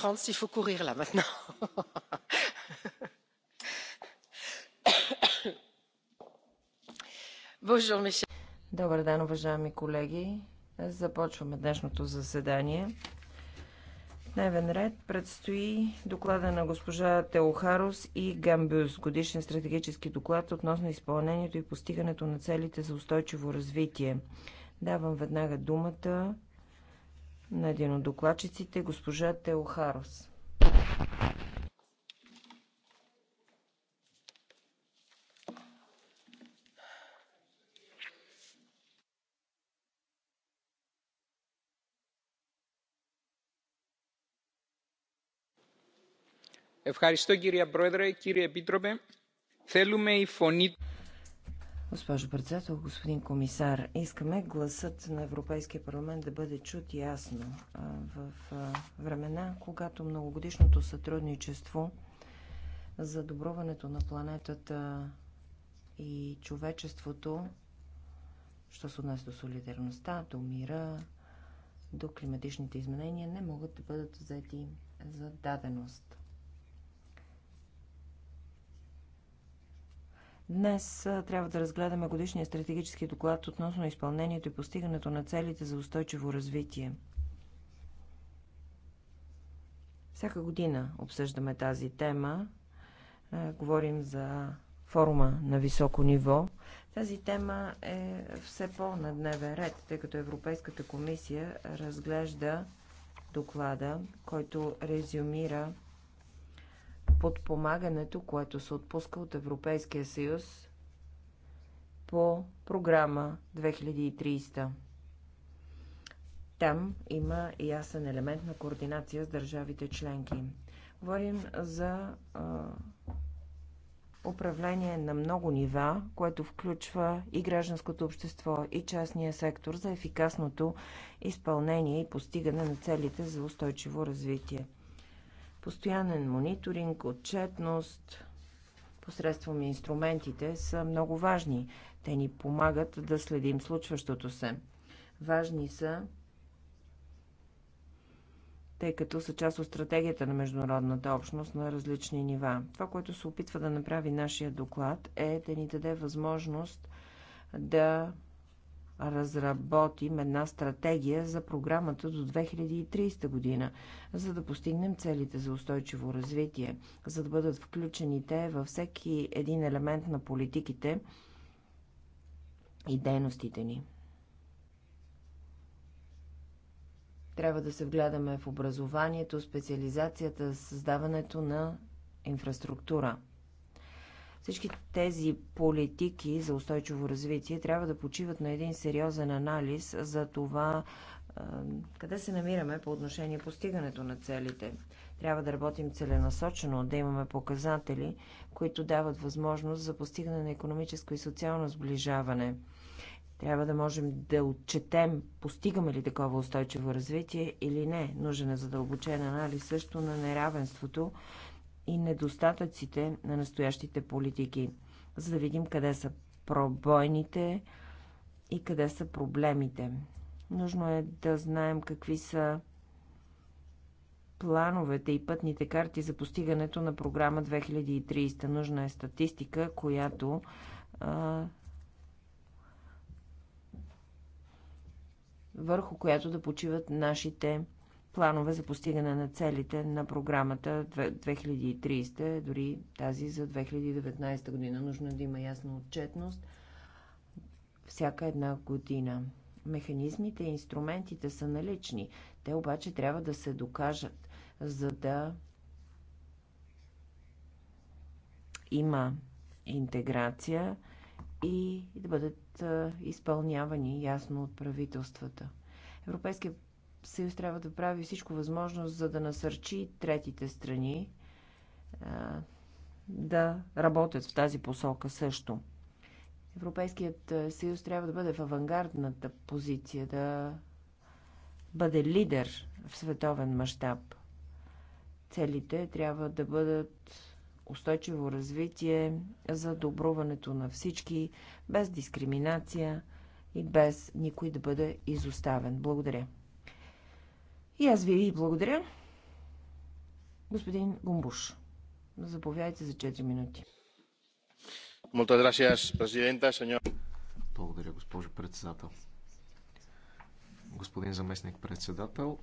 frans il faut courir là maintenant. Добър ден, уважаеми колеги. Започваме днешното заседание. Дневен ред предстои доклада на госпожа Теохарос и Гамбюс, годишен стратегически доклад относно изпълнението и постигането на целите за устойчиво развитие. Давам веднага думата на един от докладчиците, госпожа Теохарос. Ευχαριστώ κυρία Πρόεδρε, κύριε Επίτροπε. Θέλουμε η φωνή... Госпожо председател, господин комисар, искаме гласът на Европейския парламент да бъде чут ясно в времена, когато многогодишното сътрудничество за добруването на планетата и човечеството, що се отнася до солидарността, до мира, до климатичните изменения, не могат да бъдат взети за даденост. Днес трябва да разгледаме годишния стратегически доклад относно изпълнението и постигането на целите за устойчиво развитие. Всяка година обсъждаме тази тема. Говорим за форума на високо ниво. Тази тема е все по-на дневен ред, тъй като Европейската комисия разглежда доклада, който резюмира подпомагането, което се отпуска от Европейския съюз по програма 2030. Там има ясен елемент на координация с държавите членки. Говорим за а, управление на много нива, което включва и гражданското общество, и частния сектор за ефикасното изпълнение и постигане на целите за устойчиво развитие. Постоянен мониторинг, отчетност посредством инструментите са много важни. Те ни помагат да следим случващото се. Важни са, тъй като са част от стратегията на международната общност на различни нива. Това, което се опитва да направи нашия доклад е да ни даде възможност да разработим една стратегия за програмата до 2030 година, за да постигнем целите за устойчиво развитие, за да бъдат включени те във всеки един елемент на политиките и дейностите ни. Трябва да се вгледаме в образованието, специализацията, създаването на инфраструктура – всички тези политики за устойчиво развитие трябва да почиват на един сериозен анализ за това къде се намираме по отношение постигането на целите. Трябва да работим целенасочено, да имаме показатели, които дават възможност за постигане на економическо и социално сближаване. Трябва да можем да отчетем, постигаме ли такова устойчиво развитие или не. Нужен е задълбочен анализ също на неравенството и недостатъците на настоящите политики, за да видим къде са пробойните и къде са проблемите. Нужно е да знаем какви са плановете и пътните карти за постигането на програма 2030. Нужна е статистика, която а, върху която да почиват нашите планове за постигане на целите на програмата 2030, дори тази за 2019 година. Нужно е да има ясна отчетност всяка една година. Механизмите и инструментите са налични. Те обаче трябва да се докажат, за да има интеграция и да бъдат изпълнявани ясно от правителствата. Европейският съюз трябва да прави всичко възможно, за да насърчи третите страни да работят в тази посока също. Европейският съюз трябва да бъде в авангардната позиция, да бъде лидер в световен мащаб. Целите трябва да бъдат устойчиво развитие за добруването на всички, без дискриминация и без никой да бъде изоставен. Благодаря. И аз ви благодаря. Господин Гумбуш, заповядайте за 4 минути. Благодаря, госпожо председател. Господин заместник председател,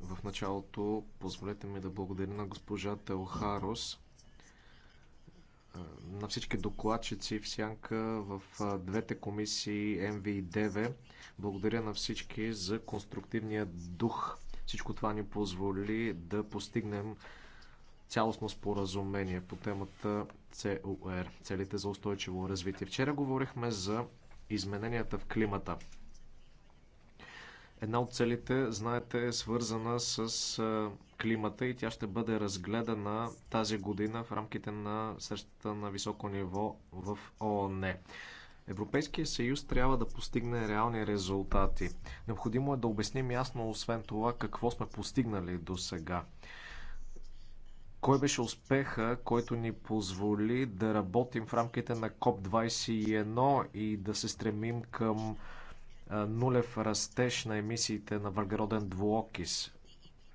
в началото позволете ми да благодаря на госпожа Телхарос е, на всички докладчици в Сянка в е, двете комисии МВ и ДВ. Благодаря на всички за конструктивния дух. Всичко това ни позволи да постигнем цялостно споразумение по темата ЦУР, целите за устойчиво развитие. Вчера говорихме за измененията в климата. Една от целите, знаете, е свързана с климата и тя ще бъде разгледана тази година в рамките на срещата на високо ниво в ООН. Европейския съюз трябва да постигне реални резултати. Необходимо е да обясним ясно, освен това, какво сме постигнали до сега. Кой беше успеха, който ни позволи да работим в рамките на КОП-21 и да се стремим към нулев растеж на емисиите на въглероден двуокис,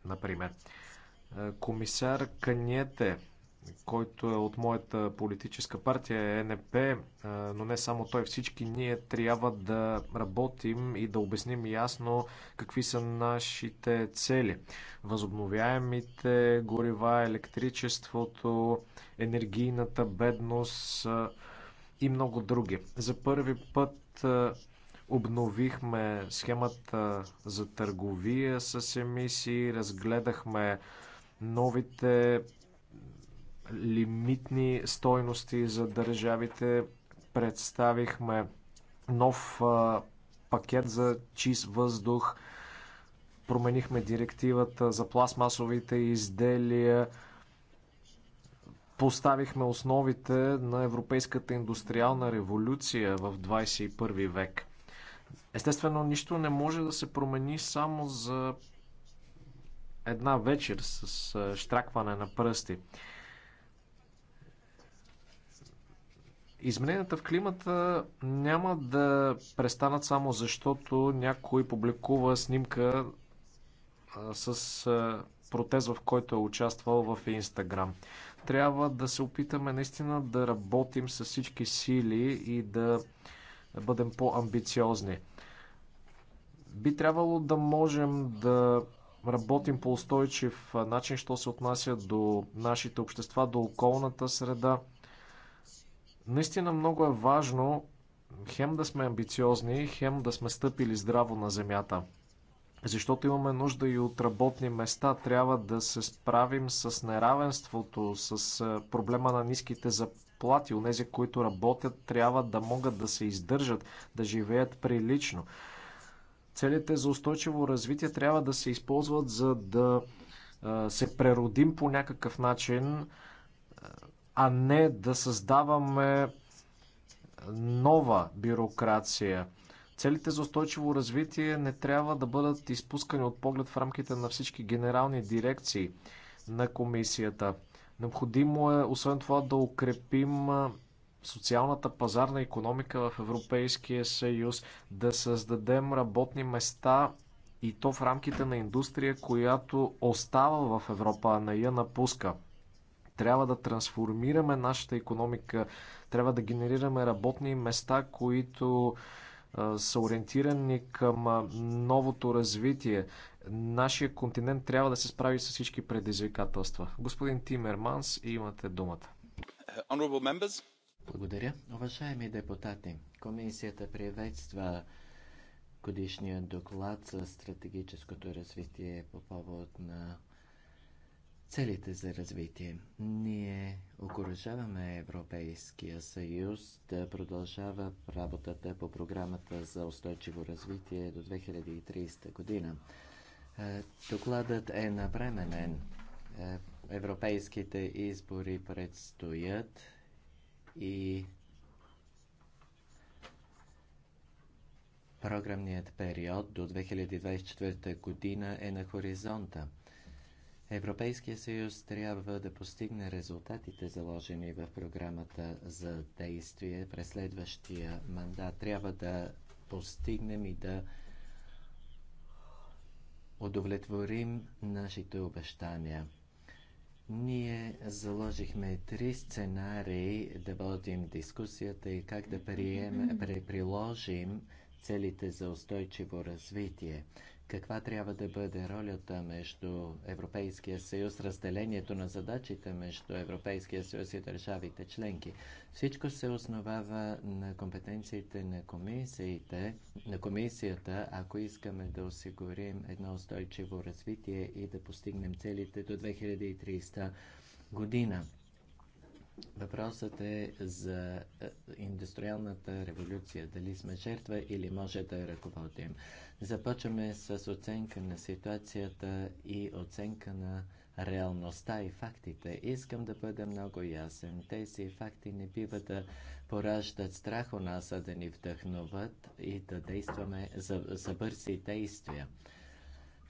например. Комисар Каньете, който е от моята политическа партия ЕНП, е но не само той, всички ние трябва да работим и да обясним ясно какви са нашите цели. Възобновяемите горива, електричеството, енергийната бедност и много други. За първи път Обновихме схемата за търговия с емисии, разгледахме новите лимитни стойности за държавите, представихме нов пакет за чист въздух, променихме директивата за пластмасовите изделия, поставихме основите на европейската индустриална революция в 21 век. Естествено, нищо не може да се промени само за една вечер с штракване на пръсти. Измененията в климата няма да престанат само защото някой публикува снимка с протез, в който е участвал в Инстаграм. Трябва да се опитаме наистина да работим с всички сили и да да бъдем по-амбициозни. Би трябвало да можем да работим по устойчив начин, що се отнася до нашите общества, до околната среда. Наистина много е важно хем да сме амбициозни, хем да сме стъпили здраво на земята. Защото имаме нужда и от работни места, трябва да се справим с неравенството, с проблема на ниските заплати заплати. Онези, които работят, трябва да могат да се издържат, да живеят прилично. Целите за устойчиво развитие трябва да се използват, за да се преродим по някакъв начин, а не да създаваме нова бюрокрация. Целите за устойчиво развитие не трябва да бъдат изпускани от поглед в рамките на всички генерални дирекции на комисията. Необходимо е, освен това, да укрепим социалната пазарна економика в Европейския съюз, да създадем работни места и то в рамките на индустрия, която остава в Европа, а не я напуска. Трябва да трансформираме нашата економика, трябва да генерираме работни места, които са ориентирани към новото развитие. Нашия континент трябва да се справи с всички предизвикателства. Господин Тимерманс, имате думата. Благодаря. Уважаеми депутати, комисията приветства годишния доклад за стратегическото развитие по повод на целите за развитие. Ние окоръжаваме Европейския съюз да продължава работата по програмата за устойчиво развитие до 2030 година. Е, докладът е навременен. Е, европейските избори предстоят и програмният период до 2024 година е на хоризонта. Европейския съюз трябва да постигне резултатите, заложени в програмата за действие през следващия мандат. Трябва да постигнем и да удовлетворим нашите обещания. Ние заложихме три сценарии да водим дискусията и как да прием, приложим целите за устойчиво развитие каква трябва да бъде ролята между Европейския съюз, разделението на задачите между Европейския съюз и държавите членки. Всичко се основава на компетенциите на комисиите, на комисията, ако искаме да осигурим едно устойчиво развитие и да постигнем целите до 2030 година. Въпросът е за е, индустриалната революция. Дали сме жертва или може да я ръководим. Започваме с оценка на ситуацията и оценка на реалността и фактите. Искам да бъда много ясен. Тези факти не бива да пораждат страх у нас, а да ни вдъхнуват и да действаме за, за бързи действия.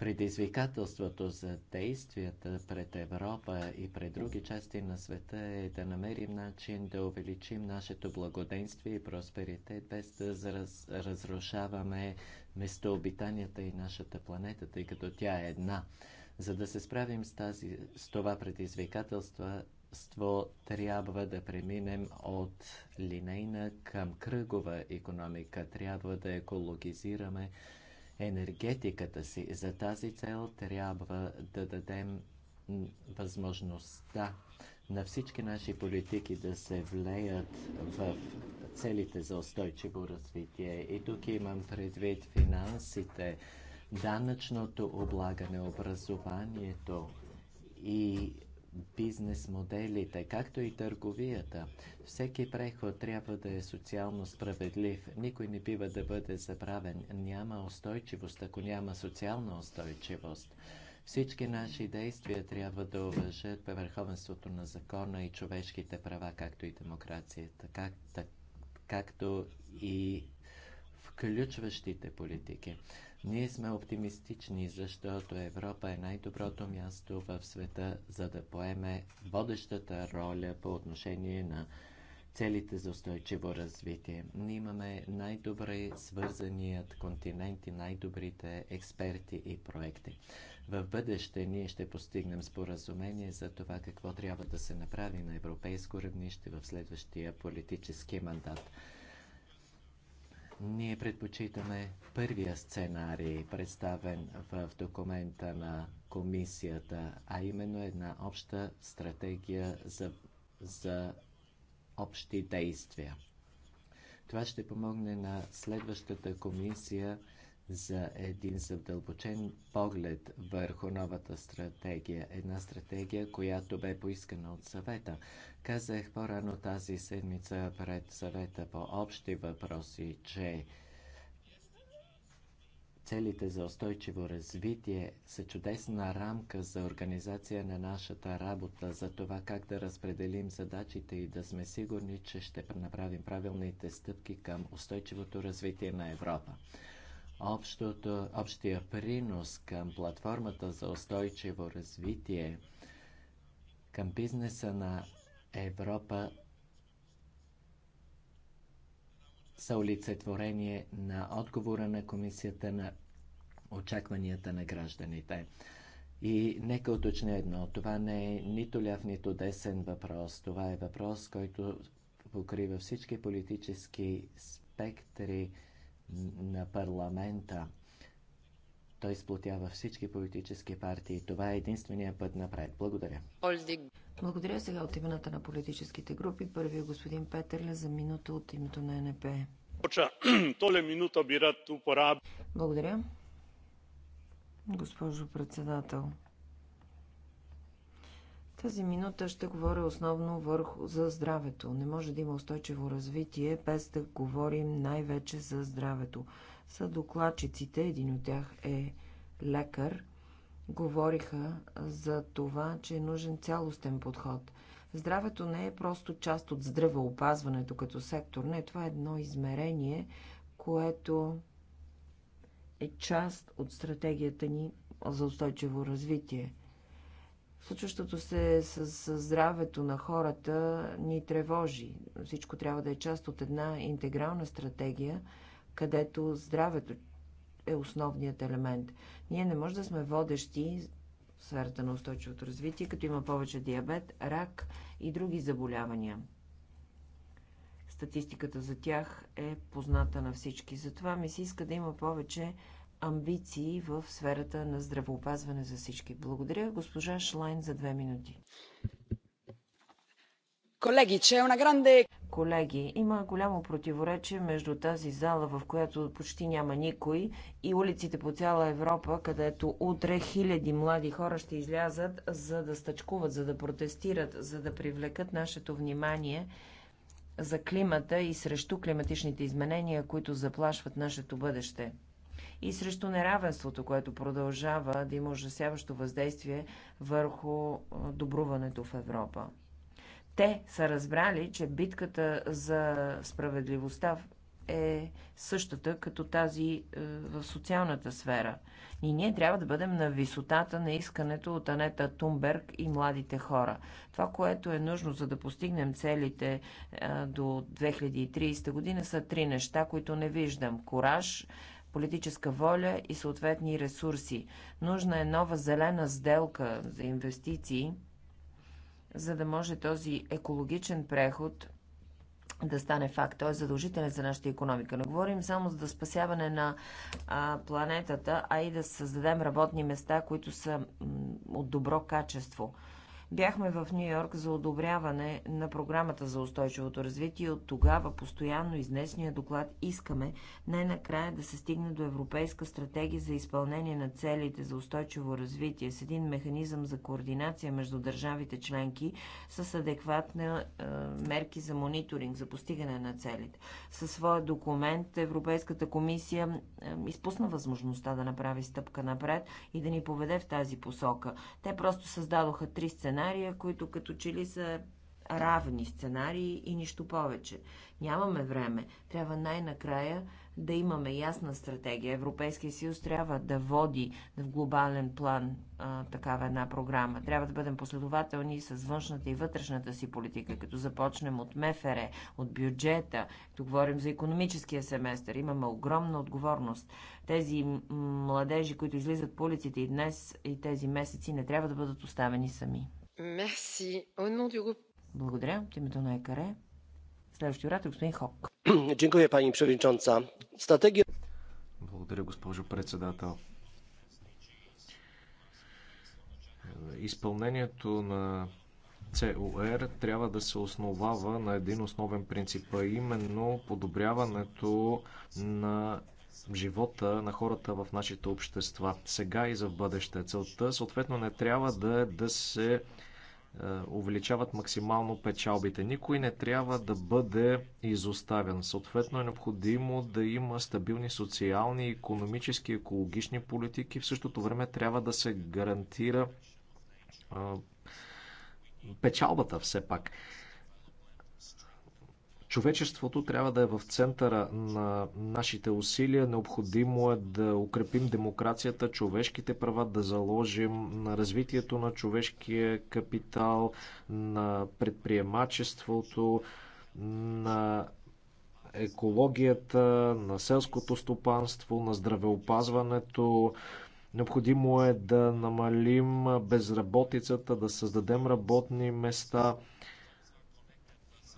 Предизвикателството за действията пред Европа и пред други части на света е да намерим начин да увеличим нашето благоденствие и просперитет, без да раз, разрушаваме местообитанията и нашата планета, тъй като тя е една. За да се справим с, тази, с това предизвикателство, трябва да преминем от линейна към кръгова економика, трябва да екологизираме енергетиката си. За тази цел трябва да дадем възможността на всички наши политики да се влеят в целите за устойчиво развитие. И тук имам предвид финансите, данъчното облагане, образованието и бизнес моделите, както и търговията. Всеки преход трябва да е социално справедлив. Никой не бива да бъде забравен. Няма устойчивост, ако няма социална устойчивост. Всички наши действия трябва да уважат върховенството на закона и човешките права, както и демокрацията, как, так, както и включващите политики. Ние сме оптимистични, защото Европа е най-доброто място в света, за да поеме водещата роля по отношение на целите за устойчиво развитие. Ние имаме най-добре свързаният континент и най-добрите експерти и проекти. В бъдеще ние ще постигнем споразумение за това какво трябва да се направи на европейско равнище в следващия политически мандат. Ние предпочитаме първия сценарий, представен в документа на комисията, а именно една обща стратегия за, за общи действия. Това ще помогне на следващата комисия за един задълбочен поглед върху новата стратегия. Една стратегия, която бе поискана от съвета. Казах по-рано тази седмица пред съвета по общи въпроси, че целите за устойчиво развитие са чудесна рамка за организация на нашата работа, за това как да разпределим задачите и да сме сигурни, че ще направим правилните стъпки към устойчивото развитие на Европа общото, общия принос към платформата за устойчиво развитие, към бизнеса на Европа са олицетворение на отговора на комисията на очакванията на гражданите. И нека уточня едно. Това не е нито ляв, нито десен въпрос. Това е въпрос, който покрива всички политически спектри на парламента. Той сплотява всички политически партии. Това е единствения път напред. Благодаря. Благодаря сега от имената на политическите групи. Първият е господин Петърля за минута от името на НП. Толе минута Благодаря. Госпожо председател, тази минута ще говоря основно върху за здравето. Не може да има устойчиво развитие без да говорим най-вече за здравето. Са докладчиците, един от тях е лекар, говориха за това, че е нужен цялостен подход. Здравето не е просто част от здравеопазването като сектор. Не, това е едно измерение, което е част от стратегията ни за устойчиво развитие. Случващото се с здравето на хората ни тревожи. Всичко трябва да е част от една интегрална стратегия, където здравето е основният елемент. Ние не може да сме водещи в сферата на устойчивото развитие, като има повече диабет, рак и други заболявания. Статистиката за тях е позната на всички. Затова ми се иска да има повече амбиции в сферата на здравоопазване за всички. Благодаря, госпожа Шлайн, за две минути. Колеги, че е una Колеги, има голямо противоречие между тази зала, в която почти няма никой, и улиците по цяла Европа, където утре хиляди млади хора ще излязат, за да стъчкуват, за да протестират, за да привлекат нашето внимание за климата и срещу климатичните изменения, които заплашват нашето бъдеще и срещу неравенството, което продължава да има ужасяващо въздействие върху добруването в Европа. Те са разбрали, че битката за справедливостта е същата като тази в социалната сфера. И ние трябва да бъдем на висотата на искането от Анета Тумберг и младите хора. Това, което е нужно за да постигнем целите до 2030 година са три неща, които не виждам. Кораж, политическа воля и съответни ресурси. Нужна е нова зелена сделка за инвестиции, за да може този екологичен преход да стане факт. Той е задължителен за нашата економика. Не говорим само за да спасяване на а, планетата, а и да създадем работни места, които са от добро качество. Бяхме в Нью Йорк за одобряване на програмата за устойчивото развитие и от тогава постоянно изнесния доклад искаме най-накрая да се стигне до Европейска стратегия за изпълнение на целите за устойчиво развитие с един механизъм за координация между държавите членки с адекватни е, мерки за мониторинг, за постигане на целите. Със своя документ Европейската комисия е, изпусна възможността да направи стъпка напред и да ни поведе в тази посока. Те просто създадоха три сцена сценария, които като че ли са равни сценарии и нищо повече. Нямаме време. Трябва най-накрая да имаме ясна стратегия. Европейския съюз трябва да води в глобален план а, такава една програма. Трябва да бъдем последователни с външната и вътрешната си политика, като започнем от МФР, от бюджета, като говорим за економическия семестър. Имаме огромна отговорност. Тези младежи, които излизат по улиците и днес и тези месеци, не трябва да бъдат оставени сами. Мерси. Благодаря. От името на ЕКАРЕ. Следващия оратор е господин Хок. Дякую, пани Превичонца. Стратегия... Благодаря, госпожо председател. Изпълнението на ЦОР трябва да се основава на един основен принцип, а именно подобряването на живота на хората в нашите общества, сега и за бъдеще. Целта съответно не трябва да е да се е, увеличават максимално печалбите. Никой не трябва да бъде изоставен. Съответно е необходимо да има стабилни социални, економически, екологични политики. В същото време трябва да се гарантира е, печалбата все пак. Човечеството трябва да е в центъра на нашите усилия. Необходимо е да укрепим демокрацията, човешките права, да заложим на развитието на човешкия капитал, на предприемачеството, на екологията, на селското стопанство, на здравеопазването. Необходимо е да намалим безработицата, да създадем работни места.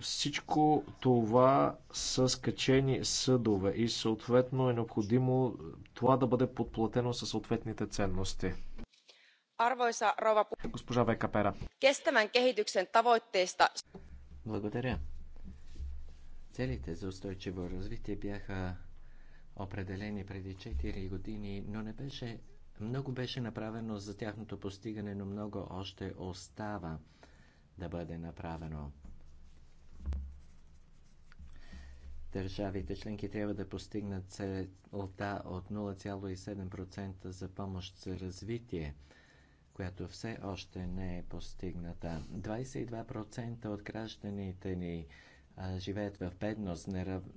Всичко това са скачени съдове и съответно е необходимо това да бъде подплатено със съответните ценности. Arvoisa rova Госпожа Векапера. Kestävän kehityksen tavoitteista. Благодаря. Целите за устойчиво развитие бяха определени преди 4 години, но не беше много беше направено за тяхното постигане, но много още остава да бъде направено. Държавите членки трябва да постигнат целта от 0,7% за помощ за развитие, която все още не е постигната. 22% от гражданите ни живеят в бедност,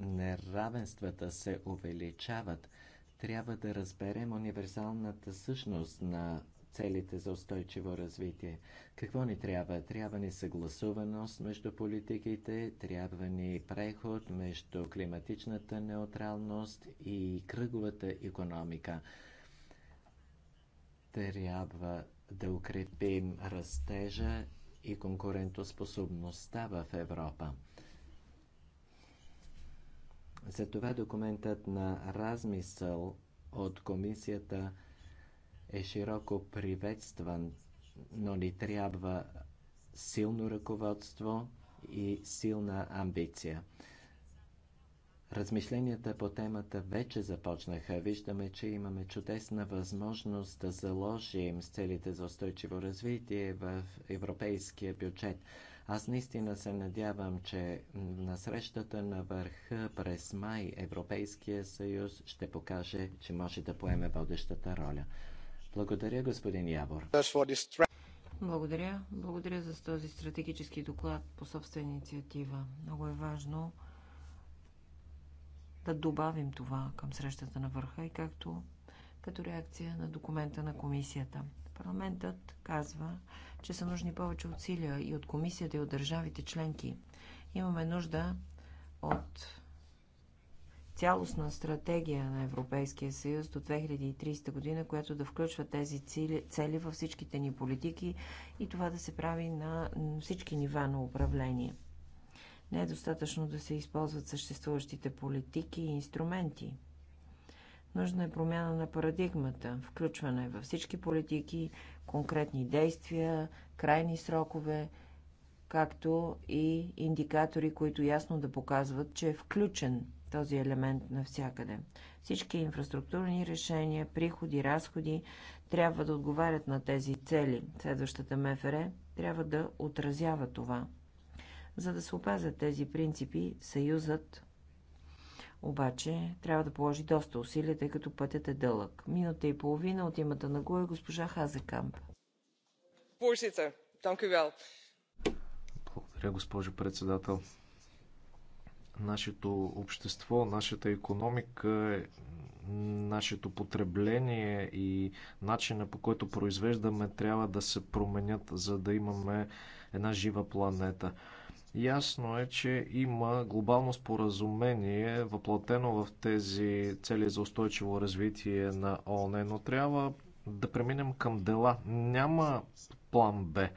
неравенствата се увеличават. Трябва да разберем универсалната същност на целите за устойчиво развитие. Какво ни трябва? Трябва ни съгласуваност между политиките, трябва ни преход между климатичната неутралност и кръговата економика. Трябва да укрепим растежа и конкурентоспособността в Европа. Затова документът на размисъл от комисията – е широко приветстван, но ни трябва силно ръководство и силна амбиция. Размишленията по темата вече започнаха. Виждаме, че имаме чудесна възможност да заложим с целите за устойчиво развитие в европейския бюджет. Аз наистина се надявам, че на срещата на върха през май Европейския съюз ще покаже, че може да поеме водещата роля. Благодаря, господин Явор. Благодаря. Благодаря за този стратегически доклад по собствена инициатива. Много е важно да добавим това към срещата на върха и както като реакция на документа на комисията. Парламентът казва, че са нужни повече усилия и от комисията, и от държавите членки. Имаме нужда от цялостна стратегия на Европейския съюз до 2030 година, която да включва тези цели, цели във всичките ни политики и това да се прави на всички нива на управление. Не е достатъчно да се използват съществуващите политики и инструменти. Нужна е промяна на парадигмата, включване във всички политики, конкретни действия, крайни срокове, както и индикатори, които ясно да показват, че е включен този елемент навсякъде. Всички инфраструктурни решения, приходи, разходи трябва да отговарят на тези цели. Следващата МФР трябва да отразява това. За да се опазят тези принципи, Съюзът обаче трябва да положи доста усилия, тъй като пътят е дълъг. Минута и половина от имата на ГУЕ госпожа Хазекамп. Благодаря, госпожо председател. Нашето общество, нашата економика, нашето потребление и начина по който произвеждаме трябва да се променят, за да имаме една жива планета. Ясно е, че има глобално споразумение, въплатено в тези цели за устойчиво развитие на ООН, но трябва да преминем към дела. Няма план Б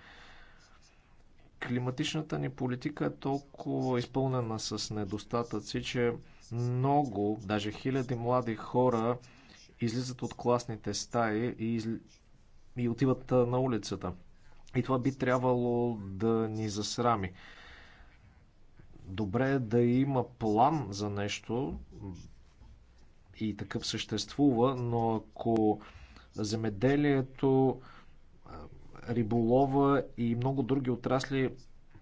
климатичната ни политика е толкова изпълнена с недостатъци, че много, даже хиляди млади хора излизат от класните стаи и, из... и отиват на улицата. И това би трябвало да ни засрами. Добре е да има план за нещо и такъв съществува, но ако земеделието риболова и много други отрасли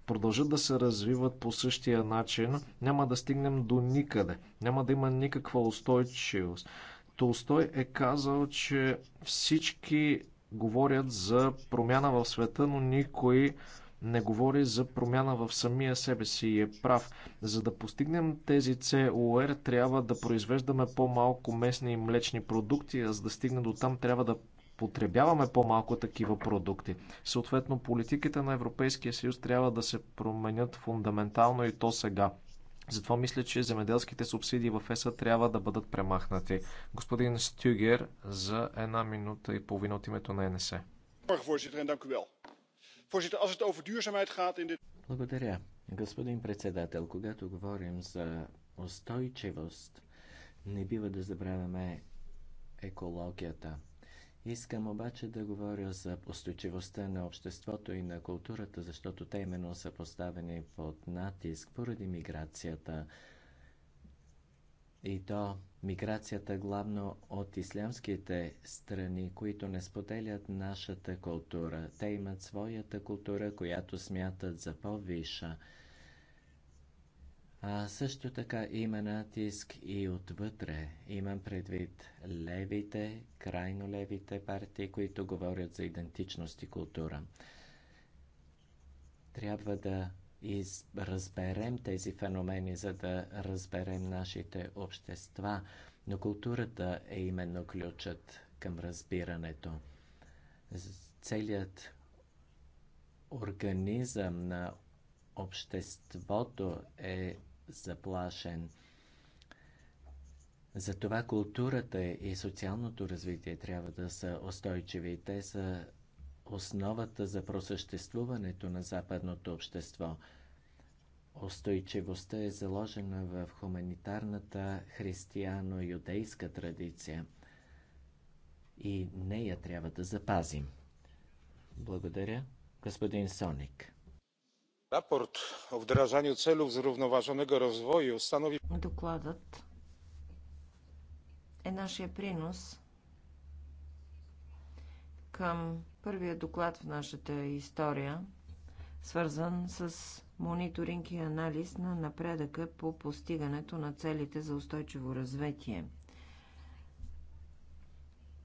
продължат да се развиват по същия начин, няма да стигнем до никъде. Няма да има никаква устойчивост. Толстой е казал, че всички говорят за промяна в света, но никой не говори за промяна в самия себе си и е прав. За да постигнем тези ЦОР, трябва да произвеждаме по-малко местни и млечни продукти, а за да стигне до там, трябва да потребяваме по-малко такива продукти. Съответно, политиките на Европейския съюз трябва да се променят фундаментално и то сега. Затова мисля, че земеделските субсидии в ЕСА трябва да бъдат премахнати. Господин Стюгер, за една минута и половина от името на НС. Благодаря. Господин председател, когато говорим за устойчивост, не бива да забравяме екологията – Искам обаче да говоря за устойчивостта на обществото и на културата, защото те именно са поставени под натиск поради миграцията. И то миграцията главно от ислямските страни, които не споделят нашата култура. Те имат своята култура, която смятат за по-виша. А също така има натиск и отвътре. Имам предвид левите, крайно левите партии, които говорят за идентичност и култура. Трябва да из... разберем тези феномени, за да разберем нашите общества, но културата е именно ключът към разбирането. Целият организъм на обществото е заплашен. Затова културата и социалното развитие трябва да са устойчиви. Те са основата за просъществуването на западното общество. Устойчивостта е заложена в хуманитарната християно-юдейска традиция и нея трябва да запазим. Благодаря, господин Соник. Raport o wdrażaniu celów zrównoważonego rozwoju stanowi... Докладът е нашия принос към първия доклад в нашата история, свързан с мониторинг и анализ на напредъка по постигането на целите за устойчиво развитие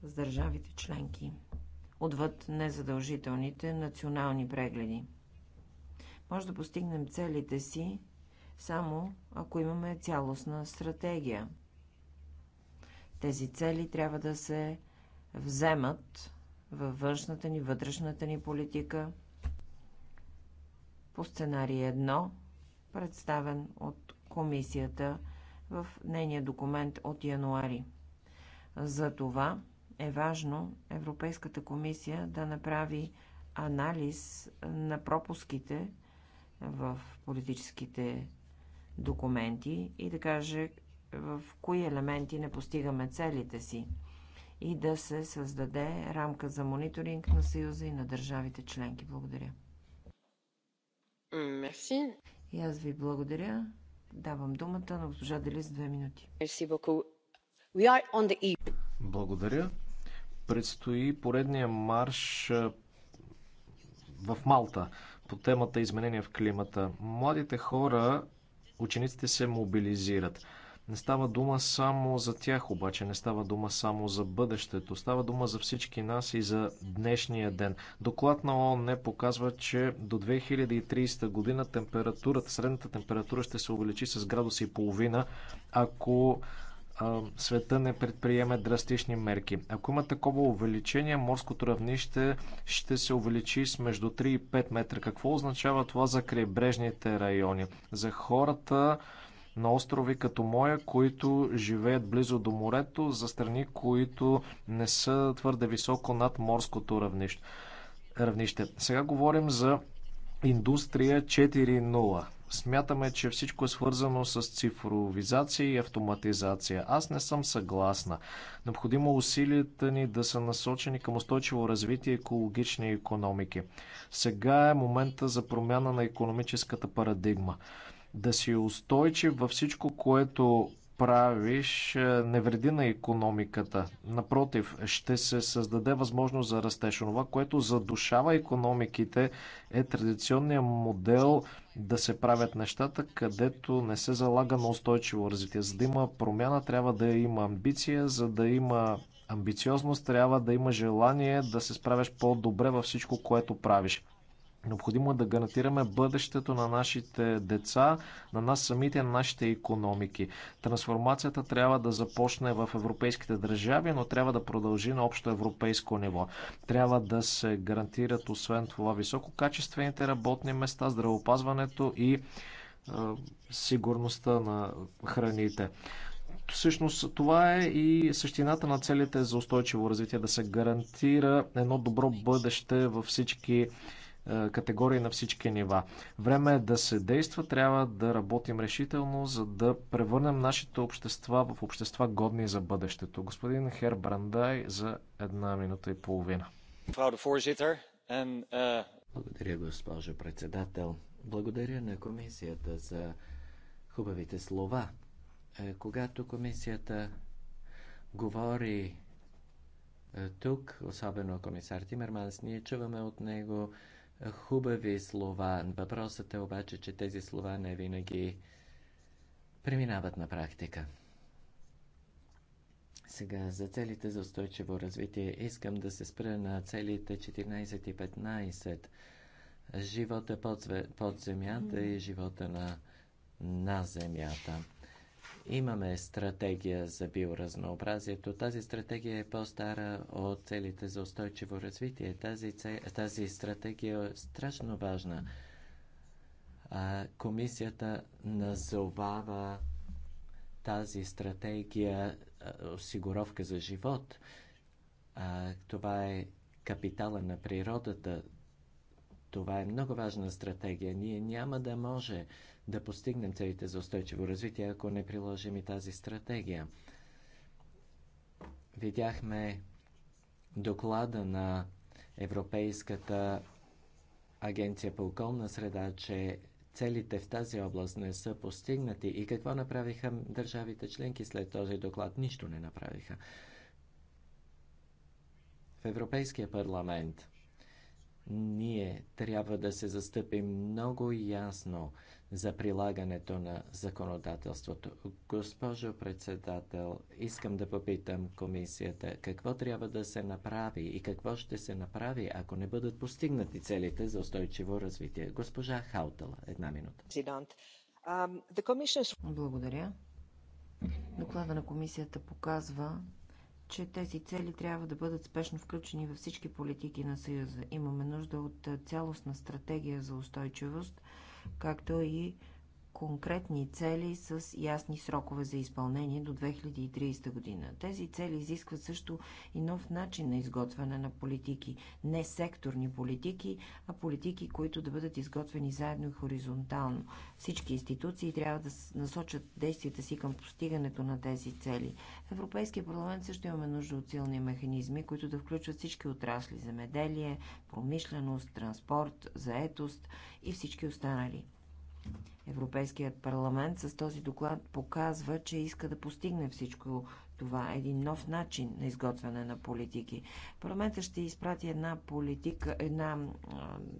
с държавите членки, отвъд незадължителните национални прегледи. Може да постигнем целите си само ако имаме цялостна стратегия. Тези цели трябва да се вземат във външната ни, вътрешната ни политика по сценарий 1, представен от комисията в нейния документ от януари. За това е важно Европейската комисия да направи анализ на пропуските в политическите документи и да каже в кои елементи не постигаме целите си и да се създаде рамка за мониторинг на Съюза и на държавите членки. Благодаря. Мерси. И аз ви благодаря. Давам думата на госпожа Дели за две минути. Мерси Благодаря. Предстои поредния марш в Малта по темата изменения в климата. Младите хора, учениците се мобилизират. Не става дума само за тях, обаче не става дума само за бъдещето. Става дума за всички нас и за днешния ден. Доклад на ООН показва, че до 2030 година температурата, средната температура ще се увеличи с градуси и половина, ако света не предприеме драстични мерки. Ако има такова увеличение, морското равнище ще се увеличи с между 3 и 5 метра. Какво означава това за крайбрежните райони? За хората на острови като моя, които живеят близо до морето, за страни, които не са твърде високо над морското равнище. равнище. Сега говорим за индустрия 4.0 смятаме, че всичко е свързано с цифровизация и автоматизация. Аз не съм съгласна. Необходимо е усилията ни да са насочени към устойчиво развитие и екологични економики. Сега е момента за промяна на економическата парадигма. Да си устойчив във всичко, което правиш е, не вреди на економиката. Напротив, ще се създаде възможност за растеж. Това, което задушава економиките е традиционният модел да се правят нещата, където не се залага на устойчиво развитие. За да има промяна, трябва да има амбиция, за да има амбициозност, трябва да има желание да се справяш по-добре във всичко, което правиш. Необходимо е да гарантираме бъдещето на нашите деца, на нас самите, на нашите економики. Трансформацията трябва да започне в европейските държави, но трябва да продължи на общо европейско ниво. Трябва да се гарантират освен това висококачествените работни места, здравеопазването и е, сигурността на храните. Всъщност това е и същината на целите за устойчиво развитие, да се гарантира едно добро бъдеще във всички е, категории на всички нива. Време е да се действа, трябва да работим решително, за да превърнем нашите общества в общества годни за бъдещето. Господин Хер Брандай за една минута и половина. Е, Благодаря, госпожо председател. Благодаря на комисията за хубавите слова. Е, когато комисията говори тук, особено комисар Тимерманс, ние чуваме от него хубави слова. Въпросът е обаче, че тези слова не винаги преминават на практика. Сега, за целите за устойчиво развитие искам да се спра на целите 14 и 15. Живота под, под земята и живота на, на земята. Имаме стратегия за биоразнообразието. Тази стратегия е по-стара от целите за устойчиво развитие. Тази, тази стратегия е страшно важна. А, комисията назовава тази стратегия осигуровка за живот. А, това е капитала на природата. Това е много важна стратегия. Ние няма да може да постигнем целите за устойчиво развитие, ако не приложим и тази стратегия. Видяхме доклада на Европейската агенция по околна среда, че целите в тази област не са постигнати. И какво направиха държавите членки след този доклад? Нищо не направиха. В Европейския парламент ние трябва да се застъпим много ясно за прилагането на законодателството. Госпожо председател, искам да попитам комисията какво трябва да се направи и какво ще се направи, ако не бъдат постигнати целите за устойчиво развитие. Госпожа Хаутала, една минута. Благодаря. Доклада на комисията показва, че тези цели трябва да бъдат спешно включени във всички политики на Съюза. Имаме нужда от цялостна стратегия за устойчивост – както и конкретни цели с ясни срокове за изпълнение до 2030 година. Тези цели изискват също и нов начин на изготвяне на политики. Не секторни политики, а политики, които да бъдат изготвени заедно и хоризонтално. Всички институции трябва да насочат действията си към постигането на тези цели. В Европейския парламент също имаме нужда от силни механизми, които да включват всички отрасли – земеделие, промишленост, транспорт, заетост и всички останали. Европейският парламент с този доклад показва, че иска да постигне всичко това. Един нов начин на изготвяне на политики. Парламентът ще изпрати една, политика, една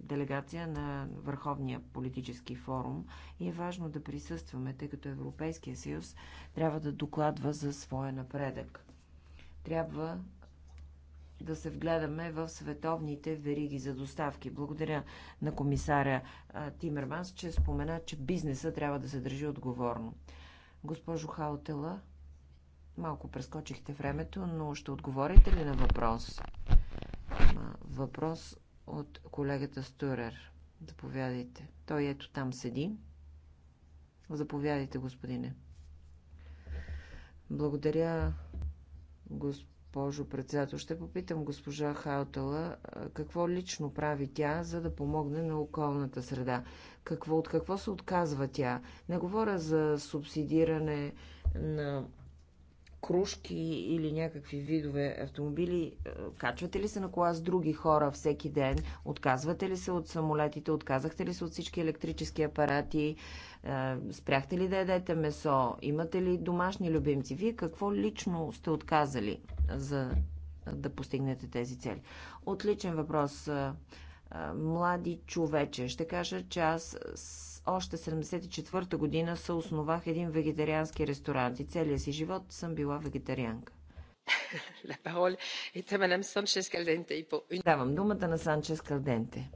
делегация на Върховния политически форум и е важно да присъстваме, тъй като Европейския съюз трябва да докладва за своя напредък. Трябва да се вгледаме в световните вериги за доставки. Благодаря на комисаря Тимерманс, че спомена, че бизнеса трябва да се държи отговорно. Госпожо Хаутела, малко прескочихте времето, но ще отговорите ли на въпрос? Въпрос от колегата Стурер. Заповядайте. Той ето там седи. Заповядайте, господине. Благодаря, господин госпожо председател. Ще попитам госпожа Хаутала какво лично прави тя, за да помогне на околната среда. Какво, от какво се отказва тя? Не говоря за субсидиране на кружки или някакви видове автомобили. Качвате ли се на кола с други хора всеки ден? Отказвате ли се от самолетите? Отказахте ли се от всички електрически апарати? Е, спряхте ли да ядете месо? Имате ли домашни любимци? Вие какво лично сте отказали е, за да постигнете тези цели? Отличен въпрос. Е, млади човече, ще кажа, че аз още 74-та година се основах един вегетариански ресторант и целия си живот съм била вегетарианка. Давам думата на Санчес Калденте.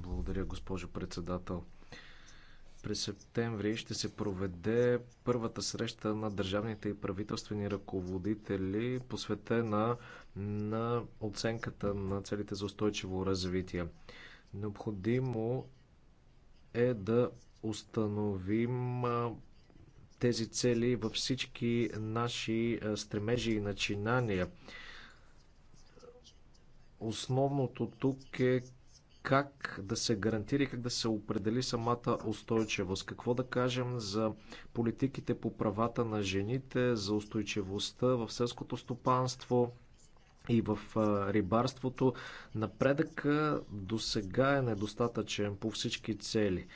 Благодаря, госпожо председател. През септември ще се проведе първата среща на държавните и правителствени ръководители, посветена на оценката на целите за устойчиво развитие. Необходимо е да установим тези цели във всички наши стремежи и начинания Основното тук е как да се гарантира и как да се определи самата устойчивост. Какво да кажем за политиките по правата на жените, за устойчивостта в селското стопанство и в рибарството. Напредък до сега е недостатъчен по всички цели.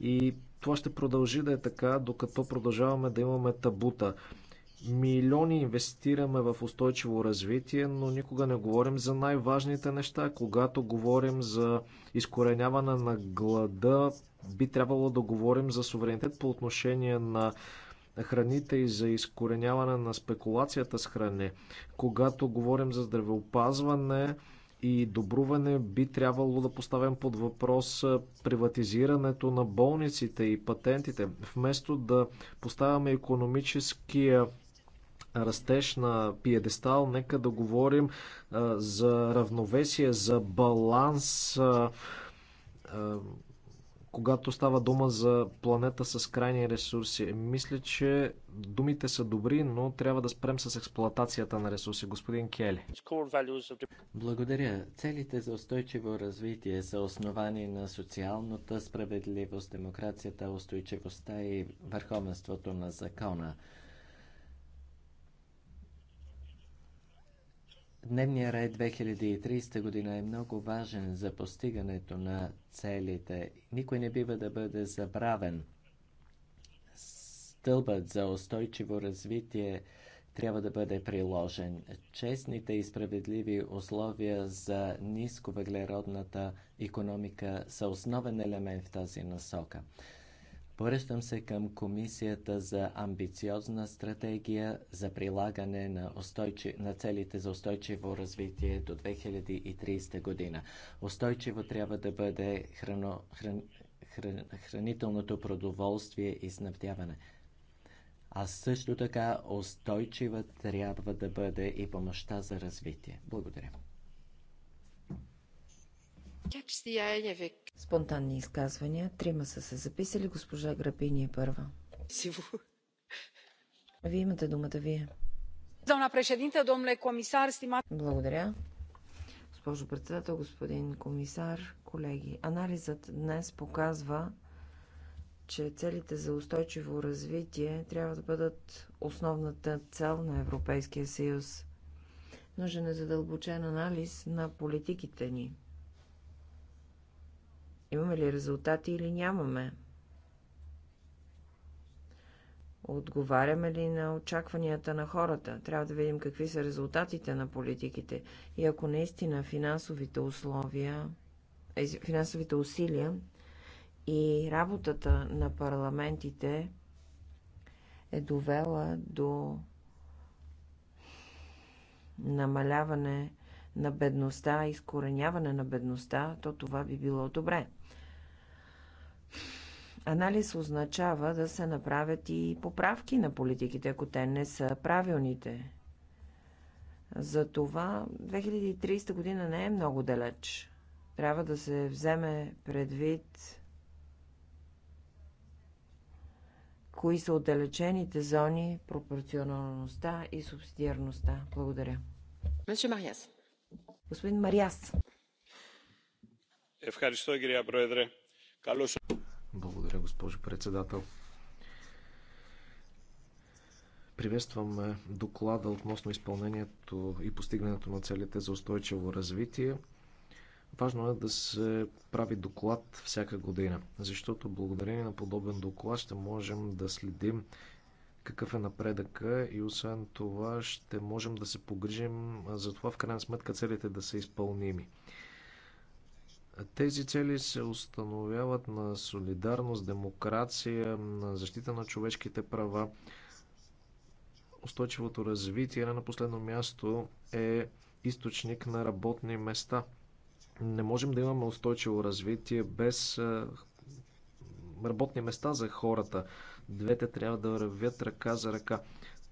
И това ще продължи да е така, докато продължаваме да имаме табута. Милиони инвестираме в устойчиво развитие, но никога не говорим за най-важните неща. Когато говорим за изкореняване на глада, би трябвало да говорим за суверенитет по отношение на храните и за изкореняване на спекулацията с хране. Когато говорим за здравеопазване, и добруване би трябвало да поставим под въпрос приватизирането на болниците и патентите. Вместо да поставяме економическия растеж на пиедестал, нека да говорим за равновесие, за баланс, когато става дума за планета с крайни ресурси. Мисля, че думите са добри, но трябва да спрем с експлоатацията на ресурси. Господин Кели. Благодаря. Целите за устойчиво развитие са основани на социалната справедливост, демокрацията, устойчивостта и върховенството на закона. Дневният ред 2030 година е много важен за постигането на целите. Никой не бива да бъде забравен. Стълбът за устойчиво развитие трябва да бъде приложен. Честните и справедливи условия за нисковъглеродната економика са основен елемент в тази насока. Поръщам се към Комисията за амбициозна стратегия за прилагане на, устойчи... на целите за устойчиво развитие до 2030 година. Устойчиво трябва да бъде храно... хран... Хран... хранителното продоволствие и снабдяване. А също така устойчива трябва да бъде и помощта за развитие. Благодаря. Спонтанни изказвания. Трима са се записали. Госпожа Грапини е първа. Вие имате думата, вие. Благодаря. Госпожо председател, господин комисар, колеги. Анализът днес показва, че целите за устойчиво развитие трябва да бъдат основната цел на Европейския съюз. Нужен е задълбочен анализ на политиките ни – Имаме ли резултати или нямаме? Отговаряме ли на очакванията на хората? Трябва да видим какви са резултатите на политиките. И ако наистина финансовите условия, е, финансовите усилия и работата на парламентите е довела до намаляване на бедността, изкореняване на бедността, то това би било добре. Анализ означава да се направят и поправки на политиките, ако те не са правилните. Затова 2030 година не е много далеч. Трябва да се вземе предвид кои са отдалечените зони, пропорционалността и субсидиарността. Благодаря. Месье Мариас. Господин Мариас. Евхаристо, Гирия Проедре. Благодаря, госпожо председател. Приветствам е, доклада относно изпълнението и постигането на целите за устойчиво развитие. Важно е да се прави доклад всяка година, защото благодарение на подобен доклад ще можем да следим какъв е напредъка и освен това ще можем да се погрижим е, за това в крайна сметка целите да са изпълними. Тези цели се установяват на солидарност, демокрация, на защита на човешките права, устойчивото развитие. На последно място е източник на работни места. Не можем да имаме устойчиво развитие без работни места за хората. Двете трябва да вървят ръка за ръка.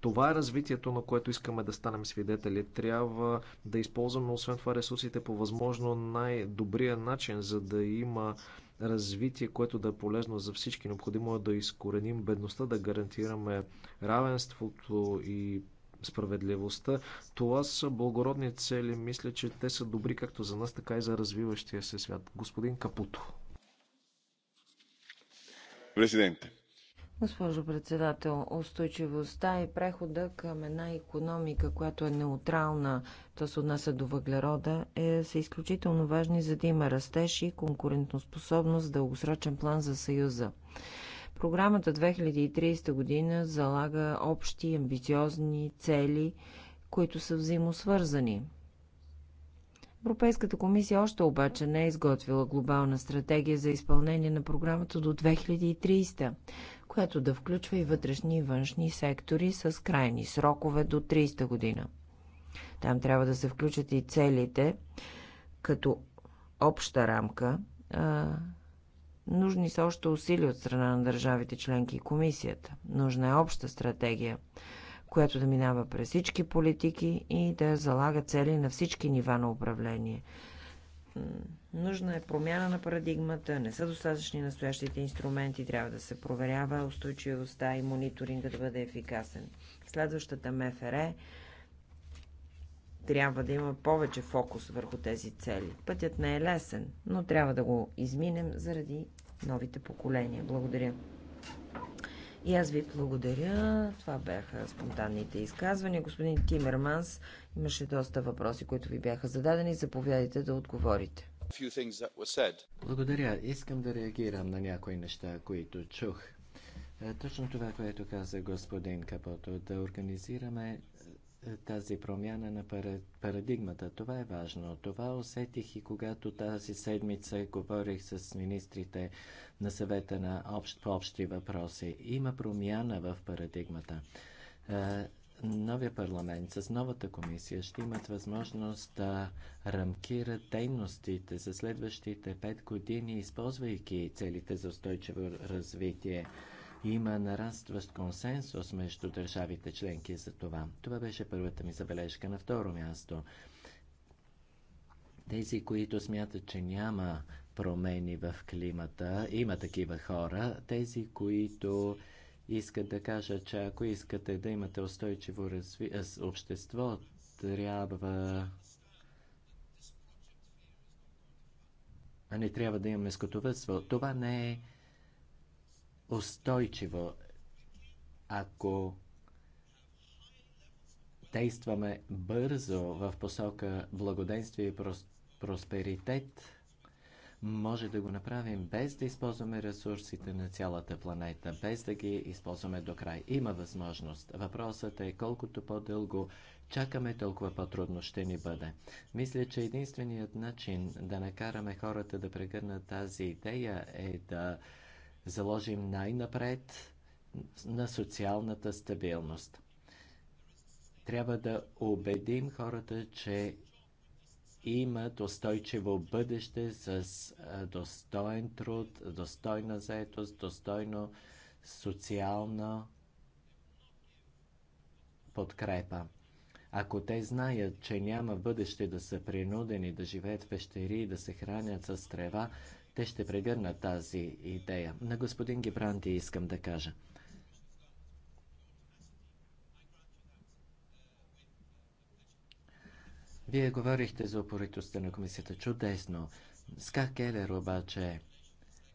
Това е развитието, на което искаме да станем свидетели. Трябва да използваме, освен това, ресурсите по възможно най-добрия начин, за да има развитие, което да е полезно за всички. Необходимо е да изкореним бедността, да гарантираме равенството и справедливостта. Това са благородни цели. Мисля, че те са добри както за нас, така и за развиващия се свят. Господин Капуто. Президенте. Госпожо председател, устойчивостта и прехода към една економика, която е неутрална, то се отнася до въглерода, е, са изключително важни, за да има растеж и конкурентоспособност в дългосрочен план за Съюза. Програмата 2030 година залага общи, амбициозни цели, които са взаимосвързани. Европейската комисия още обаче не е изготвила глобална стратегия за изпълнение на програмата до 2030 която да включва и вътрешни и външни сектори с крайни срокове до 30 година. Там трябва да се включат и целите като обща рамка. А, нужни са още усилия от страна на държавите членки и комисията. Нужна е обща стратегия, която да минава през всички политики и да залага цели на всички нива на управление Нужна е промяна на парадигмата, не са достатъчни настоящите инструменти, трябва да се проверява устойчивостта и мониторинга да бъде ефикасен. Следващата МФР е трябва да има повече фокус върху тези цели. Пътят не е лесен, но трябва да го изминем заради новите поколения. Благодаря. И аз ви благодаря. Това бяха спонтанните изказвания. Господин Тимерманс, имаше доста въпроси, които ви бяха зададени. Заповядайте да отговорите. Благодаря. Искам да реагирам на някои неща, които чух. Е, точно това, което каза господин Капото, да организираме е, тази промяна на парадигмата. Това е важно. Това усетих и когато тази седмица говорих с министрите на съвета на общ, по общи въпроси. Има промяна в парадигмата. Е, новия парламент с новата комисия ще имат възможност да рамкират дейностите за следващите пет години, използвайки целите за устойчиво развитие. Има нарастващ консенсус между държавите членки за това. Това беше първата ми забележка. На второ място, тези, които смятат, че няма промени в климата, има такива хора, тези, които искат да кажа, че ако искате да имате устойчиво разви... Е, общество, трябва а не трябва да имаме скотовътство. Това не е устойчиво, ако действаме бързо в посока благоденствие и просперитет – може да го направим без да използваме ресурсите на цялата планета, без да ги използваме до край. Има възможност. Въпросът е колкото по-дълго чакаме, толкова по-трудно ще ни бъде. Мисля, че единственият начин да накараме хората да прегърнат тази идея е да заложим най-напред на социалната стабилност. Трябва да убедим хората, че имат устойчиво бъдеще с достоен труд, достойна заетост, достойно социална подкрепа. Ако те знаят, че няма бъдеще да са принудени да живеят в пещери и да се хранят с трева, те ще прегърнат тази идея. На господин Гибранти искам да кажа – Вие говорихте за упоритостта на комисията. Чудесно. Ска Келер обаче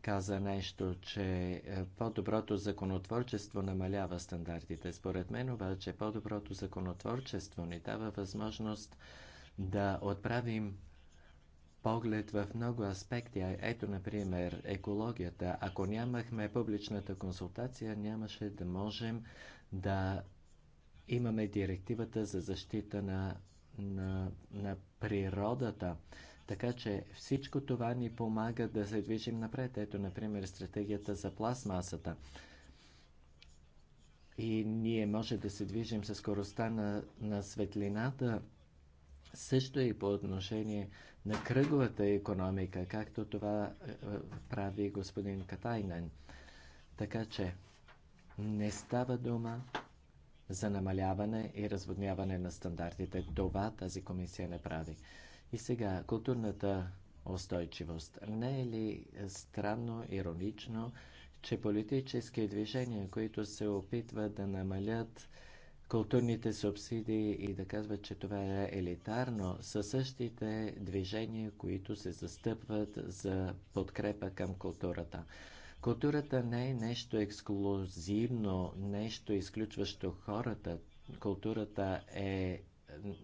каза нещо, че е, по-доброто законотворчество намалява стандартите. Според мен обаче по-доброто законотворчество ни дава възможност да отправим поглед в много аспекти. Ето, например, екологията. Ако нямахме публичната консултация, нямаше да можем да имаме директивата за защита на на, на природата. Така че всичко това ни помага да се движим напред. Ето, например, стратегията за пластмасата. И ние може да се движим със скоростта на, на светлината, също и по отношение на кръговата економика, както това е, прави господин Катайнен. Така че не става дума за намаляване и разводняване на стандартите. Това тази комисия не прави. И сега, културната устойчивост. Не е ли странно, иронично, че политически движения, които се опитват да намалят културните субсидии и да казват, че това е елитарно, са същите движения, които се застъпват за подкрепа към културата. Културата не е нещо ексклюзивно, нещо изключващо хората. Културата е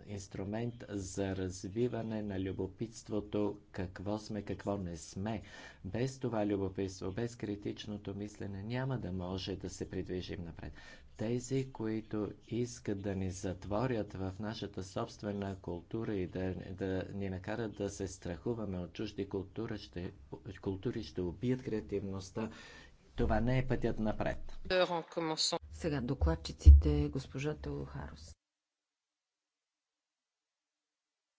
инструмент за развиване на любопитството, какво сме, какво не сме. Без това любопитство, без критичното мислене няма да може да се придвижим напред. Тези, които искат да ни затворят в нашата собствена култура и да, да ни накарат да се страхуваме от чужди култури, ще, култури ще убият креативността. Това не е пътят напред. Сега докладчиците, госпожа Телохарос.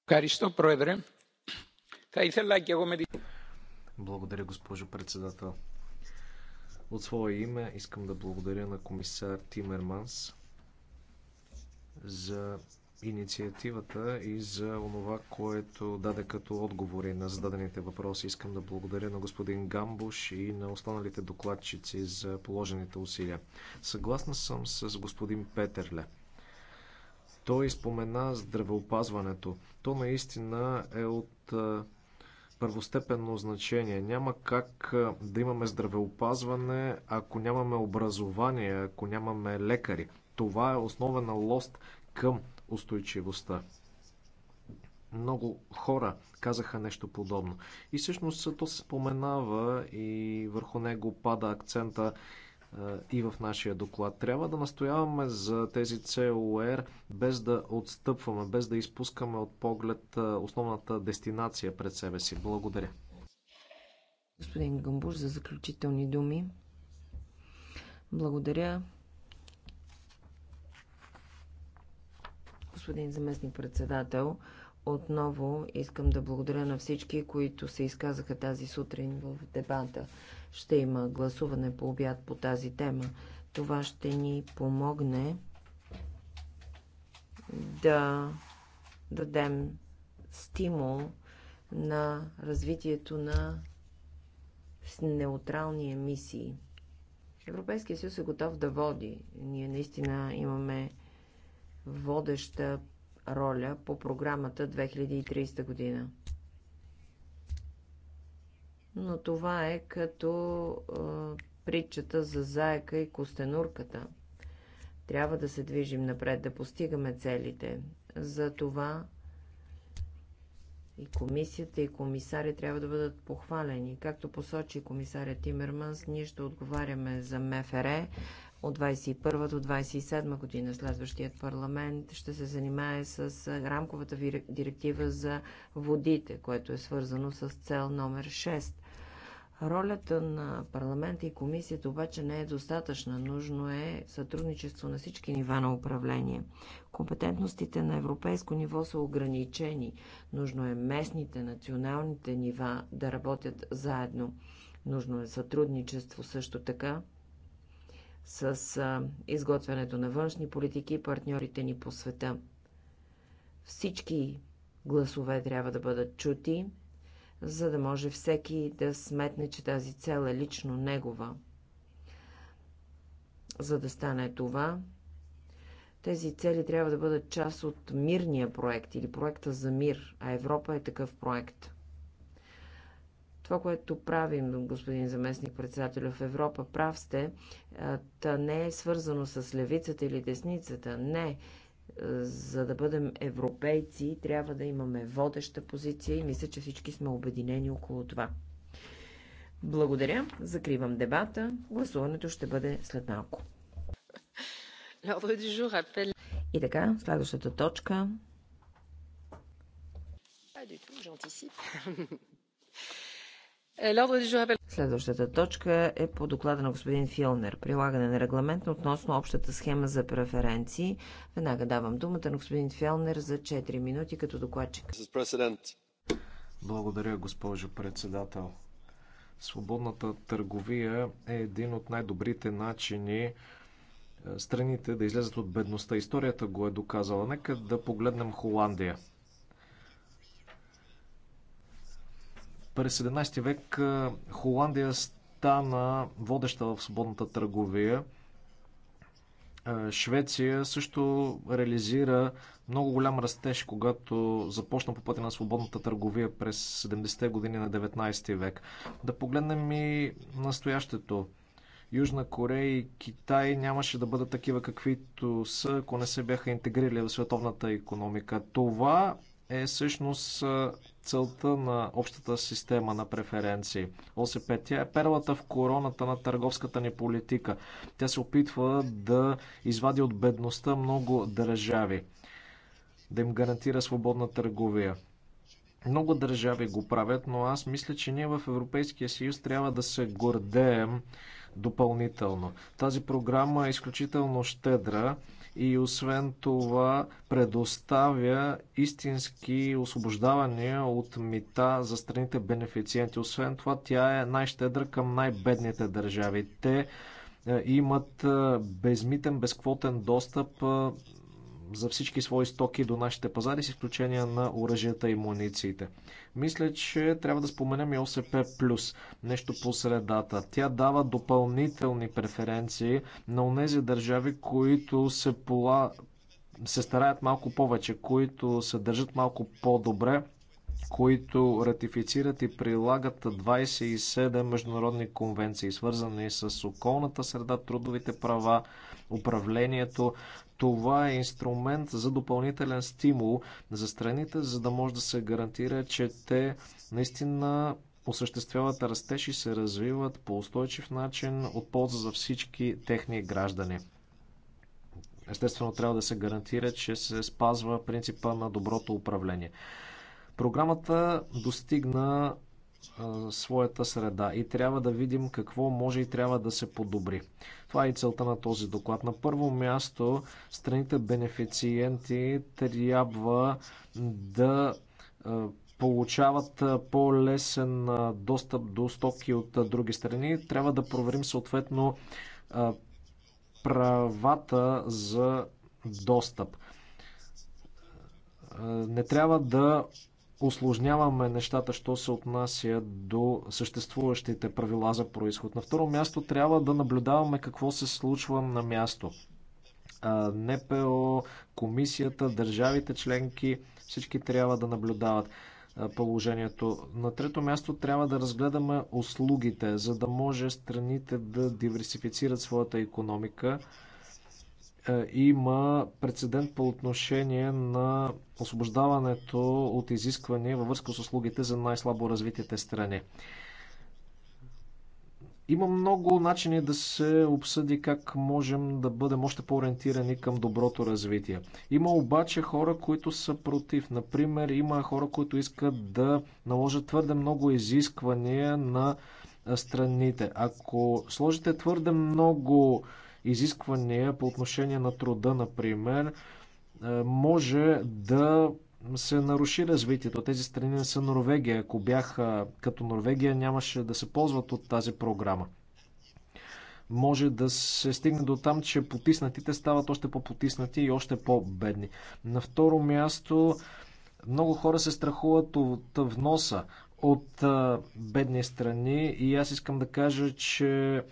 Каристо, проедре. Благодаря, госпожо председател. От свое име искам да благодаря на комисар Тимерманс за инициативата и за онова, което даде като отговори на зададените въпроси. Искам да благодаря на господин Гамбуш и на останалите докладчици за положените усилия. Съгласна съм с господин Петерле. Той спомена здравеопазването. То наистина е от първостепенно значение. Няма как да имаме здравеопазване, ако нямаме образование, ако нямаме лекари. Това е основен лост към устойчивостта. Много хора казаха нещо подобно. И всъщност то се споменава и върху него пада акцента и в нашия доклад. Трябва да настояваме за тези COR без да отстъпваме, без да изпускаме от поглед основната дестинация пред себе си. Благодаря. Господин Гамбур, за заключителни думи. Благодаря. Господин заместник председател, отново искам да благодаря на всички, които се изказаха тази сутрин в дебата ще има гласуване по обяд по тази тема. Това ще ни помогне да дадем стимул на развитието на неутрални емисии. Европейския съюз е готов да води. Ние наистина имаме водеща роля по програмата 2030 година но това е като а, притчата за заека и костенурката. Трябва да се движим напред, да постигаме целите. За това и комисията, и комисари трябва да бъдат похвалени. Както посочи комисаря Тимерманс, ние ще отговаряме за МФР от 21 до 27 година. Следващият парламент ще се занимае с рамковата директива за водите, което е свързано с цел номер 6. Ролята на парламента и комисията обаче не е достатъчна. Нужно е сътрудничество на всички нива на управление. Компетентностите на европейско ниво са ограничени. Нужно е местните, националните нива да работят заедно. Нужно е сътрудничество също така с изготвянето на външни политики и партньорите ни по света. Всички гласове трябва да бъдат чути за да може всеки да сметне, че тази цел е лично негова. За да стане това, тези цели трябва да бъдат част от мирния проект или проекта за мир, а Европа е такъв проект. Това, което правим, господин заместник председател в Европа, прав сте, та не е свързано с левицата или десницата. Не, за да бъдем европейци, трябва да имаме водеща позиция и мисля, че всички сме обединени около това. Благодаря. Закривам дебата. Гласуването ще бъде след малко. И така, следващата точка. Е, е Следващата точка е по доклада на господин Филнер. Прилагане на регламент относно общата схема за преференции. Веднага давам думата на господин Филнер за 4 минути като докладчик. Благодаря, госпожо председател. Свободната търговия е един от най-добрите начини е, страните да излезат от бедността. Историята го е доказала. Нека да погледнем Холандия. През 17 век Холандия стана водеща в свободната търговия. Швеция също реализира много голям растеж, когато започна по пътя на свободната търговия през 70-те години на 19 век. Да погледнем и настоящето. Южна Корея и Китай нямаше да бъдат такива каквито са, ако не се бяха интегрирали в световната економика. Това е всъщност целта на общата система на преференции. ОСП, тя е перлата в короната на търговската ни политика. Тя се опитва да извади от бедността много държави, да им гарантира свободна търговия. Много държави го правят, но аз мисля, че ние в Европейския съюз трябва да се гордеем допълнително. Тази програма е изключително щедра и освен това предоставя истински освобождавания от мита за страните бенефициенти. Освен това, тя е най-щедра към най-бедните държави. Те е, имат е, безмитен, безквотен достъп е, за всички свои стоки до нашите пазари, с изключение на оръжията и мунициите. Мисля, че трябва да споменем и ОСП Плюс, нещо по средата. Тя дава допълнителни преференции на онези държави, които се пола се стараят малко повече, които се държат малко по-добре, които ратифицират и прилагат 27 международни конвенции, свързани с околната среда, трудовите права, управлението. Това е инструмент за допълнителен стимул за страните, за да може да се гарантира, че те наистина осъществяват растеж и се развиват по устойчив начин от полза за всички техни граждани. Естествено, трябва да се гарантира, че се спазва принципа на доброто управление. Програмата достигна своята среда и трябва да видим какво може и трябва да се подобри. Това е и целта на този доклад. На първо място, страните бенефициенти трябва да получават по-лесен достъп до стоки от други страни. Трябва да проверим съответно правата за достъп. Не трябва да осложняваме нещата, що се отнася до съществуващите правила за происход. На второ място трябва да наблюдаваме какво се случва на място. НПО, комисията, държавите членки, всички трябва да наблюдават положението. На трето място трябва да разгледаме услугите, за да може страните да диверсифицират своята економика. Е, има прецедент по отношение на освобождаването от изисквания във връзка с услугите за най-слабо развитите страни. Има много начини да се обсъди как можем да бъдем още по-ориентирани към доброто развитие. Има обаче хора, които са против. Например, има хора, които искат да наложат твърде много изисквания на страните. Ако сложите твърде много изисквания по отношение на труда, например, е, може да се наруши развитието. Тези страни не са Норвегия. Ако бяха като Норвегия, нямаше да се ползват от тази програма. Може да се стигне до там, че потиснатите стават още по-потиснати и още по-бедни. На второ място, много хора се страхуват от вноса от е, бедни страни и аз искам да кажа, че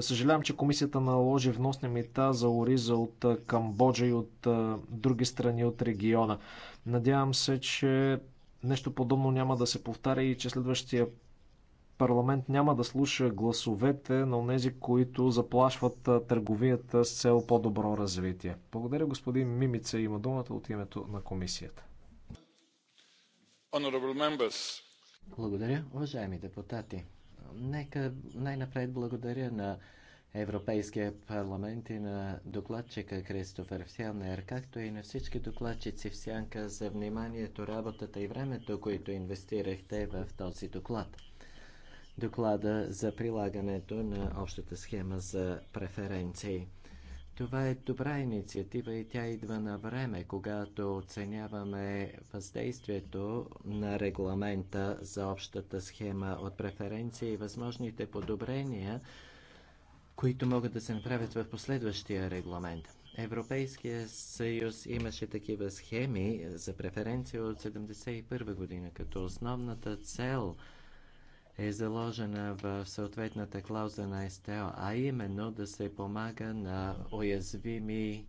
Съжалявам, че комисията наложи вносни мита за ориза от Камбоджа и от други страни от региона. Надявам се, че нещо подобно няма да се повтаря и че следващия парламент няма да слуша гласовете на тези, които заплашват търговията с цел по-добро развитие. Благодаря, господин Мимица. Има думата от името на комисията. Благодаря, уважаеми депутати. Нека най-напред благодаря на Европейския парламент и на докладчика Кристофер Фялнер, както и на всички докладчици в Сянка за вниманието, работата и времето, които инвестирахте в този доклад. Доклада за прилагането на общата схема за преференции. Това е добра инициатива и тя идва на време, когато оценяваме въздействието на регламента за общата схема от преференции и възможните подобрения, които могат да се направят в последващия регламент. Европейския съюз имаше такива схеми за преференция от 1971 година, като основната цел – е заложена в съответната клауза на СТО, а именно да се помага на уязвими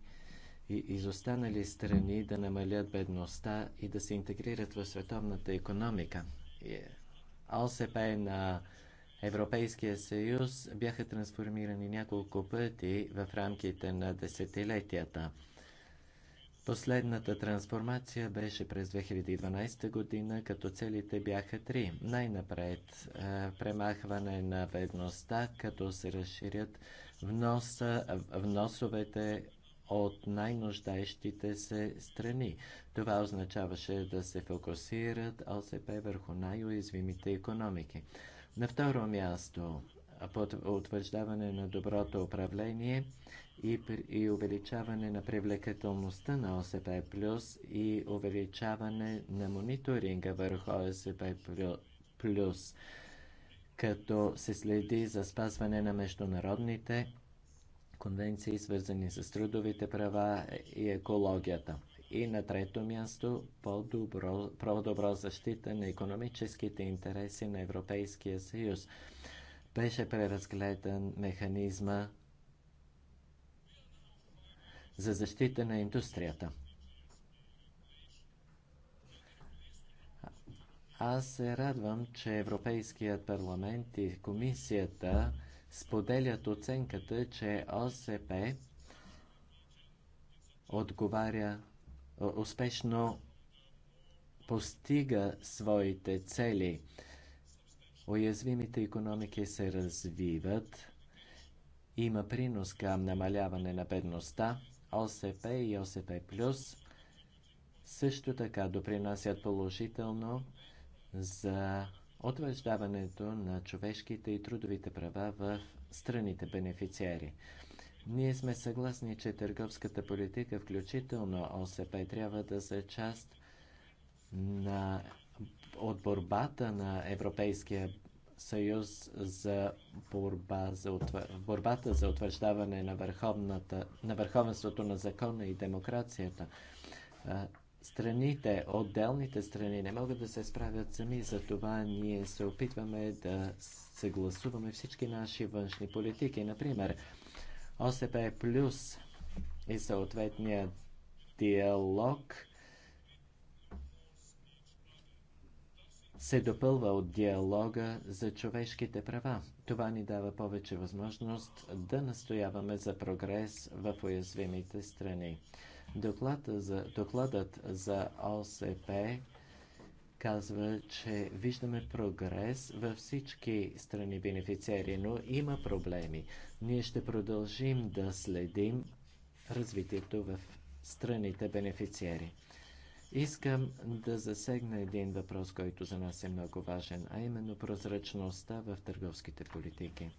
и изостанали страни да намалят бедността и да се интегрират в световната економика. ОСП на Европейския съюз бяха трансформирани няколко пъти в рамките на десетилетията. Последната трансформация беше през 2012 година, като целите бяха три. Най-напред е, премахване на бедността, като се разширят вноса, вносовете от най-нуждаещите се страни. Това означаваше да се фокусират ОСП върху най-уязвимите економики. На второ място, под утвърждаване на доброто управление и, и увеличаване на привлекателността на ОСП Плюс и увеличаване на мониторинга върху ОСП Плюс, като се следи за спазване на международните конвенции, свързани с трудовите права и екологията. И на трето място по-добро, по-добро защита на економическите интереси на Европейския съюз. Беше преразгледан механизма за защита на индустрията. Аз се радвам, че Европейският парламент и комисията споделят оценката, че ОСП отговаря успешно постига своите цели. Уязвимите економики се развиват, има принос към намаляване на бедността. ОСП и ОСП Плюс също така допринасят положително за утвърждаването на човешките и трудовите права в страните бенефициари. Ние сме съгласни, че търговската политика, включително ОСП, трябва да са част на, от борбата на Европейския съюз за борба за утвър... борбата за утвърждаване на, върховната... на върховенството на закона и демокрацията. Страните, отделните страни не могат да се справят сами, затова ние се опитваме да съгласуваме всички наши външни политики. Например, ОСП Плюс и съответния диалог – се допълва от диалога за човешките права. Това ни дава повече възможност да настояваме за прогрес в уязвимите страни. Докладът за, докладът за ОСП казва, че виждаме прогрес във всички страни бенефициери, но има проблеми. Ние ще продължим да следим развитието в страните бенефициери. Искам да засегна един въпрос, който за нас е много важен, а именно прозрачността в търговските политики.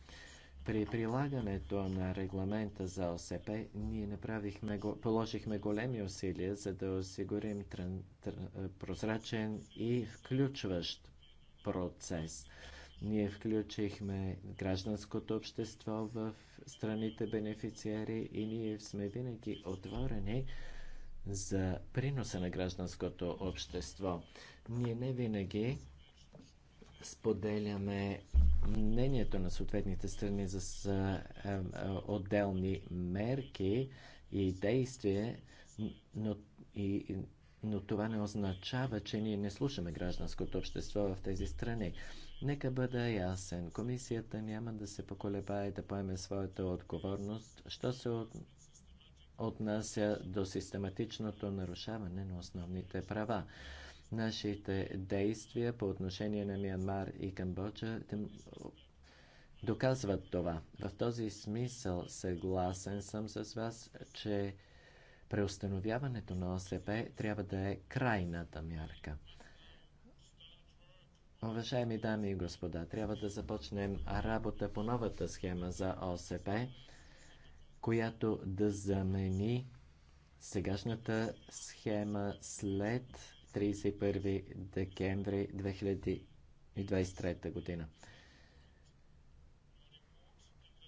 При прилагането на регламента за ОСП ние направихме, положихме големи усилия, за да осигурим тран, тран, прозрачен и включващ процес. Ние включихме гражданското общество в страните бенефициари и ние сме винаги отворени за приноса на гражданското общество. Ние не винаги споделяме мнението на съответните страни за отделни мерки и действия, но, и, но това не означава, че ние не слушаме гражданското общество в тези страни. Нека бъда ясен. Комисията няма да се поколебае да поеме своята отговорност, що се от отнася до систематичното нарушаване на основните права. Нашите действия по отношение на Миянмар и Камбоджа доказват това. В този смисъл съгласен съм с вас, че преустановяването на ОСП трябва да е крайната мярка. Уважаеми дами и господа, трябва да започнем работа по новата схема за ОСП която да замени сегашната схема след 31 декември 2023 година.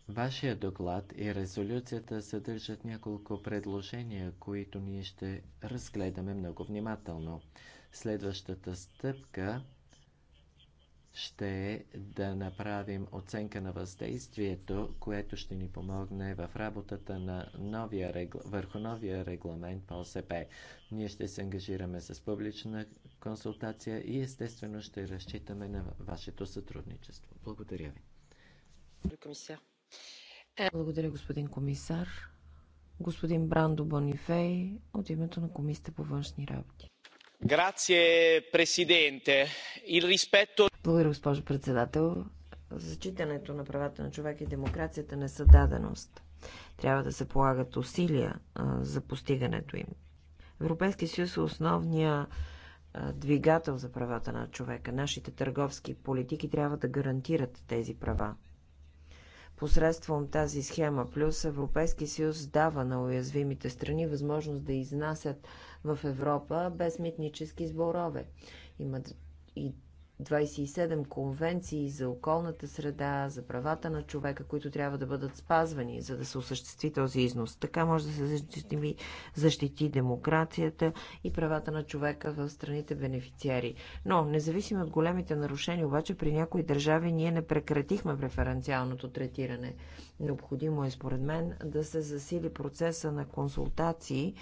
Вашия доклад и резолюцията съдържат няколко предложения, които ние ще разгледаме много внимателно. Следващата стъпка ще е да направим оценка на въздействието, което ще ни помогне в работата на новия регл... върху новия регламент по ОСП. Ние ще се ангажираме с публична консултация и естествено ще разчитаме на вашето сътрудничество. Благодаря ви. Е. Благодаря, господин комисар. Господин Брандо Бонифей от името на Комисията по външни работи. Благодаря, госпожо председател. Зачитането на правата на човека и демокрацията не са даденост. Трябва да се полагат усилия за постигането им. Европейски съюз е основния двигател за правата на човека. Нашите търговски политики трябва да гарантират тези права. Посредством тази схема плюс Европейски съюз дава на уязвимите страни възможност да изнасят в Европа без митнически сборове. Има и 27 конвенции за околната среда, за правата на човека, които трябва да бъдат спазвани, за да се осъществи този износ. Така може да се защити, защити демокрацията и правата на човека в страните бенефициари. Но, независимо от големите нарушения, обаче при някои държави ние не прекратихме преференциалното третиране. Необходимо е, според мен, да се засили процеса на консултации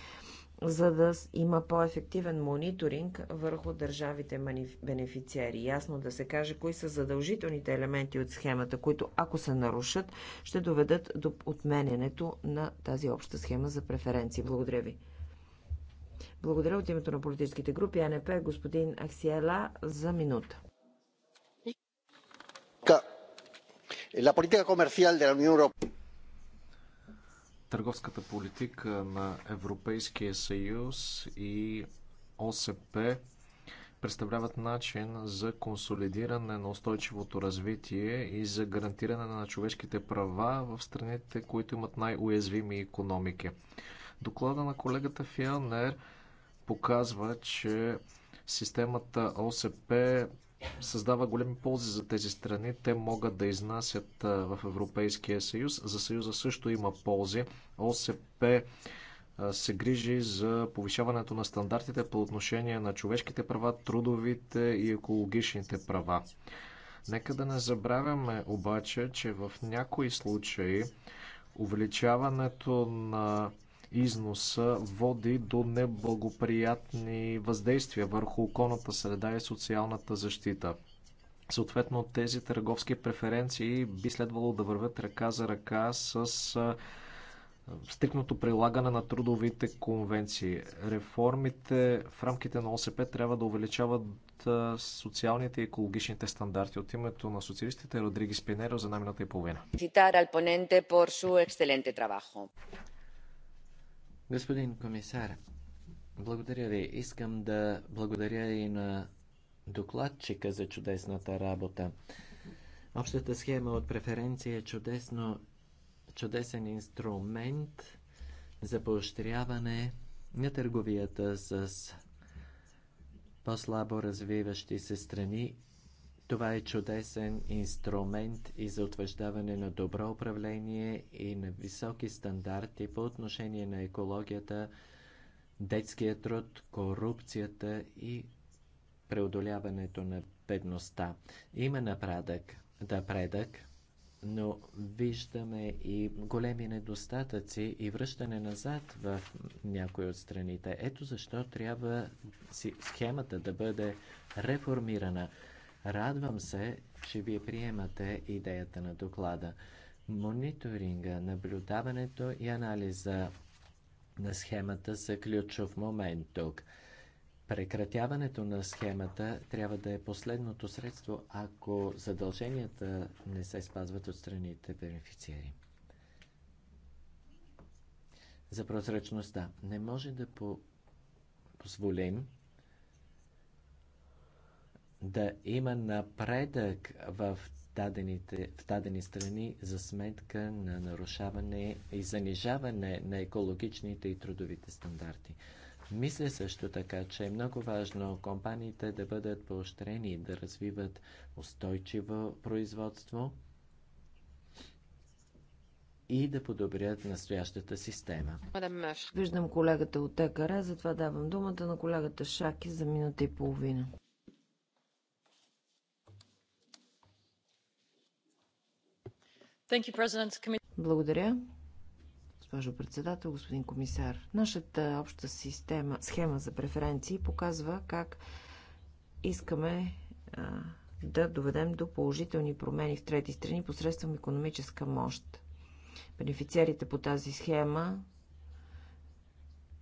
за да има по-ефективен мониторинг върху държавите бенефициери. Ясно да се каже кои са задължителните елементи от схемата, които ако се нарушат, ще доведат до отмененето на тази обща схема за преференции. Благодаря ви. Благодаря от името на политическите групи АНП господин Аксиела за минута. La política comercial de la Unión Europea търговската политика на Европейския съюз и ОСП представляват начин за консолидиране на устойчивото развитие и за гарантиране на човешките права в страните, които имат най-уязвими економики. Доклада на колегата Фиалнер показва, че системата ОСП създава големи ползи за тези страни. Те могат да изнасят в Европейския съюз. За съюза също има ползи. ОСП се грижи за повишаването на стандартите по отношение на човешките права, трудовите и екологичните права. Нека да не забравяме обаче, че в някои случаи увеличаването на износа води до неблагоприятни въздействия върху околната среда и социалната защита. Съответно, тези търговски преференции би следвало да вървят ръка за ръка с стрикното прилагане на трудовите конвенции. Реформите в рамките на ОСП трябва да увеличават социалните и екологичните стандарти. От името на социалистите Родригес Пинеро за намината и половина. Господин комисар, благодаря ви. Искам да благодаря и на докладчика за чудесната работа. Общата схема от преференция е чудесно, чудесен инструмент за поощряване на търговията с по-слабо развиващи се страни това е чудесен инструмент и за утвърждаване на добро управление и на високи стандарти по отношение на екологията, детския труд, корупцията и преодоляването на бедността. Има напредък, да предък, но виждаме и големи недостатъци и връщане назад в някои от страните. Ето защо трябва схемата да бъде реформирана. Радвам се, че вие приемате идеята на доклада. Мониторинга, наблюдаването и анализа на схемата са ключов момент тук. Прекратяването на схемата трябва да е последното средство, ако задълженията не се спазват от страните бенефициери. За прозрачността не може да по позволим да има напредък в, дадените, в дадени страни за сметка на нарушаване и занижаване на екологичните и трудовите стандарти. Мисля също така, че е много важно компаниите да бъдат поощрени да развиват устойчиво производство и да подобрят настоящата система. Виждам колегата от ЕКР, затова давам думата на колегата Шаки за минута и половина. Благодаря. Госпожо председател, господин комисар, нашата обща система, схема за преференции показва как искаме а, да доведем до положителни промени в трети страни посредством економическа мощ. Бенефициарите по тази схема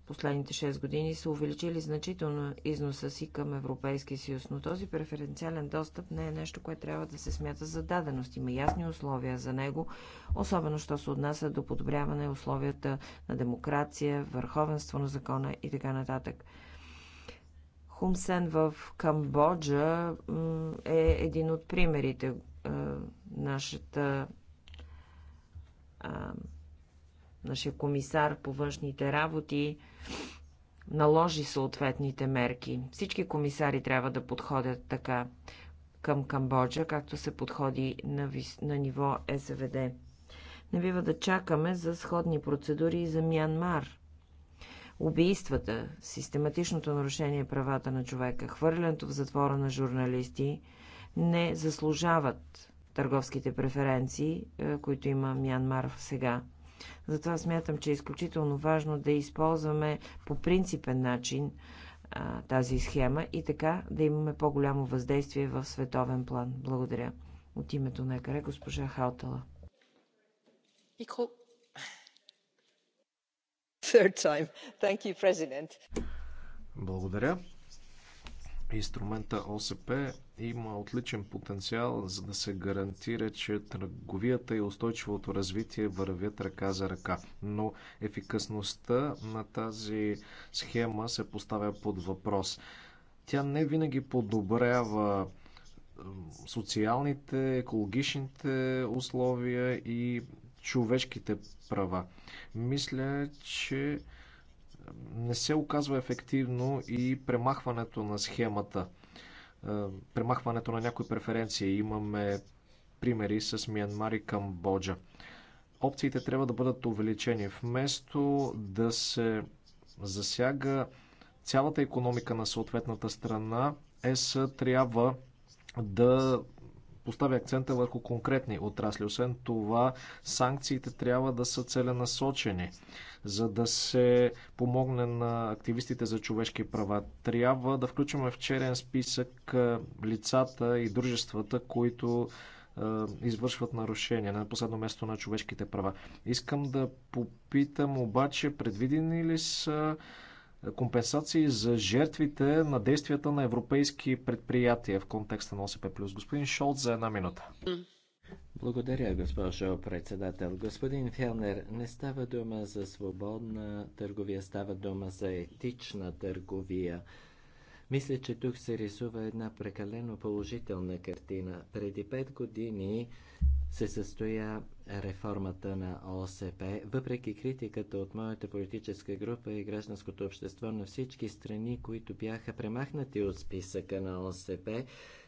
последните 6 години са увеличили значително износа си към Европейския съюз, но този преференциален достъп не е нещо, което трябва да се смята за даденост. Има ясни условия за него, особено що се отнася до подобряване условията на демокрация, върховенство на закона и така нататък. Хумсен в Камбоджа е един от примерите. Нашата Нашия комисар по външните работи наложи съответните мерки. Всички комисари трябва да подходят така към Камбоджа, както се подходи на, вис... на ниво СВД. Не бива да чакаме за сходни процедури и за Мянмар. Убийствата, систематичното нарушение правата на човека, хвърлянето в затвора на журналисти не заслужават търговските преференции, е, които има Мянмар сега. Затова смятам, че е изключително важно да използваме по принципен начин а, тази схема и така да имаме по-голямо въздействие в световен план. Благодаря. От името на екаре госпожа Хаутала. Микро. Third time. Thank you, President. Благодаря, инструмента ОСП има отличен потенциал за да се гарантира, че търговията и устойчивото развитие вървят ръка за ръка. Но ефикасността на тази схема се поставя под въпрос. Тя не винаги подобрява социалните, екологичните условия и човешките права. Мисля, че не се оказва ефективно и премахването на схемата, е, премахването на някои преференции. Имаме примери с Миянмар и Камбоджа. Опциите трябва да бъдат увеличени. Вместо да се засяга цялата економика на съответната страна, ЕС трябва да Поставя акцента върху конкретни отрасли. Освен това, санкциите трябва да са целенасочени, за да се помогне на активистите за човешки права. Трябва да включваме в черен списък лицата и дружествата, които извършват нарушения, на последно место на човешките права. Искам да попитам обаче, предвидени ли са компенсации за жертвите на действията на европейски предприятия в контекста на ОСП+. Господин Шолт за една минута. Благодаря, госпожо председател. Господин Фелнер, не става дума за свободна търговия, става дума за етична търговия. Мисля, че тук се рисува една прекалено положителна картина. Преди пет години се състоя реформата на ОСП. Въпреки критиката от моята политическа група и гражданското общество на всички страни, които бяха премахнати от списъка на ОСП,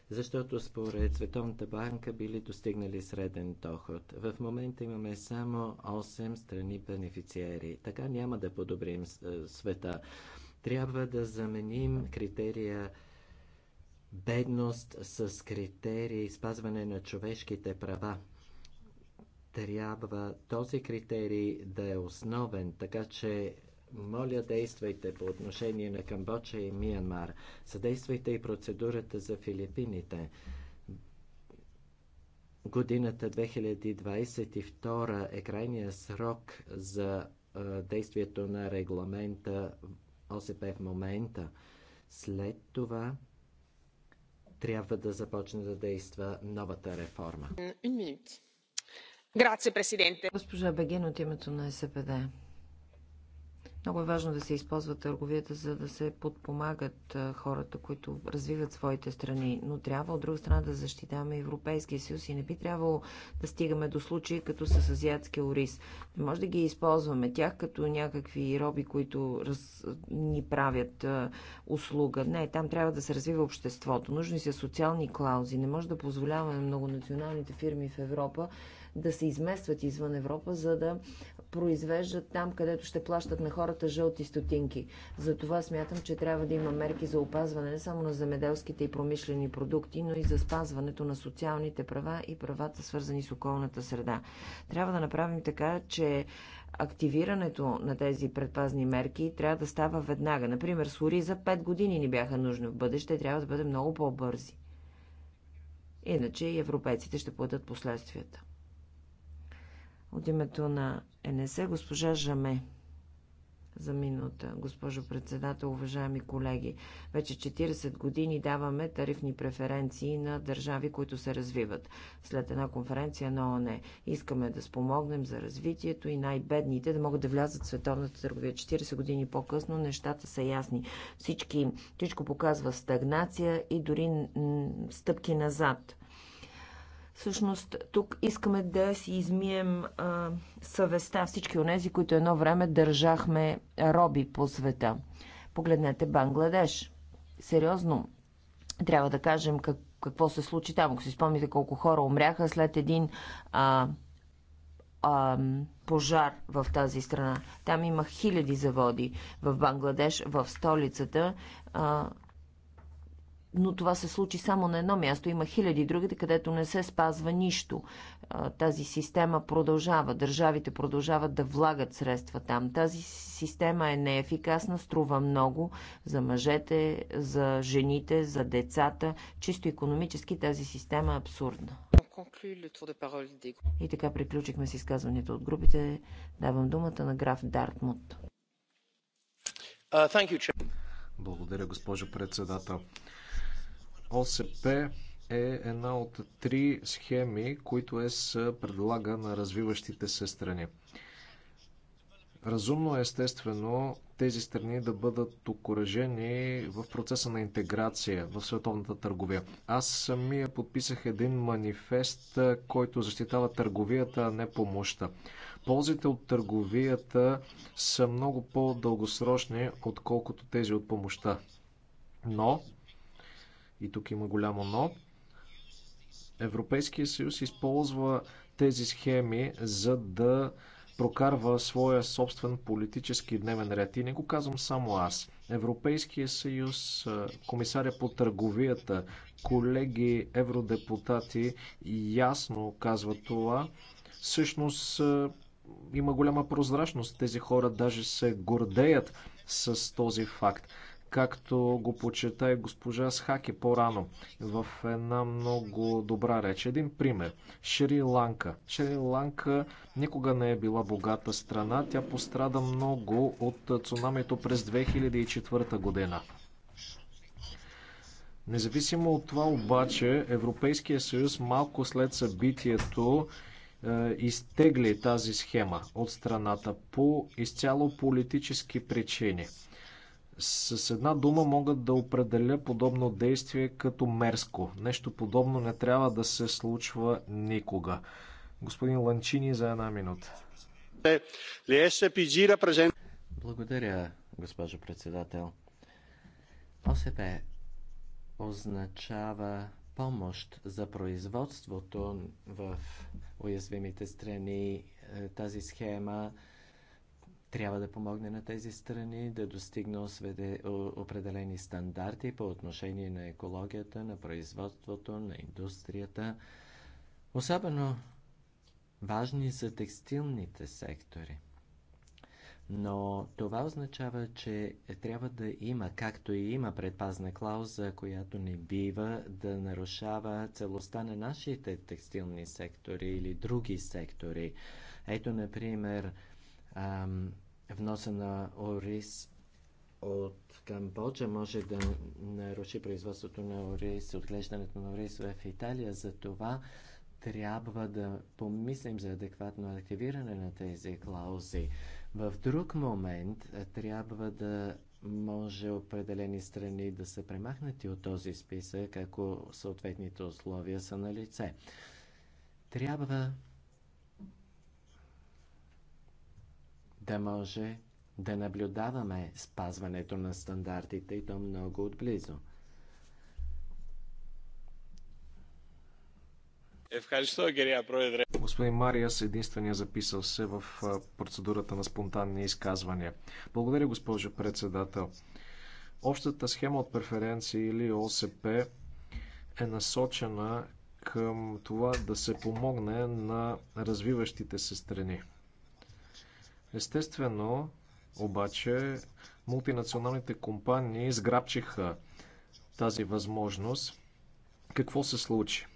защото според Световната банка били достигнали среден доход. В момента имаме само 8 страни бенефициери. Така няма да подобрим е, света. Трябва да заменим критерия бедност с критерии спазване на човешките права трябва този критерий да е основен, така че моля действайте по отношение на Камбоджа и Миянмар. Съдействайте и процедурата за Филипините. Годината 2022 е крайния срок за действието на регламента ОСП в момента. След това трябва да започне да действа новата реформа. Une Грация, президенте. Госпожа Беген от името на СПД. Много е важно да се използва търговията, за да се подпомагат хората, които развиват своите страни. Но трябва, от друга страна, да защитаваме Европейския съюз и не би трябвало да стигаме до случаи като с азиатския ориз. Не може да ги използваме тях като някакви роби, които раз... ни правят а, услуга. Не, там трябва да се развива обществото. Нужни са социални клаузи. Не може да позволяваме многонационалните фирми в Европа да се изместват извън Европа, за да произвеждат там, където ще плащат на хората жълти стотинки. Затова смятам, че трябва да има мерки за опазване не само на земеделските и промишлени продукти, но и за спазването на социалните права и правата, свързани с околната среда. Трябва да направим така, че активирането на тези предпазни мерки трябва да става веднага. Например, Сури за 5 години ни бяха нужни в бъдеще, трябва да бъдем много по-бързи. Иначе европейците ще платят последствията. От името на НС госпожа Жаме за минута. Госпожо председател, уважаеми колеги, вече 40 години даваме тарифни преференции на държави, които се развиват. След една конференция на ООН искаме да спомогнем за развитието и най-бедните да могат да влязат в световната търговия. 40 години по-късно нещата са ясни. Всички, всичко показва стагнация и дори стъпки назад. Всъщност тук искаме да си измием а, съвестта всички от тези, които едно време държахме роби по света. Погледнете Бангладеш. Сериозно, трябва да кажем как, какво се случи там. Ако си спомните колко хора умряха след един а, а, пожар в тази страна. Там има хиляди заводи в Бангладеш, в столицата. А, но това се случи само на едно място. Има хиляди другите, където не се спазва нищо. Тази система продължава. Държавите продължават да влагат средства там. Тази система е неефикасна, струва много за мъжете, за жените, за децата. Чисто економически тази система е абсурдна. И така приключихме с изказването от групите. Давам думата на граф Дартмут. Uh, Благодаря, госпожо председател. ОСП е една от три схеми, които ЕС предлага на развиващите се страни. Разумно е естествено тези страни да бъдат окоръжени в процеса на интеграция в световната търговия. Аз самия подписах един манифест, който защитава търговията, а не помощта. Ползите от търговията са много по-дългосрочни, отколкото тези от помощта. Но и тук има голямо но, Европейския съюз използва тези схеми, за да прокарва своя собствен политически дневен ред. И не го казвам само аз. Европейския съюз, комисаря по търговията, колеги евродепутати ясно казват това. Всъщност има голяма прозрачност. Тези хора даже се гордеят с този факт както го почета и госпожа Схаки по-рано в една много добра реч. Един пример. Шри-Ланка. Шри-Ланка никога не е била богата страна. Тя пострада много от цунамито през 2004 година. Независимо от това обаче, Европейския съюз малко след събитието е, изтегли тази схема от страната по изцяло политически причини. С една дума мога да определя подобно действие като мерзко. Нещо подобно не трябва да се случва никога. Господин Ланчини за една минута. Благодаря, госпожо председател. ОСП означава помощ за производството в уязвимите страни. Е, тази схема трябва да помогне на тези страни да достигне определени стандарти по отношение на екологията, на производството, на индустрията, особено важни са текстилните сектори. Но това означава, че трябва да има, както и има предпазна клауза, която не бива да нарушава целостта на нашите текстилни сектори или други сектори. Ето, например, вноса на ориз от Камбоджа може да наруши производството на ориз, отглеждането на ориз в Италия. Затова трябва да помислим за адекватно активиране на тези клаузи. В друг момент трябва да може определени страни да са премахнати от този списък, ако съответните условия са на лице. Трябва да може да наблюдаваме спазването на стандартите и то много отблизо. Господин Мариас единствения записал се в процедурата на спонтанни изказвания. Благодаря, госпожо председател. Общата схема от преференции или ОСП е насочена към това да се помогне на развиващите се страни. Естествено, обаче, мултинационалните компании изграбчиха тази възможност. Какво се случи?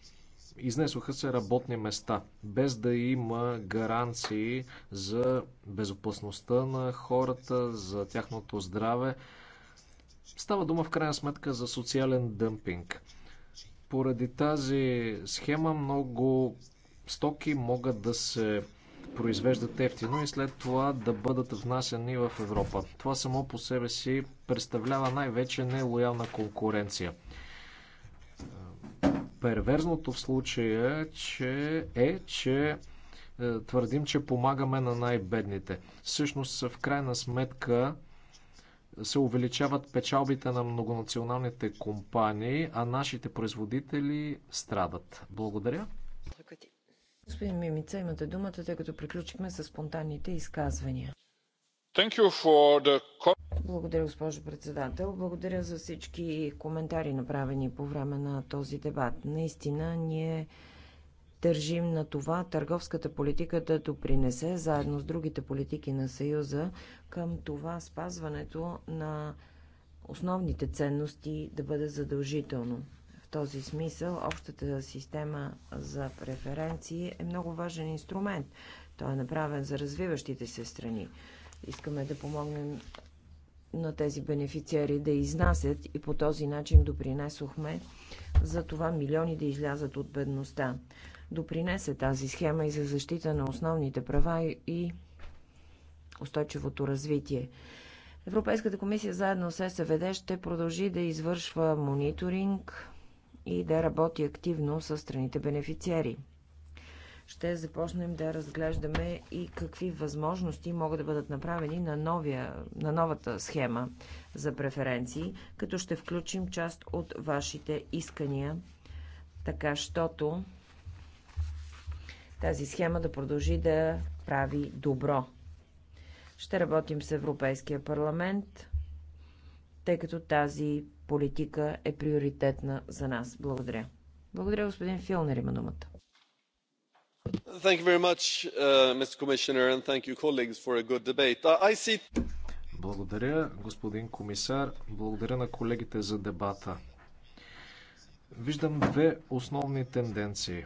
Изнесоха се работни места, без да има гаранции за безопасността на хората, за тяхното здраве. Става дума в крайна сметка за социален дъмпинг. Поради тази схема много стоки могат да се произвеждат ефтино и след това да бъдат внасяни в Европа. Това само по себе си представлява най-вече нелоялна конкуренция. Перверзното в случая че е, че е, твърдим, че помагаме на най-бедните. Всъщност, в крайна сметка, се увеличават печалбите на многонационалните компании, а нашите производители страдат. Благодаря. Господин Мимица, имате думата, тъй като приключихме с спонтанните изказвания. The... Благодаря, госпожо председател. Благодаря за всички коментари, направени по време на този дебат. Наистина, ние държим на това търговската политика да допринесе, заедно с другите политики на Съюза, към това спазването на основните ценности да бъде задължително този смисъл общата система за преференции е много важен инструмент. Той е направен за развиващите се страни. Искаме да помогнем на тези бенефициари да изнасят и по този начин допринесохме за това милиони да излязат от бедността. Допринесе тази схема и за защита на основните права и устойчивото развитие. Европейската комисия заедно с СВД ще продължи да извършва мониторинг и да работи активно с страните бенефициери. Ще започнем да разглеждаме и какви възможности могат да бъдат направени на, новия, на новата схема за преференции, като ще включим част от вашите искания, така щото тази схема да продължи да прави добро. Ще работим с Европейския парламент, тъй като тази политика е приоритетна за нас. Благодаря. Благодаря, господин Филнер, има думата. Uh, Благодаря, господин комисар. Благодаря на колегите за дебата. Виждам две основни тенденции.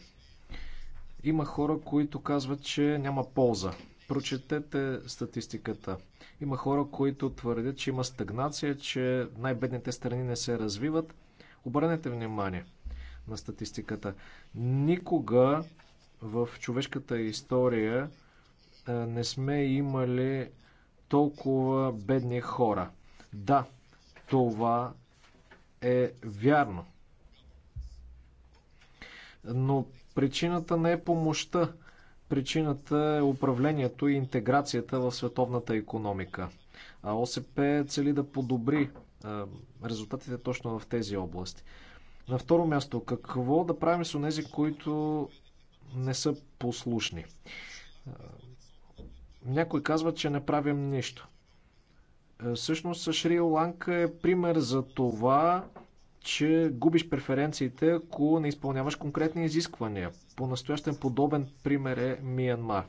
Има хора, които казват, че няма полза. Прочетете статистиката. Има хора, които твърдят, че има стагнация, че най-бедните страни не се развиват. Обърнете внимание на статистиката. Никога в човешката история не сме имали толкова бедни хора. Да, това е вярно. Но причината не е помощта. Причината е управлението и интеграцията в световната економика. А ОСП цели да подобри резултатите точно в тези области. На второ място, какво да правим с онези, които не са послушни? Някой казва, че не правим нищо. Всъщност Шри Ланка е пример за това, че губиш преференциите, ако не изпълняваш конкретни изисквания. По-настоящен подобен пример е Миянмар.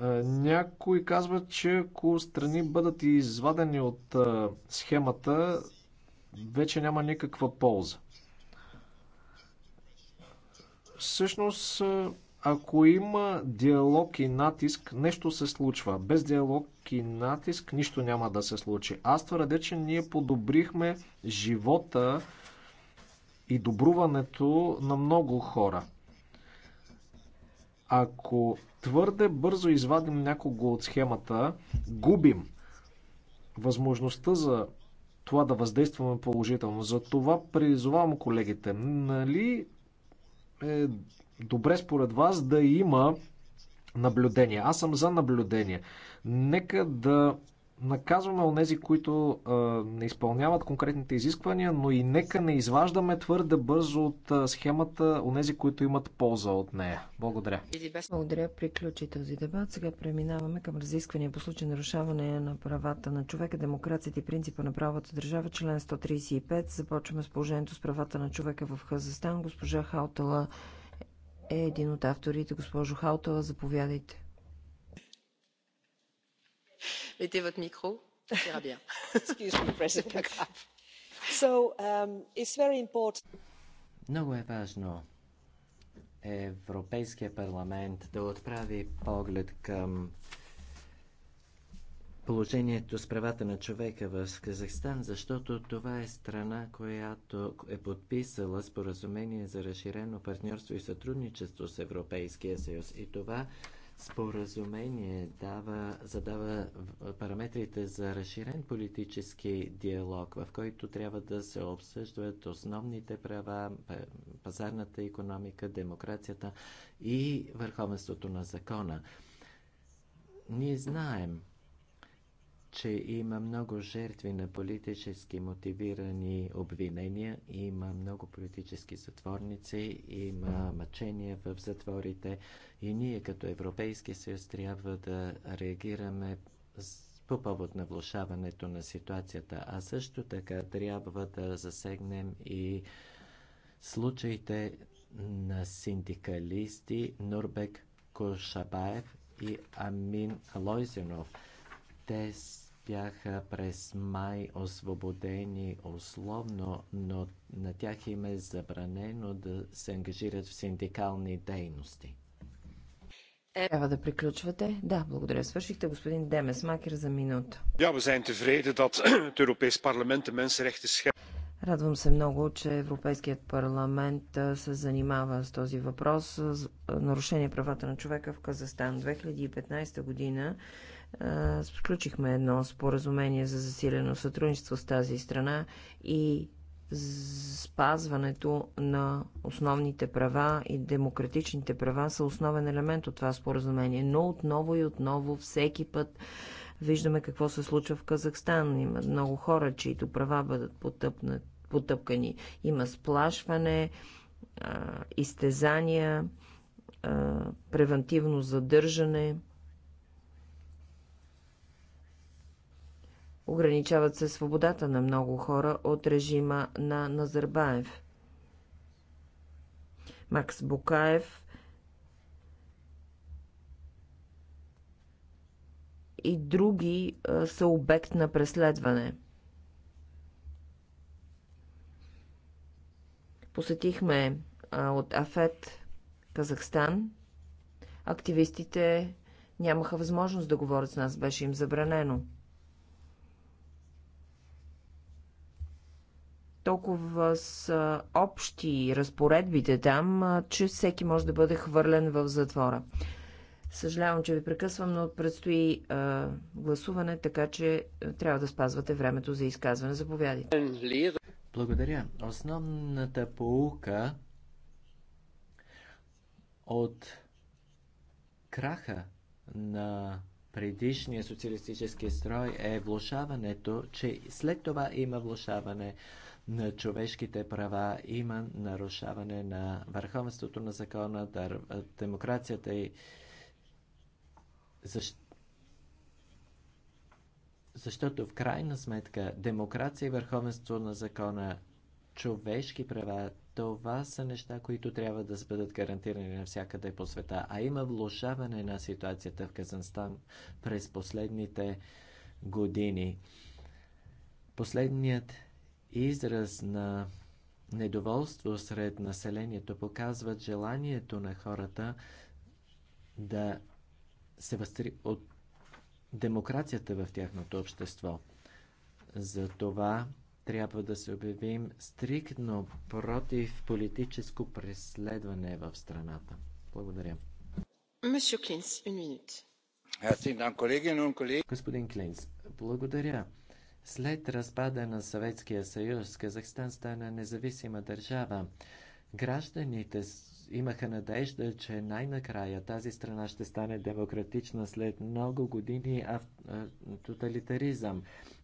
Е, Някои казват, че ако страни бъдат извадени от е, схемата, вече няма никаква полза. Всъщност, е, ако има диалог и натиск, нещо се случва. Без диалог и натиск нищо няма да се случи. Аз твърдя, че ние подобрихме живота и добруването на много хора. Ако твърде бързо извадим някого от схемата, губим възможността за това да въздействаме положително. За това призовавам колегите. Нали е добре според вас да има наблюдение? Аз съм за наблюдение. Нека да наказваме онези, които а, не изпълняват конкретните изисквания, но и нека не изваждаме твърде бързо от а, схемата онези, които имат полза от нея. Благодаря. Благодаря. Приключи този дебат. Сега преминаваме към разисквания по случай нарушаване на правата на човека, демокрацията и принципа на правата държава, член 135. Започваме с положението с правата на човека в Хазастан. Госпожа Хаутала е един от авторите. Госпожо Халтова. заповядайте. Mettez votre micro, ça bien. Excuse me, President. So, um, it's very important. Много е важно Европейския парламент да отправи поглед към положението с правата на човека в Казахстан, защото това е страна, която е подписала споразумение за разширено партньорство и сътрудничество с Европейския съюз. И това споразумение дава, задава параметрите за разширен политически диалог, в който трябва да се обсъждат основните права, пазарната економика, демокрацията и върховенството на закона. Ние знаем, че има много жертви на политически мотивирани обвинения, има много политически затворници, има мъчения в затворите и ние като Европейски съюз трябва да реагираме по повод на влушаването на ситуацията, а също така трябва да засегнем и случаите на синдикалисти Нурбек Кошабаев и Амин Алойзинов – те бяха през май освободени условно, но на тях им е забранено да се ангажират в синдикални дейности. Е. Трябва да приключвате. Да, благодаря. Свършихте господин Демес Макер за минута. Ja, we zijn tevreden dat het Europees Parlement de mensenrechten Радвам се много, че Европейският парламент се занимава с този въпрос. Нарушение правата на човека в Казахстан. 2015 година сключихме едно споразумение за засилено сътрудничество с тази страна и спазването на основните права и демократичните права са основен елемент от това споразумение. Но отново и отново, всеки път виждаме какво се случва в Казахстан. Има много хора, чието права бъдат потъпкани. Има сплашване, изтезания, превентивно задържане – Ограничават се свободата на много хора от режима на Назарбаев. Макс Букаев и други са обект на преследване. Посетихме от Афет Казахстан. Активистите нямаха възможност да говорят с нас, беше им забранено. толкова с общи разпоредбите там, че всеки може да бъде хвърлен в затвора. Съжалявам, че ви прекъсвам, но предстои а, гласуване, така че трябва да спазвате времето за изказване. Заповядайте. Благодаря. Основната поука от краха на предишния социалистически строй е влушаването, че след това има влушаване на човешките права, има нарушаване на върховенството на закона, дър... демокрацията и защ... защото в крайна сметка демокрация и върховенство на закона, човешки права, това са неща, които трябва да бъдат гарантирани навсякъде по света. А има влушаване на ситуацията в Казанстан през последните години. Последният израз на недоволство сред населението показват желанието на хората да се възстри от демокрацията в тяхното общество. Затова трябва да се обявим стриктно против политическо преследване в страната. Благодаря. Господин Клинс, благодаря. След разпада на Съветския съюз, Казахстан стана независима държава. Гражданите имаха надежда, че най-накрая тази страна ще стане демократична след много години тоталитаризъм.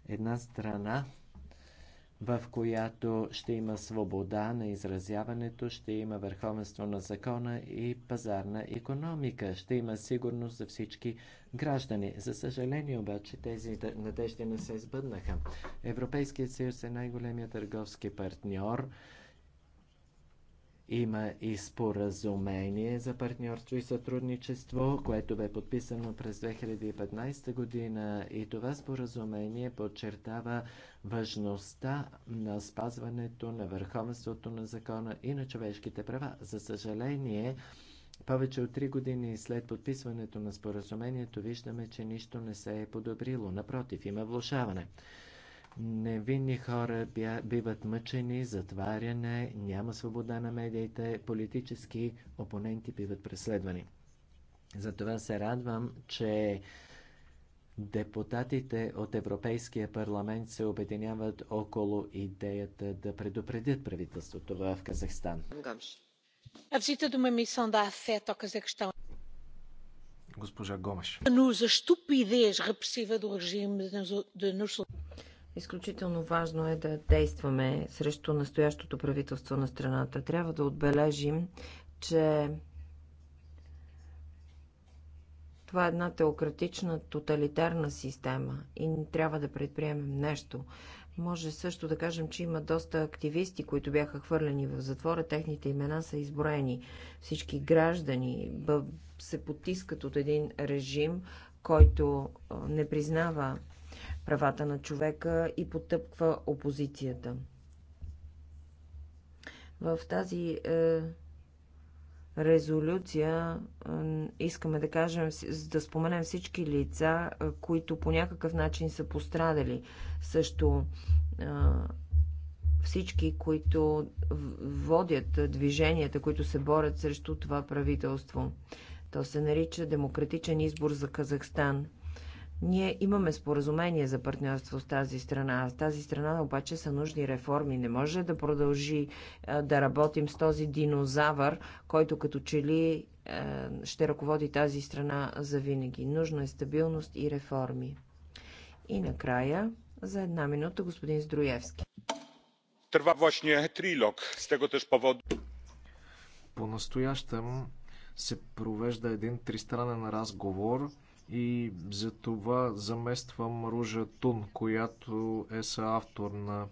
Една страна, в която ще има свобода на изразяването, ще има върховенство на закона и пазарна економика, ще има сигурност за всички граждани. За съжаление обаче тези надежди не се сбъднаха. Европейският съюз е най-големият търговски партньор има и споразумение за партньорство и сътрудничество, което бе подписано през 2015 година и това споразумение подчертава важността на спазването на върховенството на закона и на човешките права. За съжаление, повече от три години след подписването на споразумението виждаме, че нищо не се е подобрило. Напротив, има влушаване. Невинни хора биват мъчени, затваряне, няма свобода на медиите, политически опоненти биват преследвани. Затова се радвам, че депутатите от Европейския парламент се обединяват около идеята да предупредят правителството в Казахстан. Госпожа Гомеш. Изключително важно е да действаме срещу настоящото правителство на страната. Трябва да отбележим, че това е една теократична, тоталитарна система и трябва да предприемем нещо. Може също да кажем, че има доста активисти, които бяха хвърлени в затвора. Техните имена са изброени. Всички граждани се потискат от един режим, който не признава правата на човека и потъпква опозицията. В тази е, резолюция е, искаме да кажем, да споменем всички лица, е, които по някакъв начин са пострадали. Също е, всички, които водят движенията, които се борят срещу това правителство. То се нарича Демократичен избор за Казахстан – ние имаме споразумение за партньорство с тази страна. С тази страна обаче са нужни реформи. Не може да продължи е, да работим с този динозавър, който като че ли е, ще ръководи тази страна за винаги. Нужна е стабилност и реформи. И накрая, за една минута, господин Здруевски. Трва właśnie трилог. С тега теж повод. По-настоящем се провежда един тристранен разговор – и за това замествам Ружа Тун, която е съавтор на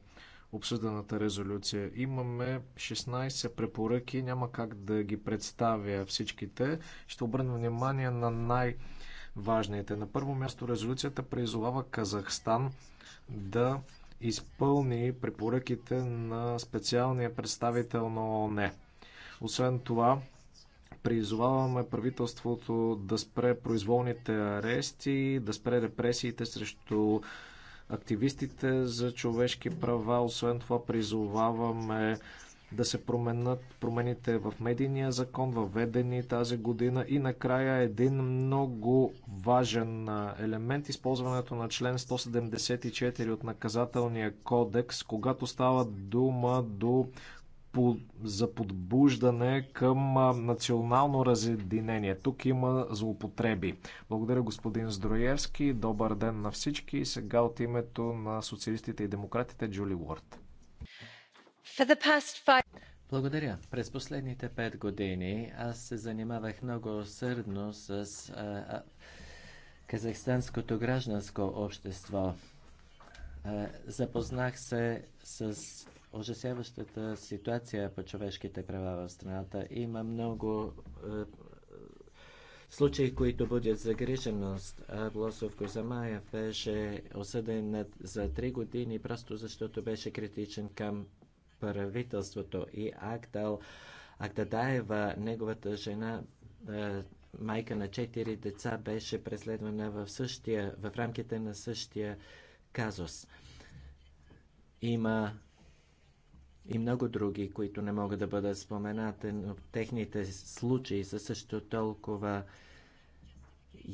обсъжданата резолюция. Имаме 16 препоръки, няма как да ги представя всичките. Ще обърна внимание на най-важните. На първо място резолюцията призовава Казахстан да изпълни препоръките на специалния представител на ОНЕ, Освен това, Призоваваме правителството да спре произволните арести, да спре репресиите срещу активистите за човешки права. Освен това призоваваме да се променят промените в медийния закон, въведени тази година. И накрая един много важен елемент използването на член 174 от наказателния кодекс, когато става дума до по, за подбуждане към национално разединение. Тук има злоупотреби. Благодаря господин Здроевски. Добър ден на всички. И сега от името на социалистите и демократите Джули Уорд. Благодаря. През последните пет години аз се занимавах много усърдно с а, а, казахстанското гражданско общество. А, запознах се с ужасяващата ситуация по човешките права в страната. Има много е, случаи, които будят загриженост. Блосов Козамая беше осъден за три години, просто защото беше критичен към правителството. И Агдал Агдадаева, неговата жена, е, майка на четири деца, беше преследвана в, същия, в рамките на същия казус. Има и много други, които не могат да бъдат споменати, но техните случаи са също толкова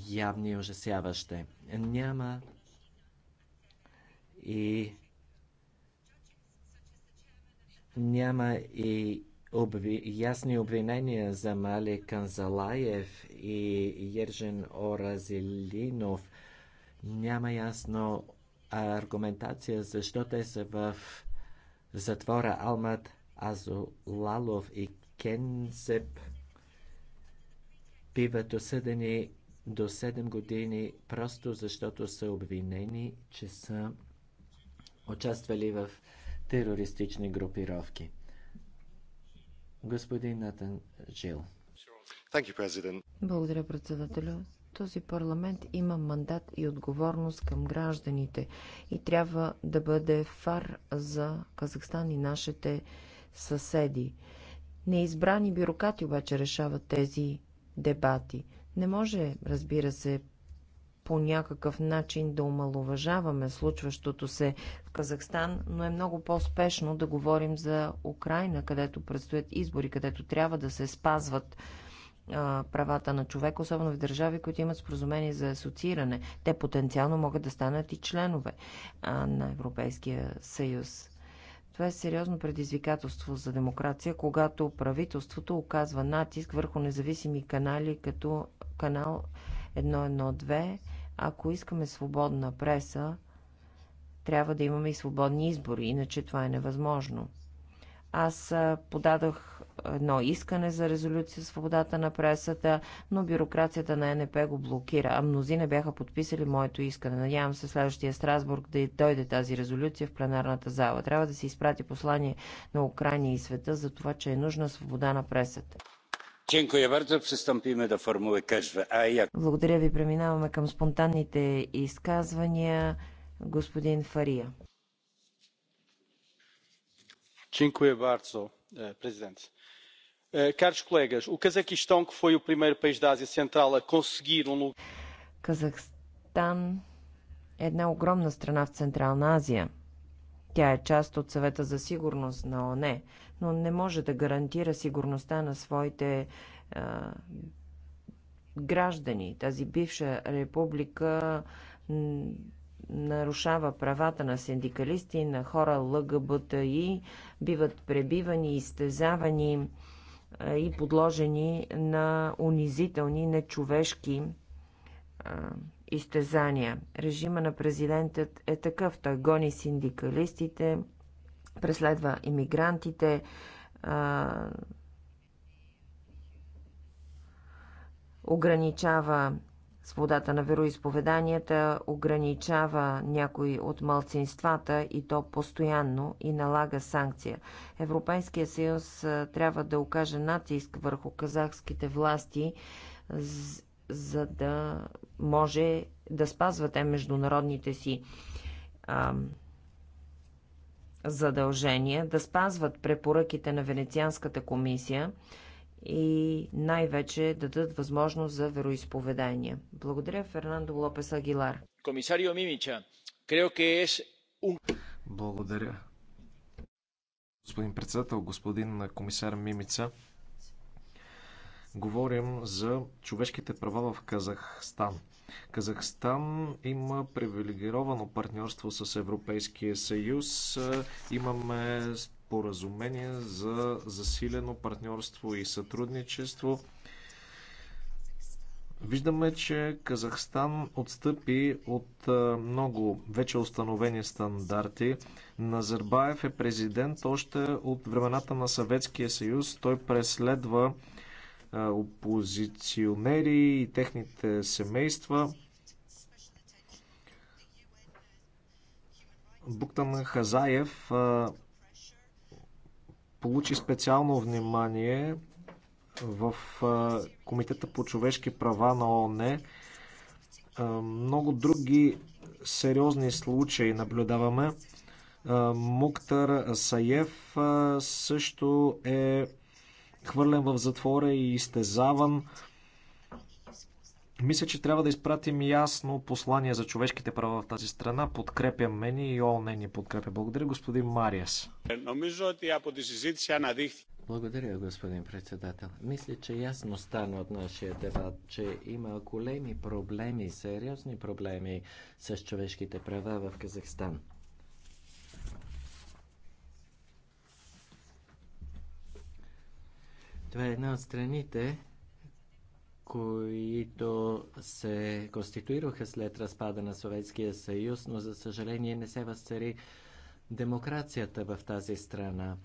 явни и ужасяващи. Няма и няма и обви... ясни обвинения за Мали Канзалаев и Ержен Оразилинов. Няма ясно аргументация защо те са в затвора Алмат Азулалов и Кензеп биват осъдени до 7 години, просто защото са обвинени, че са участвали в терористични групировки. Господин Натан Жил. Благодаря, председателю. Този парламент има мандат и отговорност към гражданите и трябва да бъде фар за Казахстан и нашите съседи. Неизбрани бюрократи обаче решават тези дебати. Не може, разбира се, по някакъв начин да омалуважаваме случващото се в Казахстан, но е много по-спешно да говорим за Украина, където предстоят избори, където трябва да се спазват правата на човек, особено в държави, които имат споразумение за асоцииране. Те потенциално могат да станат и членове на Европейския съюз. Това е сериозно предизвикателство за демокрация, когато правителството оказва натиск върху независими канали, като канал 112. Ако искаме свободна преса, трябва да имаме и свободни избори, иначе това е невъзможно. Аз подадох едно искане за резолюция свободата на пресата, но бюрокрацията на НП го блокира, а мнози не бяха подписали моето искане. Надявам се следващия Страсбург да дойде тази резолюция в пленарната зала. Трябва да се изпрати послание на Украина и света за това, че е нужна свобода на пресата. Благодаря ви. Преминаваме към спонтанните изказвания. Господин Фария. E, presidente colegas que país central conseguir um Казахстан е една огромна страна в Централна Азия. Тя е част от съвета за сигурност на ОНЕ, но не може да гарантира сигурността на своите а, граждани. Тази бивша република нарушава правата на синдикалисти, на хора ЛГБТИ, биват пребивани, изтезавани е, и подложени на унизителни, нечовешки е, изтезания. Режима на президентът е такъв. Той гони синдикалистите, преследва иммигрантите, е, ограничава Свободата на вероисповеданията ограничава някои от малцинствата и то постоянно и налага санкция. Европейския съюз трябва да окаже натиск върху казахските власти, за да може да спазвате международните си задължения, да спазват препоръките на Венецианската комисия и най-вече дадат възможност за вероисповедания. Благодаря, Фернандо Лопес Агилар. Комисарио Мимича, creo que es un... Благодаря. Господин председател, господин комисар Мимица, говорим за човешките права в Казахстан. Казахстан има привилегировано партньорство с Европейския съюз. Имаме споразумение за засилено партньорство и сътрудничество. Виждаме, че Казахстан отстъпи от много вече установени стандарти. Назарбаев е президент още от времената на Съветския съюз. Той преследва опозиционери и техните семейства. Буктан Хазаев получи специално внимание в Комитета по човешки права на ООН. Много други сериозни случаи наблюдаваме. Муктар Саев също е хвърлен в затвора и изтезаван. Мисля, че трябва да изпратим ясно послание за човешките права в тази страна. Подкрепям мене и ООН ни подкрепя. Благодаря, господин Мариас. Благодаря, господин председател. Мисля, че ясно стана от нашия дебат, че има големи проблеми, сериозни проблеми с човешките права в Казахстан. Това е една от страните, които се конституираха след разпада на Съветския съюз, но за съжаление не се възцари демокрацията в тази страна.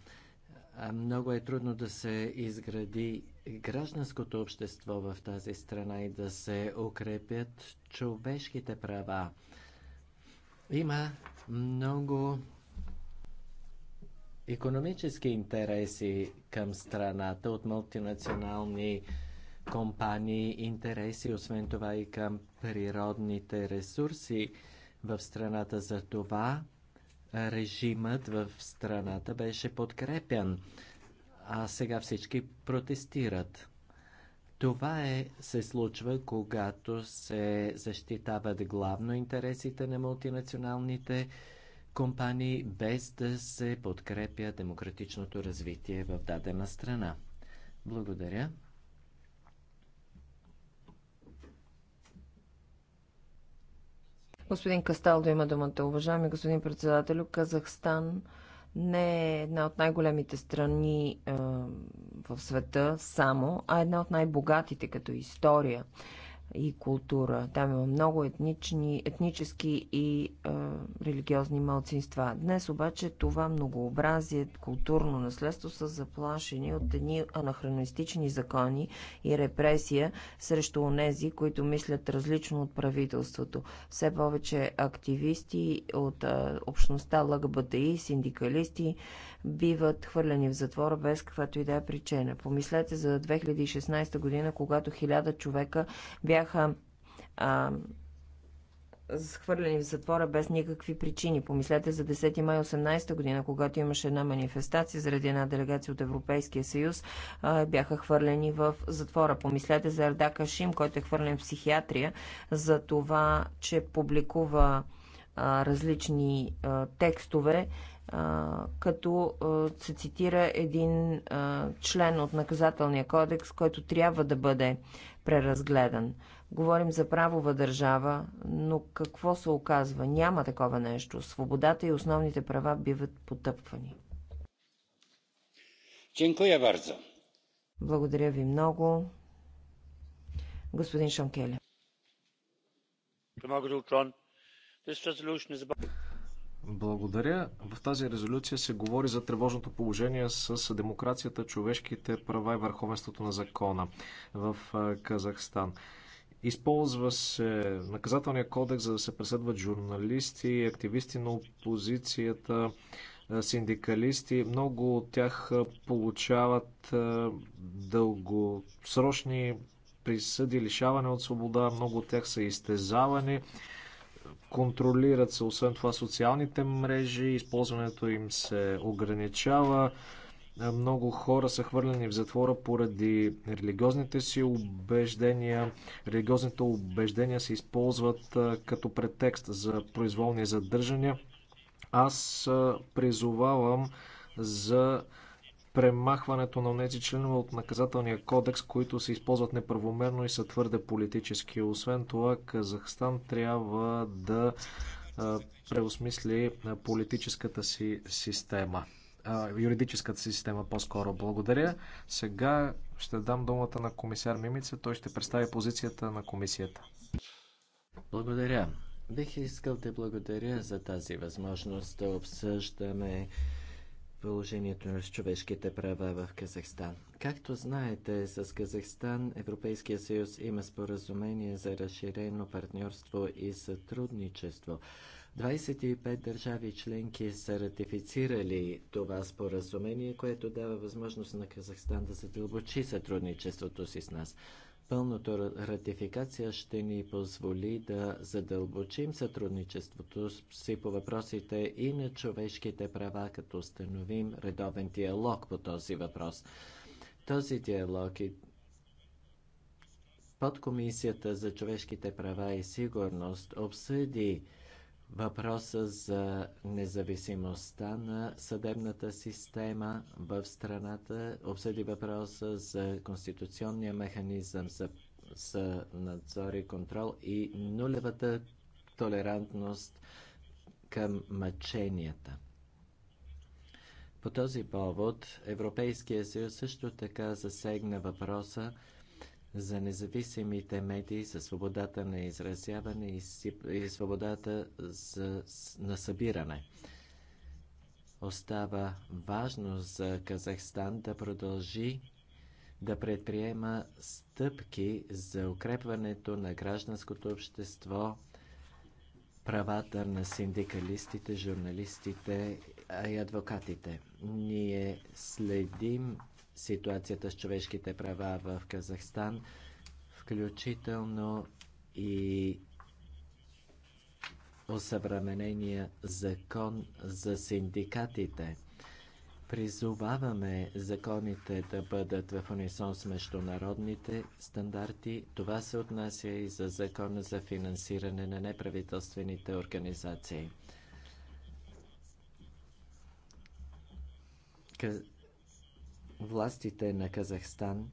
Много е трудно да се изгради гражданското общество в тази страна и да се укрепят човешките права. Има много економически интереси към страната от мултинационални компании, интереси, освен това и към природните ресурси в страната. За това режимът в страната беше подкрепен, а сега всички протестират. Това е, се случва, когато се защитават главно интересите на мултинационалните компании, без да се подкрепя демократичното развитие в дадена страна. Благодаря. Господин Касталдо има думата. Уважаеми господин председател, Казахстан не е една от най-големите страни е, в света само, а една от най-богатите като история и култура. Там има много етнични, етнически и е, религиозни малцинства. Днес обаче това многообразие, културно наследство са заплашени от едни анахронистични закони и репресия срещу онези, които мислят различно от правителството. Все повече активисти от е, общността ЛГБТИ, синдикалисти, биват хвърлени в затвора без каквато и да е причина. Помислете за 2016 година, когато хиляда човека бяха а, схвърлени в затвора без никакви причини. Помислете за 10 май 18 година, когато имаше една манифестация заради една делегация от Европейския съюз, бяха хвърлени в затвора. Помислете за Ердака Шим, който е хвърлен в психиатрия за това, че публикува различни текстове като се цитира един член от наказателния кодекс, който трябва да бъде преразгледан. Говорим за правова държава, но какво се оказва? Няма такова нещо. Свободата и основните права биват потъпвани. Благодаря ви много. Господин Шонкеле. Благодаря. В тази резолюция се говори за тревожното положение с демокрацията, човешките права и върховенството на закона в Казахстан. Използва се наказателния кодекс, за да се преследват журналисти, активисти на опозицията, синдикалисти. Много от тях получават дългосрочни присъди, лишаване от свобода, много от тях са изтезавани контролират се освен това социалните мрежи, използването им се ограничава. Много хора са хвърлени в затвора поради религиозните си убеждения. Религиозните убеждения се използват като претекст за произволни задържания. Аз призовавам за премахването на тези членове от наказателния кодекс, които се използват неправомерно и са твърде политически. Освен това, Казахстан трябва да преосмисли политическата си система. Юридическата си система по-скоро. Благодаря. Сега ще дам думата на комисар Мимица. Той ще представи позицията на комисията. Благодаря. Бих искал да благодаря за тази възможност да обсъждаме положението на човешките права в Казахстан. Както знаете, с Казахстан Европейския съюз има споразумение за разширено партньорство и сътрудничество. 25 държави членки са ратифицирали това споразумение, което дава възможност на Казахстан да задълбочи сътрудничеството си с нас. Пълната ратификация ще ни позволи да задълбочим сътрудничеството си по въпросите и на човешките права, като установим редовен диалог по този въпрос. Този диалог и подкомисията за човешките права и сигурност обсъди въпроса за независимостта на съдебната система в страната, обсъди въпроса за конституционния механизъм за, за надзор и контрол и нулевата толерантност към мъченията. По този повод Европейския съюз също така засегна въпроса за независимите медии, за свободата на изразяване и свободата за, на събиране. Остава важно за Казахстан да продължи да предприема стъпки за укрепването на гражданското общество, правата на синдикалистите, журналистите и адвокатите. Ние следим ситуацията с човешките права в Казахстан, включително и осъвременения закон за синдикатите. Призоваваме законите да бъдат в унисон с международните стандарти. Това се отнася и за закона за финансиране на неправителствените организации. Властите на Казахстан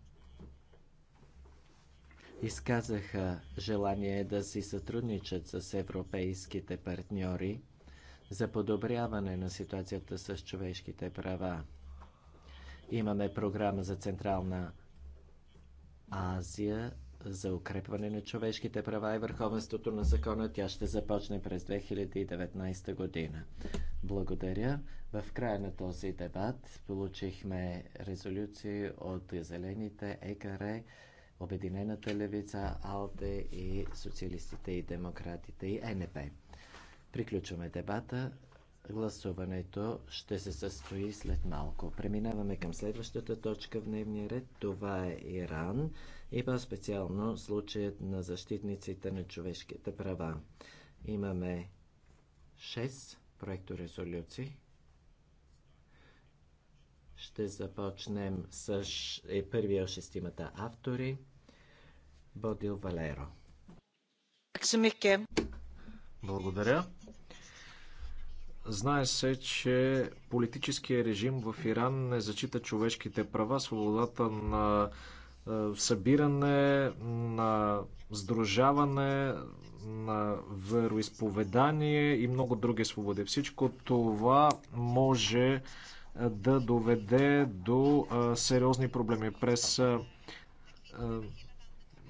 изказаха желание да си сътрудничат с европейските партньори за подобряване на ситуацията с човешките права. Имаме програма за Централна Азия за укрепване на човешките права и върховенството на закона. Тя ще започне през 2019 година. Благодаря. В края на този дебат получихме резолюции от Зелените, ЕКР, Обединената левица, АЛДЕ и социалистите и демократите и е НП. Приключваме дебата. Гласуването ще се състои след малко. Преминаваме към следващата точка в дневния ред. Това е Иран и по-специално случаят на защитниците на човешките права. Имаме 6 проекторезолюции. Ще започнем с е, първия от шестимата автори Бодил Валеро. Благодаря. Знае се, че политическия режим в Иран не зачита човешките права, свободата на е, събиране, на сдружаване, на вероисповедание и много други свободи. Всичко това може е, да доведе до е, сериозни проблеми. През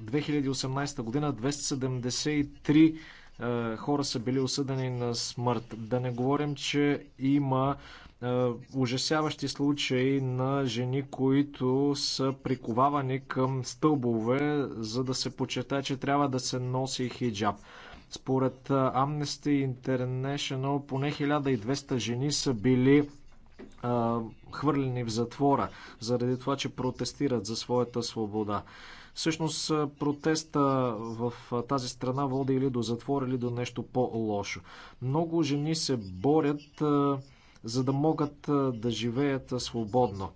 2018 година 273 е, хора са били осъдени на смърт. Да не говорим, че има е, ужасяващи случаи на жени, които са приковавани към стълбове, за да се почета, че трябва да се носи хиджаб. Според е, Amnesty International поне 1200 жени са били хвърлени в затвора заради това, че протестират за своята свобода. Всъщност протеста в тази страна води или до затвор, или до нещо по-лошо. Много жени се борят, за да могат да живеят свободно.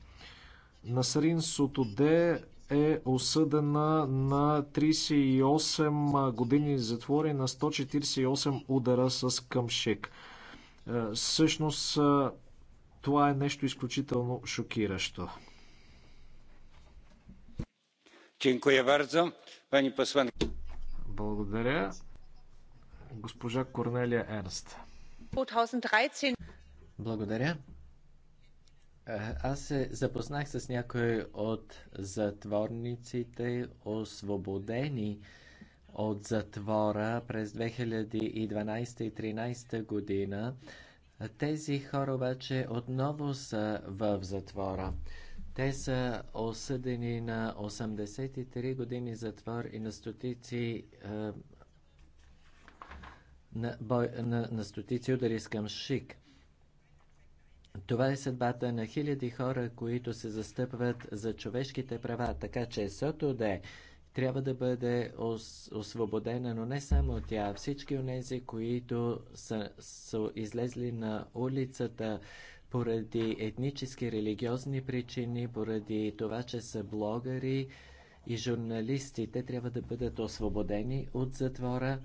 Насрин Сотоде е осъдена на 38 години затвори на 148 удара с къмшек. Всъщност това е нещо изключително шокиращо. Благодаря. Госпожа Корнелия Ернст. Благодаря. Е, аз се запознах с някои от затворниците, освободени от затвора през 2012 и 2013 година. Тези хора обаче отново са в затвора. Те са осъдени на 83 години затвор и на стотици, е, на, бой, на, на стотици удари с камшик. Това е съдбата на хиляди хора, които се застъпват за човешките права, така че Сотоде трябва да бъде ос, освободена, но не само тя, всички тези, които са, са излезли на улицата, поради етнически, религиозни причини, поради това, че са блогъри и журналисти. Те трябва да бъдат освободени от затвора.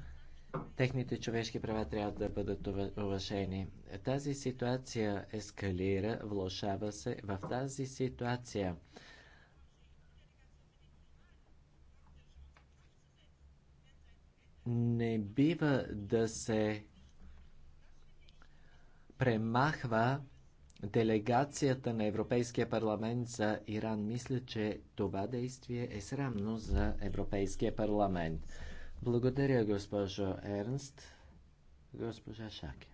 Техните човешки права трябва да бъдат уважени. Тази ситуация ескалира, влошава се. В тази ситуация не бива да се премахва делегацията на Европейския парламент за Иран. Мисля, че това действие е срамно за Европейския парламент. Благодаря, госпожо Ернст. Госпожа Шаке.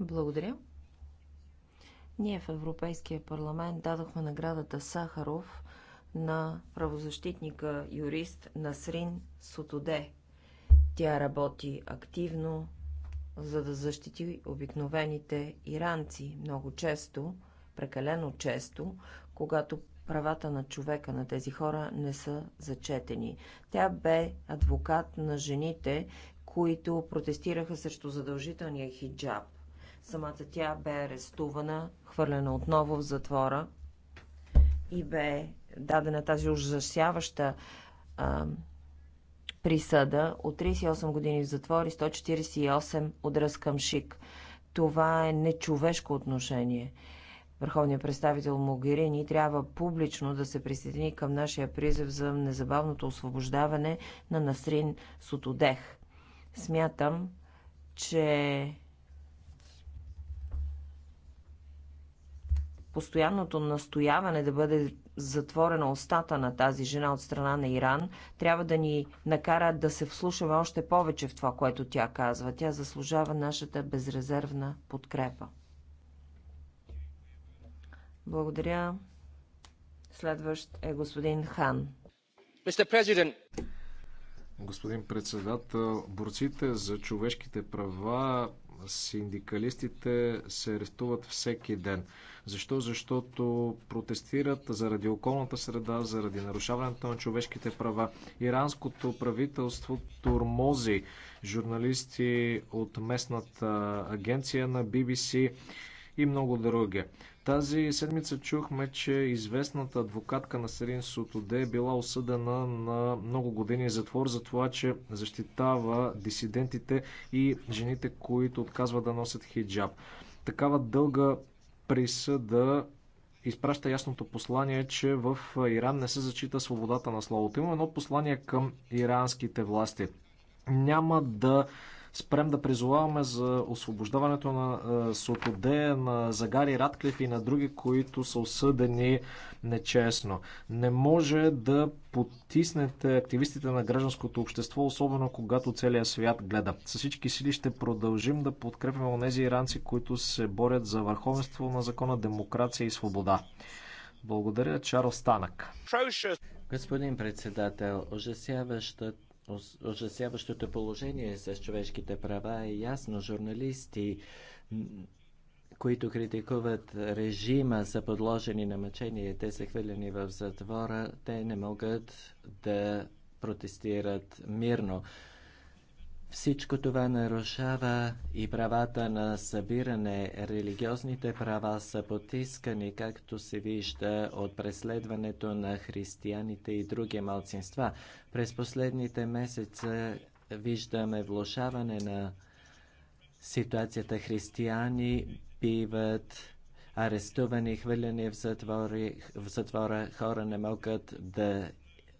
Благодаря. Ние в Европейския парламент дадохме наградата Сахаров на правозащитника юрист Насрин Сотоде – тя работи активно, за да защити обикновените иранци много често, прекалено често, когато правата на човека на тези хора не са зачетени. Тя бе адвокат на жените, които протестираха срещу задължителния хиджаб. Самата тя бе арестувана, хвърлена отново в затвора и бе дадена тази ужасяваща а, присъда от 38 години в затвор и 148 удръз към шик. Това е нечовешко отношение. Върховният представител Могирини трябва публично да се присъедини към нашия призив за незабавното освобождаване на Насрин Сотодех. Смятам, че постоянното настояване да бъде затворена устата на тази жена от страна на Иран, трябва да ни накара да се вслушаме още повече в това, което тя казва. Тя заслужава нашата безрезервна подкрепа. Благодаря. Следващ е господин Хан. Господин председател, борците за човешките права Синдикалистите се арестуват всеки ден. Защо? Защото протестират заради околната среда, заради нарушаването на човешките права. Иранското правителство турмози журналисти от местната агенция на BBC и много други. Тази седмица чухме, че известната адвокатка на Серин Сотоде е била осъдена на много години затвор за това, че защитава дисидентите и жените, които отказват да носят хиджаб. Такава дълга присъда изпраща ясното послание, че в Иран не се зачита свободата на словото. Има едно послание към иранските власти. Няма да спрем да призоваваме за освобождаването на е, Сотодея, на Загари Радклиф и на други, които са осъдени нечестно. Не може да потиснете активистите на гражданското общество, особено когато целият свят гледа. С всички сили ще продължим да подкрепяме онези иранци, които се борят за върховенство на закона, демокрация и свобода. Благодаря, Чарл Станък. Господин председател, ужасяващата ужасяващото положение с човешките права е ясно. Журналисти, които критикуват режима, са подложени на мъчение. Те са хвилени в затвора. Те не могат да протестират мирно. Всичко това нарушава и правата на събиране. Религиозните права са потискани, както се вижда от преследването на християните и други малцинства. През последните месеца виждаме влушаване на ситуацията. Християни биват арестувани, хвилени в, затвори, в затвора. Хора не могат да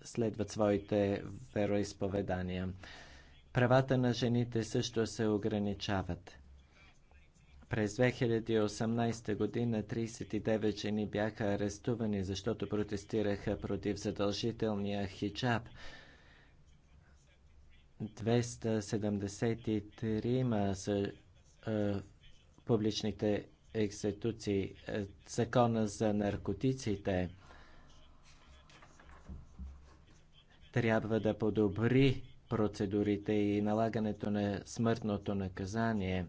следват своите вероисповедания. Правата на жените също се ограничават. През 2018 година 39 жени бяха арестувани, защото протестираха против задължителния хиджаб. 273 са публичните екзекуции. Е, закона за наркотиците трябва да подобри процедурите и налагането на смъртното наказание.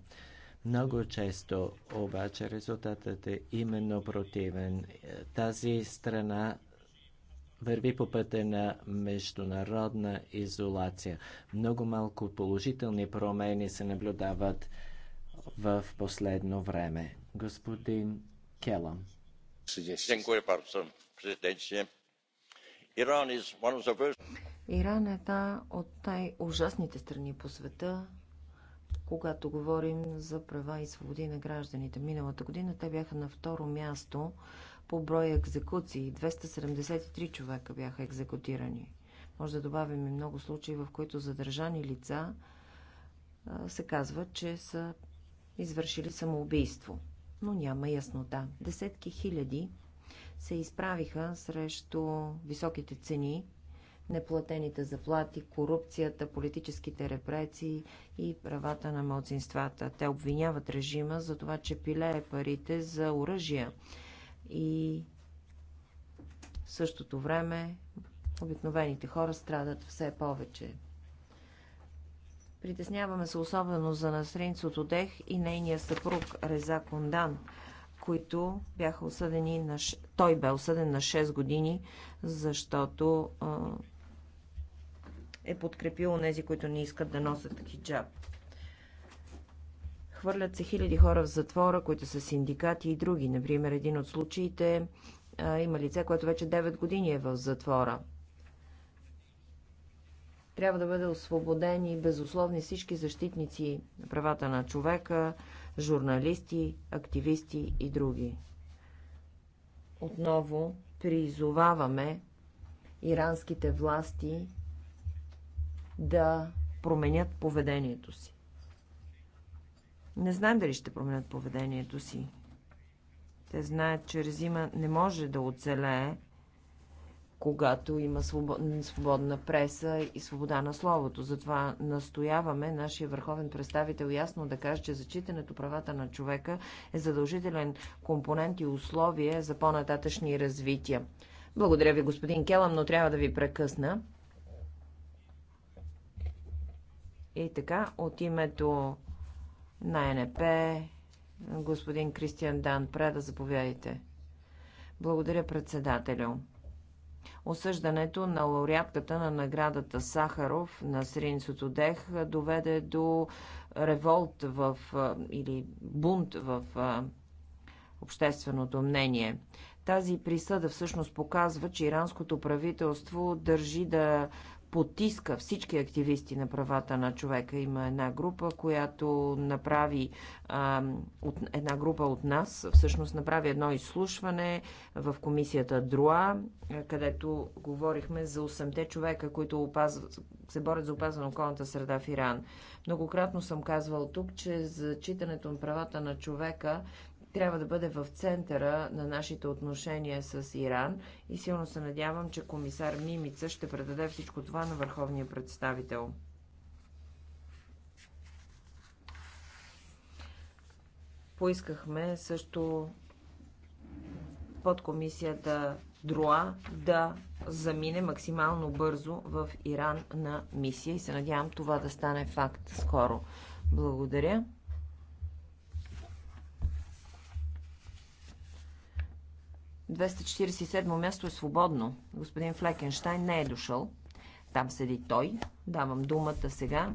Много често обаче резултатът е именно противен. Е, тази страна върви по пътя на международна изолация. Много малко положителни промени се наблюдават в последно време. Господин Келам. Иран е една от най-ужасните страни по света, когато говорим за права и свободи на гражданите. Миналата година те бяха на второ място по брой екзекуции. 273 човека бяха екзекутирани. Може да добавим и много случаи, в които задържани лица се казва, че са извършили самоубийство. Но няма яснота. Десетки хиляди се изправиха срещу високите цени, неплатените заплати, корупцията, политическите репресии и правата на младсинствата. Те обвиняват режима за това, че пилее парите за оръжия и в същото време обикновените хора страдат все повече. Притесняваме се особено за насринцото Дех и нейния съпруг Реза Кондан, които бяха осъдени на... Той бе осъден на 6 години, защото е подкрепил тези, които не искат да носят хиджаб. Хвърлят се хиляди хора в затвора, които са синдикати и други. Например, един от случаите а, има лице, което вече 9 години е в затвора. Трябва да бъде освободени безусловни всички защитници на правата на човека, журналисти, активисти и други. Отново призоваваме иранските власти да променят поведението си. Не знам дали ще променят поведението си. Те знаят, че резима не може да оцелее, когато има свободна преса и свобода на словото. Затова настояваме нашия върховен представител ясно да каже, че зачитането правата на човека е задължителен компонент и условие за по-нататъчни развития. Благодаря ви, господин Келам, но трябва да ви прекъсна. И така, от името на НП, господин Кристиан Дан Преда, заповядайте. Благодаря председателю. Осъждането на лауреатката на наградата Сахаров на Срин Сотодех доведе до револт в, или бунт в общественото мнение. Тази присъда всъщност показва, че иранското правителство държи да потиска всички активисти на правата на човека. Има една група, която направи, а, от, една група от нас, всъщност направи едно изслушване в комисията ДРУА, където говорихме за 8-те човека, които опазват, се борят за опазване на околната среда в Иран. Многократно съм казвал тук, че зачитането на правата на човека трябва да бъде в центъра на нашите отношения с Иран и силно се надявам, че комисар Мимица ще предаде всичко това на върховния представител. Поискахме също под комисията Друа да замине максимално бързо в Иран на мисия и се надявам това да стане факт скоро. Благодаря. 247 място е свободно. Господин Флекенштайн не е дошъл. Там седи той. Давам думата сега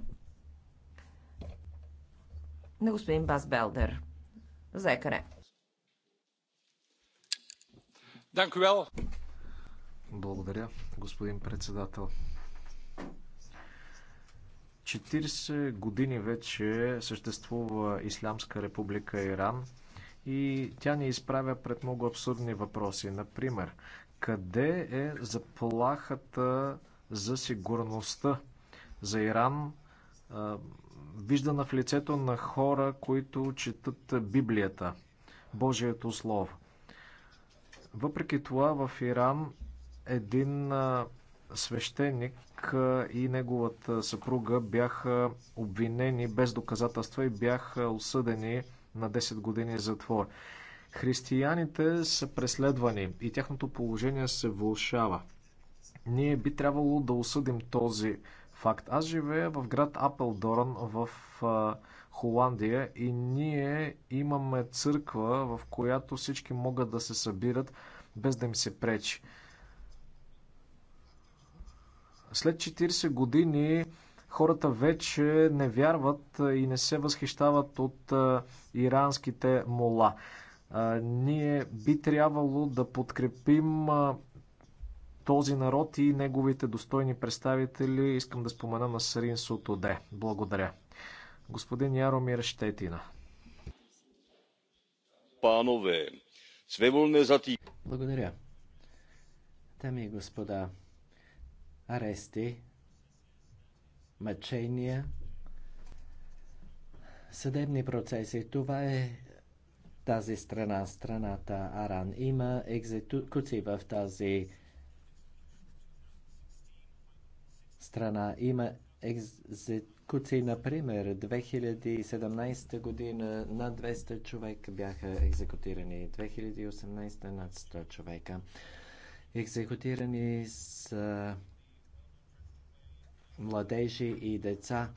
на господин Бас Белдер. За екаре. Благодаря, господин председател. 40 години вече съществува Ислямска република Иран – и тя ни изправя пред много абсурдни въпроси. Например, къде е заплахата за сигурността за Иран, виждана в лицето на хора, които четат Библията, Божието Слово. Въпреки това в Иран един свещеник и неговата съпруга бяха обвинени без доказателства и бяха осъдени на 10 години е затвор. Християните са преследвани и тяхното положение се вълшава. Ние би трябвало да осъдим този факт. Аз живея в град Апелдоран в Холандия и ние имаме църква, в която всички могат да се събират без да им се пречи. След 40 години хората вече не вярват и не се възхищават от иранските мола. Ние би трябвало да подкрепим този народ и неговите достойни представители. Искам да спомена на Сарин Сотоде. Благодаря. Господин Яромир Щетина. Панове, свеволне ти. Благодаря. Дами и господа, арести, мъчения, съдебни процеси. Това е тази страна, страната Аран. Има екзекуции в тази страна. Има екзекуции, например, 2017 година на 200 човека бяха екзекутирани, 2018 над 100 човека. Екзекутирани са младежи и деца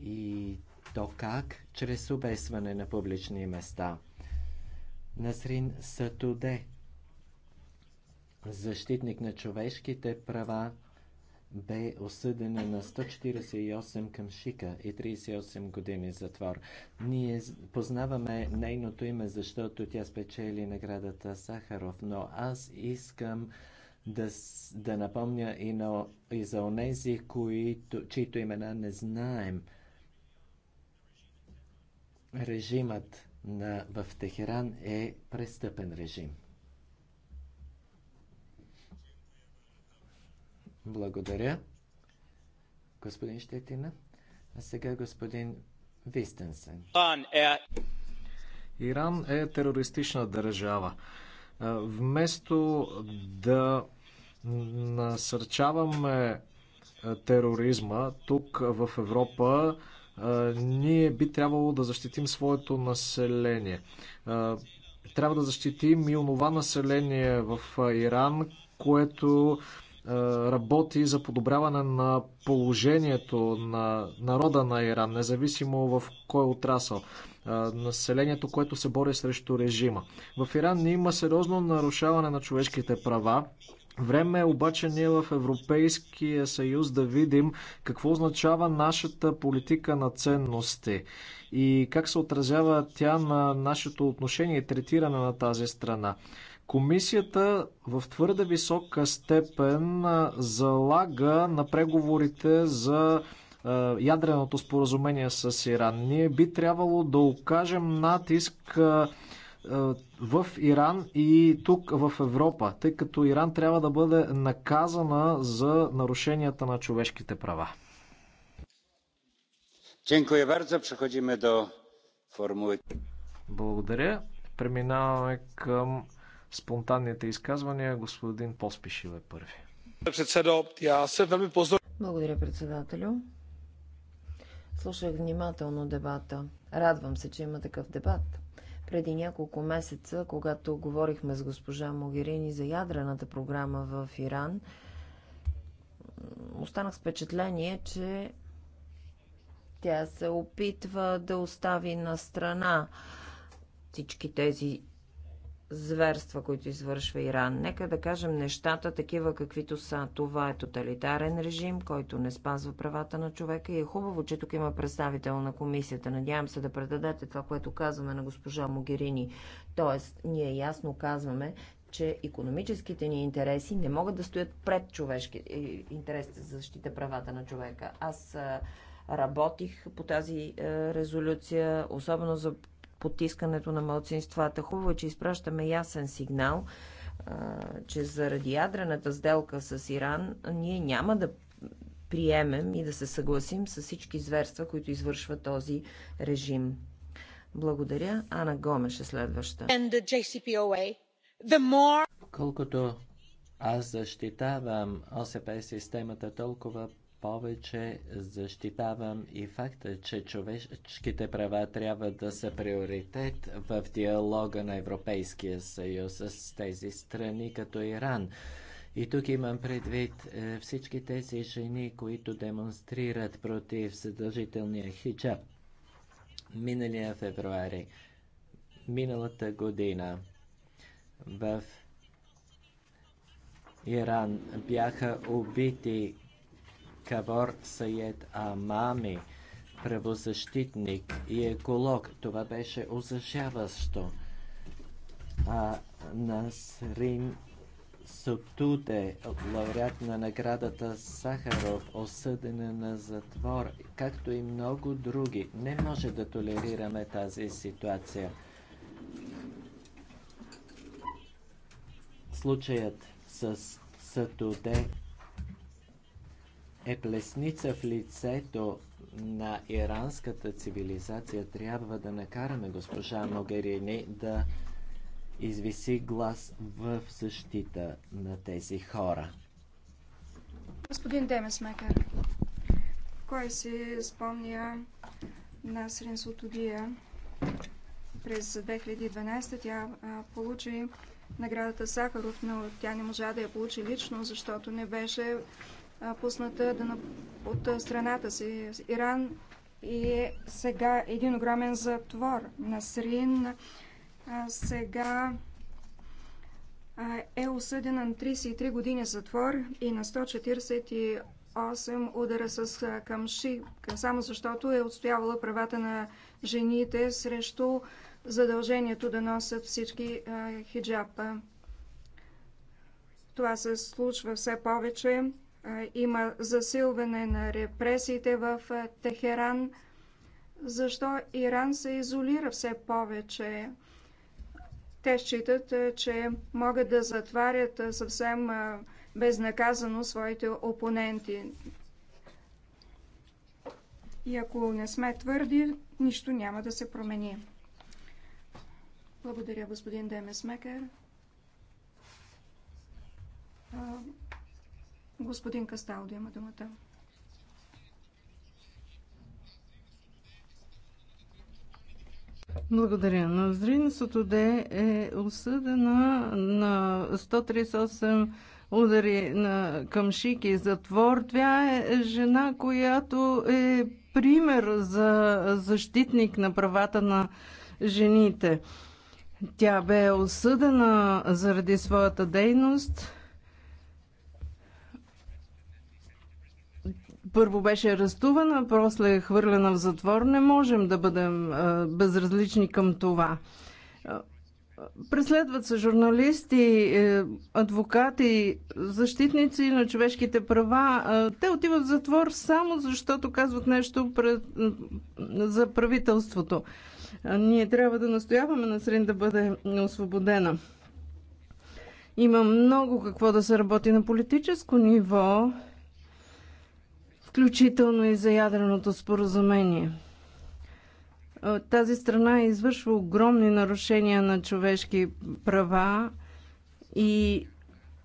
и то как? Чрез обесване на публични места. Насрин Сатуде, защитник на човешките права, бе осъдена на 148 към шика и 38 години затвор. Ние познаваме нейното име, защото тя спечели наградата Сахаров, но аз искам да, да напомня и, на, и за онези, които, чието имена не знаем. Режимът на, в Техеран е престъпен режим. Благодаря, господин Щетина. А сега господин Вистенсен. Иран е, е терористична държава. Вместо да насърчаваме е, тероризма тук в Европа, е, ние би трябвало да защитим своето население. Е, трябва да защитим и онова население в Иран, което работи за подобряване на положението на народа на Иран, независимо в кой отрасъл. Населението, което се бори срещу режима. В Иран има сериозно нарушаване на човешките права Време е обаче ние в Европейския съюз да видим какво означава нашата политика на ценности и как се отразява тя на нашето отношение и третиране на тази страна. Комисията в твърде висока степен залага на преговорите за ядреното споразумение с Иран. Ние би трябвало да окажем натиск е, в Иран и тук в Европа, тъй като Иран трябва да бъде наказана за нарушенията на човешките права. Благодаря. Преминаваме към спонтанните изказвания. Господин Поспишил е първи. Благодаря, председателю. Слушах внимателно дебата. Радвам се, че има такъв дебат. Преди няколко месеца, когато говорихме с госпожа Могерини за ядрената програма в Иран, останах с впечатление, че тя се опитва да остави на страна всички тези зверства, които извършва Иран. Нека да кажем нещата такива каквито са. Това е тоталитарен режим, който не спазва правата на човека и е хубаво, че тук има представител на комисията. Надявам се да предадете това, което казваме на госпожа Могерини. Тоест, ние ясно казваме, че економическите ни интереси не могат да стоят пред човешки е, интересите за защита правата на човека. Аз работих по тази е, резолюция, особено за потискането на младсинствата. Хубаво е, че изпращаме ясен сигнал, че заради ядрената сделка с Иран ние няма да приемем и да се съгласим с всички зверства, които извършва този режим. Благодаря. Ана Гомеш е следваща. Колкото аз защитавам ОСП системата, толкова повече защитавам и факта, че човешките права трябва да са приоритет в диалога на Европейския съюз с тези страни като Иран. И тук имам предвид е, всички тези жени, които демонстрират против задължителния хиджаб. Миналия февруари, миналата година, в Иран бяха убити Кавор Саед Амами, правозащитник и еколог. Това беше ужасяващо. А Насрин Сотуде, лауреат на наградата Сахаров, осъден на затвор, както и много други. Не може да толерираме тази ситуация. Случаят с Сатуде е плесница в лицето на иранската цивилизация. Трябва да накараме госпожа Могерини да извиси глас в защита на тези хора. Господин Демесмекер, кой си спомня Насрин Сотодия? През 2012 тя а, получи наградата Сахаров, но тя не можа да я получи лично, защото не беше пусната от страната си Иран и е сега един огромен затвор. на а, сега е осъден на 33 години затвор и на 148 удара с камши, само защото е отстоявала правата на жените срещу задължението да носят всички хиджапа. Това се случва все повече има засилване на репресиите в Техеран. Защо Иран се изолира все повече? Те считат, че могат да затварят съвсем безнаказано своите опоненти. И ако не сме твърди, нищо няма да се промени. Благодаря, господин Демес Мекер. Господин Касталдо има думата. Благодаря. Назрин Сотоде е осъдена на 138 удари на камшики затвор. Тя е жена, която е пример за защитник на правата на жените. Тя бе осъдена заради своята дейност първо беше арестувана, после е хвърлена в затвор. Не можем да бъдем безразлични към това. Преследват се журналисти, е, адвокати, защитници на човешките права. Те отиват в затвор само защото казват нещо пред, за правителството. Ние трябва да настояваме на Срин да бъде освободена. Има много какво да се работи на политическо ниво включително и за ядреното споразумение. Е, тази страна извършва огромни нарушения на човешки права и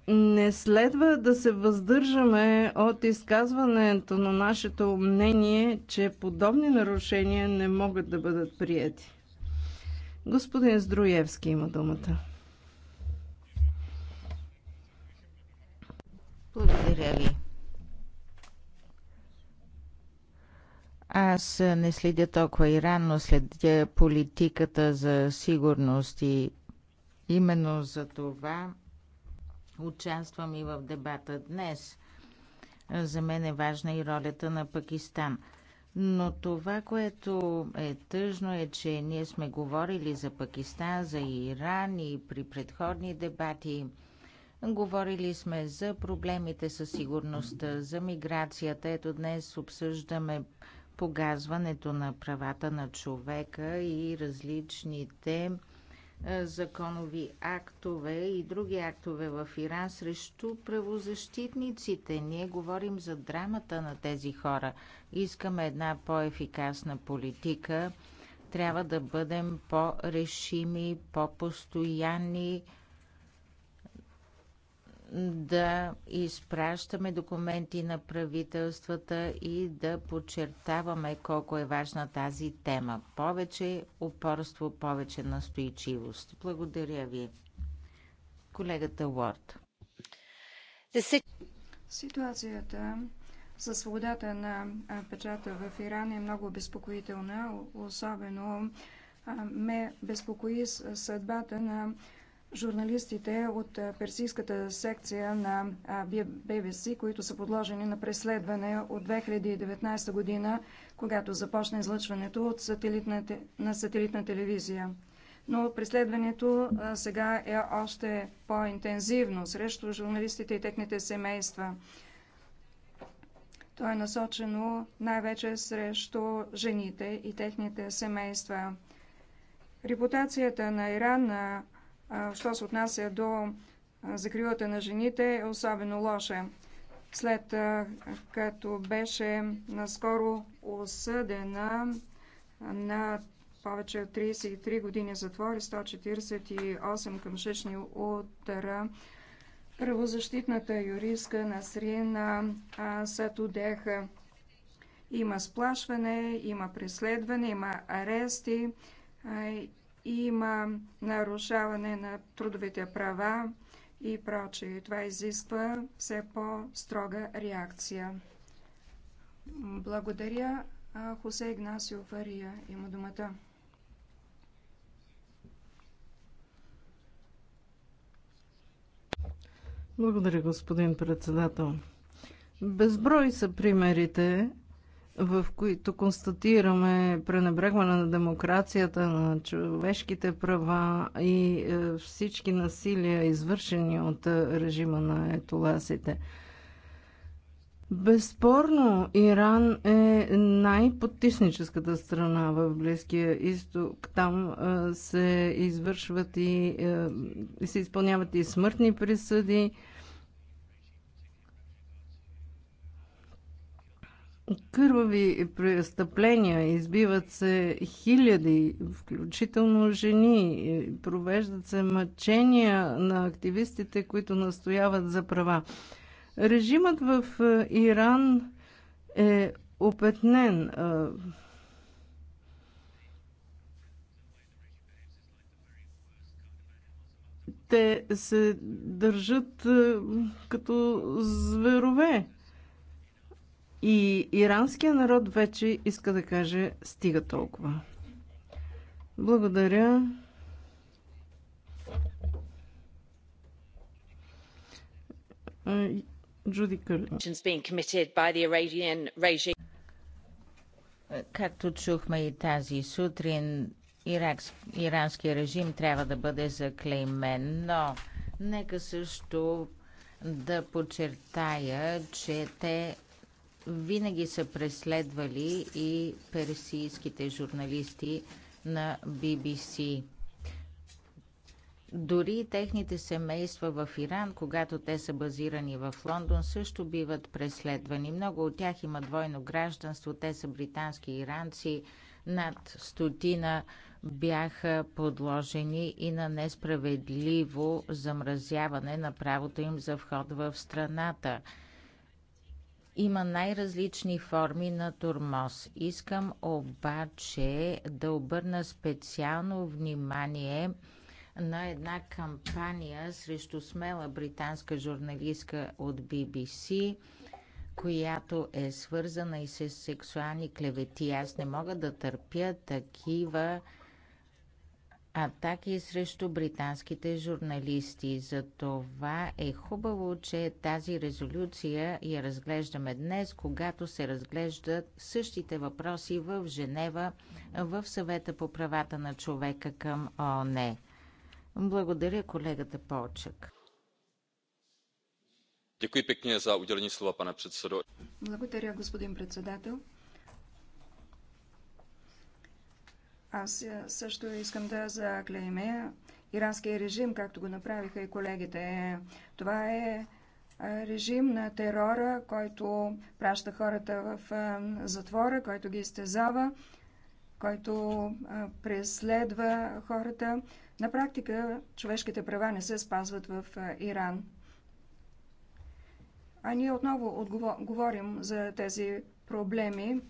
не следва да се въздържаме от изказването на нашето мнение, че подобни нарушения не могат да бъдат прияти. Господин Здруевски има думата. Благодаря ви. Аз не следя толкова Иран, но следя политиката за сигурност и именно за това участвам и в дебата днес. За мен е важна и ролята на Пакистан. Но това, което е тъжно е, че ние сме говорили за Пакистан, за Иран и при предходни дебати. Говорили сме за проблемите със сигурността, за миграцията. Ето днес обсъждаме погазването на правата на човека и различните е, законови актове и други актове в Иран срещу правозащитниците. Ние говорим за драмата на тези хора. Искаме една по-ефикасна политика. Трябва да бъдем по-решими, по-постоянни да изпращаме документи на правителствата и да подчертаваме колко е важна тази тема. Повече упорство, повече настойчивост. Благодаря ви. Колегата Уорд. Ситуацията със свободата на печата в Иран е много безпокоителна. Особено ме безпокои съдбата на журналистите от персийската секция на BBC, които са подложени на преследване от 2019 година, когато започна излъчването от сателитна, на сателитна телевизия. Но преследването сега е още по-интензивно срещу журналистите и техните семейства. То е насочено най-вече срещу жените и техните семейства. Репутацията на Иран що се отнася до закрилата на жените, е особено лоша. След като беше наскоро осъдена на повече от 33 години затвор и 148 къмшечни удара, правозащитната юристка Насрина Сатудеха. Има сплашване, има преследване, има арести има нарушаване на трудовите права и прочие. Това изисква все по-строга реакция. Благодаря. Хосе Игнасио Фария има думата. Благодаря, господин председател. Безброй са примерите, в които констатираме пренебрегване на демокрацията, на човешките права и е, всички насилия, извършени от е, режима на етоласите. Безспорно, Иран е най-потисническата страна в Близкия изток. Там е, се извършват и се изпълняват и смъртни присъди кървави престъпления, избиват се хиляди, включително жени, провеждат се мъчения на активистите, които настояват за права. Режимът в е, Иран е опетнен. Те се държат е, като зверове. И иранския народ вече иска да каже стига толкова. Благодаря. Джуди Както чухме и тази сутрин, иранския режим трябва да бъде заклеймен, но нека също да подчертая, че те винаги са преследвали и персийските журналисти на BBC. Дори и техните семейства в Иран, когато те са базирани в Лондон, също биват преследвани. Много от тях имат двойно гражданство, те са британски иранци. Над стотина бяха подложени и на несправедливо замразяване на правото им за вход в страната. Има най-различни форми на турмоз. Искам обаче да обърна специално внимание на една кампания срещу смела британска журналистка от BBC, която е свързана и с сексуални клевети. Аз не мога да търпя такива атаки срещу британските журналисти. За това е хубаво, че тази резолюция я разглеждаме днес, когато се разглеждат същите въпроси в Женева, в съвета по правата на човека към ООН. Благодаря колегата Полчък. Благодаря, господин председател. Аз е, също искам да заклеймя иранския режим, както го направиха и колегите. Това е, е режим на терора, който праща хората в е, затвора, който ги изтезава, който преследва хората. На практика човешките права не се спазват в Иран. А ние отново говорим за тези проблеми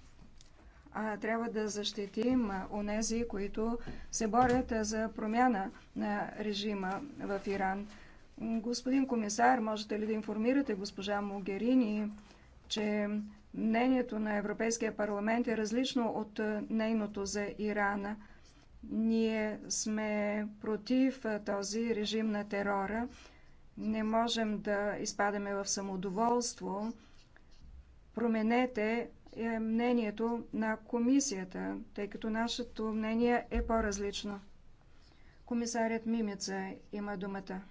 а трябва да защитим онези, които се борят за промяна на режима в Иран. Господин комисар, можете ли да информирате госпожа Могерини, че мнението на Европейския парламент е различно от нейното за Ирана? Ние сме против този режим на терора. Не можем да изпадаме в самодоволство. Променете е мнението на комисията, тъй като нашето мнение е по-различно. Комисарят Мимица има думата.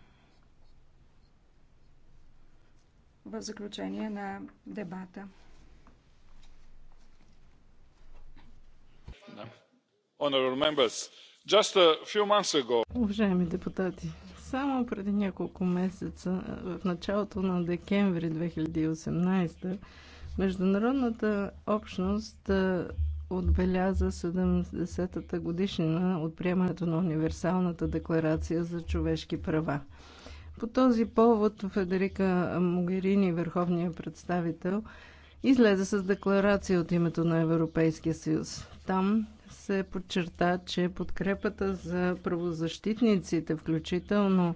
В заключение на дебата. Уважаеми депутати, само преди няколко месеца, в началото на декември 2018 Международната общност отбеляза 70-та годишнина от приемането на Универсалната декларация за човешки права. По този повод Федерика Могерини, върховния представител, излезе с декларация от името на Европейския съюз. Там се подчерта, че подкрепата за правозащитниците, включително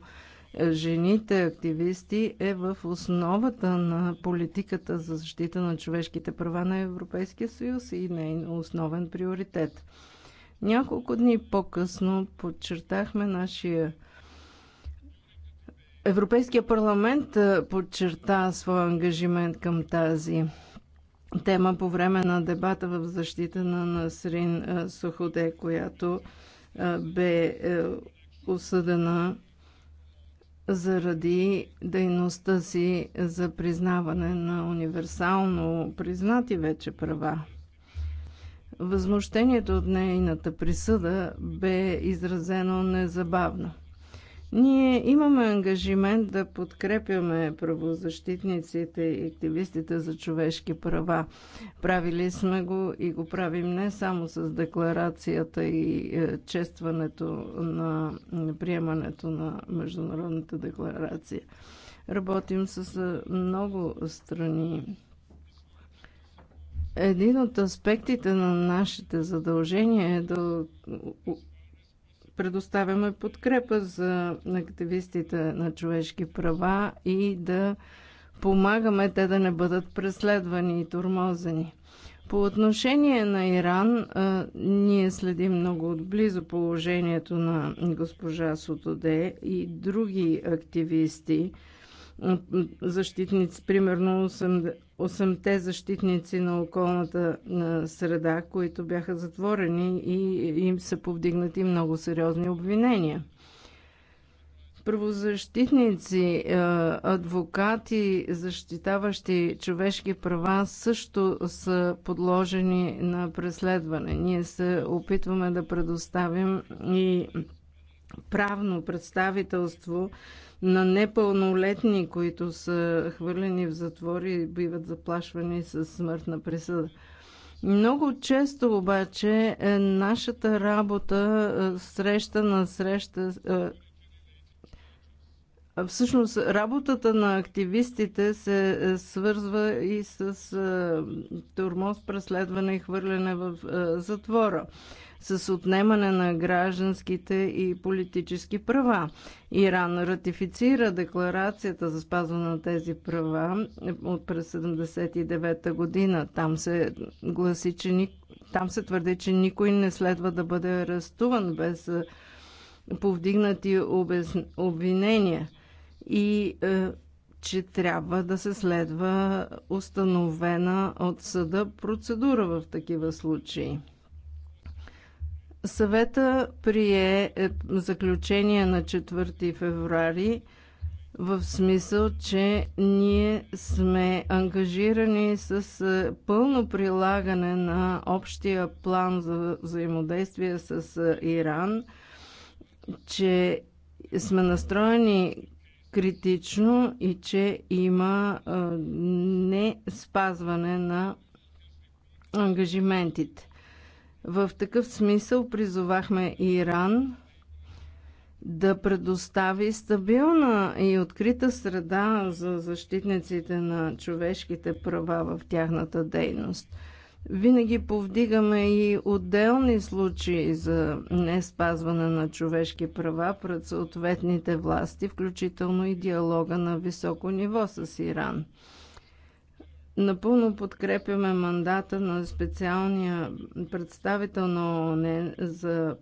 жените активисти е в основата на политиката за защита на човешките права на Европейския съюз и нейно основен приоритет. Няколко дни по-късно подчертахме нашия Европейския парламент подчерта своя ангажимент към тази тема по време на дебата в защита на Насрин Суходе, която бе е, осъдена заради дейността си за признаване на универсално признати вече права. Възмущението от нейната присъда бе изразено незабавно. Ние имаме ангажимент да подкрепяме правозащитниците и активистите за човешки права. Правили сме го и го правим не само с декларацията и е, честването на приемането на Международната декларация. Работим с е, много страни. Един от аспектите на нашите задължения е да предоставяме подкрепа за активистите на човешки права и да помагаме те да не бъдат преследвани и тормозени. По отношение на Иран, ние следим много отблизо положението на госпожа Сотоде и други активисти, защитници, примерно осъмте защитници на околната среда, които бяха затворени и им са повдигнати много сериозни обвинения. Правозащитници, е, адвокати, защитаващи човешки права също са подложени на преследване. Ние се опитваме да предоставим и правно представителство на непълнолетни, които са хвърлени в затвори и биват заплашвани с смъртна присъда. Много често обаче е, нашата работа е, среща на среща е, Всъщност работата на активистите се е, свързва и с е, турмоз, преследване и хвърляне в е, затвора, с отнемане на гражданските и политически права. Иран ратифицира декларацията за спазване на тези права от през 79-та година. Там се гласи, че ни... там се твърди, че никой не следва да бъде арестуван без повдигнати обвинения и е, че трябва да се следва установена от съда процедура в такива случаи. Съвета прие е, заключение на 4 февруари в смисъл, че ние сме ангажирани с е, пълно прилагане на общия план за взаимодействие с Иран, че сме настроени критично и че има не спазване на ангажиментите. В такъв смисъл призовахме Иран да предостави стабилна и открита среда за защитниците на човешките права в тяхната дейност – винаги повдигаме и отделни случаи за не спазване на човешки права пред съответните власти, включително и диалога на високо ниво с Иран. Напълно подкрепяме мандата на специалния представител на ООН за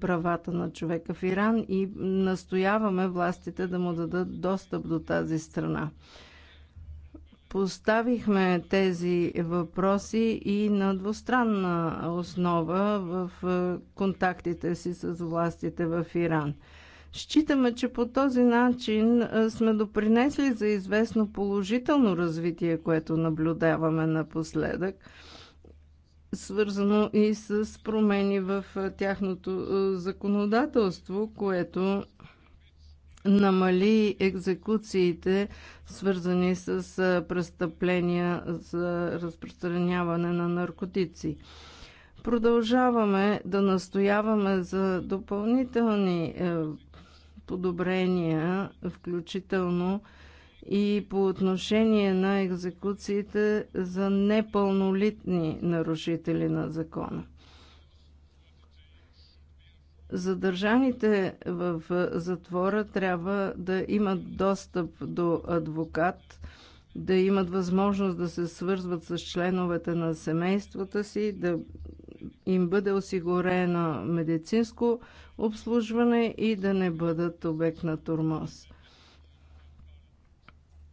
правата на човека в Иран и настояваме властите да му дадат достъп до тази страна. Поставихме тези въпроси и на двустранна основа в е, контактите си с властите в Иран. Считаме, че по този начин е, сме допринесли за известно положително развитие, което наблюдаваме напоследък, свързано и с промени в е, тяхното законодателство, което намали екзекуциите, свързани с престъпления за разпространяване на наркотици. Продължаваме да настояваме за допълнителни е, подобрения, включително и по отношение на екзекуциите за непълнолитни нарушители на закона. Задържаните в затвора трябва да имат достъп до адвокат, да имат възможност да се свързват с членовете на семействата си, да им бъде осигурено медицинско обслужване и да не бъдат обект на турмоз.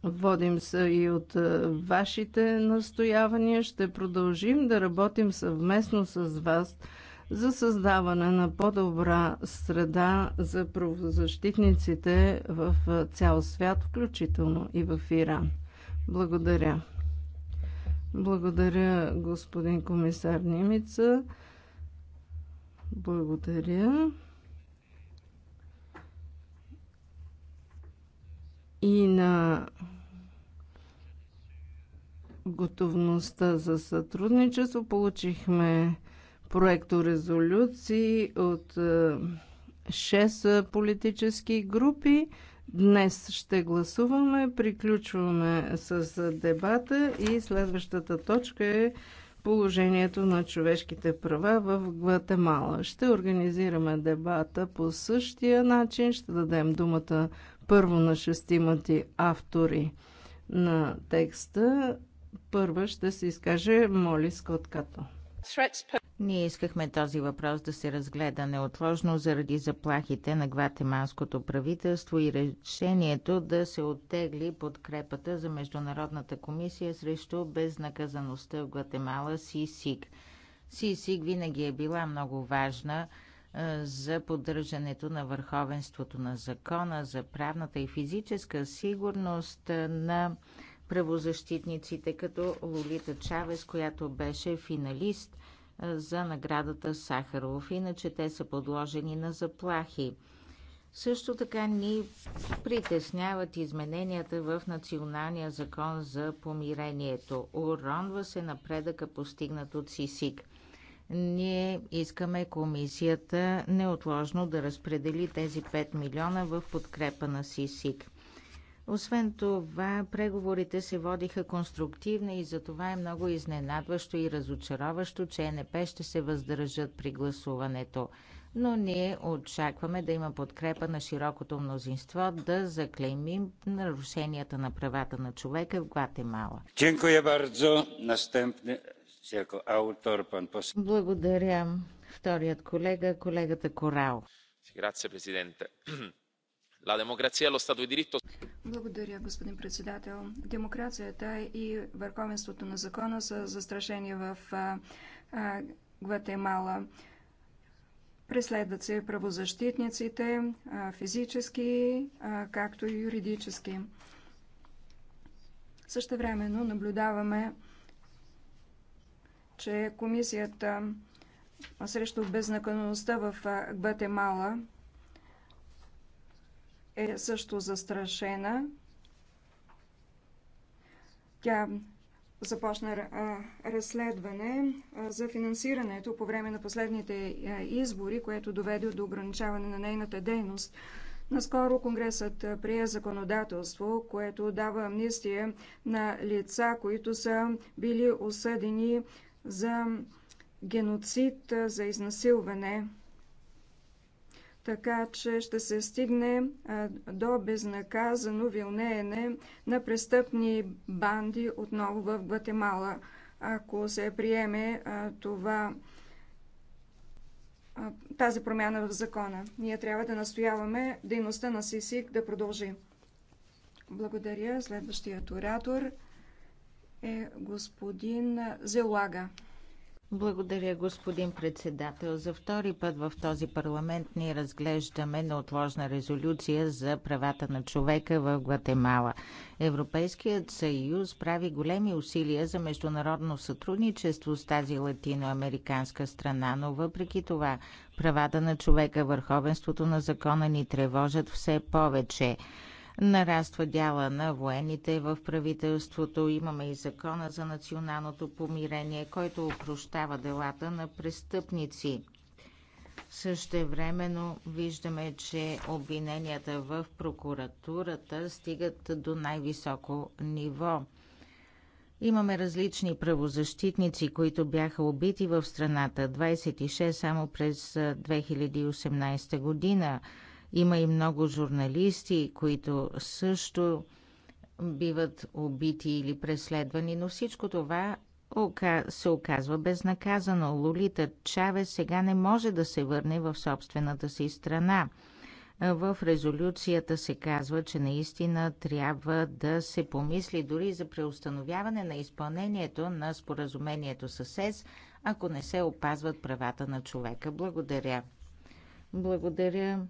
Водим се и от е, вашите настоявания. Ще продължим да работим съвместно с вас – за създаване на по-добра среда за правозащитниците в цял свят, включително и в Иран. Благодаря. Благодаря, господин комисар Нимица. Благодаря. И на готовността за сътрудничество получихме проекторезолюции от 6 е, е, политически групи. Днес ще гласуваме, приключваме с е, дебата и следващата точка е положението на човешките права в Гватемала. Ще организираме дебата по същия начин. Ще дадем думата първо на шестимати автори на текста. Първа ще се изкаже Моли Скоткато. Ние искахме този въпрос да се разгледа неотложно заради заплахите на гватеманското правителство и решението да се оттегли подкрепата за Международната комисия срещу безнаказаността в Гватемала СИСИК. СИСИК винаги е била много важна за поддържането на върховенството на закона, за правната и физическа сигурност на правозащитниците, като Лолита Чавес, която беше финалист за наградата Сахаров. Иначе те са подложени на заплахи. Също така ни притесняват измененията в Националния закон за помирението. Уронва се напредъка постигнат от СИСИК. Ние искаме комисията неотложно да разпредели тези 5 милиона в подкрепа на СИСИК. Освен това, преговорите се водиха конструктивно и за това е много изненадващо и разочароващо, че НП ще се въздържат при гласуването. Но ние очакваме да има подкрепа на широкото мнозинство да заклеймим нарушенията на правата на човека в Гватемала. Благодаря. Вторият колега, колегата Корал. Grazie Presidente. La демокрация lo Stato di diritto. Благодаря, господин председател. Демокрацията и върховенството на закона са застрашени в а, а, Гватемала. Преследват се правозащитниците а, физически, а, както и юридически. Също времено наблюдаваме, че комисията срещу безнаказаността в Гватемала е също застрашена. Тя започна разследване за финансирането по време на последните избори, което доведе до ограничаване на нейната дейност. Наскоро Конгресът прие законодателство, което дава амнистия на лица, които са били осъдени за геноцид, за изнасилване така че ще се стигне до безнаказано вилнеене на престъпни банди отново в Гватемала. Ако се приеме това, тази промяна в закона. Ние трябва да настояваме дейността на СИСИК да продължи. Благодаря. Следващият оратор е господин Зелага. Благодаря, господин председател. За втори път в този парламент ние разглеждаме неотложна резолюция за правата на човека в Гватемала. Европейският съюз прави големи усилия за международно сътрудничество с тази латиноамериканска страна, но въпреки това правата на човека, върховенството на закона ни тревожат все повече. Нараства дяла на военните в правителството. Имаме и закона за националното помирение, който упрощава делата на престъпници. времено виждаме, че обвиненията в прокуратурата стигат до най-високо ниво. Имаме различни правозащитници, които бяха убити в страната 26 само през 2018 година. Има и много журналисти, които също биват убити или преследвани, но всичко това се оказва безнаказано. Лолита Чаве сега не може да се върне в собствената си страна. В резолюцията се казва, че наистина трябва да се помисли дори за преустановяване на изпълнението на споразумението с СЕС, ако не се опазват правата на човека. Благодаря. Благодаря.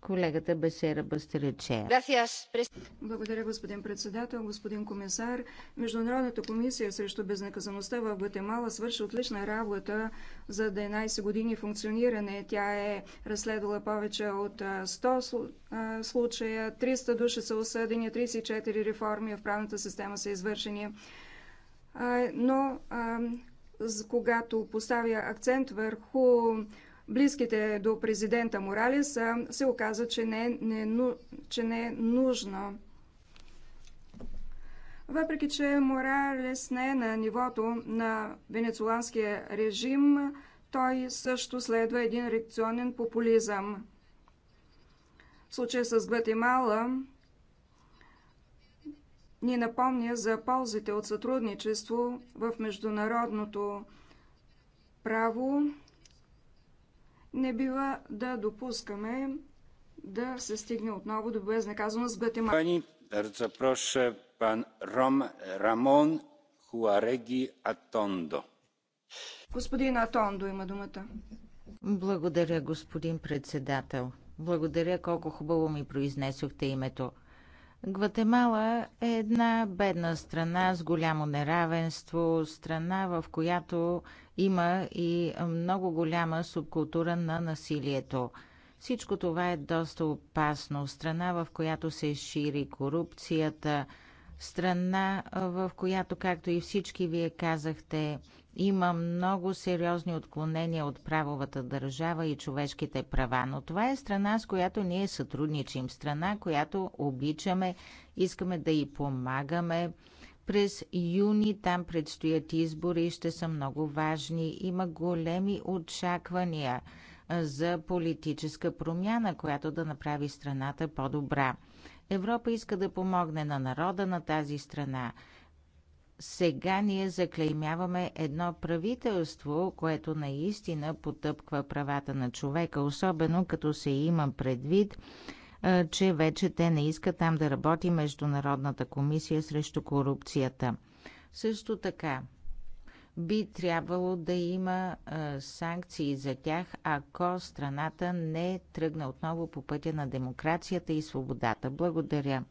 Колегата Бесера Бастерече. Благодаря, господин председател, господин комисар. Международната комисия срещу безнаказаността в Гватемала свърши отлична работа за 11 години функциониране. Тя е разследвала повече от 100 случая, 300 души са осъдени, 34 реформи в правната система са извършени. Но когато поставя акцент върху близките до президента Моралес се оказа, че не, е, не, е че не е нужно. Въпреки, че Моралес не е на нивото на венецуланския режим, той също следва един реакционен популизъм. В случая с Гватемала ни напомня за ползите от сътрудничество в международното право не бива да допускаме да се стигне отново до безнаказаност с Гватемала. Хуареги Атондо. Господин Атондо има думата. Благодаря, господин председател. Благодаря колко хубаво ми произнесохте името. Гватемала е една бедна страна с голямо неравенство, страна в която има и много голяма субкултура на насилието. Всичко това е доста опасно. Страна, в която се шири корупцията, страна, в която, както и всички вие казахте, има много сериозни отклонения от правовата държава и човешките права, но това е страна, с която ние сътрудничим, страна, която обичаме, искаме да й помагаме. През юни там предстоят избори и ще са много важни. Има големи очаквания за политическа промяна, която да направи страната по-добра. Европа иска да помогне на народа на тази страна сега ние заклеймяваме едно правителство, което наистина потъпква правата на човека, особено като се има предвид, че вече те не искат там да работи Международната комисия срещу корупцията. Също така, би трябвало да има санкции за тях, ако страната не тръгне отново по пътя на демокрацията и свободата. Благодаря.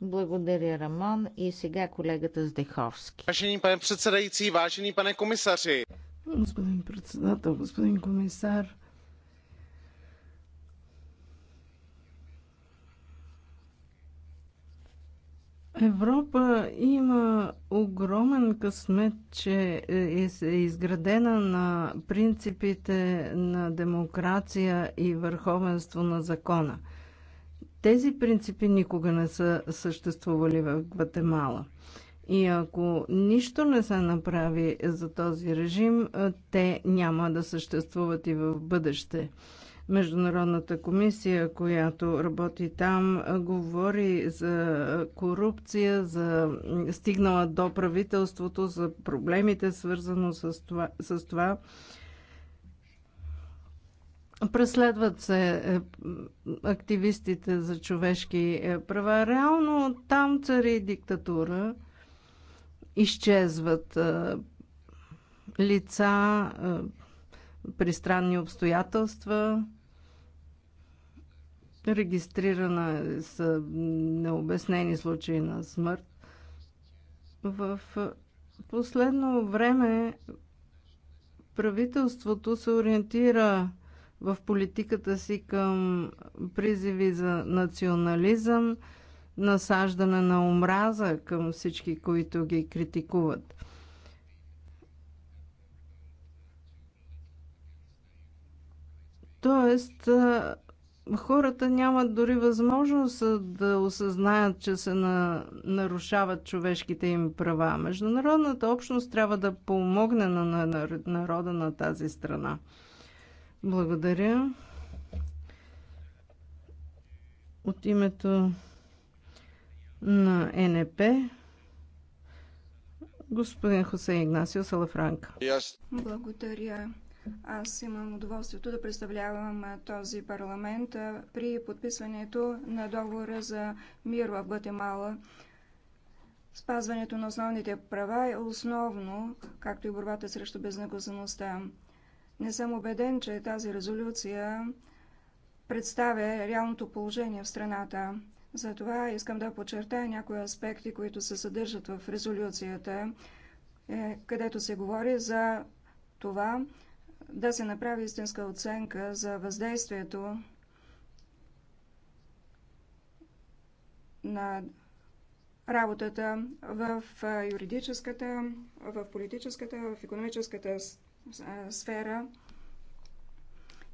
Благодаря, Рамон. И сега колегата Здеховски. Вашени пане předsedající, вашени пане комисари. Господин председател, господин комисар, Европа има огромен късмет, че е, е изградена на принципите на демокрация и върховенство на закона – тези принципи никога не са съществували в Гватемала. И ако нищо не се направи за този режим, те няма да съществуват и в бъдеще. Международната комисия, която работи там, говори за корупция, за стигнала до правителството, за проблемите свързано с това. С това Преследват се е, активистите за човешки е, права. Реално там цари диктатура. Изчезват е, лица при странни обстоятелства. Регистрирана са необяснени случаи на смърт. В последно време правителството се ориентира в политиката си към призиви за национализъм, насаждане на омраза към всички, които ги критикуват. Тоест, хората нямат дори възможност да осъзнаят, че се на... нарушават човешките им права. Международната общност трябва да помогне на народа на тази страна. Благодаря. От името на НП господин Хосе Игнасио Салафранка. Благодаря. Аз имам удоволствието да представлявам този парламент при подписването на договора за мир в Гватемала. Спазването на основните права е основно, както и борбата срещу безнаказаността. Не съм убеден, че тази резолюция представя реалното положение в страната. Затова искам да подчертая някои аспекти, които се съдържат в резолюцията, е, където се говори за това да се направи истинска оценка за въздействието на работата в юридическата, в политическата, в економическата сфера.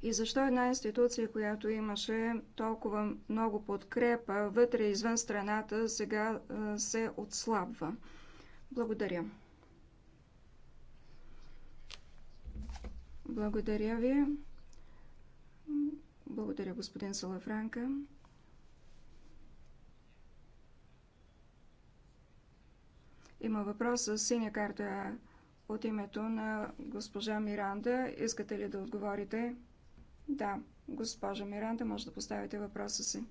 И защо една институция, която имаше толкова много подкрепа вътре и извън страната, сега се отслабва? Благодаря. Благодаря ви. Благодаря, господин Салафранка. Има въпрос с синя карта от името на госпожа Миранда. Искате ли да отговорите? Да, госпожа Миранда, може да поставите въпроса си.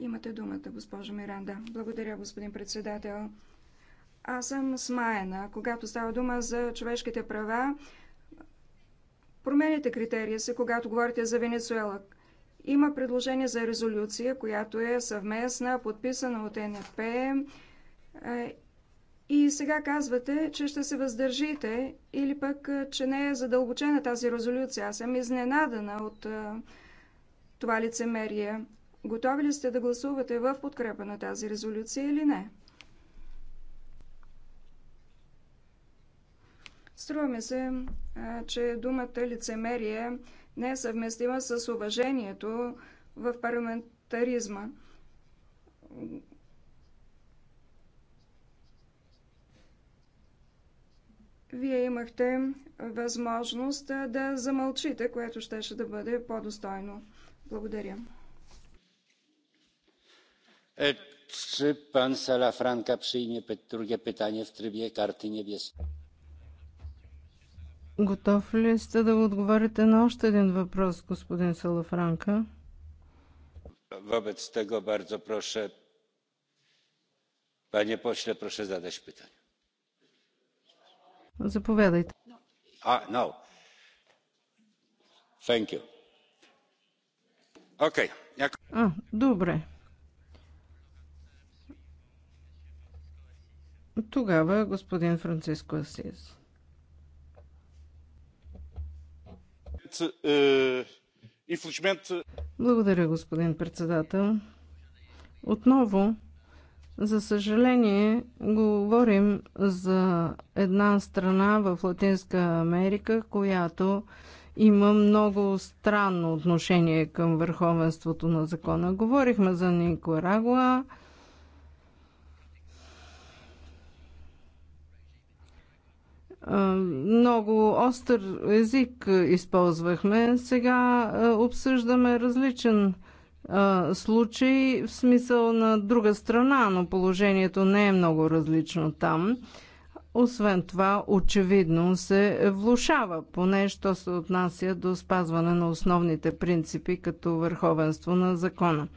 Имате думата, госпожо Миранда. Благодаря, господин председател. Аз съм смаяна. Когато става дума за човешките права, Променете критерия се, когато говорите за Венецуела. Има предложение за резолюция, която е съвместна, подписана от НФП. Е, и сега казвате, че ще се въздържите или пък, е, че не е задълбочена тази резолюция. Аз съм изненадана от е, това лицемерие. Готови ли сте да гласувате в подкрепа на тази резолюция или не? Струва ми се, че думата лицемерие не е съвместима с уважението в парламентаризма. Вие имахте възможност да замълчите, което щеше да бъде по-достойно. Благодаря. Czy pan Salafranca przyjmie drugie pytanie w trybie karty niebieskiej? Готов ли сте да отговорите на още един въпрос, господин Салафранка? Wobec tego bardzo proszę, panie pośle, proszę zadać питане. Заповядайте. А, но. Thank you. Okay. Няко... А, добре. Тогава господин Франциско Асис. Eh, Благодаря, господин председател. Отново, за съжаление, говорим за една страна в Латинска Америка, която има много странно отношение към върховенството на закона. Говорихме за Никарагуа, Много остър език използвахме. Сега обсъждаме различен случай в смисъл на друга страна, но положението не е много различно там. Освен това, очевидно се влушава, поне що се отнася до спазване на основните принципи като върховенство на закона.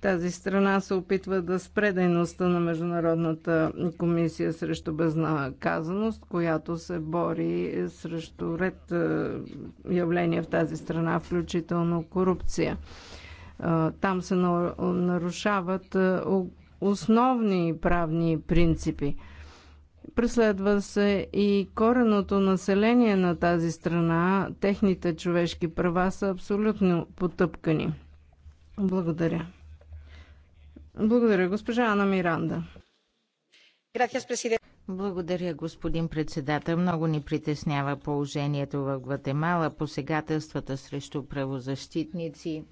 Тази страна се опитва да спре дейността на Международната комисия срещу безнаказаност, която се бори срещу ред е, явления в тази страна, включително корупция. Е, там се нарушават е, основни правни принципи. Преследва се и кореното население на тази страна. Техните човешки права са абсолютно потъпкани. Благодаря. Благодаря, госпожа Ана Миранда. Благодаря, господин председател. Много ни притеснява положението в Гватемала, посегателствата срещу правозащитници.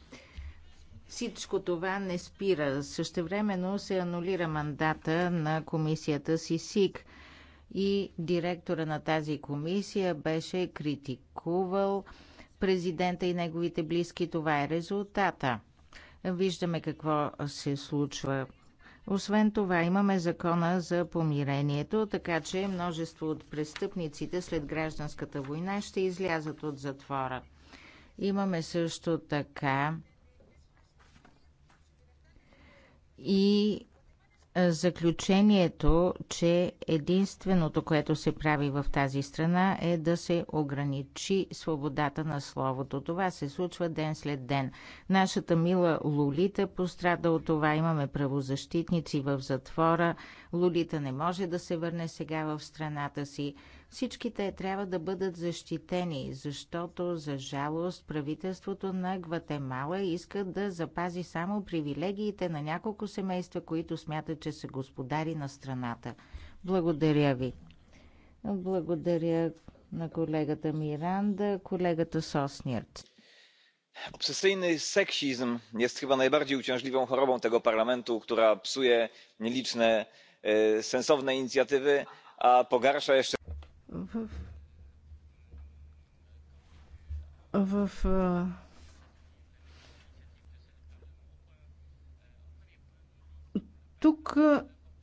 Всичко това не спира. Същевременно се анулира мандата на комисията СИСИК и директора на тази комисия беше критикувал президента и неговите близки. Това е резултата. Виждаме какво се случва. Освен това, имаме закона за помирението, така че множество от престъпниците след гражданската война ще излязат от затвора. Имаме също така и заключението, че единственото, което се прави в тази страна е да се ограничи свободата на словото. Това се случва ден след ден. Нашата мила Лолита пострада от това. Имаме правозащитници в затвора. Лолита не може да се върне сега в страната си. Всички те трябва да бъдат защитени, защото за жалост правителството на Гватемала иска да запази само привилегиите на няколко семейства, които смятат, че са господари на страната. Благодаря ви. Благодаря на колегата Миранда, колегата Соснирт. Obsesyjny seksizm jest chyba najbardziej uciążliwą chorobą tego parlamentu, która psuje nieliczne e, sensowne inicjatywy, a pogarsza jeszcze. В, в а, тук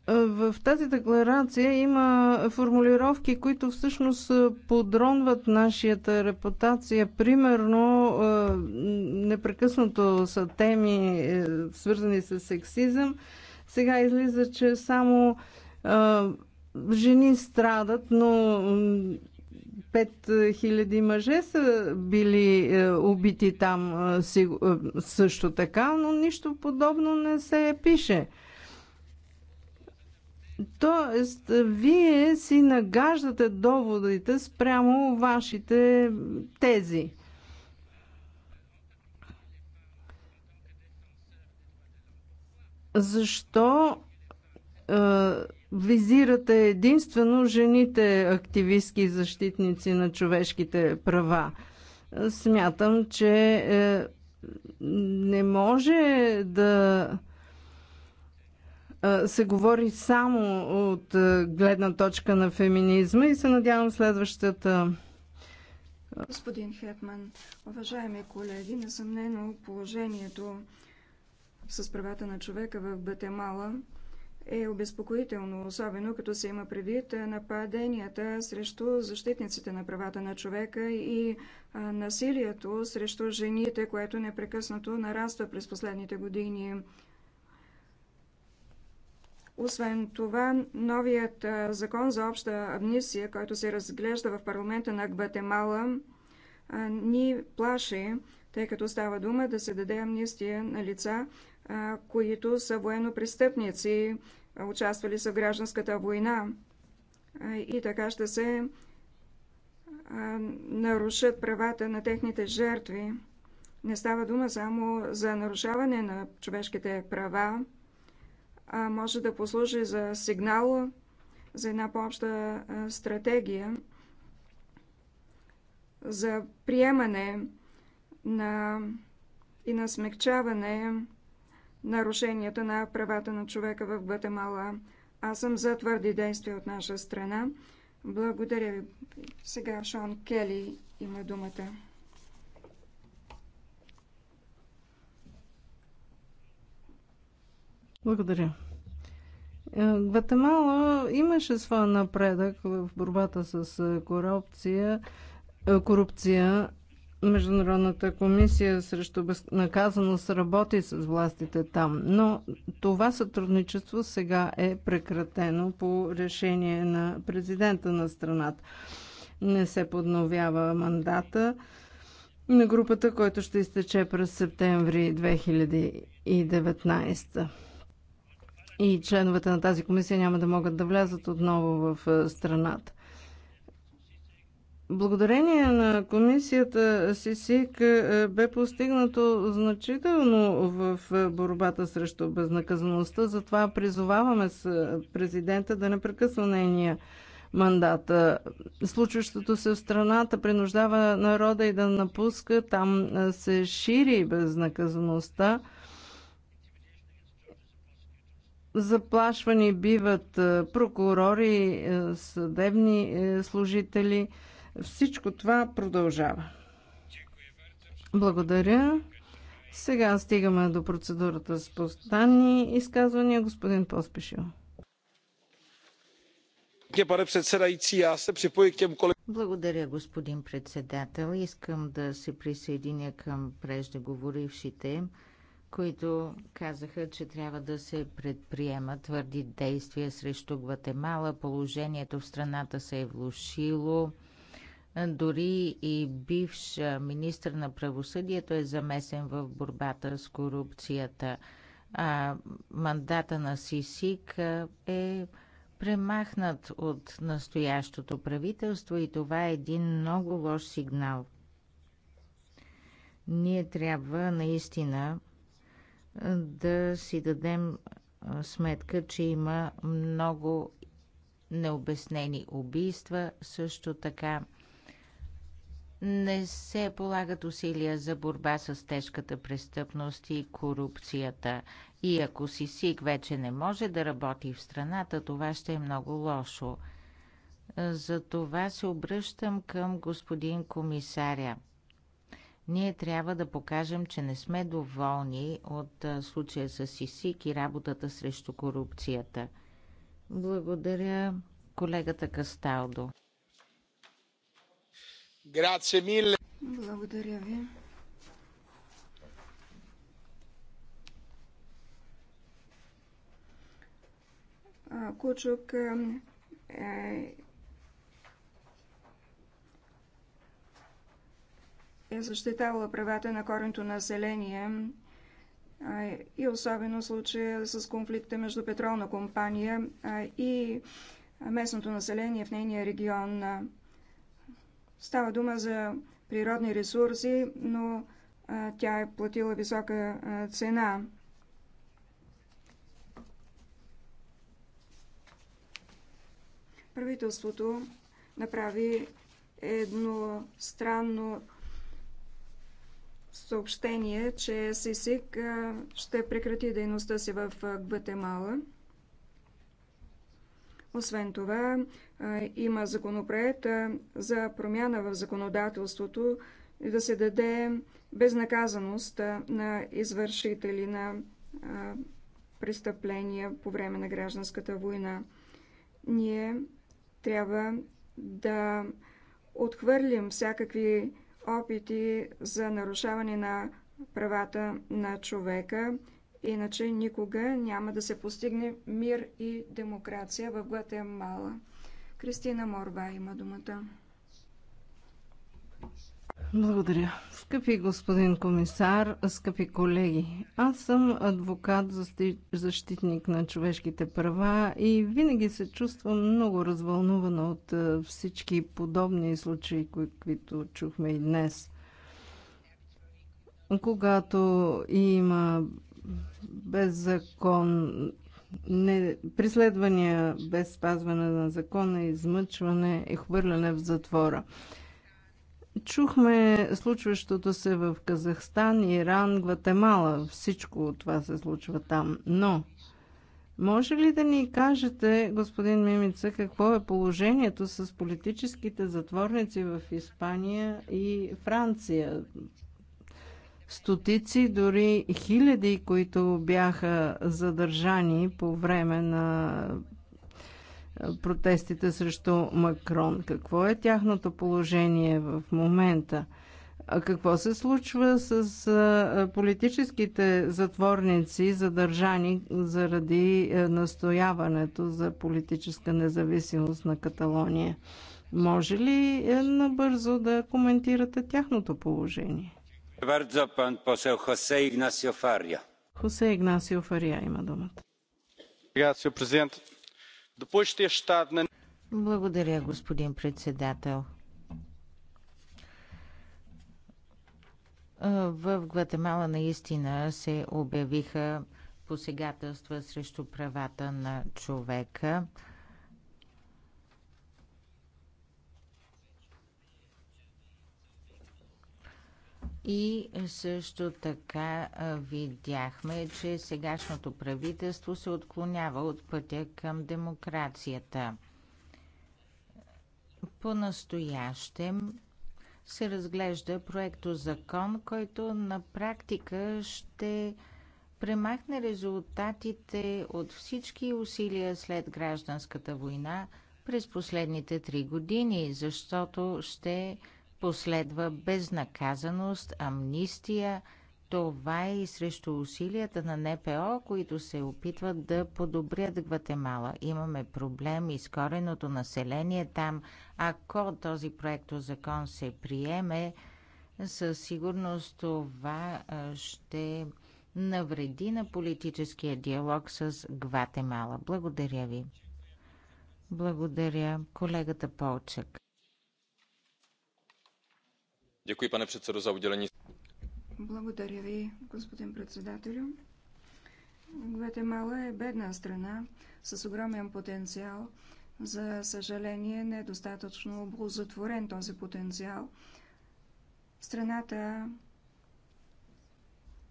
в тази декларация има формулировки, които всъщност подронват нашата репутация. Примерно, непрекъснато са теми, е, свързани с сексизъм. Сега излиза, че само жени страдат, но 5000 мъже са били е, убити там е, е, също така, но нищо подобно не се пише. Тоест, вие си нагаждате доводите спрямо вашите тези. Защо визирате единствено жените активистки и защитници на човешките права. Смятам, че е, не може да е, се говори само от е, гледна точка на феминизма и се надявам следващата. Господин Хепман, уважаеми колеги, несъмнено положението с правата на човека в Бетемала е обезпокоително, особено като се има предвид нападенията срещу защитниците на правата на човека и насилието срещу жените, което непрекъснато нараства през последните години. Освен това, новият закон за обща амнисия, който се разглежда в парламента на Гватемала, ни плаши, тъй като става дума да се даде амнистия на лица, които са военнопрестъпници, участвали са в гражданската война. И така ще се нарушат правата на техните жертви. Не става дума само за нарушаване на човешките права, а може да послужи за сигнал за една по-обща стратегия за приемане на и на смягчаване нарушенията на правата на човека в Гватемала. Аз съм за твърди действия от наша страна. Благодаря ви. Сега Шон Кели има думата. Благодаря. Е, Гватемала имаше своя напредък в борбата с е, корупция, е, корупция Международната комисия срещу безнаказаност работи с властите там, но това сътрудничество сега е прекратено по решение на президента на страната. Не се подновява мандата на групата, който ще изтече през септември 2019. И членовете на тази комисия няма да могат да влязат отново в страната. Благодарение на комисията СИСИК е, бе постигнато значително в е, борбата срещу безнаказаността, затова призоваваме с е, президента да не прекъсва нейния мандат. Случващото се в страната принуждава народа и да напуска, там се шири безнаказаността заплашвани биват прокурори, съдебни служители. Всичко това продължава. Благодаря. Сега стигаме до процедурата с постанни изказвания. Господин Поспешил. Благодаря, господин председател. Искам да се присъединя към преждеговорившите, които казаха, че трябва да се предприемат твърди действия срещу Гватемала. Положението в страната се е влушило дори и бивш министр на правосъдието е замесен в борбата с корупцията. А мандата на Сисик е премахнат от настоящото правителство и това е един много лош сигнал. Ние трябва наистина да си дадем сметка, че има много необяснени убийства, също така не се полагат усилия за борба с тежката престъпност и корупцията. И ако СИСИК вече не може да работи в страната, това ще е много лошо. За това се обръщам към господин комисаря. Ние трябва да покажем, че не сме доволни от случая с СИСИК и работата срещу корупцията. Благодаря колегата Касталдо. Благодаря ви. Кучук е, е, е защитавала правата на коренто население и особено случая с конфликта между петролна компания и местното население в нейния регион. Става дума за природни ресурси, но а, тя е платила висока а, цена. Правителството направи едно странно съобщение, че СИСИК ще прекрати дейността си в Гватемала. Освен това, има законопроект за промяна в законодателството и да се даде безнаказаност на извършители на престъпления по време на гражданската война. Ние трябва да отхвърлим всякакви опити за нарушаване на правата на човека, иначе никога няма да се постигне мир и демокрация в Гватемала. Кристина Морба има думата. Благодаря. Скъпи господин комисар, скъпи колеги, аз съм адвокат, защитник на човешките права и винаги се чувствам много развълнувана от е, всички подобни случаи, които чухме и днес. Когато има беззакон, не, преследвания без спазване на закона, измъчване и хвърляне в затвора. Чухме случващото се в Казахстан, Иран, Гватемала. Всичко това се случва там. Но, може ли да ни кажете, господин Мимица, какво е положението с политическите затворници в Испания и Франция? стотици, дори хиляди, които бяха задържани по време на протестите срещу Макрон. Какво е тяхното положение в момента? А какво се случва с политическите затворници, задържани заради настояването за политическа независимост на Каталония? Може ли е, набързо да коментирате тяхното положение? Хосе Игнасио Фария има е Благодаря, господин председател. В Гватемала наистина се обявиха посегателства срещу правата на човека. И също така видяхме, че сегашното правителство се отклонява от пътя към демокрацията. По-настоящем се разглежда проекто закон, който на практика ще премахне резултатите от всички усилия след гражданската война през последните три години, защото ще последва безнаказаност, амнистия. Това е и срещу усилията на НПО, които се опитват да подобрят Гватемала. Имаме проблем и с кореното население там. Ако този проект закон се приеме, със сигурност това ще навреди на политическия диалог с Гватемала. Благодаря ви. Благодаря колегата Полчък. Děkuji, pane předsedo, udělení. Благодаря ви, господин председателю. Гватемала е бедна страна с огромен потенциал. За съжаление, недостатъчно оползотворен този потенциал. Страната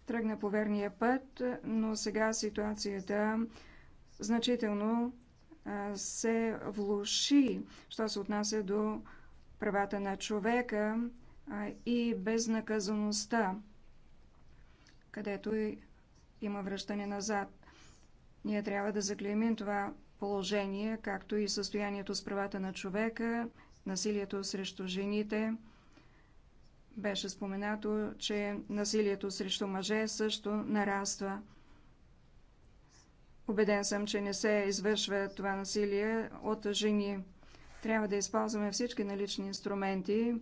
тръгна по верния път, но сега ситуацията значително се влуши, що се отнася до правата на човека, и безнаказаността, където и има връщане назад. Ние трябва да заклеймим това положение, както и състоянието с правата на човека, насилието срещу жените. Беше споменато, че насилието срещу мъже също нараства. Обеден съм, че не се извършва това насилие от жени. Трябва да използваме всички налични инструменти,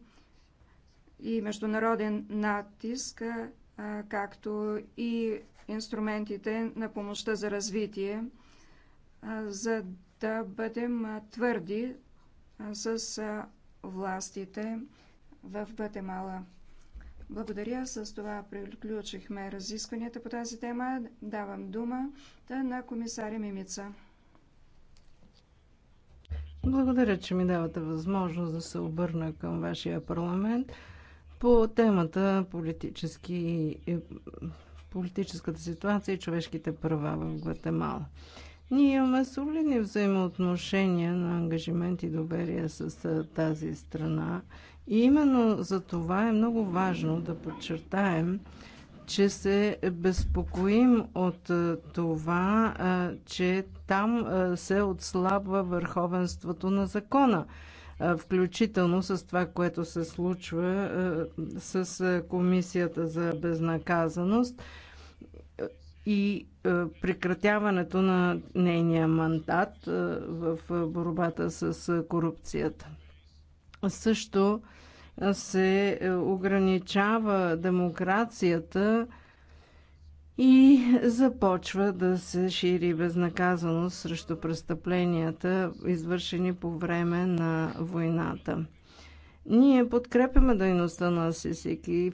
и международен натиск, както и инструментите на помощта за развитие, за да бъдем твърди с властите в Гватемала. Благодаря. С това приключихме разискванията по тази тема. Давам дума на комисаря Мимица. Благодаря, че ми давате възможност да се обърна към вашия парламент по темата политически, е, политическата ситуация и човешките права в Гватемала. Ние имаме солидни взаимоотношения на ангажимент и доверие с тази страна. И именно за това е много важно да подчертаем, че се безпокоим от е, това, е, че там се отслабва върховенството на закона включително с това, което се случва с Комисията за безнаказаност и прекратяването на нейния мандат в борбата с корупцията. Също се ограничава демокрацията и започва да се шири безнаказаност срещу престъпленията, извършени по време на войната. Ние подкрепяме дейността на СИСИК и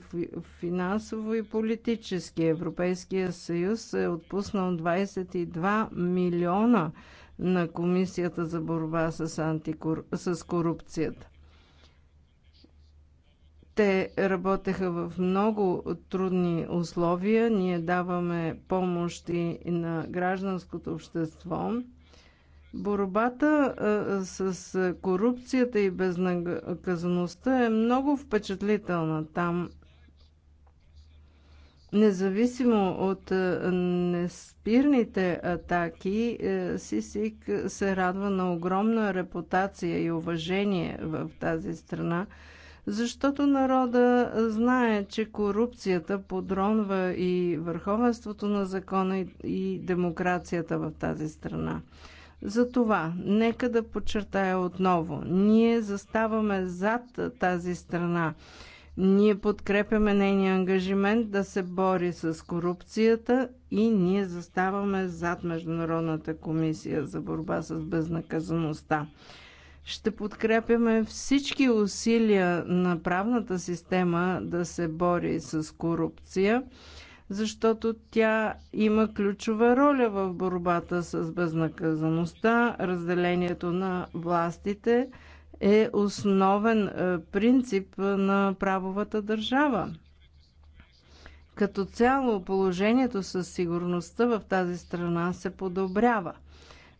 финансово и политически. Европейския съюз е отпуснал 22 милиона на Комисията за борба с, антикор... с корупцията. Те работеха в много трудни условия. Ние даваме помощ и на гражданското общество. Борбата с корупцията и безнаказаността е много впечатлителна там. Независимо от неспирните атаки, е, Сисик се радва на огромна репутация и уважение в тази страна – защото народа знае, че корупцията подронва и върховенството на закона и демокрацията в тази страна. Затова, нека да подчертая отново, ние заставаме зад тази страна. Ние подкрепяме нейния ангажимент да се бори с корупцията и ние заставаме зад Международната комисия за борба с безнаказаността. Ще подкрепяме всички усилия на правната система да се бори с корупция, защото тя има ключова роля в борбата с безнаказаността, разделението на властите е основен е, принцип на правовата държава. Като цяло положението със сигурността в тази страна се подобрява,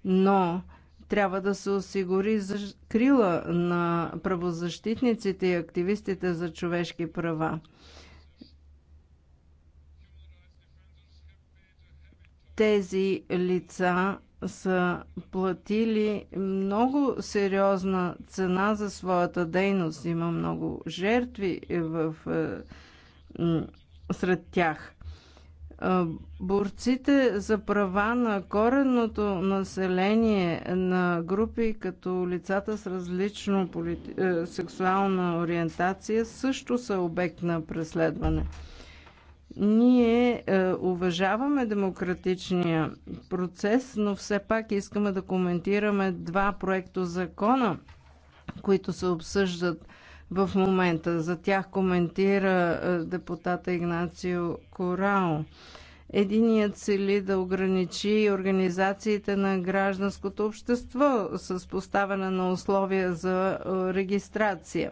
но трябва да се осигури крила на правозащитниците и активистите за човешки права. Тези лица са платили много сериозна цена за своята дейност. Има много жертви в, е, сред тях борците за права на коренното население на групи като лицата с различно полити... Е, сексуална ориентация също са обект на преследване. Ние е, уважаваме демократичния процес, но все пак искаме да коментираме два проекто закона, които се обсъждат в момента. За тях коментира е, депутата Игнацио Корао. Единият цели да ограничи организациите на гражданското общество с поставяне на условия за е, регистрация.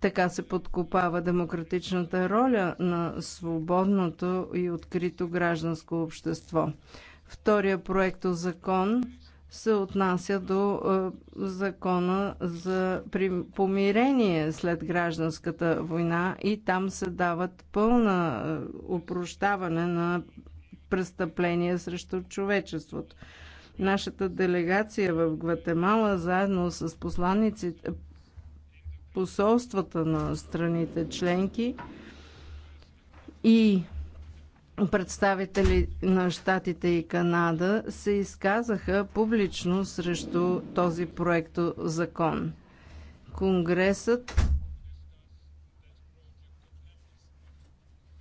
Така се подкопава демократичната роля на свободното и открито гражданско общество. Втория проект закон се отнася до е, закона за помирение след гражданската война и там се дават пълна е, опрощаване на престъпления срещу човечеството. Нашата делегация в Гватемала, заедно с посланниците, посолствата на страните членки и представители на Штатите и Канада се изказаха публично срещу този проект закон. Конгресът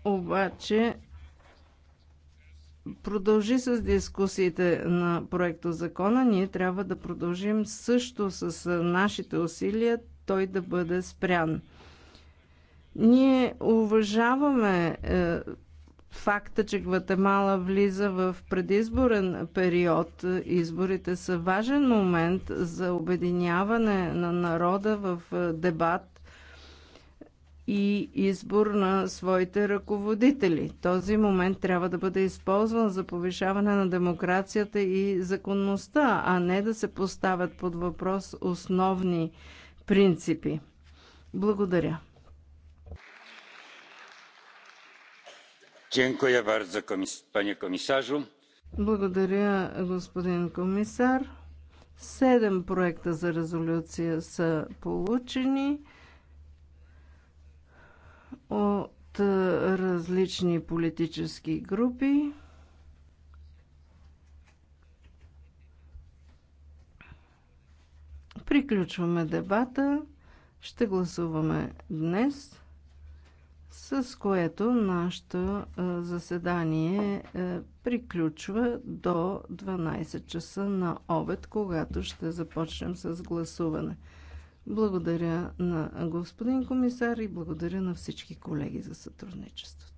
обаче продължи с дискусиите на проекто закона. Ние трябва да продължим също с нашите усилия той да бъде спрян. Ние уважаваме е, факта, че Гватемала влиза в предизборен период. Изборите са важен момент за обединяване на народа в дебат и избор на своите ръководители. Този момент трябва да бъде използван за повишаване на демокрацията и законността, а не да се поставят под въпрос основни принципи. Благодаря. Благодаря, господин комисар. Седем проекта за резолюция са получени от е, различни политически групи. Приключваме дебата. Ще гласуваме днес с което нашето заседание приключва до 12 часа на обед, когато ще започнем с гласуване. Благодаря на господин комисар и благодаря на всички колеги за сътрудничество.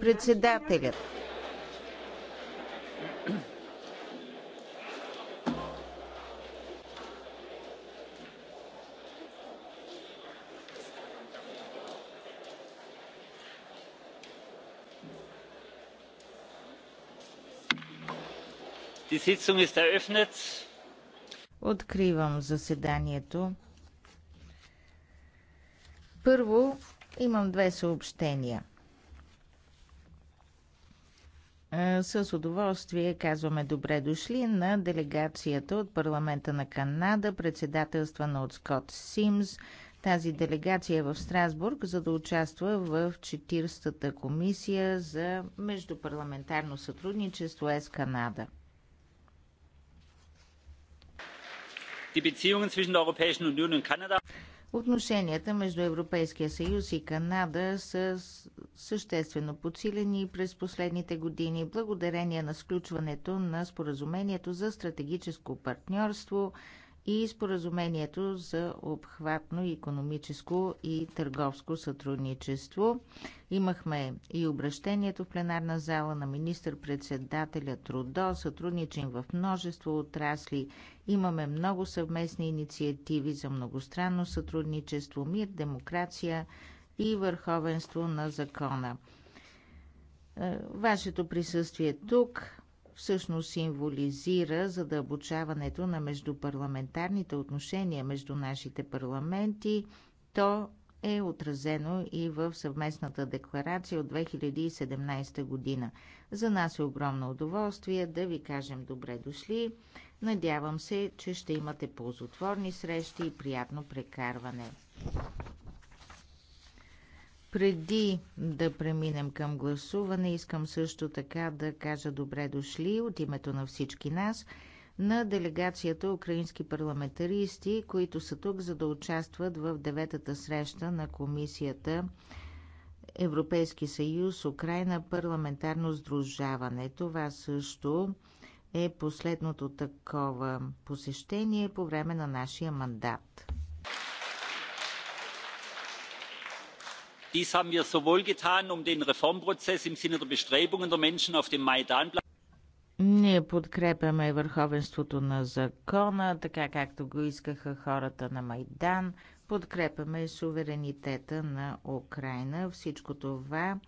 Председателят. Откривам заседанието. Първо Имам две съобщения. С удоволствие казваме добре дошли на делегацията от парламента на Канада, председателствана от Скот Симс. Тази делегация е в Страсбург, за да участва в 40-та комисия за междупарламентарно сътрудничество с Канада. Die Beziehungen zwischen der Europäischen Union und Kanada Отношенията между Европейския съюз и Канада са съществено подсилени през последните години благодарение на сключването на споразумението за стратегическо партньорство и споразумението за обхватно економическо и търговско сътрудничество. Имахме и обращението в пленарна зала на министър-председателя Трудо, сътрудничим в множество отрасли. Имаме много съвместни инициативи за многостранно сътрудничество, мир, демокрация и върховенство на закона. Е, вашето присъствие тук всъщност символизира задълбочаването на междупарламентарните отношения между нашите парламенти. То е отразено и в съвместната декларация от 2017 година. За нас е огромно удоволствие да ви кажем добре дошли. Надявам се, че ще имате ползотворни срещи и приятно прекарване. Преди да преминем към гласуване, искам също така да кажа добре дошли от името на всички нас на делегацията украински парламентаристи, които са тук за да участват в деветата среща на комисията Европейски съюз Украина парламентарно сдружаване. Това също е последното такова посещение по време на нашия мандат. dies haben wir sowohl getan um den reformprozess im sinne der bestrebungen der menschen auf dem Майдан ние подкрепяме върховенството на закона, така както го искаха хората на Майдан. Подкрепяме суверенитета на Украина. Всичко това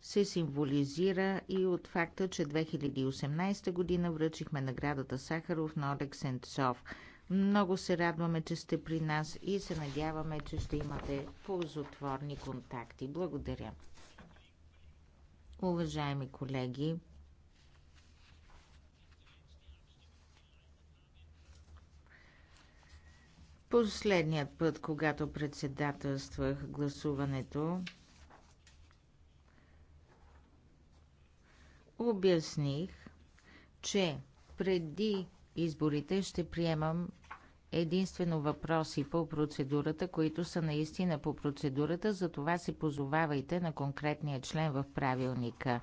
се символизира и от факта, че 2018 година връчихме наградата Сахаров на Олег Сенцов – много се радваме, че сте при нас и се надяваме, че ще имате ползотворни контакти. Благодаря. Уважаеми колеги, Последният път, когато председателствах гласуването, обясних, че преди изборите ще приемам единствено въпроси по процедурата, които са наистина по процедурата, за това се позовавайте на конкретния член в правилника.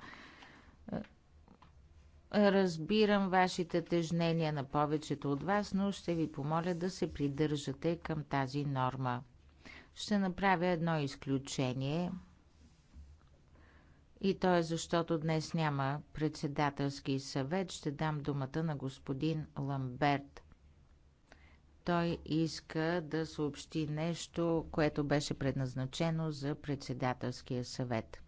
Разбирам вашите тежнения на повечето от вас, но ще ви помоля да се придържате към тази норма. Ще направя едно изключение – и то е защото днес няма председателски съвет. Ще дам думата на господин Ламберт. Той иска да съобщи нещо, което беше предназначено за председателския съвет.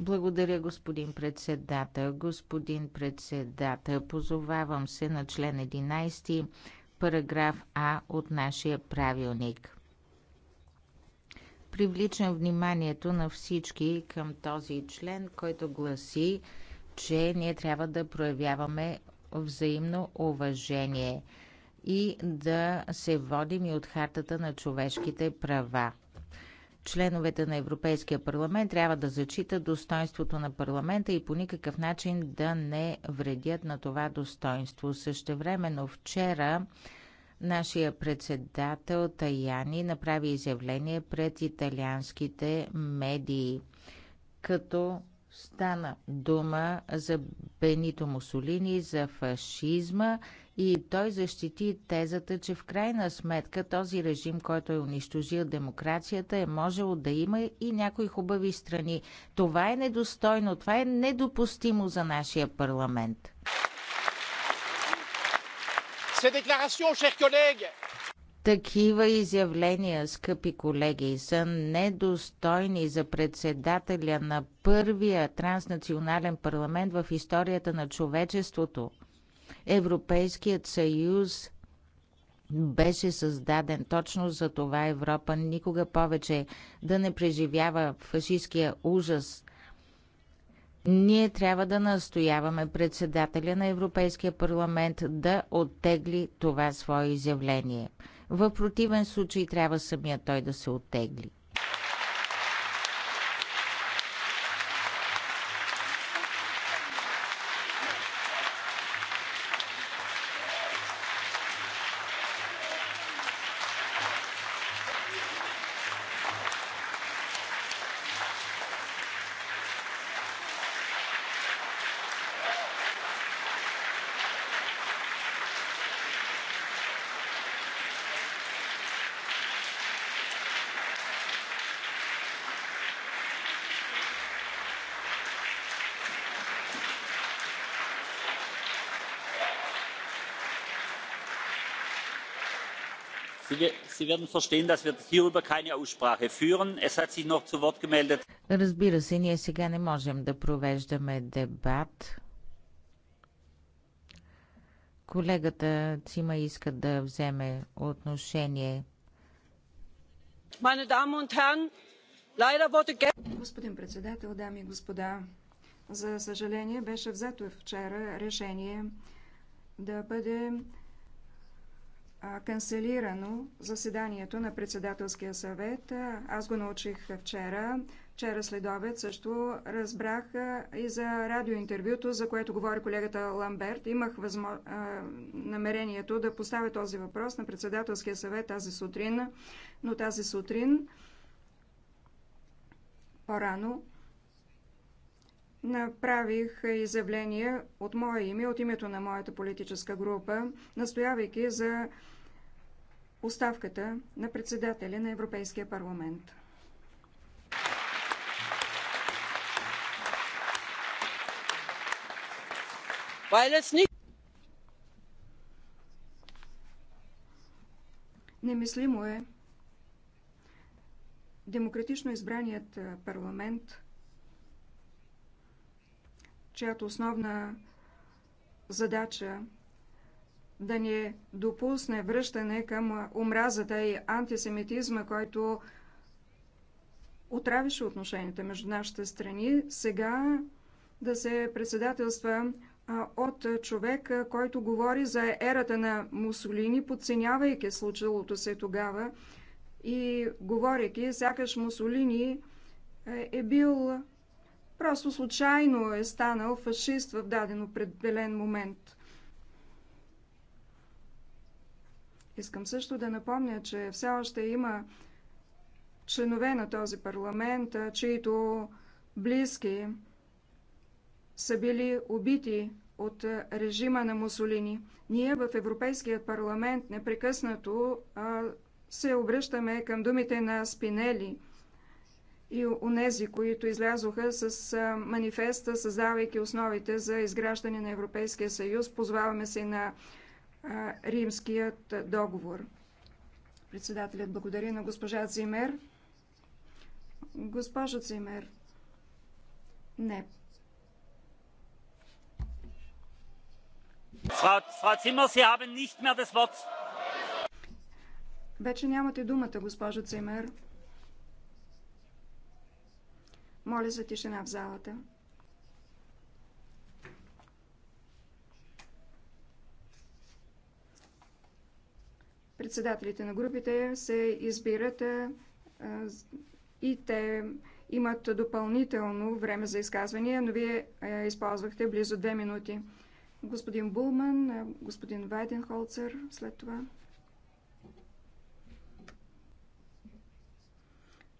Благодаря, господин председател. Господин председател, позовавам се на член 11 параграф А от нашия правилник. Привличам вниманието на всички към този член, който гласи, че ние трябва да проявяваме взаимно уважение и да се водим и от хартата на човешките права. Членовете на Европейския парламент трябва да зачитат достоинството на парламента и по никакъв начин да не вредят на това достоинство. Същевременно вчера нашия председател Таяни направи изявление пред италианските медии, като стана дума за Бенито Мусолини, за фашизма и той защити тезата, че в крайна сметка този режим, който е унищожил демокрацията, е можело да има и някои хубави страни. Това е недостойно, това е недопустимо за нашия парламент. Такива изявления, скъпи колеги, са недостойни за председателя на първия транснационален парламент в историята на човечеството. Европейският съюз беше създаден точно за това Европа никога повече да не преживява фашистския ужас. Ние трябва да настояваме председателя на Европейския парламент да оттегли това свое изявление. В противен случай трябва самия той да се оттегли. Разбира се, ние сега не можем да провеждаме дебат. Колегата Цима иска да вземе отношение. Господин председател, дами и господа, за съжаление беше взето вчера решение да бъде канцелирано заседанието на председателския съвет. Аз го научих вчера. Вчера след обед също разбрах и за радиоинтервюто, за което говори колегата Ламберт. Имах възмо... намерението да поставя този въпрос на председателския съвет тази сутрин, но тази сутрин по-рано направих изявление от мое име, от името на моята политическа група, настоявайки за оставката на председателя на Европейския парламент. Немислимо е демократично избраният парламент – чиято основна задача да не допусне връщане към омразата и антисемитизма, който отравише отношенията между нашите страни, сега да се председателства от човек, който говори за ерата на Мусолини, подценявайки случилото се тогава и говорейки, сякаш Мусолини е, е бил Просто случайно е станал фашист в даден определен момент. Искам също да напомня, че все още има членове на този парламент, чието близки са били убити от режима на Мусолини. Ние в Европейския парламент непрекъснато се обръщаме към думите на Спинели – и онези, които излязоха с манифеста, създавайки основите за изграждане на Европейския съюз. Позваваме се на римският договор. Председателят благодари на госпожа Цимер. Госпожо Цимер, не. Фра Цимер, си haben нищ mehr Вече нямате думата, госпожо Цимер. Моля за тишина в залата. Председателите на групите се избират и те имат допълнително време за изказвания, но вие използвахте близо две минути. Господин Булман, господин Вайденхолцер след това.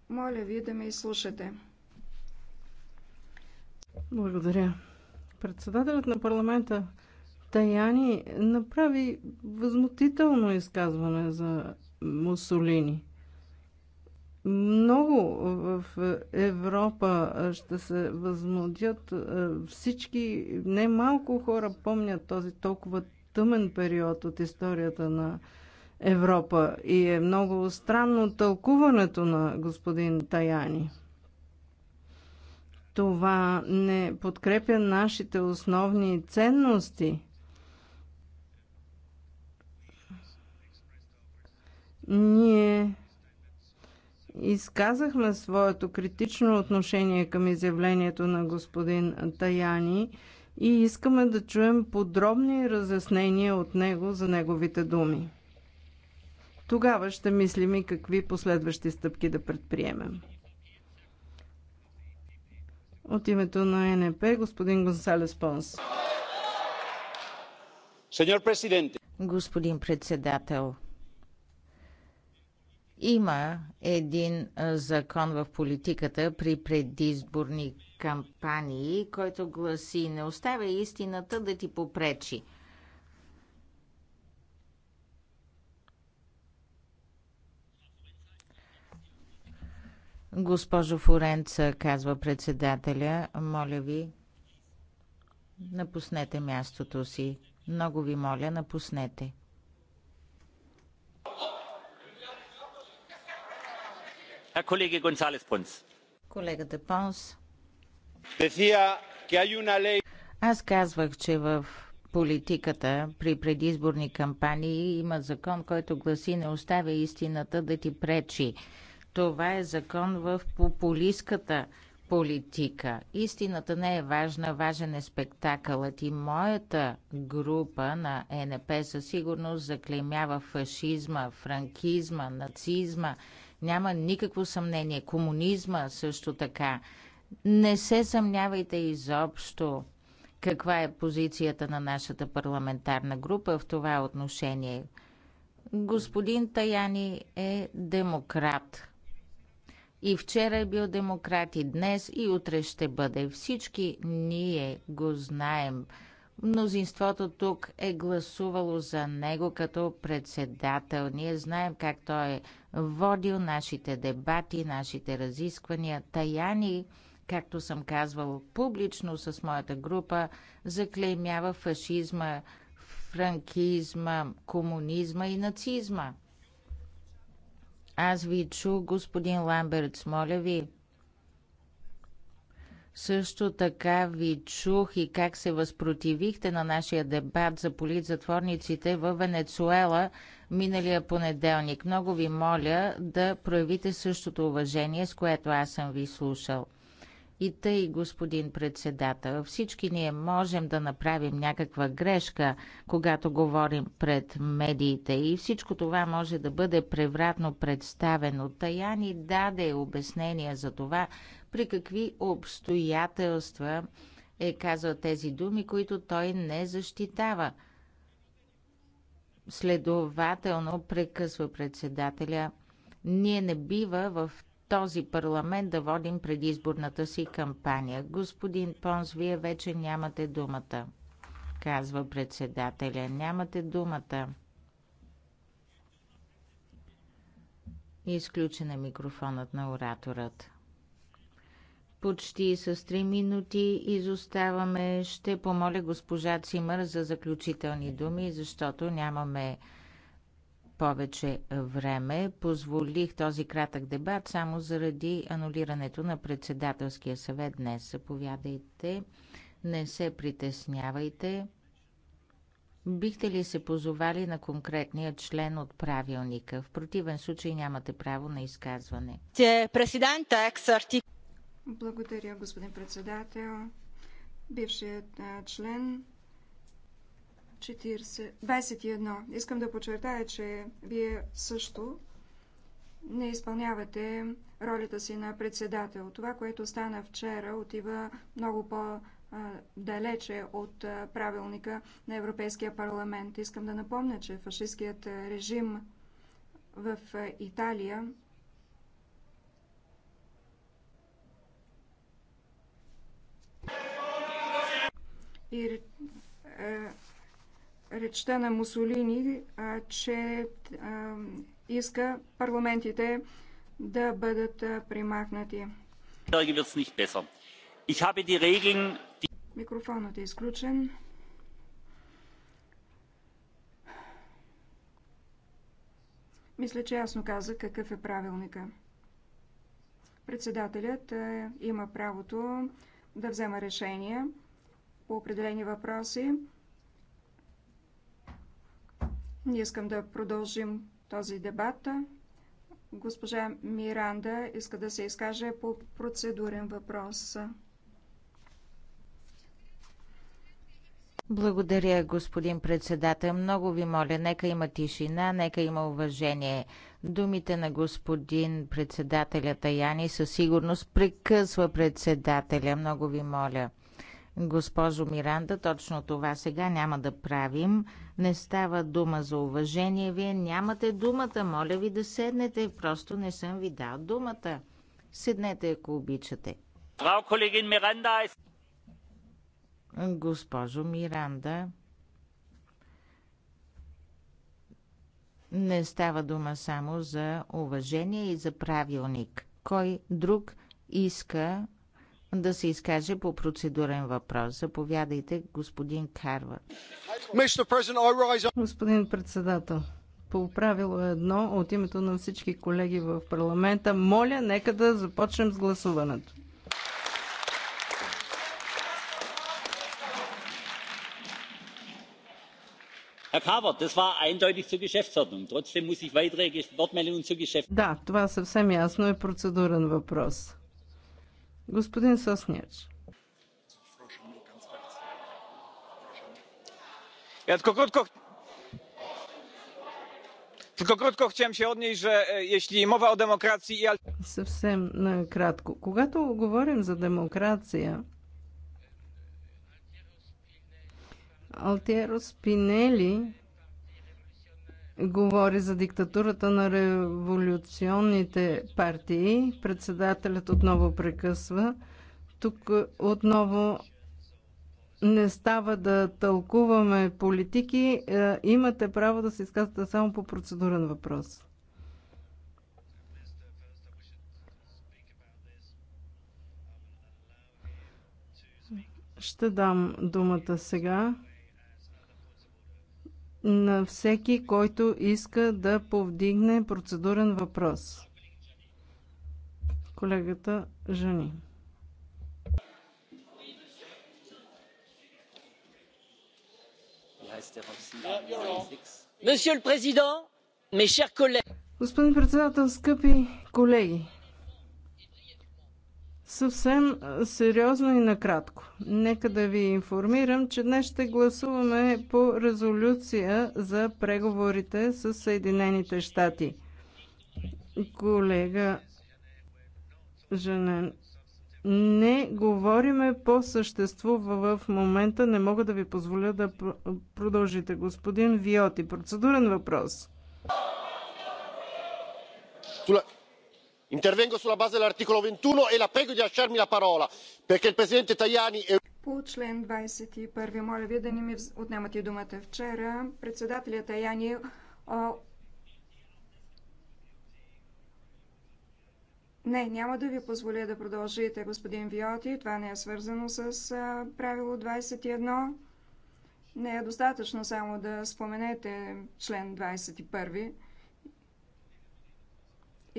Моля ви да ме изслушате. Благодаря. Председателят на парламента Таяни направи възмутително изказване за Мусолини. Много в Европа ще се възмудят е, всички, не малко хора помнят този толкова тъмен период от историята на Европа и е много странно тълкуването на господин Таяни. Това не подкрепя нашите основни ценности. Ние изказахме своето критично отношение към изявлението на господин Таяни и искаме да чуем подробни разяснения от него за неговите думи. Тогава ще мислим и какви последващи стъпки да предприемем. От името на НП, господин Гонсалес Понс. Господин председател, има един закон в политиката при предизборни кампании, който гласи не оставя истината да ти попречи – Госпожо Форенца, казва председателя, моля ви, напуснете мястото си. Много ви моля, напуснете. Колегата Понс. Аз казвах, че в политиката при предизборни кампании има закон, който гласи не оставя истината да ти пречи. Това е закон в популистката политика. Истината не е важна, важен е спектакълът и моята група на ЕНП със сигурност заклемява фашизма, франкизма, нацизма, няма никакво съмнение, комунизма също така. Не се съмнявайте изобщо каква е позицията на нашата парламентарна група в това отношение. Господин Таяни е демократ. И вчера е бил демократ, и днес, и утре ще бъде. Всички ние го знаем. Мнозинството тук е гласувало за него като председател. Ние знаем как той е водил нашите дебати, нашите разисквания. Таяни, както съм казвал публично с моята група, заклеймява фашизма, франкизма, комунизма и нацизма. Аз ви чу, господин Ламберт, моля ви. Също така ви чух и как се възпротивихте на нашия дебат за политзатворниците в Венецуела миналия понеделник. Много ви моля да проявите същото уважение, с което аз съм ви слушал. И тъй, господин председател, всички ние можем да направим някаква грешка, когато говорим пред медиите и всичко това може да бъде превратно представено. Таяни даде обяснение за това, при какви обстоятелства е казал тези думи, които той не защитава. Следователно, прекъсва председателя, ние не бива в този парламент да водим предизборната си кампания. Господин Понс, вие вече нямате думата, казва председателя. Нямате думата. Изключен е микрофонът на ораторът. Почти с 3 минути изоставаме. Ще помоля госпожа Цимър за заключителни думи, защото нямаме повече е, време. Позволих този кратък дебат само заради анулирането на председателския съвет днес. Заповядайте, не се притеснявайте. Бихте ли се позовали на конкретния член от правилника? В противен случай нямате право на изказване. Благодаря, господин председател. Бившият член 40, 21. Искам да подчертая, че вие също не изпълнявате ролята си на председател. Това, което стана вчера, отива много по-далече от правилника на Европейския парламент. Искам да напомня, че фашистският режим в Италия и речта на Мусолини, че иска парламентите да бъдат примахнати. Микрофонът е изключен. Мисля, че ясно каза какъв е правилника. Председателят има правото да взема решение по определени въпроси. Не искам да продължим този дебат. Госпожа Миранда иска да се изкаже по процедурен въпрос. Благодаря, господин председател. Много ви моля, нека има тишина, нека има уважение. Думите на господин председателя Таяни със сигурност прекъсва председателя. Много ви моля. Госпожо Миранда, точно това сега няма да правим. Не става дума за уважение. Вие нямате думата. Моля ви да седнете. Просто не съм ви дал думата. Седнете, ако обичате. Е Госпожо Миранда, не става дума само за уважение и за правилник. Кой друг иска да се изкаже по процедурен въпрос. Заповядайте, господин Карвар. Господин председател, по правило едно, от името на всички колеги в парламента, моля, нека да започнем с гласуването. Да, това съвсем ясно е процедурен въпрос. Господин Сосниевич. Ja tylko krótko, tylko krótko chciałem się odnieść, że e, jeśli mowa o demokracji i... Съвсем кратко. Когато говорим за демокрация, Алтиеро Спинели говори за диктатурата на революционните партии. Председателят отново прекъсва. Тук е, отново не става да тълкуваме политики. Е, имате право да се изказвате само по процедурен въпрос. Ще дам думата сега на всеки, който иска да повдигне процедурен въпрос. Колегата Жени. Господин председател, скъпи колеги, Съвсем сериозно и накратко. Нека да ви информирам, че днес ще гласуваме по резолюция за преговорите с Съединените щати. Колега Женен, не говориме по същество в момента. Не мога да ви позволя да продължите. Господин Виоти, процедурен въпрос. Сула, intervengo sulla base dell'articolo 21 e la prego di lasciarmi la parola perché il presidente Tajani è... По член 21, моля ви да не ми отнемате думата. Вчера председателят Таяни а... Не, няма да ви позволя да продължите, господин Виоти. Това не е свързано с а, правило 21. Не е достатъчно само да споменете член 21.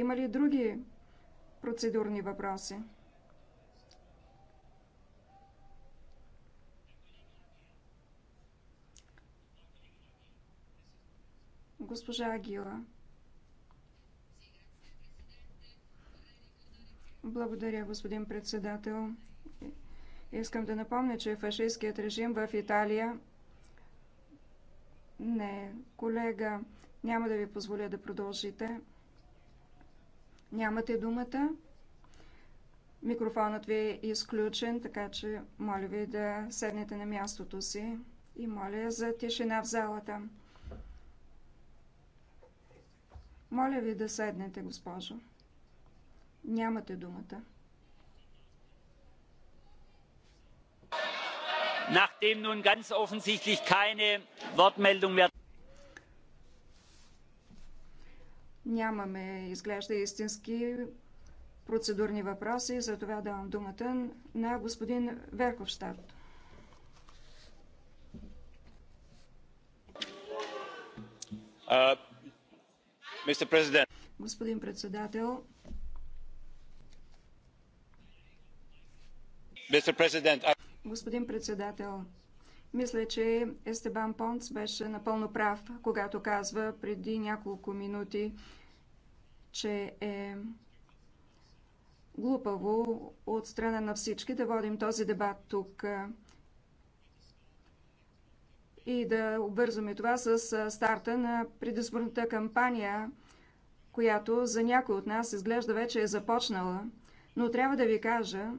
Има ли други процедурни въпроси? Госпожа Агила. Благодаря, господин председател. Искам да напомня, че фашистският режим в Италия... Не, колега, няма да ви позволя да продължите. Нямате думата. Микрофонът ви е изключен, така че моля ви да седнете на мястото си и моля за тишина в залата. Моля ви да седнете, госпожо. Нямате думата. Nachdem nun ganz offensichtlich keine Wortmeldung mehr Нямаме, изглежда, истински процедурни въпроси, затова давам думата на господин Верховщад. Uh, господин председател, Господин председател, мисля, че Естебан Понц беше напълно прав, когато казва преди няколко минути, че е глупаво от страна на всички да водим този дебат тук и да обвързваме това с старта на предизборната кампания, която за някой от нас изглежда вече е започнала. Но трябва да ви кажа,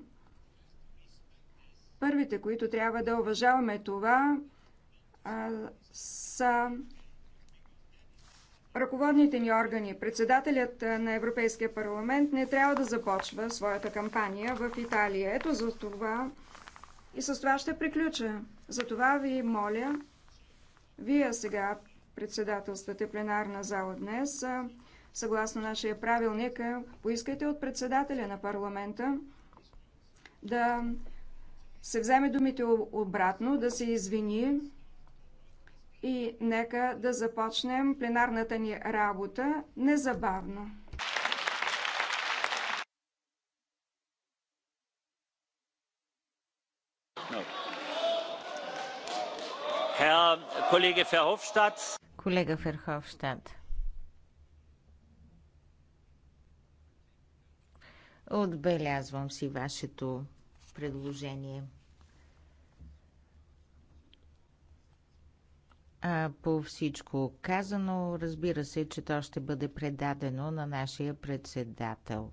Първите, които трябва да уважаваме това, а, са ръководните ни органи. Председателят на Европейския парламент не трябва да започва своята кампания в Италия. Ето за това и с това ще приключа. За това ви моля, вие сега председателствате пленарна зала днес. Съгласно нашия правилник, поискайте от председателя на парламента да се вземе думите обратно, да се извини и нека да започнем пленарната ни работа незабавно. Колега Ферховщад, отбелязвам си вашето предложение. А по всичко казано, разбира се, че то ще бъде предадено на нашия председател.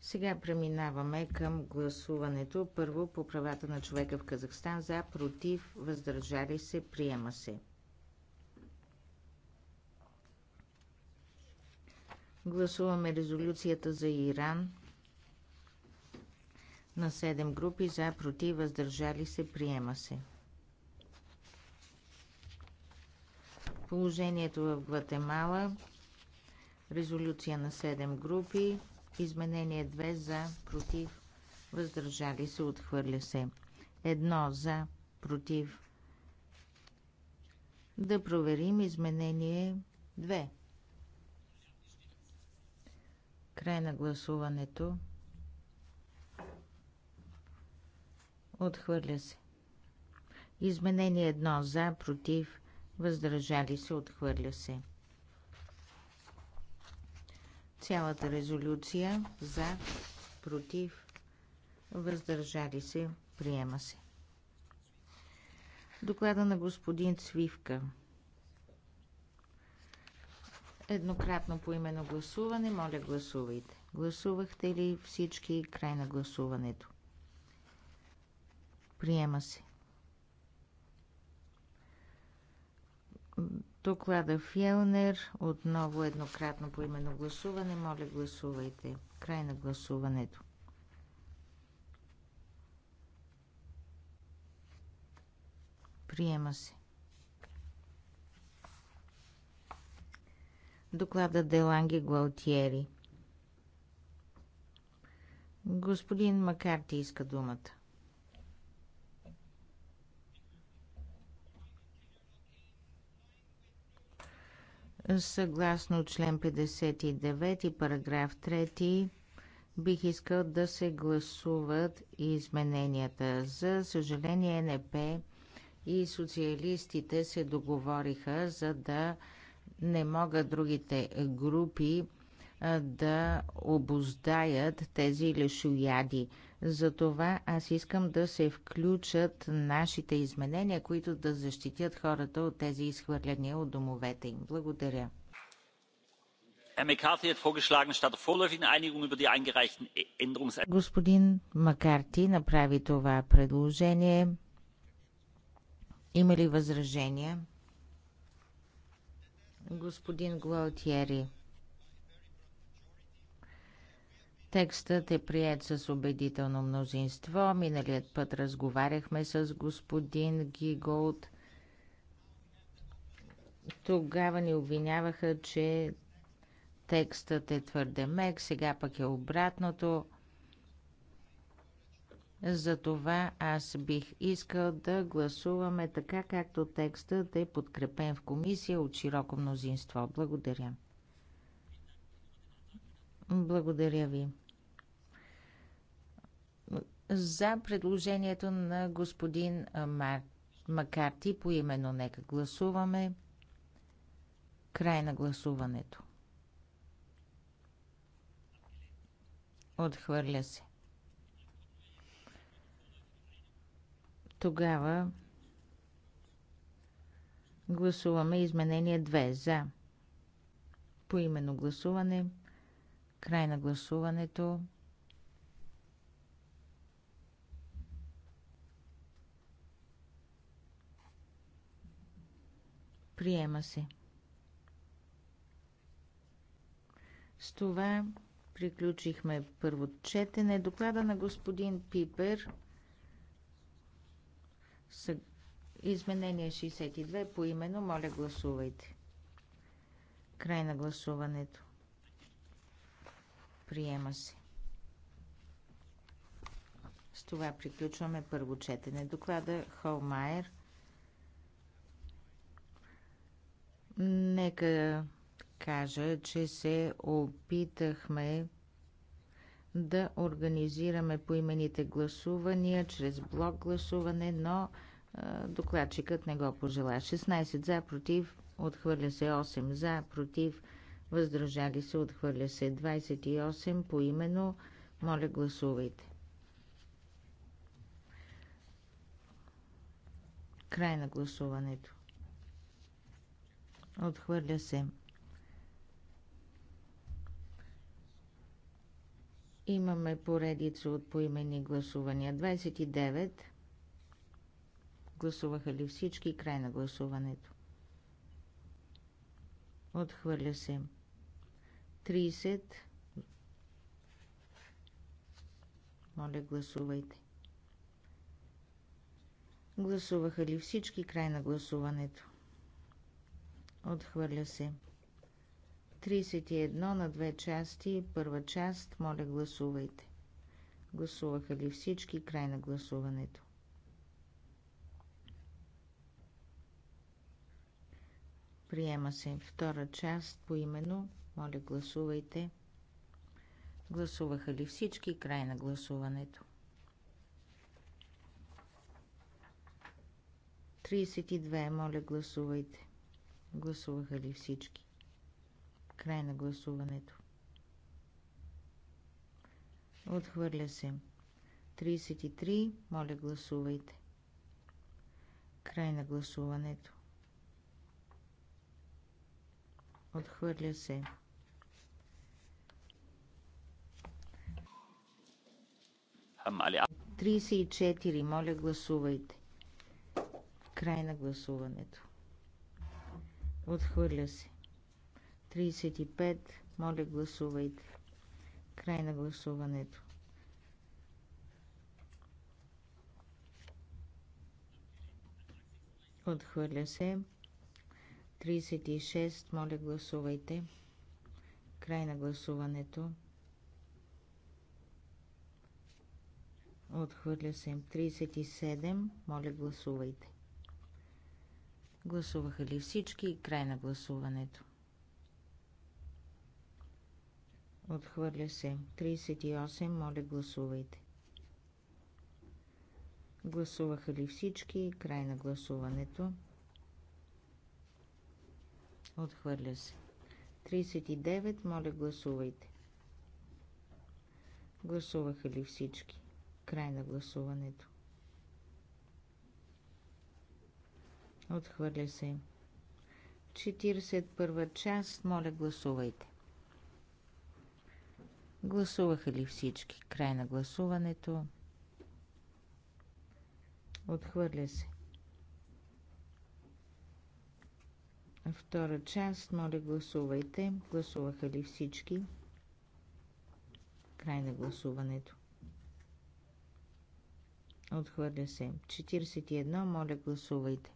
Сега преминаваме към гласуването. Първо по правата на човека в Казахстан за, против, въздържали се, приема се. Гласуваме резолюцията за Иран на 7 групи за, против, въздържали се, приема се. Положението в Гватемала. Резолюция на 7 групи. Изменение 2 за, против, въздържали се, отхвърля се. Едно за, против. Да проверим изменение 2. Край на гласуването. Отхвърля се. Изменение едно за, против, въздържали се, отхвърля се. Цялата резолюция за, против, въздържали се, приема се. Доклада на господин Цвивка. Еднократно по имено гласуване, моля гласувайте. Гласувахте ли всички край на гласуването? Приема се. Доклада Фелнер. Отново еднократно по именно гласуване. Моля, гласувайте. Край на гласуването. Приема се. Доклада Деланги Гуалтиери. Господин Макарти иска думата. Съгласно член 59 параграф 3 бих искал да се гласуват измененията. За съжаление НП и социалистите се договориха, за да не могат другите групи да обоздаят тези лешояди. Затова аз искам да се включат нашите изменения, които да защитят хората от тези изхвърляния от домовете им. Благодаря. E- Господин Макарти направи това предложение. Има ли възражения? Господин Гуалтиери. Текстът е прият с убедително мнозинство. Миналият път разговаряхме с господин Гиголд. Тогава ни обвиняваха, че текстът е твърде мек, сега пък е обратното. Затова аз бих искал да гласуваме така, както текстът е подкрепен в комисия от широко мнозинство. Благодаря. Благодаря ви за предложението на господин Мар... Макарти по именно. Нека гласуваме. Край на гласуването. Отхвърля се. Тогава гласуваме изменение 2 за поименно гласуване. Край на гласуването. Приема се. С това приключихме първо четене. Доклада на господин Пипер с изменение 62 по именно. Моля, гласувайте. Край на гласуването. Приема се. С това приключваме първо четене. Доклада Холмайер – Нека кажа, че се опитахме да организираме поимените гласувания чрез блок гласуване, но докладчикът не го пожела. 16 за, против, отхвърля се 8 за, против, въздържали се, отхвърля се 28 по именно. Моля, гласувайте. Край на гласуването. Отхвърля се. Имаме поредица от поимени гласувания. 29. Гласуваха ли всички? Край на гласуването. Отхвърля се. 30. Моля, гласувайте. Гласуваха ли всички? Край на гласуването. Отхвърля се. 31 на две части. Първа част. Моля, гласувайте. Гласуваха ли всички? Край на гласуването. Приема се втора част по именно. Моля, гласувайте. Гласуваха ли всички? Край на гласуването. 32. Моля, гласувайте. Гласуваха ли всички? Край на гласуването. Отхвърля се. 33. Моля, гласувайте. Край на гласуването. Отхвърля се. Амалия. 34. Моля, гласувайте. Край на гласуването. Отхвърля се. 35. Моля, гласувайте. Край на гласуването. Отхвърля се. 36. Моля, гласувайте. Край на гласуването. Отхвърля се. 37. Моля, гласувайте. Гласуваха ли всички? Край на гласуването. Отхвърля се. 38. Моля, гласувайте. Гласуваха ли всички? Край на гласуването. Отхвърля се. 39. Моля, гласувайте. Гласуваха ли всички? Край на гласуването. Отхвърля се. 41 част. Моля, гласувайте. Гласуваха ли всички? Край на гласуването. Отхвърля се. Втора част. Моля, гласувайте. Гласуваха ли всички? Край на гласуването. Отхвърля се. 41. Моля, гласувайте.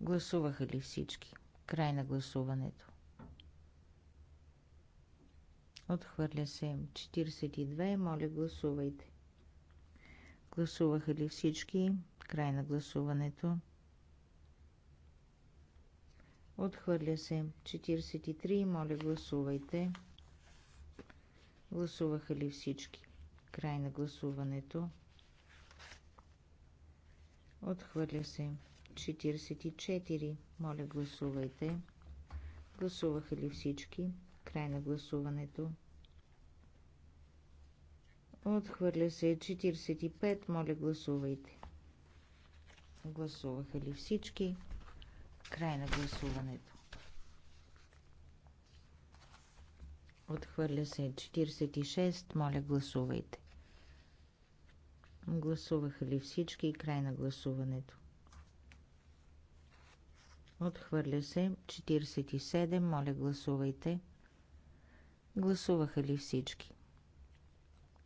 Гласуваха ли всички? Край на гласуването. Отхвърля се 42. Моля, гласувайте. Гласуваха ли всички? Край на гласуването. Отхвърля се 43. Моля, гласувайте. Гласуваха ли всички? Край на гласуването. Отхвърля се 44. Моля, гласувайте. Гласуваха ли всички? Край на гласуването. Отхвърля се 45. Моля, гласувайте. Гласуваха ли всички? Край на гласуването. Отхвърля се 46. Моля, гласувайте. Гласуваха ли всички? Край на гласуването. Отхвърля се 47. Моля, гласувайте. Гласуваха ли всички?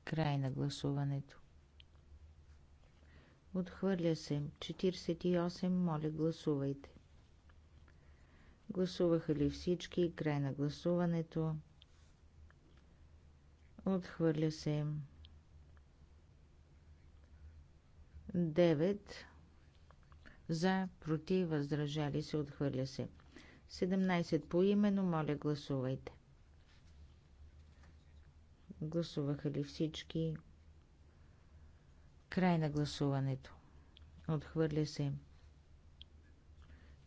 Край на гласуването. Отхвърля се 48. Моля, гласувайте. Гласуваха ли всички? Край на гласуването. Отхвърля се 9 за, против, въздържали се, отхвърля се. 17 по именно, моля гласувайте. Гласуваха ли всички? Край на гласуването. Отхвърля се.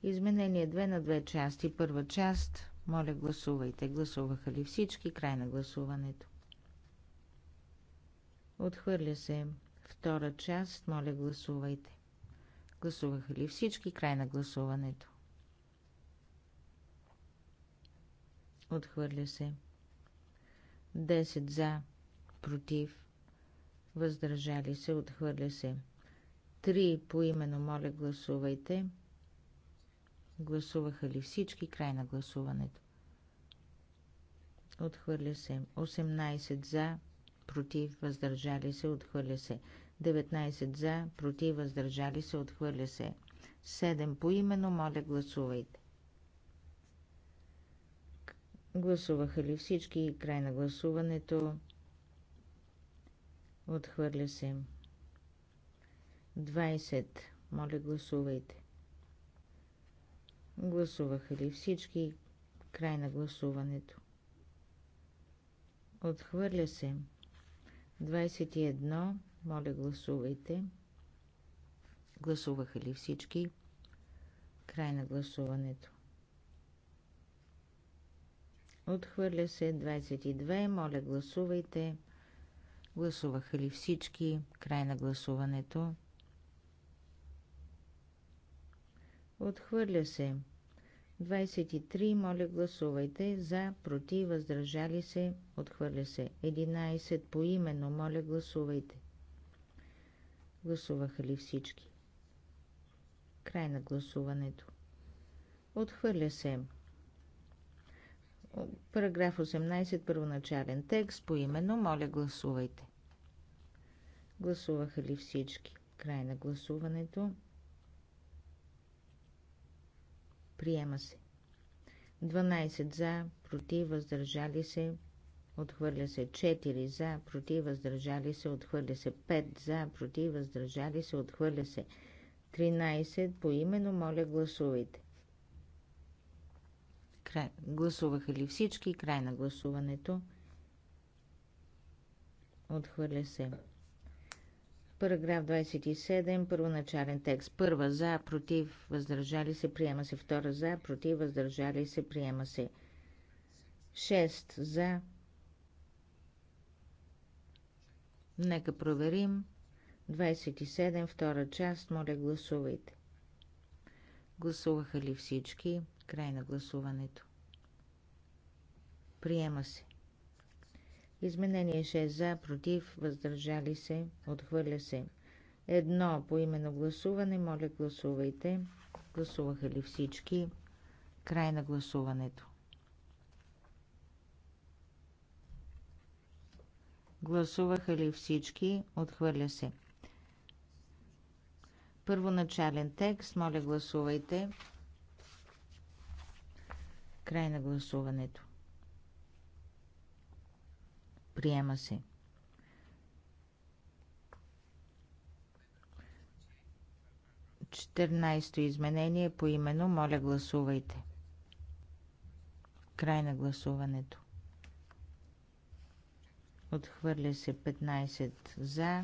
Изменение 2 на две части. Първа част. Моля, гласувайте. Гласуваха ли всички? Край на гласуването. Отхвърля се. Втора част. Моля, гласувайте. Гласуваха ли всички? Край на гласуването. Отхвърля се. 10 за, против, въздържали се, отхвърля се. 3 по имено моля, гласувайте. Гласуваха ли всички? Край на гласуването. Отхвърля се. 18 за, против, въздържали се, отхвърля се. 19 за, против, въздържали се, отхвърля се. 7 по имено, моля гласувайте. Гласуваха ли всички? Край на гласуването. Отхвърля се. 20. Моля гласувайте. Гласуваха ли всички? Край на гласуването. Отхвърля се. 21. Моля, гласувайте. Гласуваха ли всички? Край на гласуването. Отхвърля се 22. Моля, гласувайте. Гласуваха ли всички? Край на гласуването. Отхвърля се 23. Моля, гласувайте. За, против, въздържали се. Отхвърля се 11. по именно Моля, гласувайте. Гласуваха ли всички? Край на гласуването. Отхвърля се. Параграф 18, първоначален текст, по именно, моля гласувайте. Гласуваха ли всички? Край на гласуването. Приема се. 12 за, против, въздържали се, отхвърля се 4 за, против, въздържали се, отхвърля се 5 за, против, въздържали се, отхвърля се 13 по именно, моля гласувайте. Край. Гласуваха ли всички? Край на гласуването. Отхвърля се. Параграф 27, първоначален текст. Първа за, против, въздържали се, приема се. Втора за, против, въздържали се, приема се. 6 за, Нека проверим. 27, втора част, моля гласувайте. Гласуваха ли всички? Край на гласуването. Приема се. Изменение 6 за, против, въздържали се, отхвърля се. Едно по именно гласуване, моля гласувайте. Гласуваха ли всички? Край на гласуването. Гласуваха ли всички? Отхвърля се. Първоначален текст. Моля, гласувайте. Край на гласуването. Приема се. Четирнайсто изменение по имено. Моля, гласувайте. Край на гласуването. Отхвърля се 15 за,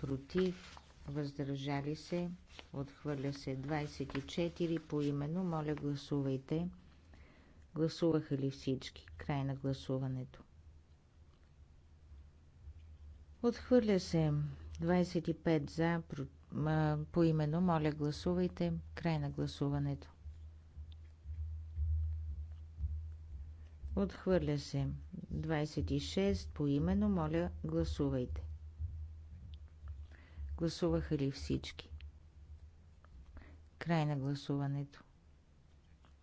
против, въздържали се. Отхвърля се 24 по имено, Моля, гласувайте. Гласуваха ли всички? Край на гласуването. Отхвърля се 25 за, по имено, Моля, гласувайте. Край на гласуването. Отхвърля се. 26 по имено моля, гласувайте. Гласуваха ли всички? Край на гласуването.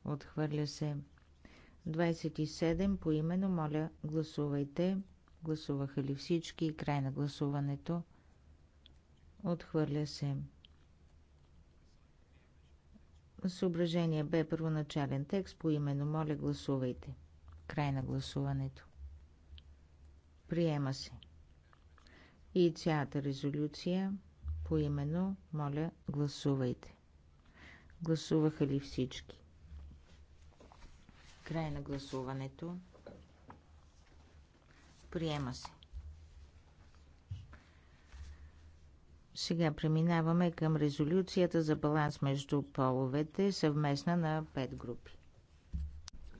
Отхвърля се. 27 по имено моля, гласувайте. Гласуваха ли всички? Край на гласуването. Отхвърля се. Съображение Б. Първоначален текст по имено Моля, гласувайте. Край на гласуването. Приема се. И цялата резолюция по именно, моля, гласувайте. Гласуваха ли всички? Край на гласуването. Приема се. Сега преминаваме към резолюцията за баланс между половете, съвместна на пет групи.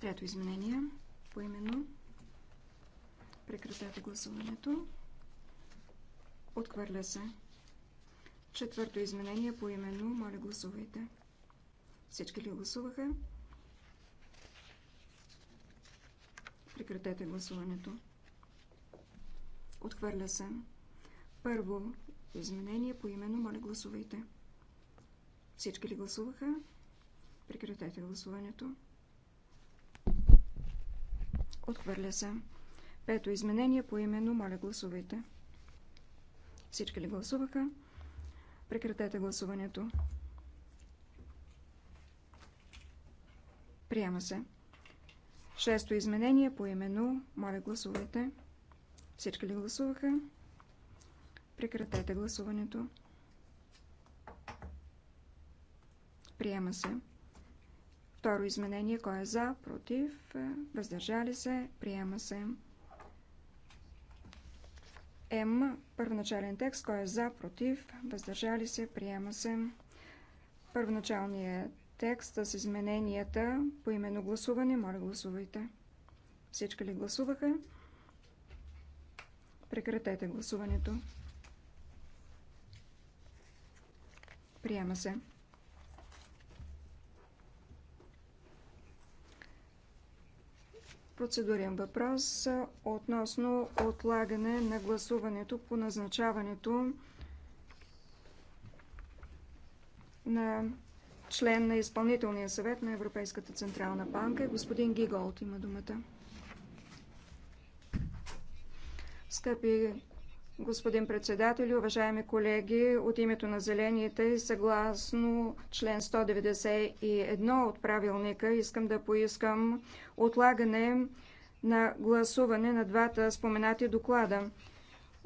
Трето изменение поименно. Прекратете гласуването. Отхвърля се. Четвърто изменение по Моля гласувайте. Всички ли гласуваха? Прекратете гласуването. Отхвърля се. Първо изменение по Моля гласувайте. Всички ли гласуваха? Прекратете гласуването. Отхвърля се. Пето изменение по именно. Моля, гласувайте. Всички ли гласуваха? Прекратете гласуването. Приема се. Шесто изменение по именно. Моля, гласувайте. Всички ли гласуваха? Прекратете гласуването. Приема се. Второ изменение. Кой е за? Против? Е, въздържали се? Приема се. М. Първоначален текст. Кой е за? Против? Въздържали се? Приема се. Първоначалният текст с измененията по именно гласуване. Моля, гласувайте. Всички ли гласуваха? Прекратете гласуването. Приема се. Процедурен въпрос относно отлагане на гласуването по назначаването на член на изпълнителния съвет на Европейската централна банка. Господин Гиголт има думата. Скъпи Господин председател, уважаеми колеги, от името на Зелените, съгласно член 191 от правилника, искам да поискам отлагане на гласуване на двата споменати доклада.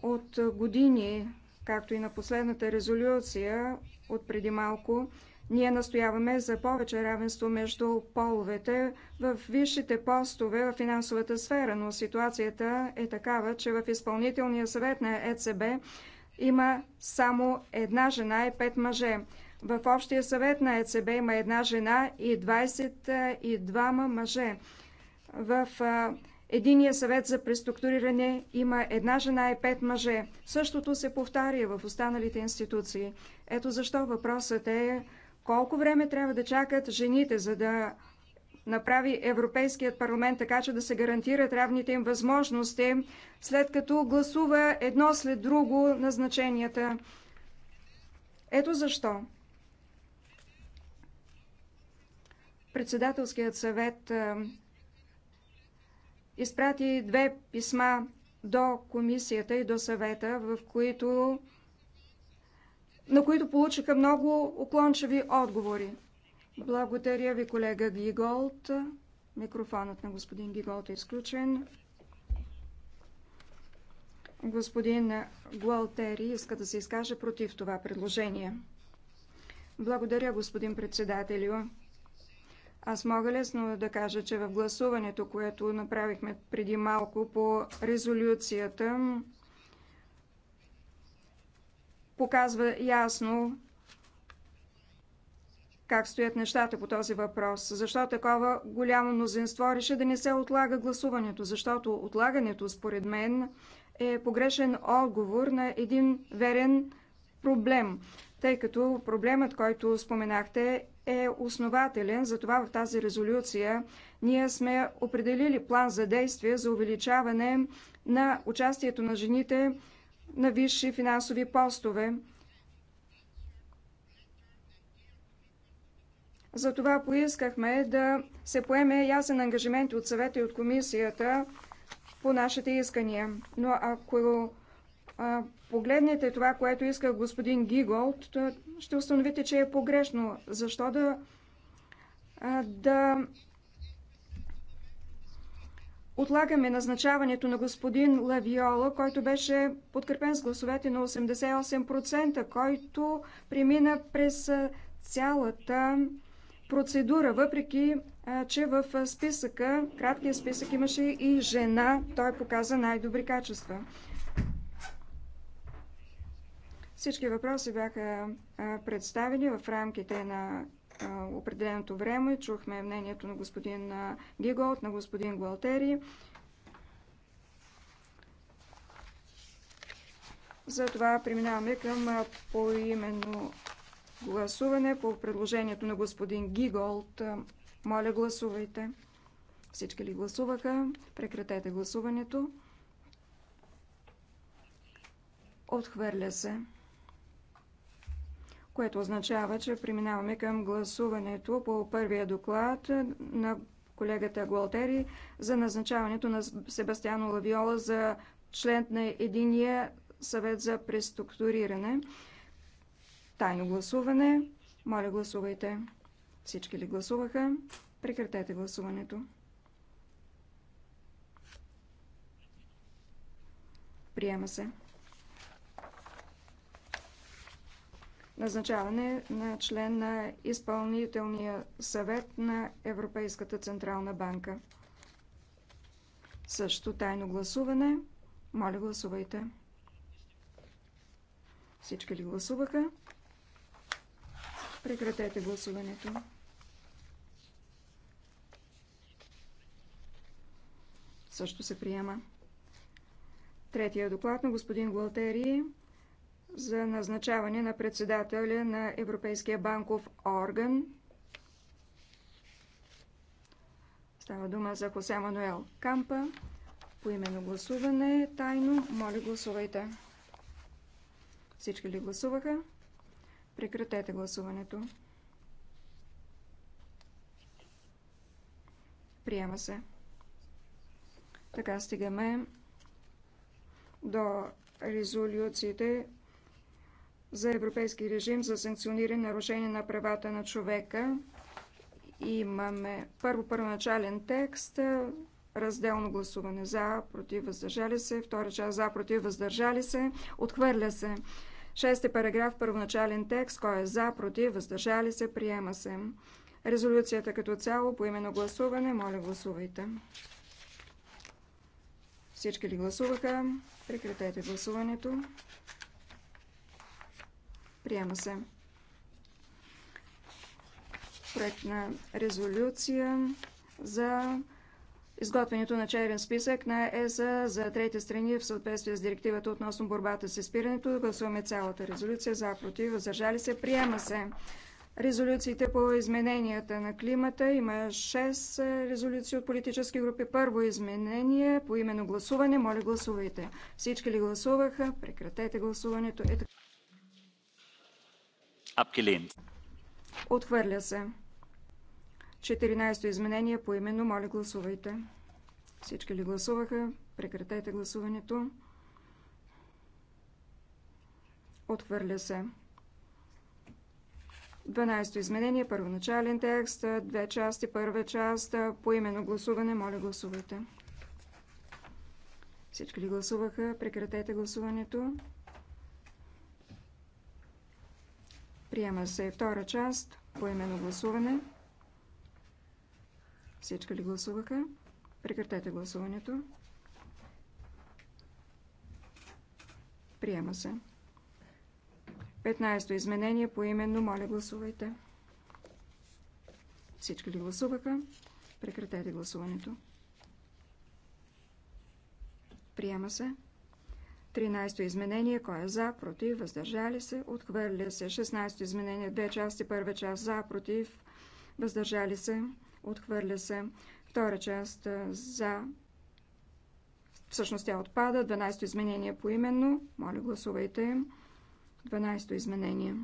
От години, както и на последната резолюция от преди малко, ние настояваме за повече равенство между половете в висшите постове в финансовата сфера, но ситуацията е такава, че в изпълнителния съвет на ЕЦБ има само една жена и пет мъже. В общия съвет на ЕЦБ има една жена и 22 мъже. В Единия съвет за преструктуриране има една жена и пет мъже. Същото се повтаря в останалите институции. Ето защо въпросът е колко време трябва да чакат жените, за да направи Европейският парламент така, че да се гарантират равните им възможности, след като гласува едно след друго назначенията. Ето защо. Председателският съвет изпрати две писма до комисията и до съвета, в които на които получиха много уклончеви отговори. Благодаря ви, колега Гиголт. Микрофонът на господин Гиголт е изключен. Господин Гуалтери иска да се изкаже против това предложение. Благодаря, господин председателю. Аз мога лесно да кажа, че в гласуването, което направихме преди малко по резолюцията показва ясно как стоят нещата по този въпрос. Защо такова голямо мнозинство реши да не се отлага гласуването? Защото отлагането, според мен, е погрешен отговор на един верен проблем, тъй като проблемът, който споменахте, е основателен. Затова в тази резолюция ние сме определили план за действие за увеличаване на участието на жените на висши финансови постове. Затова поискахме да се поеме ясен ангажимент от съвета и от комисията по нашите искания. Но ако а, погледнете това, което иска господин Гиголд, ще установите, че е погрешно. Защо да, а, да отлагаме назначаването на господин Лавиола, който беше подкрепен с гласовете на 88%, който премина през цялата процедура, въпреки че в списъка, краткия списък имаше и жена, той показа най-добри качества. Всички въпроси бяха представени в рамките на определеното време. Чухме мнението на господин Гиголт, на господин Гуалтери. Затова преминаваме към поименно гласуване по предложението на господин Гиголт. Моля, гласувайте. Всички ли гласуваха? Прекратете гласуването. Отхвърля се което означава, че преминаваме към гласуването по първия доклад на колегата Гуалтери за назначаването на Себастьяно Лавиола за член на единия съвет за преструктуриране. Тайно гласуване. Моля, гласувайте. Всички ли гласуваха? Прекратете гласуването. Приема се. назначаване на член на изпълнителния съвет на Европейската централна банка. Също тайно гласуване. Моля, гласувайте. Всички ли гласуваха? Прекратете гласуването. Също се приема. Третия доклад на господин Гуалтери за назначаване на председателя на Европейския банков орган. Става дума за Хосе Мануел Кампа. По имено гласуване тайно. Моля, гласувайте. Всички ли гласуваха? Прекратете гласуването. Приема се. Така стигаме до резолюциите за европейски режим за санкциониране нарушение на правата на човека. Имаме първо първоначален текст, разделно гласуване за, против, въздържали се, втора част за, против, въздържали се, отхвърля се. Шести параграф, първоначален текст, кой е за, против, въздържали се, приема се. Резолюцията като цяло по именно гласуване, моля гласувайте. Всички ли гласуваха? Прекратете гласуването. Приема се. Проект на резолюция за изготвянето на черен списък на ЕСА за трети страни в съответствие с директивата относно борбата с изпирането. Гласуваме цялата резолюция за против, въздържали се, приема се. Резолюциите по измененията на климата има 6 резолюции от политически групи. Първо изменение по именно гласуване. Моля гласувайте. Всички ли гласуваха? Прекратете гласуването. Ето. Abgelehnt. Отхвърля се. 14-то изменение по именно. Моля, гласувайте. Всички ли гласуваха? Прекратете гласуването. Отхвърля се. 12-то изменение, първоначален текст, две части, първа част, по именно гласуване, моля гласувайте. Всички ли гласуваха? Прекратете гласуването. Приема се втора част по именно гласуване. Всички ли гласуваха? Прекратете гласуването. Приема се. 15-то изменение по именно. Моля, гласувайте. Всички ли гласуваха? Прекратете гласуването. Приема се. 13-то изменение, кой е за, против, въздържали се, отхвърля се. 16-то изменение, две части, първа част за, против, въздържали се, отхвърля се. Втора част за, всъщност тя отпада. 12-то изменение поименно, моля гласувайте. 12-то изменение.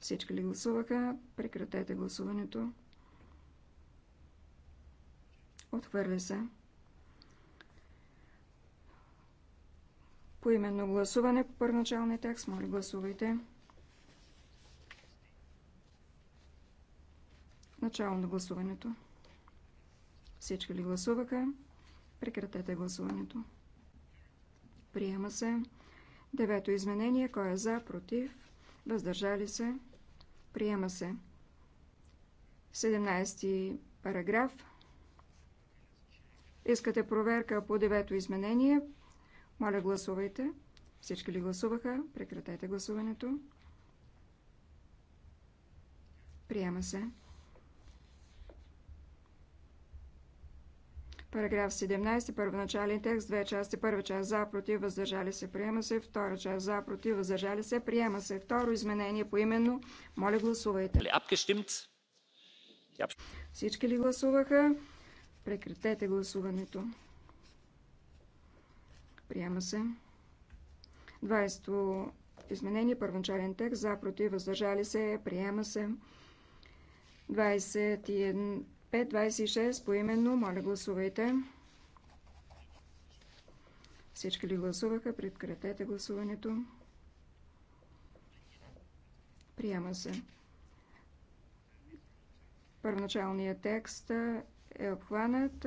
Всички ли гласуваха? Прекратете гласуването. Отхвърля се. По именно гласуване по първоначалния текст. Моля, гласувайте. Начало на гласуването. Всички ли гласуваха? Прекратете гласуването. Приема се. Девето изменение. Кой е за, против, въздържали се? Приема се. 17 параграф. Искате проверка по девето изменение. Моля, гласувайте. Всички ли гласуваха? Прекратете гласуването. Приема се. Параграф 17. Първоначален текст. Две части. Първа част за, против, въздържали се. Приема се. Втора част за, против, въздържали се. Приема се. Второ изменение по именно. Моля, гласувайте. Всички ли гласуваха? Прекратете гласуването. Приема се. 20 изменение, първоначален текст, за, против, въздържали се, приема се. 25-26 поименно, моля гласувайте. Всички ли гласуваха? предкратете гласуването. Приема се. Първоначалният текст е обхванат.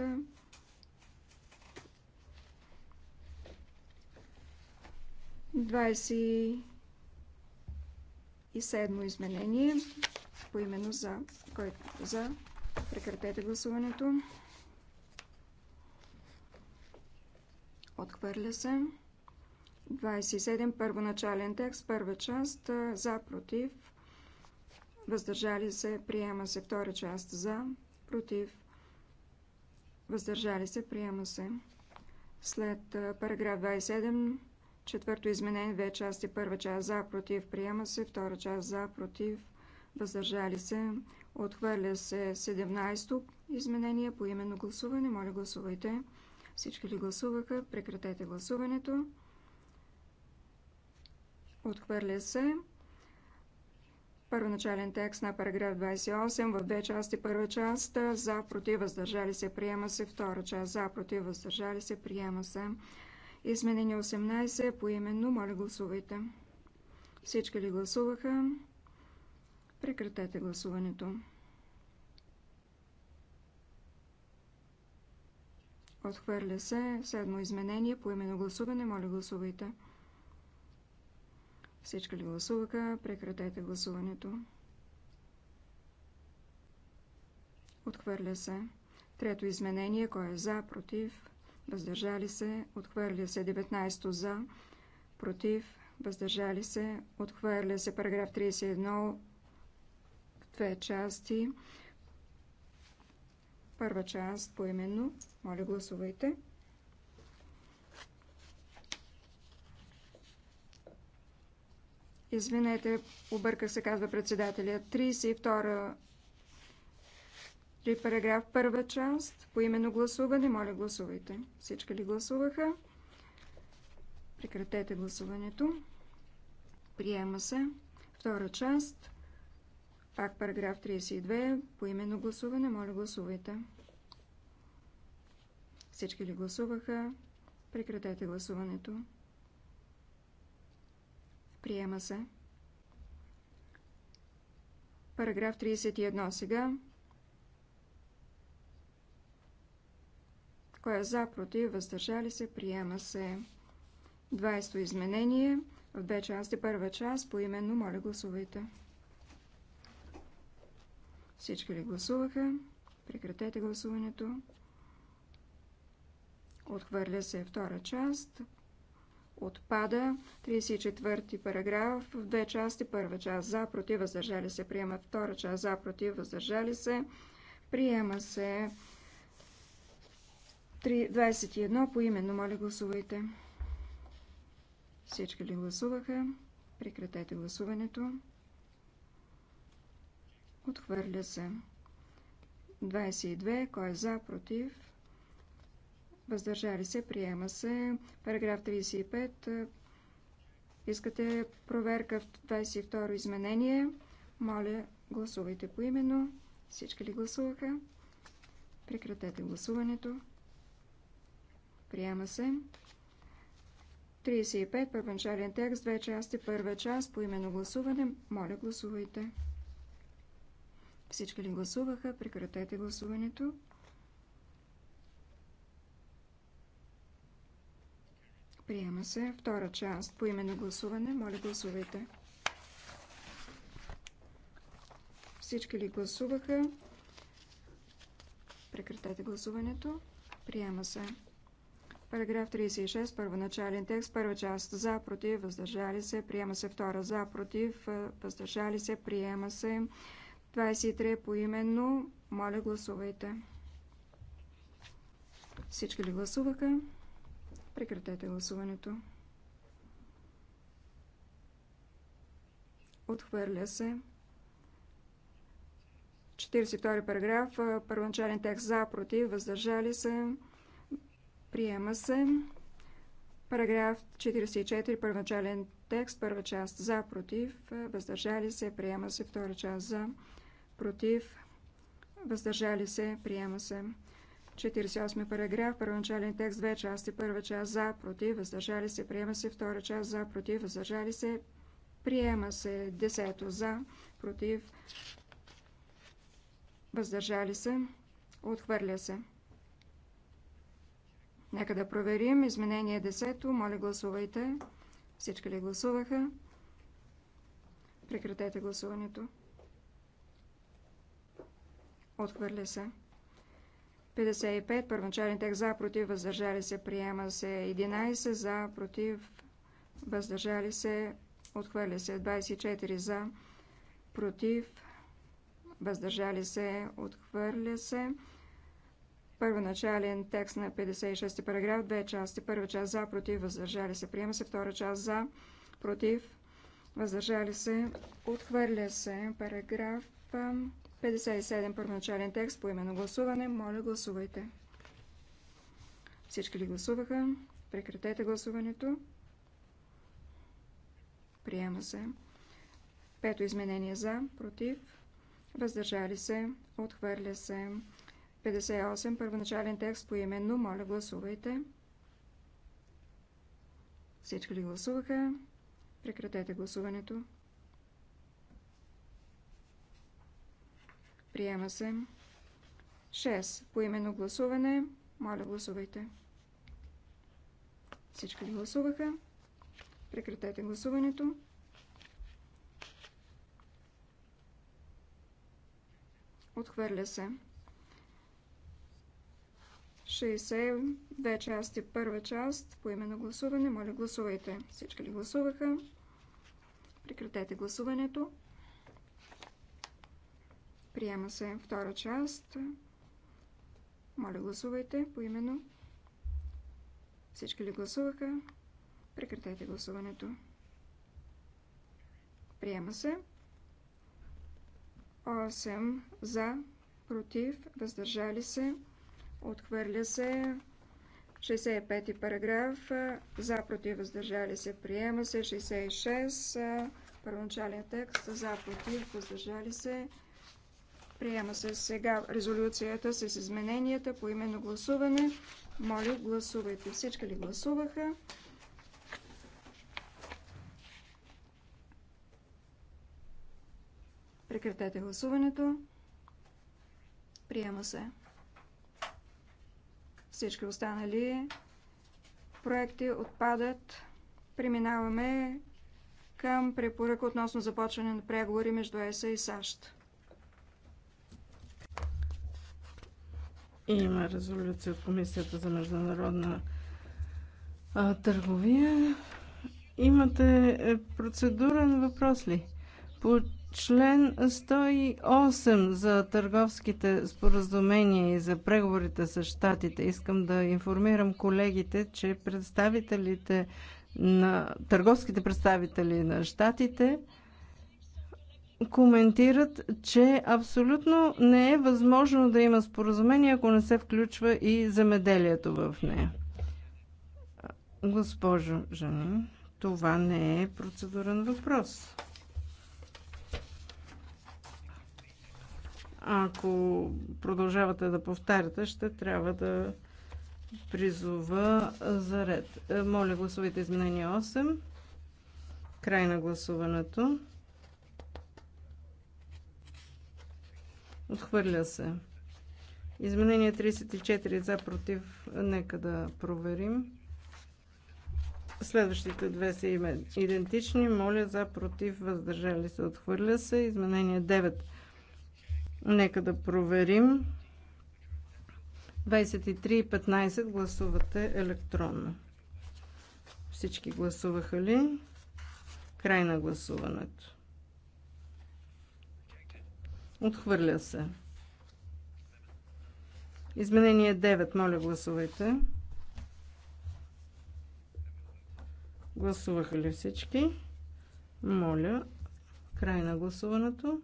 27 изменение по именно за, кой, за прекратете гласуването. Отхвърля се. 27 първоначален текст, първа част, за, против, въздържали се, приема се, втора част, за, против, въздържали се, приема се. След параграф 27 Четвърто изменение, две части. Първа част за, против, приема се. Втора част за, против, въздържали се. Отхвърля се 17-то изменение по именно гласуване. Моля, гласувайте. Всички ли гласуваха? Прекратете гласуването. Отхвърля се. Първоначален текст на параграф 28 в две части. Първа част за, против, въздържали се, приема се. Втора част за, против, въздържали се, приема се. Изменение 18 по именно. Моля гласувайте. Всички ли гласуваха? Прекратете гласуването. Отхвърля се. Седмо изменение по именно гласуване. Моля гласувайте. Всички ли гласуваха? Прекратете гласуването. Отхвърля се. Трето изменение. Кой е за? Против? въздържали се, отхвърля се 19 за, против, въздържали се, отхвърля се параграф 31 в две части. Първа част поименно. Моля, гласувайте. Извинете, обърках се, казва председателя. 32 при параграф първа част, по именно гласуване, моля гласувайте. Всички ли гласуваха? Прекратете гласуването. Приема се. Втора част, пак параграф 32, по именно гласуване, моля гласувайте. Всички ли гласуваха? Прекратете гласуването. Приема се. Параграф 31 сега. Кой е за, против, въздържали се, приема се. 20-то изменение в две части. Първа част по именно моля гласувайте. Всички ли гласуваха? Прекратете гласуването. Отхвърля се втора част. Отпада 34-ти параграф в две части. Първа част за, против, въздържали се, приема. Втора част за, против, въздържали се, приема се. 21 по именно, моля гласувайте. Всички ли гласуваха? Прекратете гласуването. Отхвърля се. 22. Кой е за, против? Въздържали се, приема се. Параграф 35. Искате проверка в 22 изменение. Моля, гласувайте по именно. Всички ли гласуваха? Прекратете гласуването. Приема се. 35. първенчален текст. Две части. Първа част. По именно гласуване. Моля, гласувайте. Всички ли гласуваха? Прекратете гласуването. Приема се. Втора част. По именно гласуване. Моля, гласувайте. Всички ли гласуваха? Прекратете гласуването. Приема се. Параграф 36, първоначален текст, първа част за, против, въздържали се, приема се, втора за, против, въздържали се, приема се. 23 поименно, моля гласувайте. Всички ли гласуваха? Прекратете гласуването. Отхвърля се. 42 параграф, първоначален текст за, против, въздържали се. Приема се. Параграф 44, първоначален текст, първа част за, против, въздържали се, приема се, втора част за, против, въздържали се, приема се. 48 параграф, първоначален текст, две части, първа част за, против, въздържали се, приема се, втора част за, против, въздържали се, приема се, десето за, против, въздържали се, отхвърля се. Нека да проверим. Изменение 10. Моля, гласувайте. Всички ли гласуваха? Прекратете гласуването. Отхвърля се. 55. Първоначален текст за, против, въздържали се, приема се. 11. За, против, въздържали се, отхвърля се. 24. За, против, въздържали се, отхвърля се. Първоначален текст на 56 параграф, две части. Първа част за, против, въздържали се. Приема се. Втора част за, против, въздържали се. Отхвърля се параграф 57, първоначален текст по именно гласуване. Моля, гласувайте. Всички ли гласуваха? Прекратете гласуването. Приема се. Пето изменение за, против, въздържали се, отхвърля се. 58. Първоначален текст по именно. Моля, гласувайте. Всички ли гласуваха? Прекратете гласуването. Приема се. 6. По именно гласуване. Моля, гласувайте. Всички ли гласуваха? Прекратете гласуването. Отхвърля се. 60, две части, първа част, по име на гласуване. Моля, гласувайте. Всички ли гласуваха? Прекратете гласуването. Приема се втора част. Моля, гласувайте по именно. Всички ли гласуваха? Прекратете гласуването. Приема се. 8 за, против, въздържали се. Отхвърля се 65 параграф. За, против, въздържали се. Приема се 66. Първоначален текст. За, против, въздържали се. Приема се сега резолюцията с измененията по именно гласуване. Моля, гласувайте. Всички ли гласуваха? Прекратете гласуването. Приема се. Всички останали проекти отпадат. Преминаваме към препоръка относно започване на преговори между ЕСА и САЩ. Има резолюция от Комисията за международна а, търговия. Имате е, процедурен въпрос ли? По Член 108 за търговските споразумения и за преговорите с щатите. Искам да информирам колегите, че представителите на търговските представители на щатите коментират, че абсолютно не е възможно да има споразумение, ако не се включва и земеделието в нея. Госпожо Жени, това не е процедурен въпрос. Ако продължавате да повтаряте, ще трябва да призова за ред. Е, моля, гласувайте изменение 8. Край на гласуването. Отхвърля се. Изменение 34 за против. Нека да проверим. Следващите две са идентични. Моля за против. Въздържали се. Отхвърля се. Изменение 9 Нека да проверим. 23 15 гласувате електронно. Всички гласуваха ли? Край на гласуването. Отхвърля се. Изменение 9. Моля, гласувайте. Гласуваха ли всички? Моля, край на гласуването.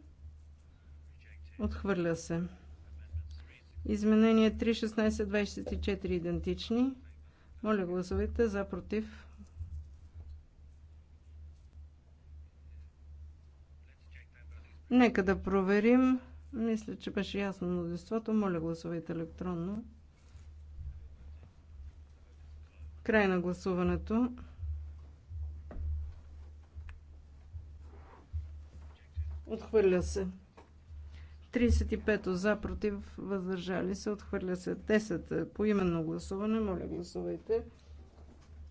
Отхвърля се. Изменения 31624 идентични. Моля гласовете за против. Нека да проверим. Мисля, че беше ясно мнозинството. Моля гласовете електронно. Край на гласуването. Отхвърля се. 35 за, против, въздържали се, отхвърля се 10 е, по именно гласуване. Моля, гласувайте.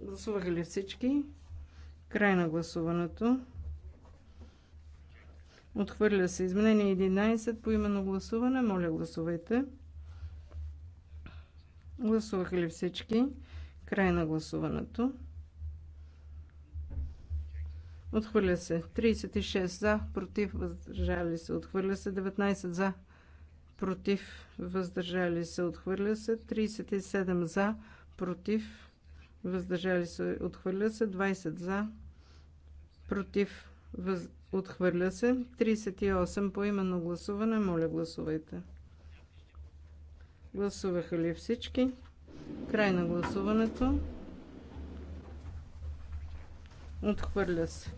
Гласуваха ли всички? Край на гласуването. Отхвърля се изменение 11 по именно гласуване. Моля, гласувайте. Гласуваха ли всички? Край на гласуването. Отхвърля се 36 за, против, въздържали се. Отхвърля се 19 за, против, въздържали се. Отхвърля се 37 за, против, въздържали се. Отхвърля се 20 за, против, въз... отхвърля се 38 по именно гласуване. Моля, гласувайте. Гласуваха ли всички? Край на гласуването. Отхвърля се.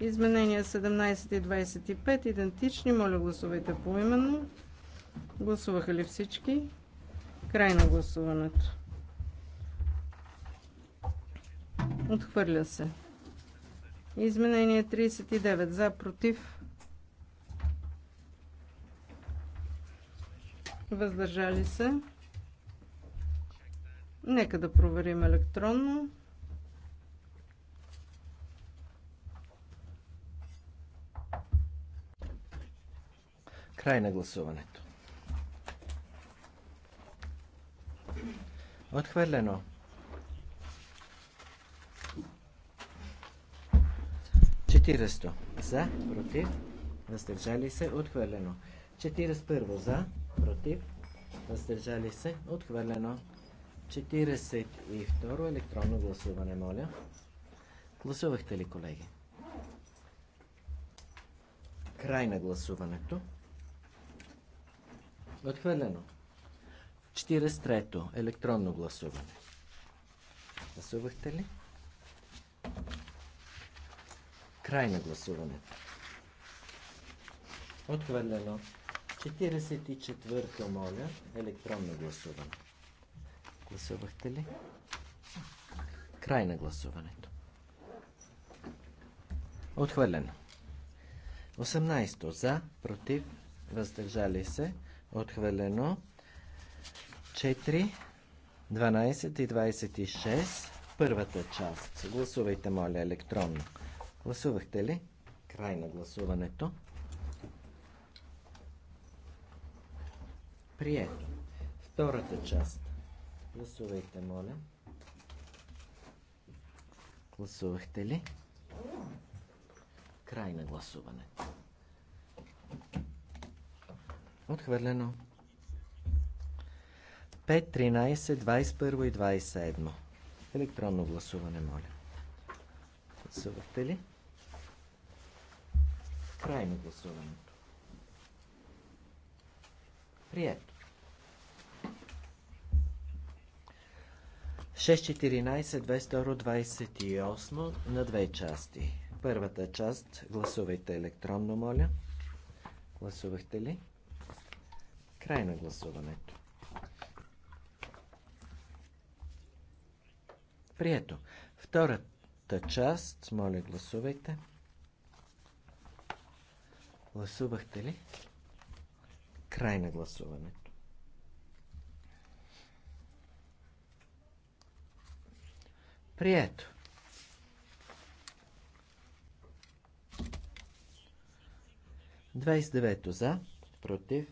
Изменения 17 и 25 идентични. Моля гласувайте поименно. Гласуваха ли всички? Край на гласуването. Отхвърля се. Изменение 39. За, против. Въздържали се. Нека да проверим електронно. Край на гласуването. Отхвърлено. Четиристо. За, против, въздържали се, отхвърлено. 41 за, против, въздържали се, отхвърлено. и второ електронно гласуване, моля. Гласувахте ли, колеги? Край на гласуването. Отхвърлено. 43-то. Електронно гласуване. Гласувахте ли? Край на гласуването. Отхвърлено. 44-то, моля, електронно гласуване. Гласувахте ли? Край на гласуването. Отхвърлено. 18 за, против, въздържали се. Отхвърлено. 4, 12 и 26. Първата част. Гласувайте, моля, електронно. Гласувахте ли? Край на гласуването. Прието. Втората част. Гласувайте, моля. Гласувахте ли? Край на гласуването. Отхвърлено. 5, 13, 21 и 27. Електронно гласуване, моля. Гласувахте ли? Крайно гласуването. Прието. 28 на две части. Първата част гласувайте електронно, моля. Гласувахте ли? Край на гласуването. Прието. Втората част, моля гласувайте. Гласувахте ли? Край на гласуването. Прието. Двадесет девето за, против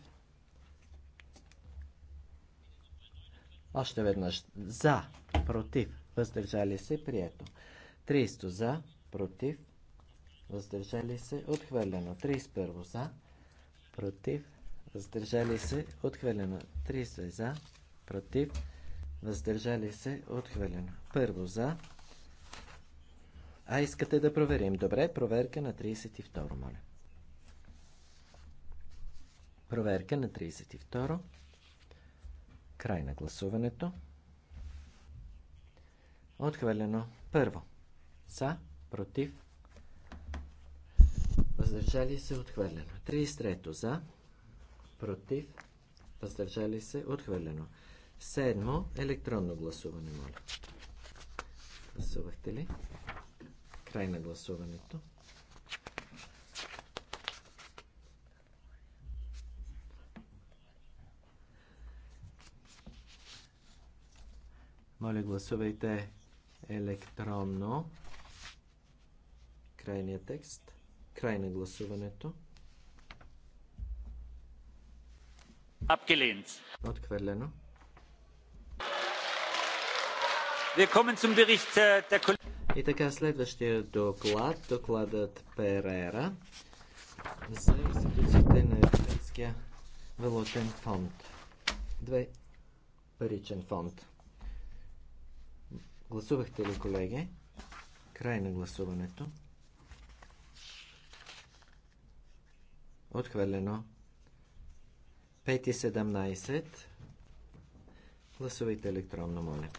Още веднъж. За, против, въздържали се, прието. 30 за, против, въздържали се, отхвърлено. 31 за, против, въздържали се, отхвърлено. 30 за, против, въздържали се, отхвърлено. Първо за. А искате да проверим. Добре, проверка на 32, моля. Проверка на 32. Край на гласуването. Отхвърлено. Първо. За, против, въздържали се, отхвърлено. 33. За, против, въздържали се, отхвърлено. Седмо, електронно гласуване, моля. Гласувахте ли? Край на гласуването. Моля, гласувайте електронно. Крайния текст. Край на гласуването. Abgelehnt. Отхвърлено. Äh, И така, следващия доклад, докладът Перера за институциите на Европейския валутен фонд. Две паричен фонд. Гласувахте ли, колеги? Край на гласуването. Отхвърлено. 5.17. Гласувайте електронно, моля.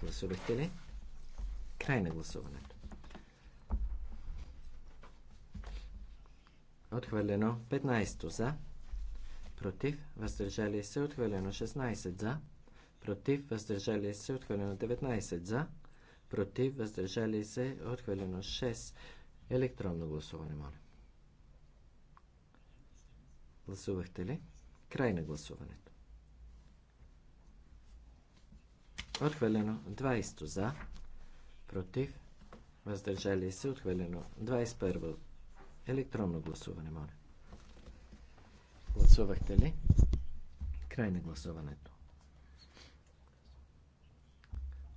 Гласувахте ли? Край на гласуването. Отхвърлено 15 за. Против. Въздържали се. Отхвърлено 16 за против, въздържали се, отхвърлено 19 за, против, въздържали се, отхвърлено 6. Електронно гласуване, моля. Гласувахте ли? Край на гласуването. Отхвърлено 20 за, против, въздържали се, отхвърлено 21. Електронно гласуване, моля. Гласувахте ли? Край на гласуването.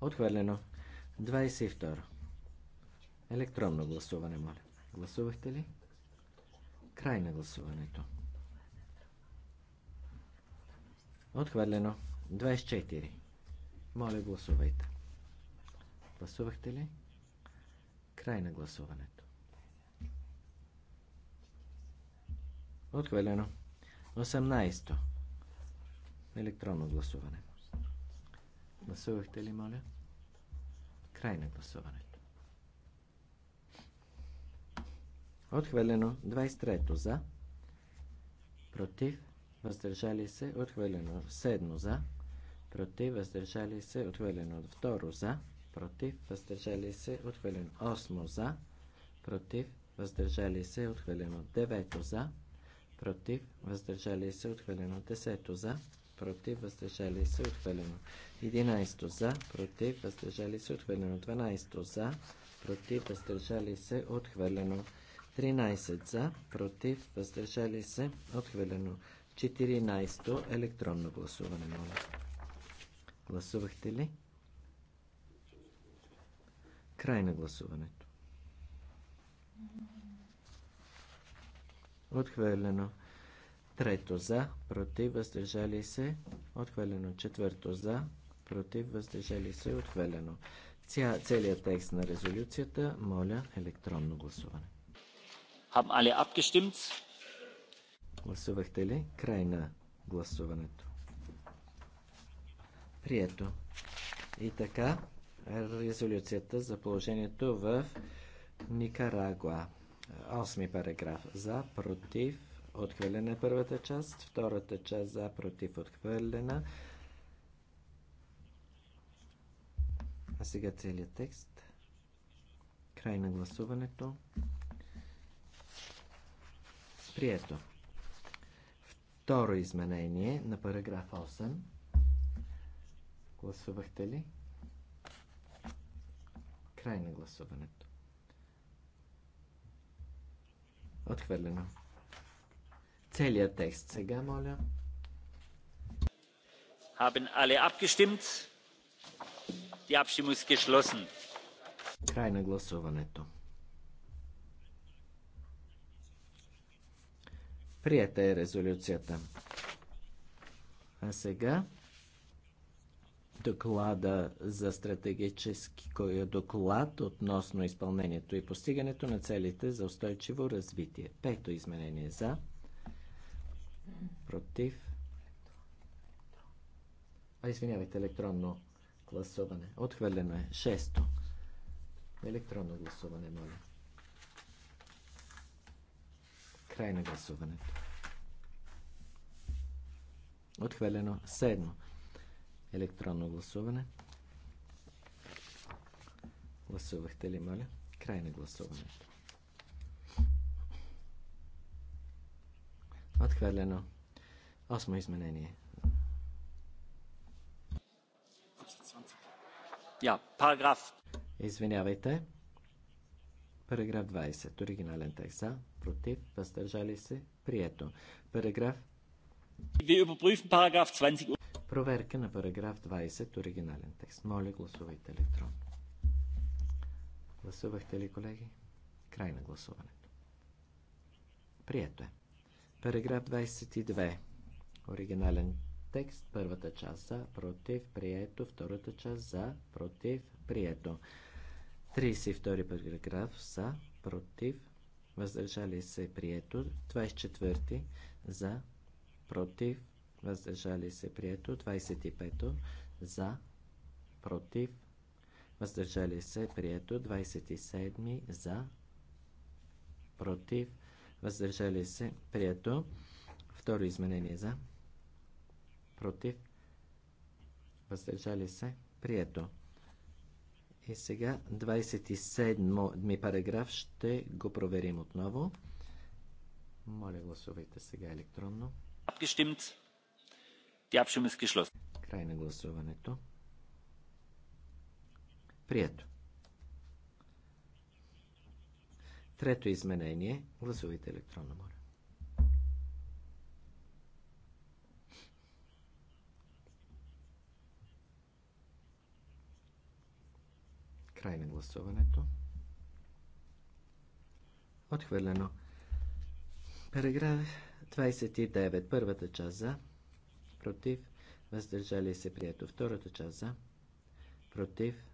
Отхвърлено. 22. Електронно гласуване, моля. Гласувахте ли? Край на гласуването. Отхвърлено. 24. Моля, гласувайте. Гласувахте ли? Край на гласуването. Отхвърлено. 18. Електронно гласуване. Гласувахте ли, моля? Край на гласуването. Отхвърлено 23 то за. Против. Въздържали се. Отхвърлено 7 за. Против. Въздържали се. Отхвърлено 2 за. Против. Въздържали се. Отхвърлено 8 за. Против. Въздържали се. Отхвърлено 9 за. Против. Въздържали се. Отхвърлено 10 за против, въздържали се, отхвърлено. 11 за, против, въздържали се, отхвърлено. 12 за, против, въздържали се, отхвърлено. 13 за, против, въздържали се, отхвърлено. 14 електронно гласуване, моля. Гласувахте ли? Край на гласуването. Отхвърлено. Трето за, против, въздържали се, отхвърлено. Четвърто за, против, въздържали се, отхвърлено. Ця, целият текст на резолюцията, моля, електронно гласуване. Haben alle abgestimmt? Гласувахте ли? Край на гласуването. Прието. И така, резолюцията за положението в Никарагуа. Осми параграф. За, против, Отхвърлена е първата част, втората част за, против, отхвърлена. А сега целият текст. Край на гласуването. Прието. Второ изменение на параграф 8. Гласувахте ли? Край на гласуването. Отхвърлено целият текст сега, моля. Haben alle abgestimmt? Die Abstimmung ist geschlossen. Край на гласуването. Прията е резолюцията. А сега доклада за стратегически е доклад относно изпълнението и постигането на целите за устойчиво развитие. Пето изменение за против. А, извинявайте, електронно гласуване. Отхвърлено е. Шесто. Електронно гласуване, моля. Край на гласуването. Отхвърлено. Седмо. Електронно гласуване. Гласувахте ли, моля? Край на гласуването. Отхвърлено. Осмо изменение. Я, параграф. Извинявайте. Параграф 20. Оригинален текст за, против, въздържали се, прието. Параграф. параграф 20. Проверка на параграф 20. Оригинален текст. Моля, гласувайте електронно. Гласувахте ли, колеги? Край на гласуването. Прието е. Параграф 22. Оригинален текст, първата част за, против, прието, втората част за, против, прието. 32 параграф за, против, въздържали се, прието. 24 за, против, въздържали се, прието. 25 за, против, въздържали се, прието. 27 за, против, въздържали се, прието. Второ изменение за, против, въздържали се, прието. И сега 27 ми параграф ще го проверим отново. Моля, гласувайте сега електронно. Abgestimmt. Die Abstimmung Край на гласуването. Прието. Трето изменение. Гласувайте електронно, моля. Край на гласуването. Отхвърлено. Параграф 29. Първата част за. Против. Въздържали се. Прието. Втората част за. Против.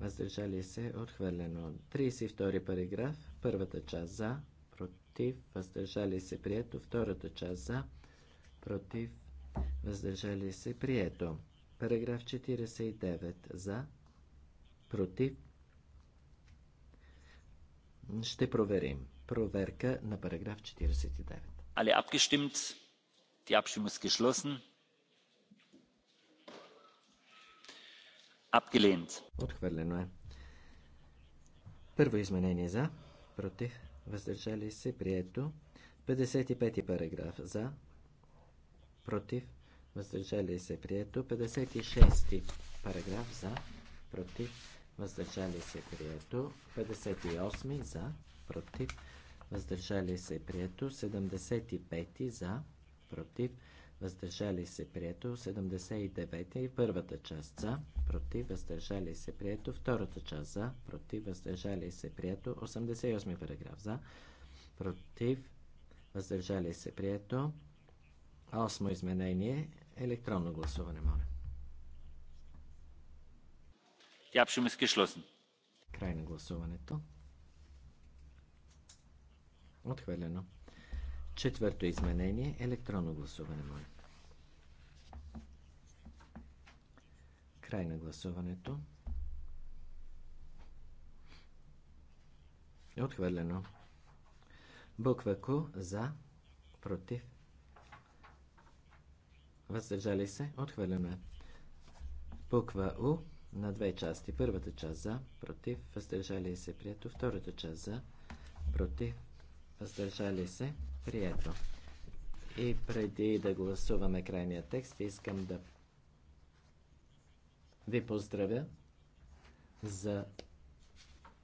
Въздържали се. Отхвърлено. 32 параграф. Първата част за. Против. Въздържали се. Прието. Втората част за. Против. Въздържали се. Прието. Параграф 49. За против. Ще проверим. Проверка на параграф 49. Але abgestimmt. Die Abstimmung ist geschlossen. Abgelehnt. Отхвърлено е. Първо изменение за, против, въздържали се, прието. 55 параграф за, против, въздържали се, прието. 56 параграф за, против, въздържали се прието, 58 за, против, въздържали се прието, 75 за, против, въздържали се прието, 79 и първата част за, против, въздържали се прието, втората част за, против, въздържали се прието, 88 параграф за, против, въздържали се прието, 8 изменение, електронно гласуване, моля. Die Abstimmung ist geschlossen. Край на гласуването. Отхвърлено. Четвърто изменение. Електронно гласуване, моля. Край на гласуването. Отхвърлено. Буква Q за, против, въздържали се, отхвърлено е. Буква У на две части. Първата част за, против, въздържали се, прието. Втората част за, против, въздържали се, прието. И преди да гласуваме крайния текст, искам да ви поздравя за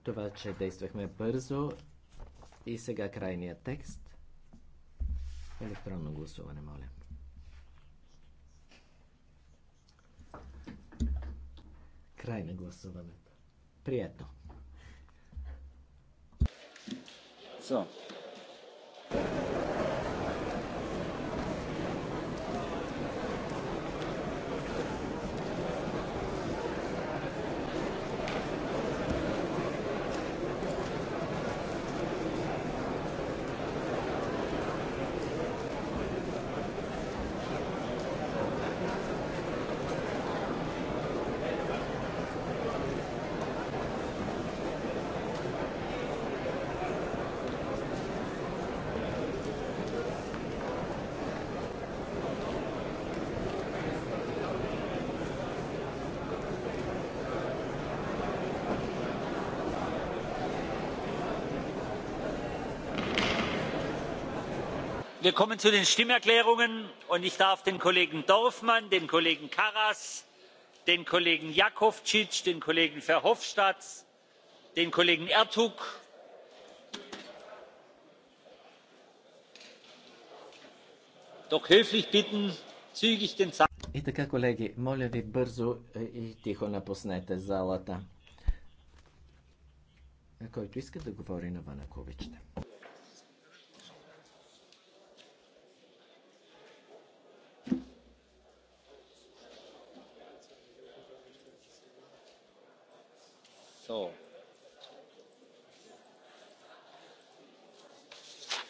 това, че действахме бързо и сега крайния текст. Електронно гласуване, моля. Край на гласуването. Приятно. So. wir kommen zu den stimmerklärungen und ich darf den kollegen dorfmann den kollegen karas den kollegen jakovi den kollegen verhofstadt den kollegen ertug doch höflich bitten zügig den saal. И така, колеги, моля ви бързо и тихо напуснете залата. Който иска да говори навън, ако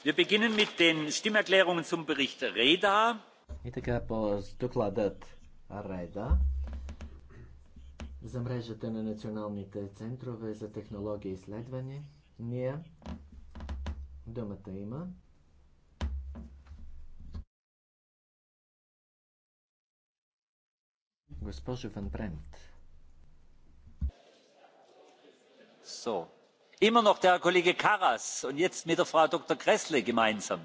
И така zum bericht reda. за мрежата на националните центрове за технологии и изследвания. Ние думата има. Госпожо Ван Брент. das so? immer noch der kollege karas und jetzt mit der frau dr. gräßle gemeinsam.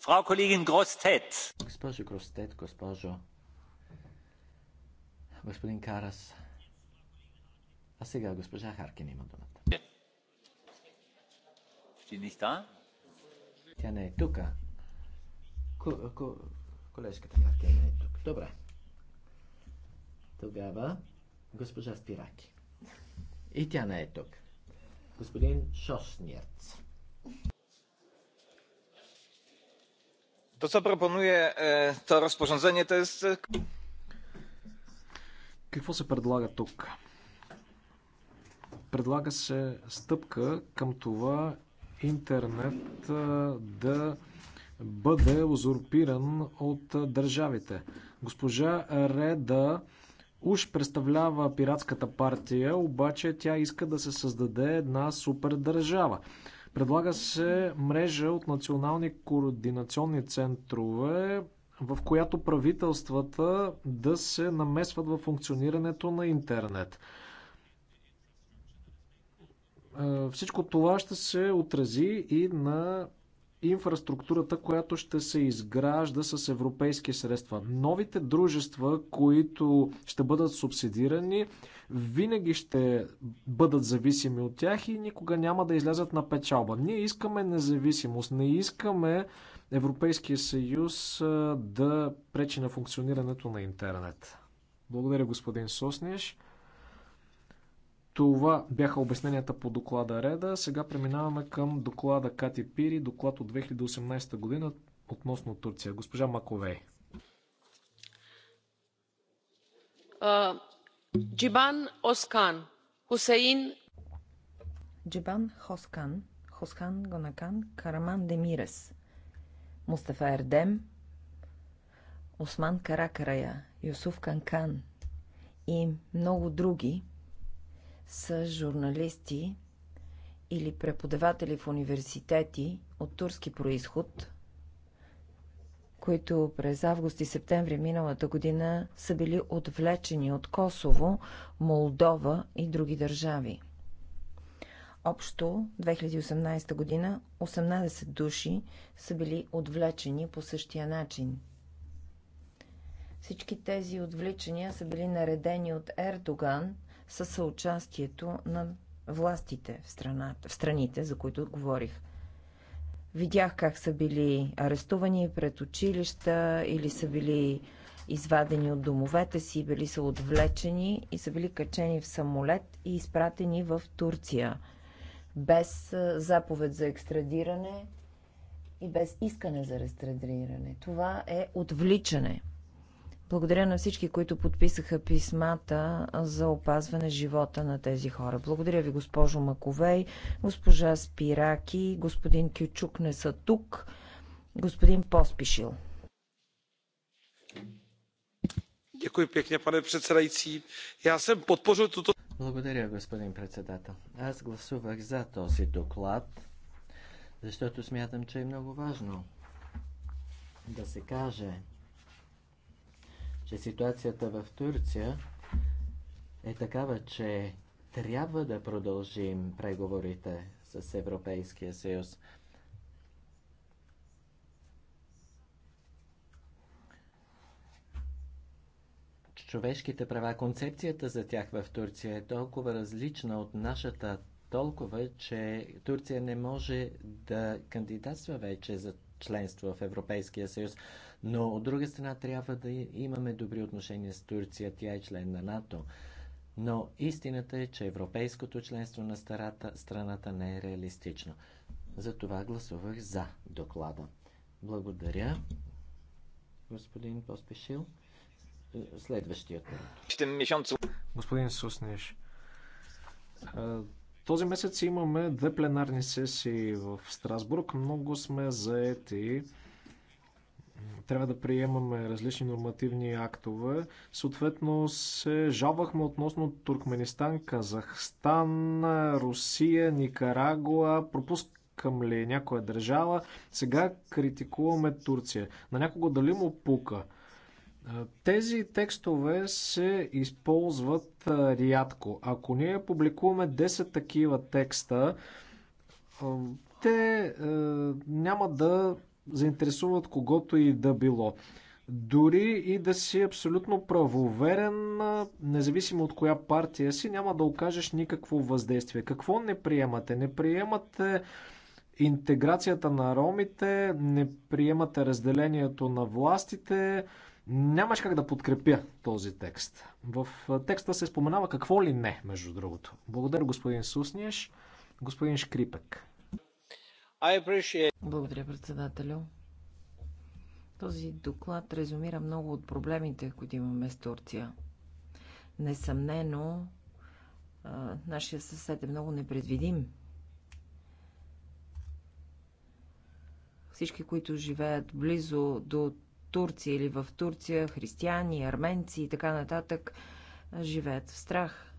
frau kollegin grossette. госпожо Гростет, госпожо господин Карас. А сега госпожа Харкин има думата. Тя не е тук. Колежката Харкин не е тук. Добре. Тогава Госпожа Спираки. И тя не е тук. Господин Шошнирц. То, co пропонуе е, то rozporządzenie, to е Какво се предлага тук? Предлага се стъпка към това интернет е, да бъде узурпиран от държавите. Госпожа Реда уж представлява пиратската партия, обаче тя иска да се създаде една супер държава. Предлага се мрежа от национални координационни центрове, в която правителствата да се намесват в функционирането на интернет. Е, всичко това ще се отрази и на инфраструктурата, която ще се изгражда с европейски средства. Новите дружества, които ще бъдат субсидирани, винаги ще бъдат зависими от тях и никога няма да излязат на печалба. Ние искаме независимост, не искаме Европейския съюз да пречи на функционирането на интернет. Благодаря, господин Сосниш. Това бяха обясненията по доклада Реда. Сега преминаваме към доклада Кати Пири, доклад от 2018 година относно Турция. Госпожа Маковей. Джибан Оскан, Хусейн. Джибан Хоскан, Хосхан Гонакан, Караман Демирес, Мустафа Ердем, Осман Каракарая, Юсуф Канкан и много други – са журналисти или преподаватели в университети от турски происход, които през август и септември миналата година са били отвлечени от Косово, Молдова и други държави. Общо 2018 година 18 души са били отвлечени по същия начин. Всички тези отвличания са били наредени от Ердоган – със съучастието на властите в, страната, в страните, за които говорих. Видях как са били арестувани пред училища или са били извадени от домовете си, били са отвлечени и са били качени в самолет и изпратени в Турция без заповед за екстрадиране и без искане за рестрадиране. Това е отвличане. Благодаря на всички, които подписаха писмата за опазване живота на тези хора. Благодаря ви, госпожо Маковей, госпожа Спираки, господин Кючук не са тук, господин Поспишил. Děkuji pěkně, pane předsedající. Já jsem podpořil tuto... Благодаря, господин председател. Аз гласувах за този доклад, защото смятам, че е много важно да се каже, че ситуацията в Турция е такава, че трябва да продължим преговорите с Европейския съюз. човешките права, концепцията за тях в Турция е толкова различна от нашата, толкова, че Турция не може да кандидатства вече за членство в Европейския съюз. Но от друга страна трябва да имаме добри отношения с Турция, тя е член на НАТО. Но истината е, че европейското членство на старата, страната не е реалистично. Затова гласувах за доклада. Благодаря, господин Поспешил. Следващият. Господин Суснеш, този месец имаме две пленарни сесии в Страсбург. Много сме заети трябва да приемаме различни нормативни актове. Съответно се жалвахме относно Туркменистан, Казахстан, Русия, Никарагуа. Пропускам ли някоя държава? Сега критикуваме Турция. На някого дали му пука? Тези текстове се използват рядко. Ако ние публикуваме 10 такива текста, те няма да заинтересуват когото и да било. Дори и да си абсолютно правоверен, независимо от коя партия си, няма да окажеш никакво въздействие. Какво не приемате? Не приемате интеграцията на ромите, не приемате разделението на властите. Нямаш как да подкрепя този текст. В текста се споменава какво ли не, между другото. Благодаря, господин Сусниеш. Господин Шкрипек. Благодаря, председателю. Този доклад резюмира много от проблемите, които имаме с Турция. Несъмнено, нашия съсед е много непредвидим. Всички, които живеят близо до Турция или в Турция, християни, арменци и така нататък, живеят в страх.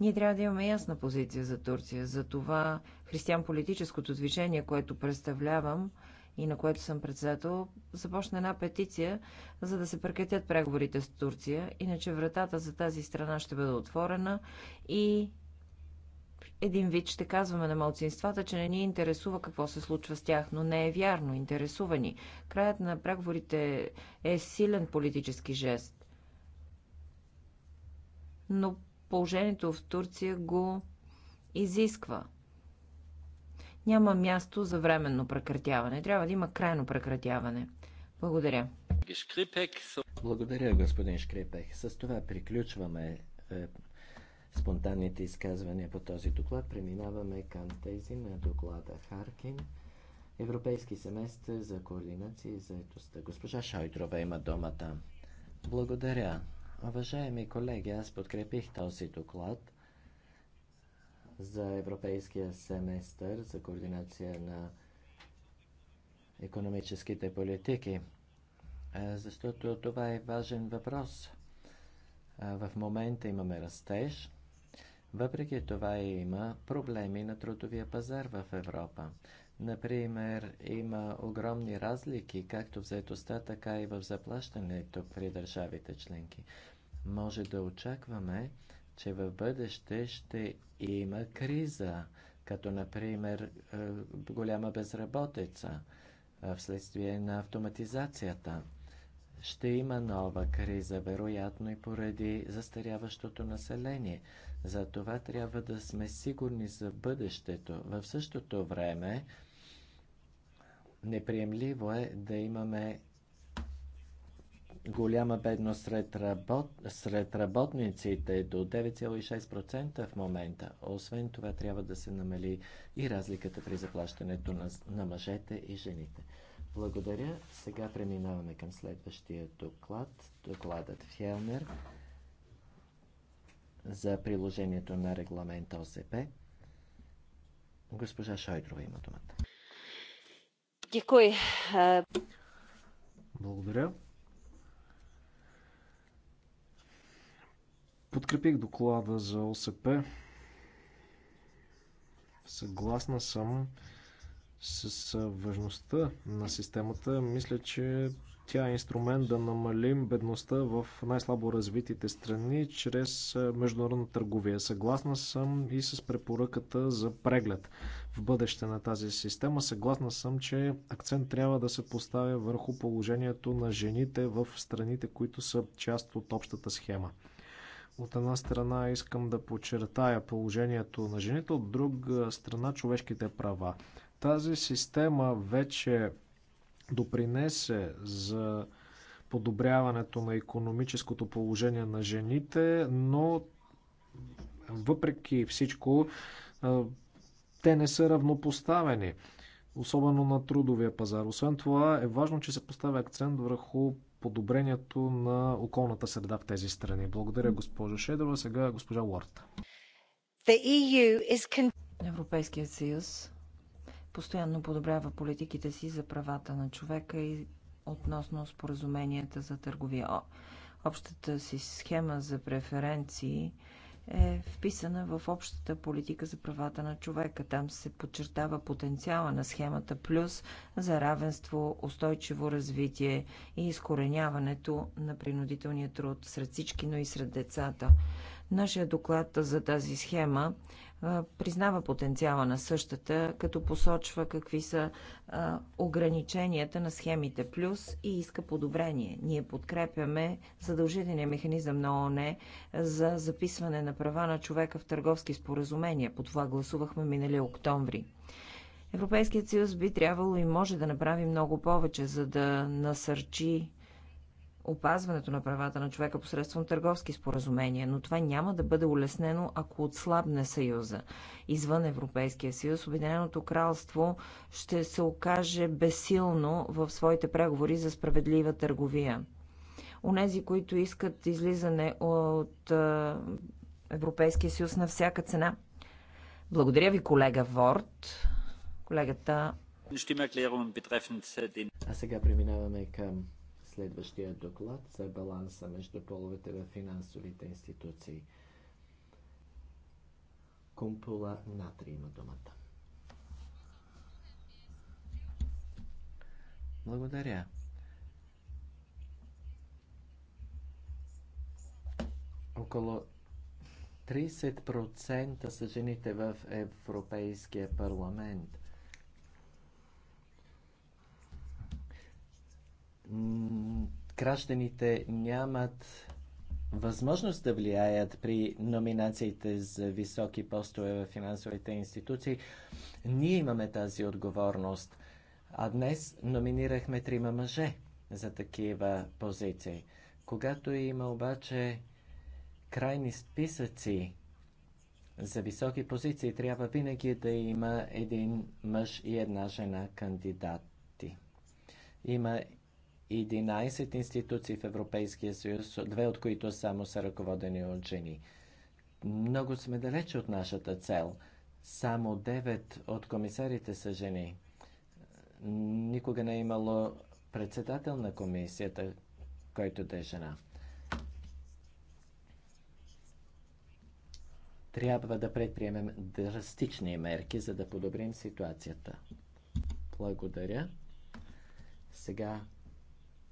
Ние трябва да имаме ясна позиция за Турция. За това християн-политическото движение, което представлявам и на което съм председател, започна една петиция, за да се прекратят преговорите с Турция. Иначе вратата за тази страна ще бъде отворена и един вид ще казваме на малцинствата, че не ни интересува какво се случва с тях, но не е вярно, интересувани. Краят на преговорите е силен политически жест. Но положението в Турция го изисква. Няма място за временно прекратяване. Трябва да има крайно прекратяване. Благодаря. Благодаря, господин Шкрипех. С това приключваме е, спонтанните изказвания по този доклад. Преминаваме към тези на доклада Харкин. Европейски семестър за координация и заедостта. Госпожа Шойдрова има думата. Благодаря. Уважаеми колеги, аз подкрепих този доклад за Европейския семестър за координация на економическите политики, защото това е важен въпрос. В момента имаме растеж, въпреки това има проблеми на трудовия пазар в Европа. Например, има огромни разлики както в заедостта, така и в заплащането при държавите членки. Може да очакваме, че в бъдеще ще има криза, като например е, голяма безработица вследствие на автоматизацията. Ще има нова криза, вероятно и поради застаряващото население. За това трябва да сме сигурни за бъдещето. В същото време, Неприемливо е да имаме голяма бедност сред, работ... сред работниците до 9,6% в момента. Освен това трябва да се намали и разликата при заплащането на, на мъжете и жените. Благодаря. Сега преминаваме към следващия доклад. Докладът Фелнер за приложението на регламент ОСП. Госпожа Шойдрова има думата. Děkuji. Благодаря. Подкрепих доклада за ОСП. Съгласна съм с важността на системата. Мисля, че тя е инструмент да намалим бедността в най-слабо развитите страни чрез е, международна търговия. Съгласна съм и с препоръката за преглед в бъдеще на тази система. Съгласна съм, че акцент трябва да се поставя върху положението на жените в страните, които са част от общата схема. От една страна искам да подчертая положението на жените, от друга страна човешките права. Тази система вече допринесе за подобряването на економическото положение на жените, но въпреки всичко те не са равнопоставени, особено на трудовия пазар. Освен това е важно, че се поставя акцент върху подобрението на околната среда в тези страни. Благодаря, госпожо Шедова. Сега госпожа Уорта. E Европейският съюз постоянно подобрява политиките си за правата на човека и относно споразуменията за търговия. Общата си схема за преференции е вписана в общата политика за правата на човека. Там се подчертава потенциала на схемата плюс за равенство, устойчиво развитие и изкореняването на принудителния труд сред всички, но и сред децата. Нашия доклад за тази схема признава потенциала на същата, като посочва какви са ограниченията на схемите плюс и иска подобрение. Ние подкрепяме задължителния механизъм на ООН за записване на права на човека в търговски споразумения. По това гласувахме миналия октомври. Европейският съюз би трябвало и може да направи много повече, за да насърчи опазването на правата на човека посредством търговски споразумения, но това няма да бъде улеснено, ако отслабне Съюза. Извън Европейския съюз, Обединеното кралство ще се окаже безсилно в своите преговори за справедлива търговия. Онези, които искат излизане от Европейския съюз на всяка цена. Благодаря ви, колега Ворд. Колегата äh, а сега преминаваме към следващия доклад за баланса между половете в финансовите институции. Компула Натри има думата. Благодаря. Около 30% са жените в Европейския парламент. гражданите нямат възможност да влияят при номинациите за високи постове в финансовите институции, ние имаме тази отговорност. А днес номинирахме трима мъже за такива позиции. Когато има обаче крайни списъци за високи позиции, трябва винаги да има един мъж и една жена кандидати. Има 11 институции в Европейския съюз, две от които само са ръководени от жени. Много сме далече от нашата цел. Само 9 от комисарите са жени. Никога не е имало председател на комисията, който да е жена. Трябва да предприемем драстични мерки, за да подобрим ситуацията. Благодаря. Сега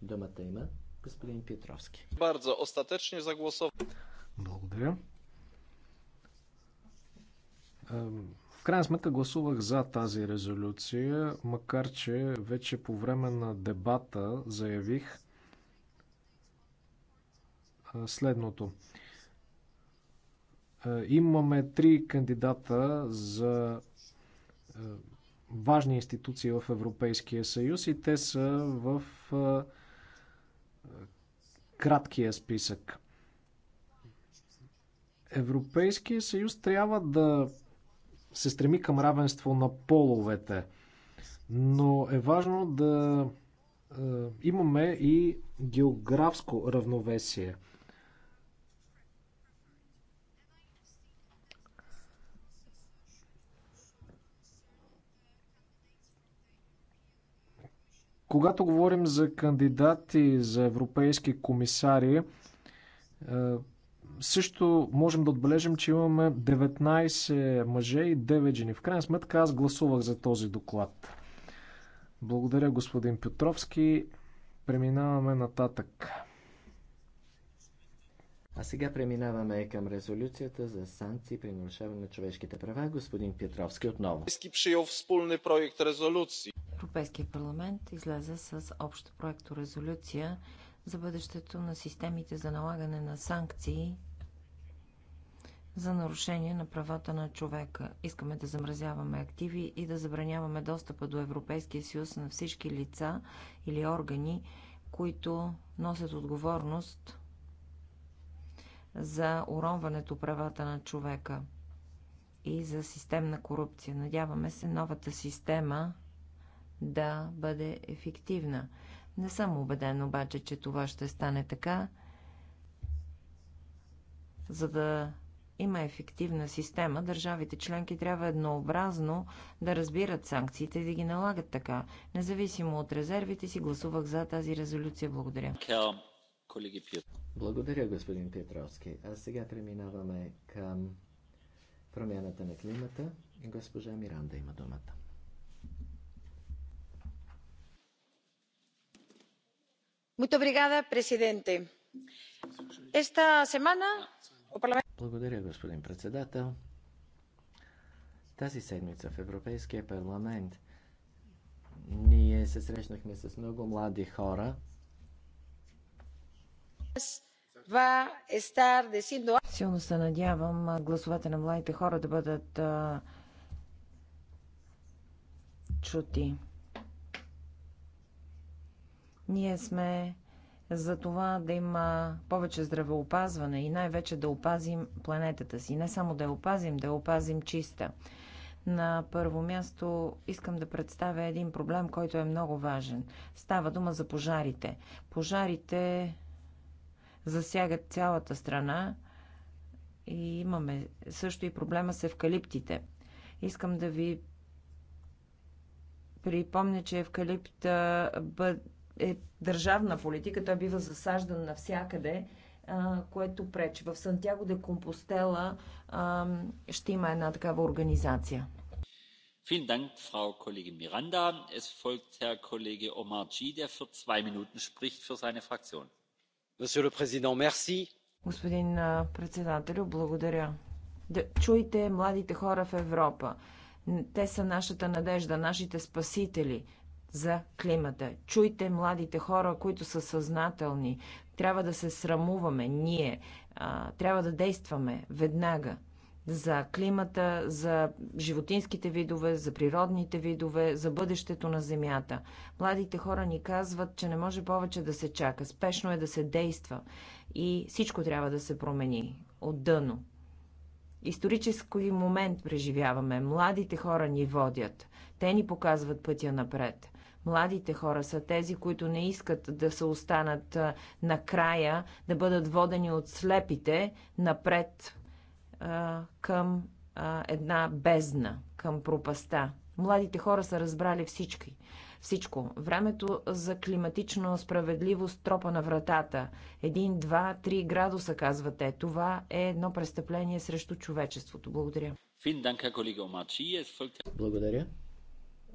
Думата има господин Петровски. Бързо, остатъчно загласов. Благодаря. В крайна сметка гласувах за тази резолюция, макар че вече по време на дебата заявих следното. Имаме три кандидата за важни институции в Европейския съюз и те са в краткия списък. Европейския съюз трябва да се стреми към равенство на половете, но е важно да е, имаме и географско равновесие. Когато говорим за кандидати за европейски комисари, е, също можем да отбележим, че имаме 19 мъже и 9 жени. В крайна сметка аз гласувах за този доклад. Благодаря, господин Петровски. Преминаваме нататък. А сега преминаваме към резолюцията за санкции при нарушаване на човешките права. Господин Петровски отново. Приел проект резолюции. Европейския парламент излезе с обща проекторезолюция за бъдещето на системите за налагане на санкции за нарушение на правата на човека. Искаме да замразяваме активи и да забраняваме достъпа до Европейския съюз на всички лица или органи, които носят отговорност за уронването правата на човека и за системна корупция. Надяваме се новата система да бъде ефективна. Не съм убеден обаче, че това ще стане така. За да има ефективна система, държавите членки трябва еднообразно да разбират санкциите и да ги налагат така. Независимо от резервите си, гласувах за тази резолюция. Благодаря. Благодаря, господин Петровски. А сега преминаваме към промяната на климата. Госпожа Миранда има думата. Благодаря, presidente Esta semana... Благодаря, господин председател. Тази седмица в Европейския парламент ние се срещнахме с много млади хора. Е Силно се надявам гласовете на младите хора да бъдат чути. Ние сме за това да има повече здравеопазване и най-вече да опазим планетата си. Не само да я опазим, да я опазим чиста. На първо място искам да представя един проблем, който е много важен. Става дума за пожарите. Пожарите засягат цялата страна и имаме също и проблема с евкалиптите. Искам да ви припомня, че евкалипта бъде е държавна политика, той бива засаждан навсякъде, а, което пречи. В Сантьяго де Компостела а, ще има една такава организация. Vielen Dank, Frau Kollegin Miranda. Es folgt Herr Kollege Omar G., der für zwei Minuten spricht für seine Fraktion. Monsieur le Président, merci. Господин председател, благодаря. Да чуйте младите хора в Европа. Те са нашата надежда, нашите спасители за климата. Чуйте младите хора, които са съзнателни. Трябва да се срамуваме ние. А, трябва да действаме веднага за климата, за животинските видове, за природните видове, за бъдещето на Земята. Младите хора ни казват, че не може повече да се чака. Спешно е да се действа. И всичко трябва да се промени от дъно. Исторически момент преживяваме. Младите хора ни водят. Те ни показват пътя напред. Младите хора са тези, които не искат да се останат накрая, да бъдат водени от слепите напред а, към а, една бездна, към пропаста. Младите хора са разбрали всички. Всичко. Времето за климатична справедливост тропа на вратата. Един, два, три градуса, казвате. Това е едно престъпление срещу човечеството. Благодаря. Благодаря.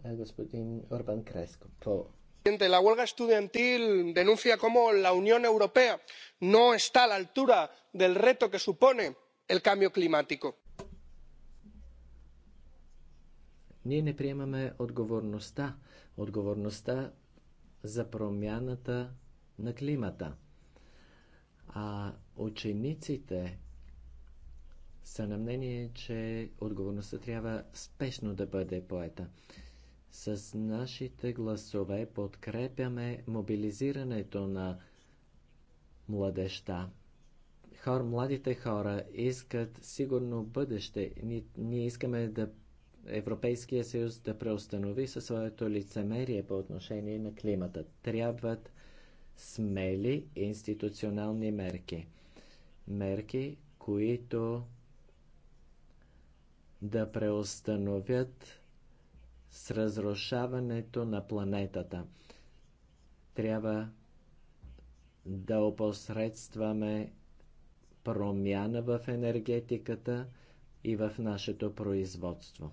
Eh, господин presidente la huelga estudiantil denuncia cómo la unión europea no está a la altura del reto que supone el cambio climático. Ние не приемаме отговорността, отговорността за промяната на климата. А учениците са на мнение, че отговорността трябва спешно да бъде поета. С нашите гласове подкрепяме мобилизирането на младеща. Хор, младите хора искат сигурно бъдеще. Ние, ние искаме да Европейския съюз да преустанови със своето лицемерие по отношение на климата. Трябват смели институционални мерки. Мерки, които да преустановят с разрушаването на планетата. Трябва да опосредстваме промяна в енергетиката и в нашето производство.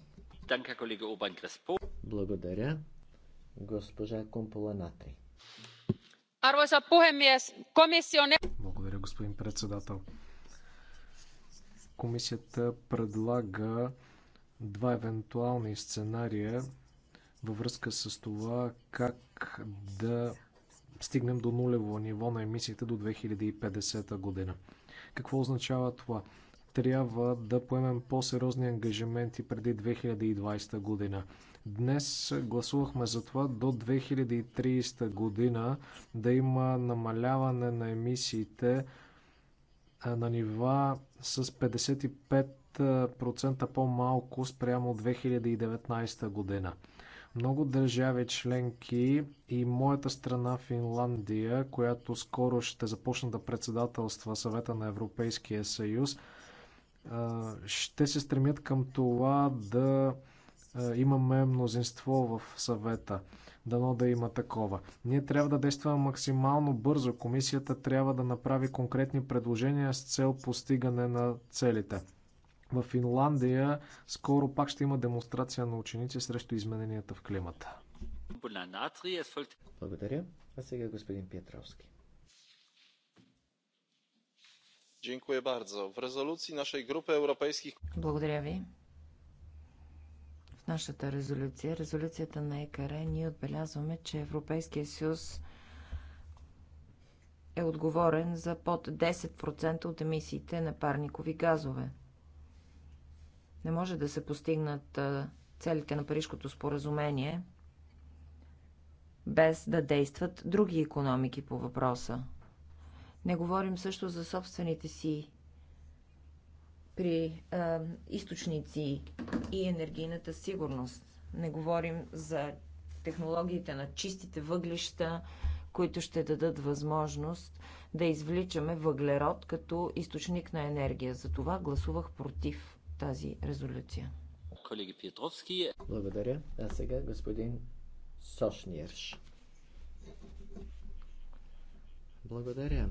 Благодаря. Госпожа puhemies, Натри. Благодаря, господин председател. Комисията предлага два евентуални сценария във връзка с това как да стигнем до нулево ниво на емисиите до 2050 година. Какво означава това? Трябва да поемем по-сериозни ангажименти преди 2020 година. Днес гласувахме за това до 2030 година да има намаляване на емисиите на нива с 55 5% по-малко спрямо 2019 година. Много държави членки и моята страна Финландия, която скоро ще започне да председателства съвета на Европейския съюз, ще се стремят към това да имаме мнозинство в съвета. Дано да има такова. Ние трябва да действаме максимално бързо. Комисията трябва да направи конкретни предложения с цел постигане на целите. В Финландия скоро пак ще има демонстрация на ученици срещу измененията в климата. Благодаря. А сега господин Петровски. Благодаря ви. В нашата резолюция, резолюцията на ЕКР, ние отбелязваме, че Европейския съюз е отговорен за под 10% от емисиите на парникови газове – не може да се постигнат целите на Парижкото споразумение без да действат други економики по въпроса. Не говорим също за собствените си при е, източници и енергийната сигурност. Не говорим за технологиите на чистите въглища, които ще дадат възможност да извличаме въглерод като източник на енергия. Затова гласувах против тази резолюция. Колеги Петровски. Благодаря. А сега господин Сошниерш. Благодаря.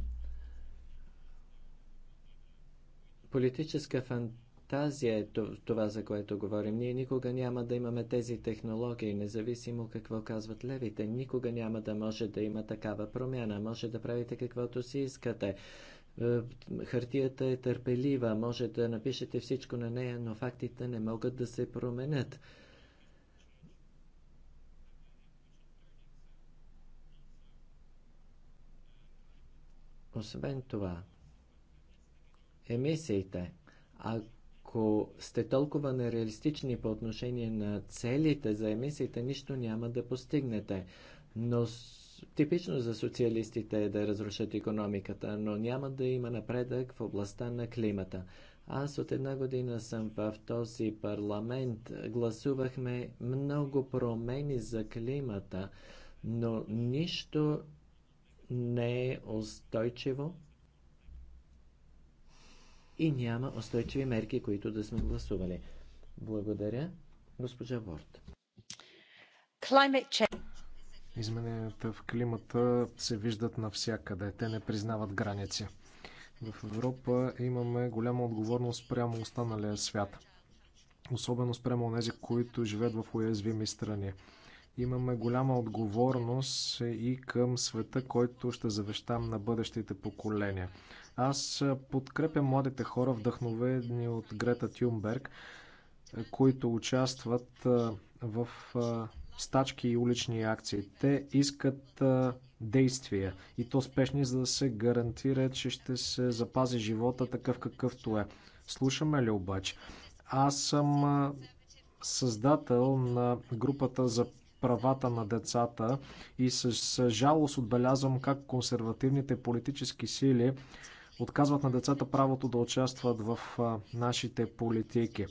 Политическа фантазия е това, за което говорим. Ние никога няма да имаме тези технологии, независимо какво казват левите. Никога няма да може да има такава промяна. Може да правите каквото си искате. Е, хартията е търпелива, може да напишете всичко на нея, но фактите не могат да се променят. Освен това, емисиите, ако сте толкова нереалистични по отношение на целите за емисиите, нищо няма да постигнете. Но Типично за социалистите е да разрушат економиката, но няма да има напредък в областта на климата. Аз от една година съм в този парламент. Гласувахме много промени за климата, но нищо не е устойчиво и няма устойчиви мерки, които да сме гласували. Благодаря, госпожа Борт. Измененията в климата се виждат навсякъде. Те не признават граници. В Европа имаме голяма отговорност прямо останалия свят. Особено спрямо тези, които живеят в уязвими страни. Имаме голяма отговорност и към света, който ще завещам на бъдещите поколения. Аз подкрепям младите хора, вдъхновени от Грета Тюнберг, които участват в стачки и улични акции. Те искат действия и то спешни, за да се гарантира, че ще се запази живота такъв какъвто е. Слушаме ли обаче? Аз съм създател на групата за правата на децата и с жалост отбелязвам как консервативните политически сили отказват на децата правото да участват в нашите политики.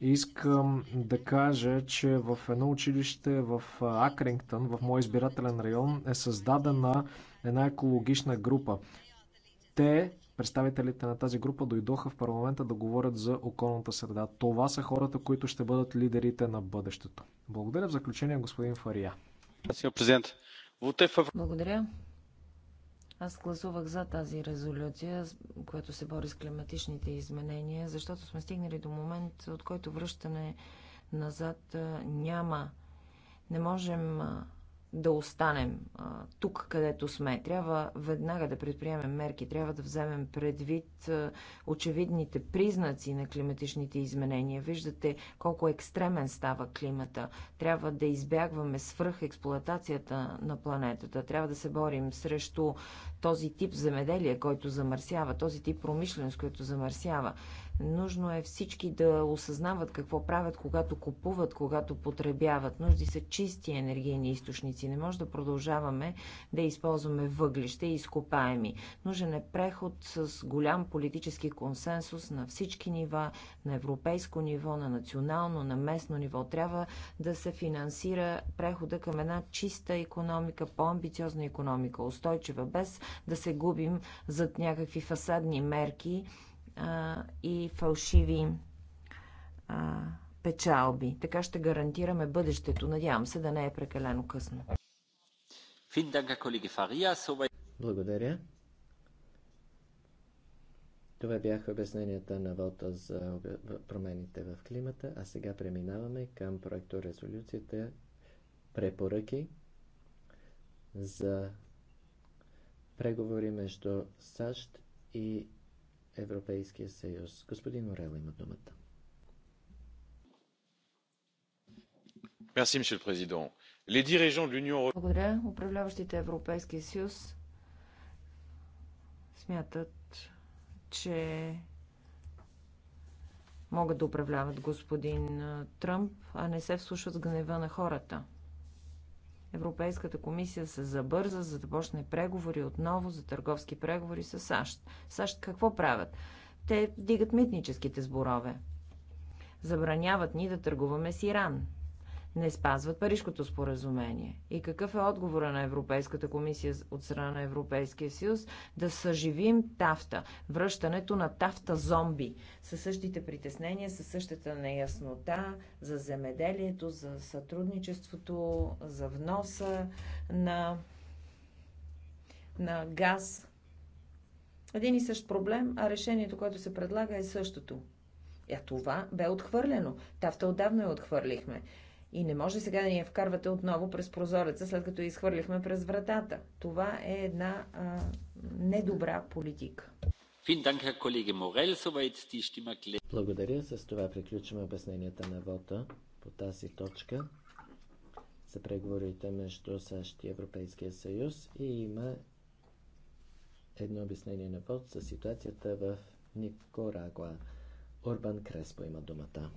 Искам да кажа, че в едно училище в Акрингтън, в мой избирателен район, е създадена една екологична група. Те, представителите на тази група, дойдоха в парламента да говорят за околната среда. Това са хората, които ще бъдат лидерите на бъдещето. Благодаря в заключение, господин Фария. Е Благодаря. Аз гласувах за тази резолюция, която се бори с климатичните изменения, защото сме стигнали до момент, от който връщане назад няма. Не можем да останем а, тук, където сме. Трябва веднага да предприемем мерки, трябва да вземем предвид а, очевидните признаци на климатичните изменения. Виждате колко екстремен става климата. Трябва да избягваме експлуатацията на планетата. Трябва да се борим срещу този тип земеделие, който замърсява, този тип промишленост, който замърсява. Нужно е всички да осъзнават какво правят, когато купуват, когато потребяват. Нужди са чисти енергийни източници. Не може да продължаваме да използваме въглища и изкопаеми. Нужен е преход с голям политически консенсус на всички нива, на европейско ниво, на национално, на местно ниво. Трябва да се финансира прехода към една чиста економика, по-амбициозна економика, устойчива, без да се губим зад някакви фасадни мерки а, и фалшиви а, печалби. Така ще гарантираме бъдещето. Надявам се да не е прекалено късно. Благодаря. Това бяха обясненията на Вота за промените в климата, а сега преминаваме към проекто резолюцията препоръки за преговори между САЩ и Европейския съюз. Господин Орел има думата. Merci, monsieur le président. Les dirigeants de l'Union Благодаря. Управляващите Европейския съюз смятат, че могат да управляват господин Тръмп, а не се вслушват с гнева на хората – Европейската комисия се забърза, за да почне преговори отново за търговски преговори с САЩ. САЩ какво правят? Те дигат митническите сборове. Забраняват ни да търгуваме с Иран не спазват Парижкото споразумение? И какъв е отговора на Европейската комисия от страна на Европейския съюз да съживим тафта, връщането на тафта зомби, със същите притеснения, със същата неяснота за земеделието, за сътрудничеството, за вноса на, на газ? Един и същ проблем, а решението, което се предлага е същото. А това бе отхвърлено. Тафта отдавна я отхвърлихме. И не може сега да ни я вкарвате отново през прозореца, след като я изхвърлихме през вратата. Това е една а, недобра политика. Благодаря. С това приключваме обясненията на вота по тази точка за преговорите между САЩ и Европейския съюз и има едно обяснение на вод за ситуацията в Никорагуа. Орбан Креспо има думата.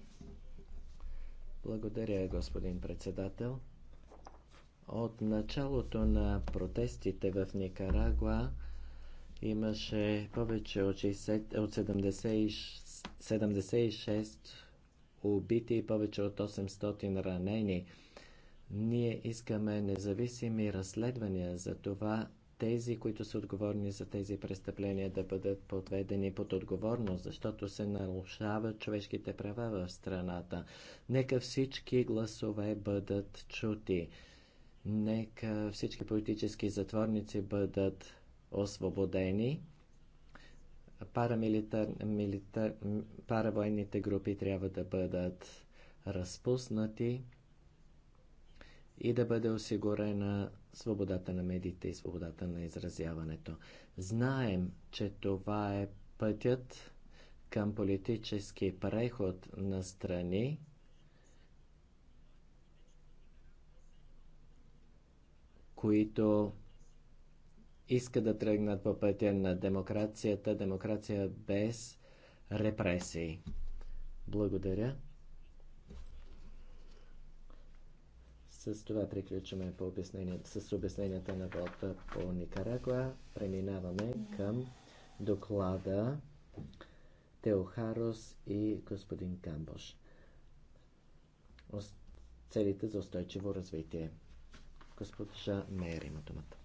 Благодаря, господин председател. От началото на протестите в Никарагуа имаше повече от, 60, от 70, 76 убити и повече от 800 ранени. Ние искаме независими разследвания за това тези, които са отговорни за тези престъпления, да бъдат подведени под отговорност, защото се нарушават човешките права в страната. Нека всички гласове бъдат чути. Нека всички политически затворници бъдат освободени. Парамилитар, милитар, паравоенните групи трябва да бъдат разпуснати и да бъде осигурена свободата на медиите и свободата на изразяването. Знаем, че това е пътят към политически преход на страни, които искат да тръгнат по пътя на демокрацията, демокрация без репресии. Благодаря. С това приключваме по обяснение, с обясненията на вода по Никарагуа. Преминаваме към доклада Теохарос и господин Камбош. Целите за устойчиво развитие. Госпожа Мейер има думата.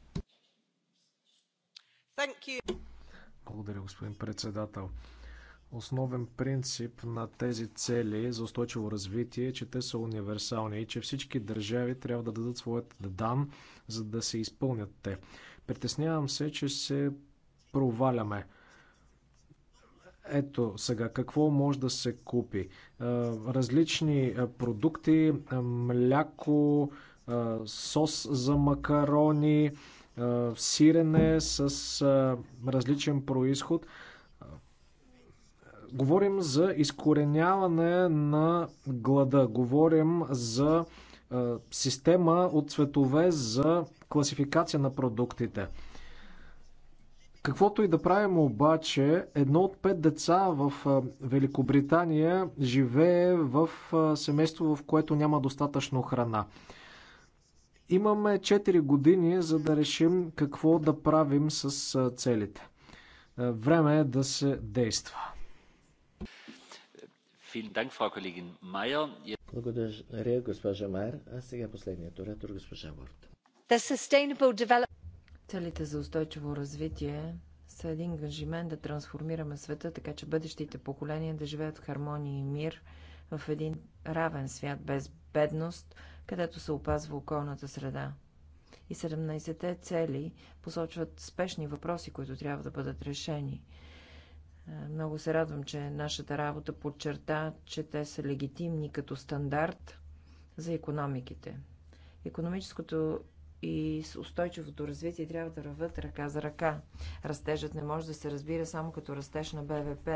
Благодаря, господин председател. Основен принцип на тези цели за устойчиво развитие е, че те са универсални и че всички държави трябва да дадат своят дан, за да се изпълнят те. Притеснявам се, че се проваляме. Ето сега, какво може да се купи? Различни продукти, мляко, сос за макарони, сирене с различен происход – Говорим за изкореняване на глада, говорим за е, система от цветове за класификация на продуктите. Каквото и да правим обаче, едно от пет деца в е, Великобритания живее в е, семейство, в което няма достатъчно храна. Имаме 4 години, за да решим какво да правим с е, целите. Време е да се действа. Благодаря, госпожа Майер. А сега последният оратор, госпожа Ворд. Целите за устойчиво развитие са един ангажимент да трансформираме света, така че бъдещите поколения да живеят в хармония и мир в един равен свят без бедност, където се опазва околната среда. И 17-те цели посочват спешни въпроси, които трябва да бъдат решени – много се радвам, че нашата работа подчерта, че те са легитимни като стандарт за економиките. Економическото и устойчивото развитие трябва да ръват ръка за ръка. Растежът не може да се разбира само като растеж на БВП.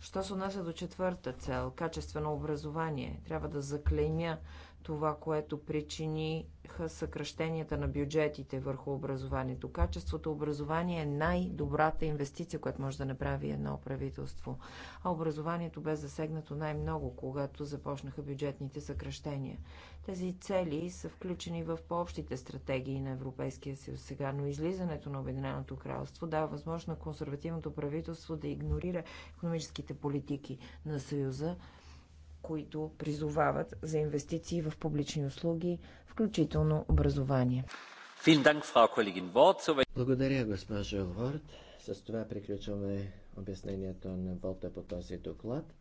Що се отнася до четвърта цел – качествено образование, трябва да заклеймя това, което причиниха съкръщенията на бюджетите върху образованието. Качеството образование е най-добрата инвестиция, която може да направи едно правителство. А образованието бе засегнато най-много, когато започнаха бюджетните съкръщения. Тези цели са включени в по-общите стратегии на Европейския съюз сега, но излизането на Обединеното кралство дава възможност на консервативното правителство да игнорира економическите политики на Съюза, които призовават за инвестиции в публични услуги, включително образование. Благодаря, госпожо Ворд. С това приключваме обяснението на Волта по този доклад.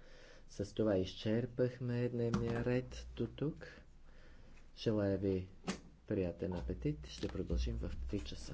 С това изчерпахме дневния ред до тук. Желая ви приятен апетит. Ще продължим в 3 часа.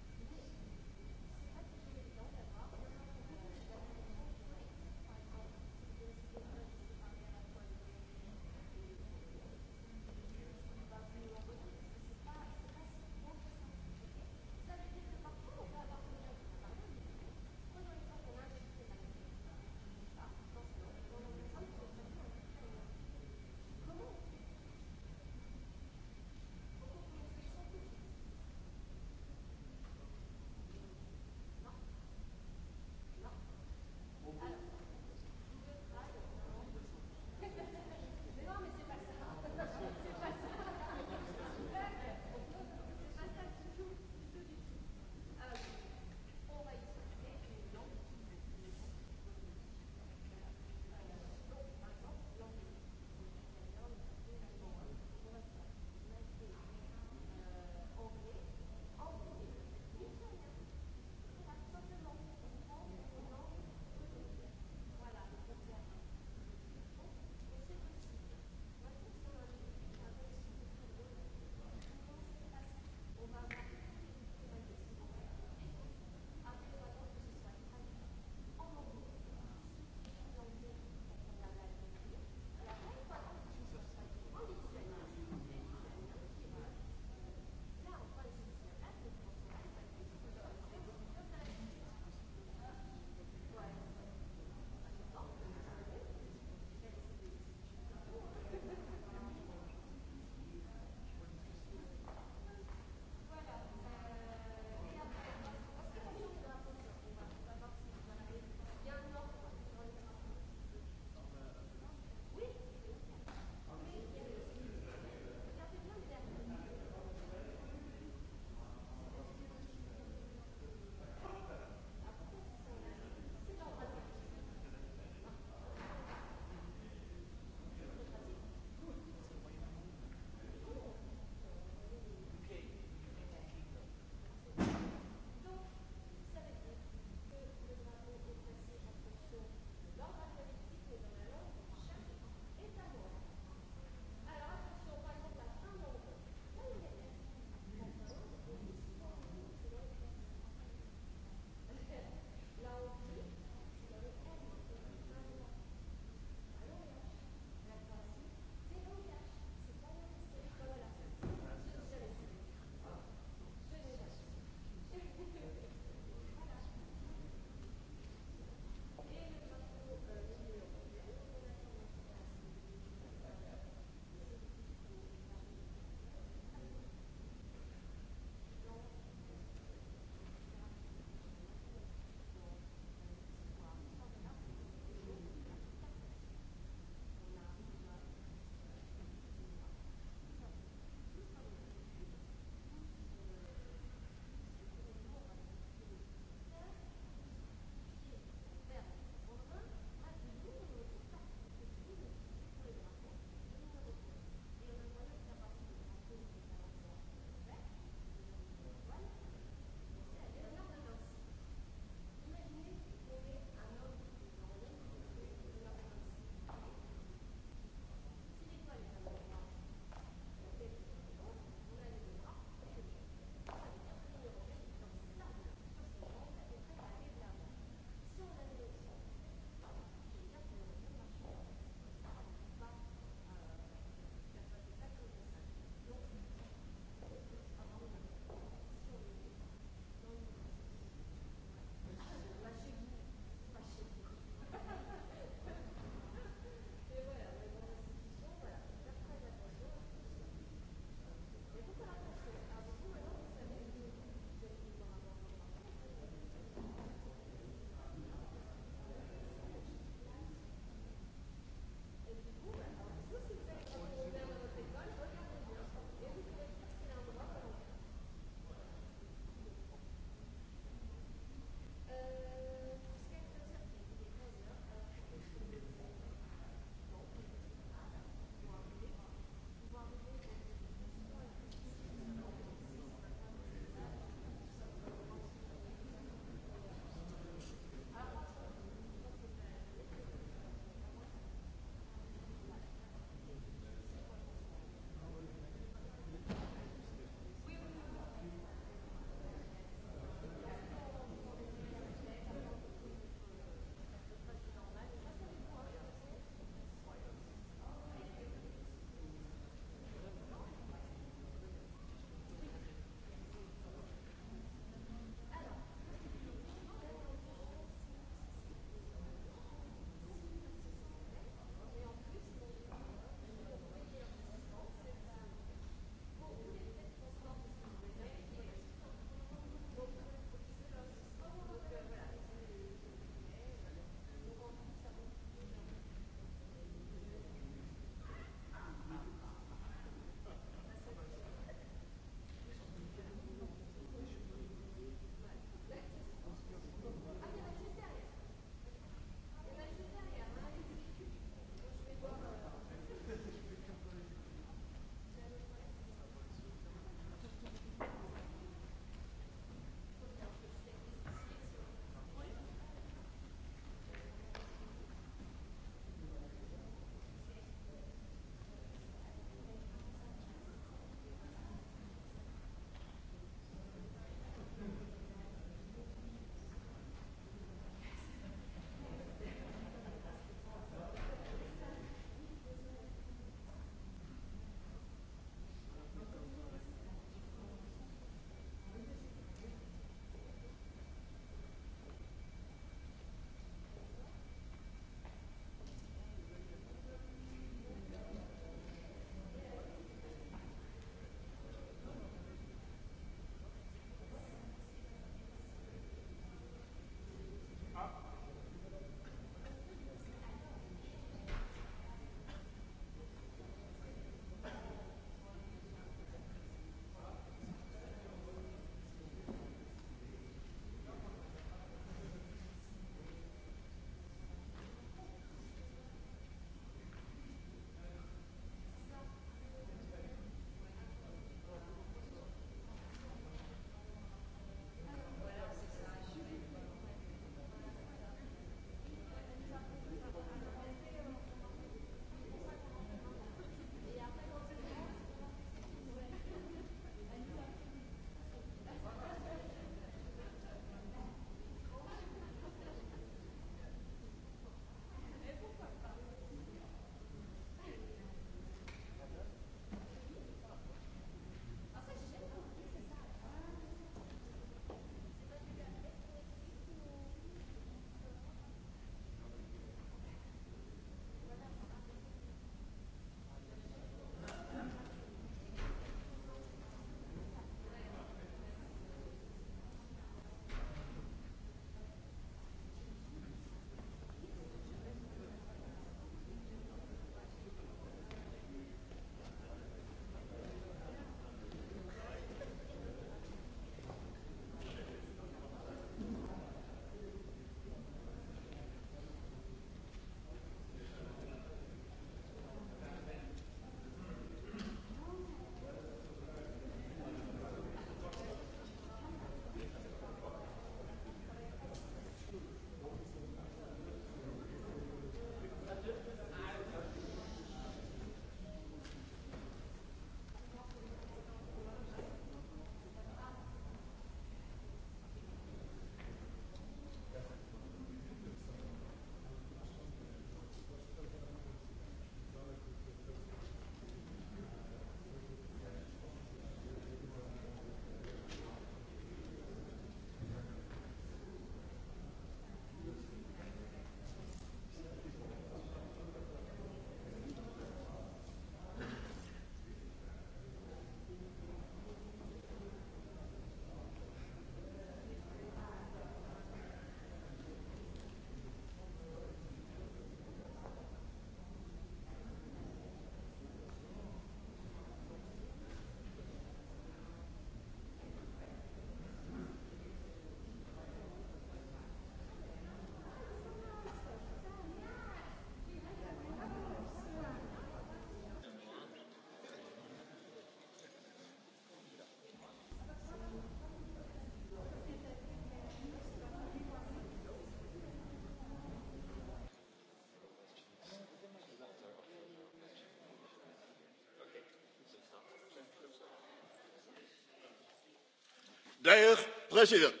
dear president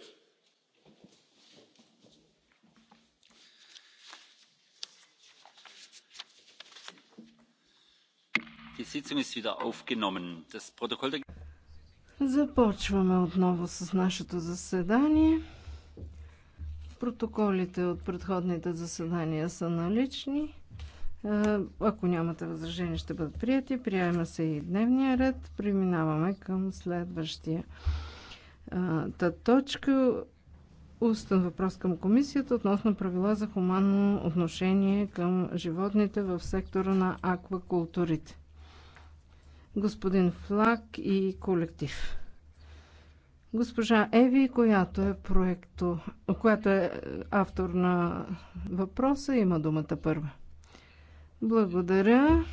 Започваме отново с нашето заседание. Протоколите от предходните заседания са налични. Е, ако нямате възражение, ще бъдат прияти. Приема се и дневния ред. Преминаваме към следващия. Та точка устен въпрос към комисията относно правила за хуманно отношение към животните в сектора на аквакултурите. Господин Флак и колектив. Госпожа Еви, която е, проекто, която е автор на въпроса, има думата първа. Благодаря.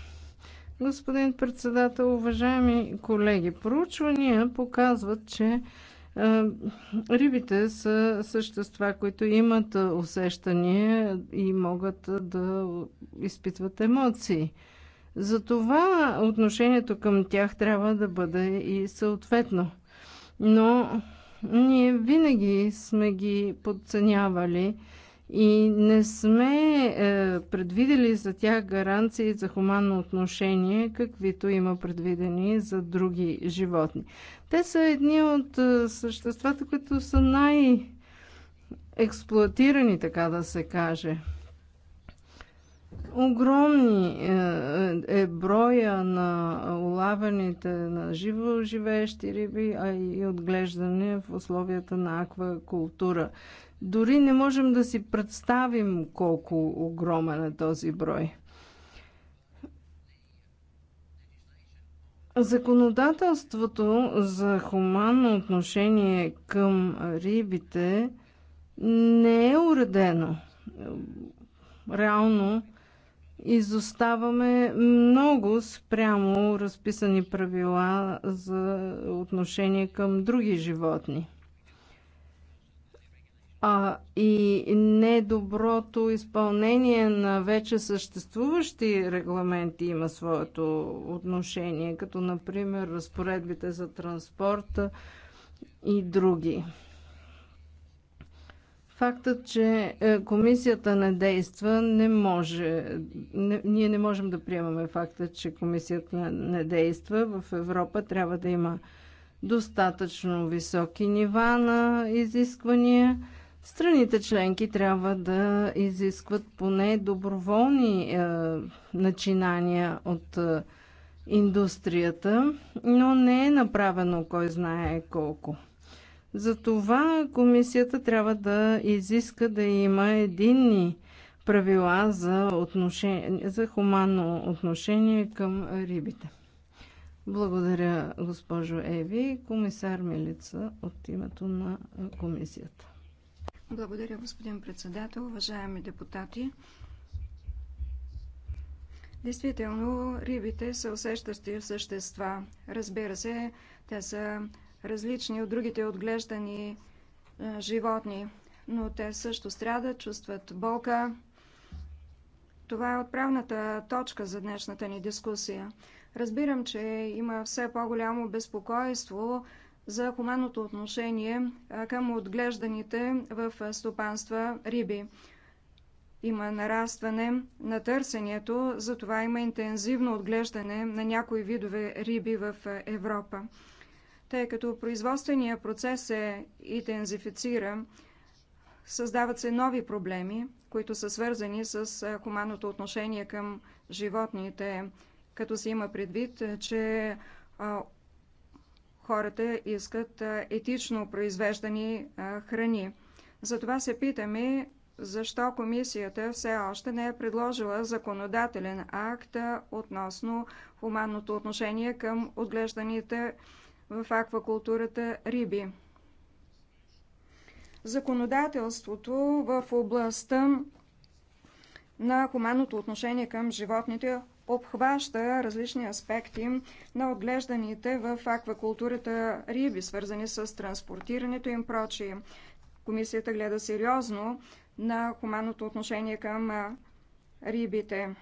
Господин председател, уважаеми колеги, проучвания показват, че е, рибите са същества, които имат е, усещания и могат е, да изпитват емоции. Затова отношението към тях трябва да бъде и съответно. Но ние винаги сме ги подценявали и не сме е, предвидели за тях гаранции за хуманно отношение, каквито има предвидени за други животни. Те са едни от е, съществата, които са най-експлуатирани, така да се каже. Огромни е, е, е броя на улавяните на живо живеещи риби, а и отглеждане в условията на аквакултура. Дори не можем да си представим колко огромен е този брой. Законодателството за хуманно отношение към рибите не е уредено. Реално изоставаме много спрямо разписани правила за отношение към други животни а, и недоброто изпълнение на вече съществуващи регламенти има своето отношение, като например разпоредбите за транспорта и други. Фактът, че е, комисията не действа, не може. Не, ние не можем да приемаме факта, че комисията не действа. В Европа трябва да има достатъчно високи нива на изисквания Страните членки трябва да изискват поне доброволни е, начинания от е, индустрията, но не е направено кой знае колко. Затова комисията трябва да изиска да има единни правила за, отношение, за хуманно отношение към рибите. Благодаря, госпожо Еви. Комисар Милица от името на комисията. Благодаря, господин председател. Уважаеми депутати, действително рибите са усещащи същества. Разбира се, те са различни от другите отглеждани е, животни, но те също страдат, чувстват болка. Това е отправната точка за днешната ни дискусия. Разбирам, че има все по-голямо безпокойство за хуманното отношение към отглежданите в стопанства риби. Има нарастване на търсенето, затова има интензивно отглеждане на някои видове риби в Европа. Тъй като производственият процес се интензифицира, създават се нови проблеми, които са свързани с хуманното отношение към животните, като се има предвид, че хората искат етично произвеждани храни. Затова се питаме защо комисията все още не е предложила законодателен акт относно хуманното отношение към отглежданите в аквакултурата риби. Законодателството в областта на хуманното отношение към животните обхваща различни аспекти на отглежданите в аквакултурата риби, свързани с транспортирането им прочие. Комисията гледа сериозно на хуманното отношение към рибите.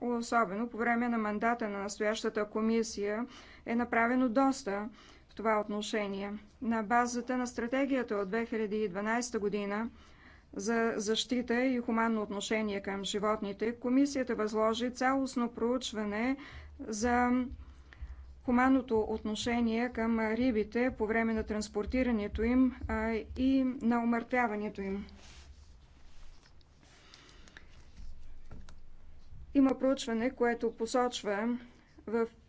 Особено по време на мандата на настоящата комисия е направено доста в това отношение. На базата на стратегията от 2012 година за защита и хуманно отношение към животните, комисията възложи цялостно проучване за хуманното отношение към рибите по време на транспортирането им и на умъртвяването им. Има проучване, което посочва,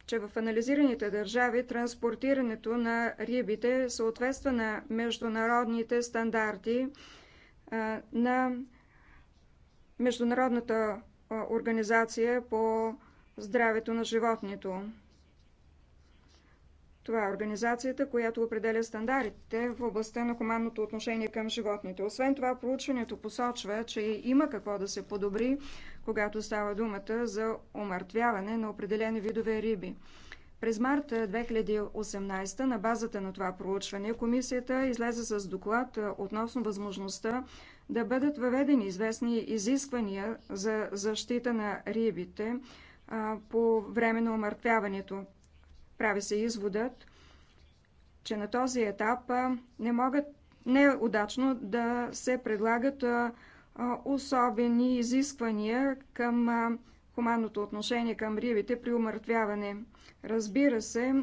че в анализираните държави транспортирането на рибите съответства на международните стандарти – на Международната организация по здравето на животното. Това е организацията, която определя стандартите в областта на хуманното отношение към животните. Освен това, проучването посочва, че има какво да се подобри, когато става думата за омъртвяване на определени видове риби. През март 2018 е, на базата на това проучване комисията излезе с доклад е, относно възможността да бъдат въведени известни изисквания за защита на рибите е, по време на омъртвяването. Прави се изводът, че на този етап не могат неудачно да се предлагат особени изисквания към хуманното отношение към рибите при умъртвяване. Разбира се,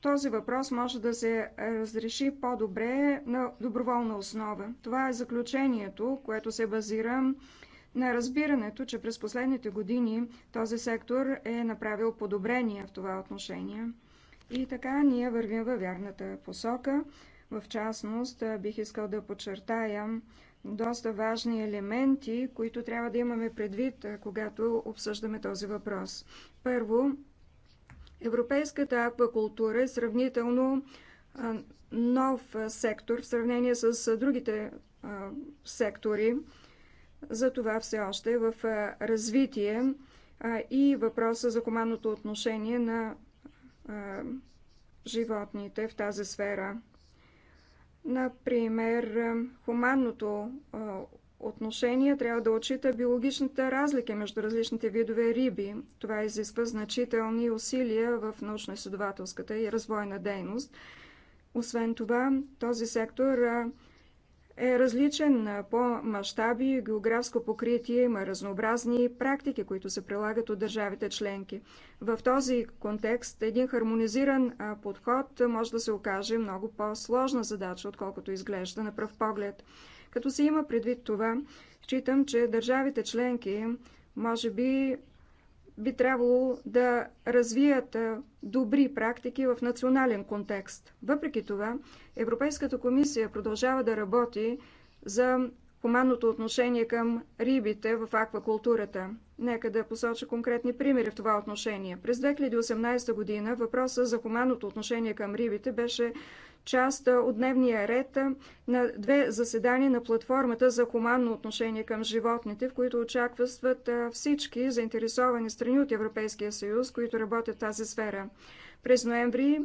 този въпрос може да се разреши по-добре на доброволна основа. Това е заключението, което се базира на разбирането, че през последните години този сектор е направил подобрения в това отношение. И така ние вървим във вярната посока. В частност, бих искал да подчертая доста важни елементи, които трябва да имаме предвид, когато обсъждаме този въпрос. Първо, европейската аквакултура е сравнително нов сектор в сравнение с другите сектори. за това все още е в развитие и въпроса за командното отношение на животните в тази сфера. Например, е, хуманното е, отношение трябва да отчита биологичната разлика между различните видове риби. Това изисква значителни усилия в научно-изследователската и развойна дейност. Освен това, този сектор е, е различен по мащаби и географско покритие. Има разнообразни практики, които се прилагат от държавите членки. В този контекст един хармонизиран подход може да се окаже много по-сложна задача, отколкото изглежда на пръв поглед. Като се има предвид това, считам, че държавите членки може би би трябвало да развият добри практики в национален контекст. Въпреки това, Европейската комисия продължава да работи за хуманното отношение към рибите в аквакултурата. Нека да посоча конкретни примери в това отношение. През 2018 година въпросът за хуманното отношение към рибите беше част от дневния ред на две заседания на платформата за хуманно отношение към животните, в които очакват всички заинтересовани страни от Европейския съюз, които работят в тази сфера. През ноември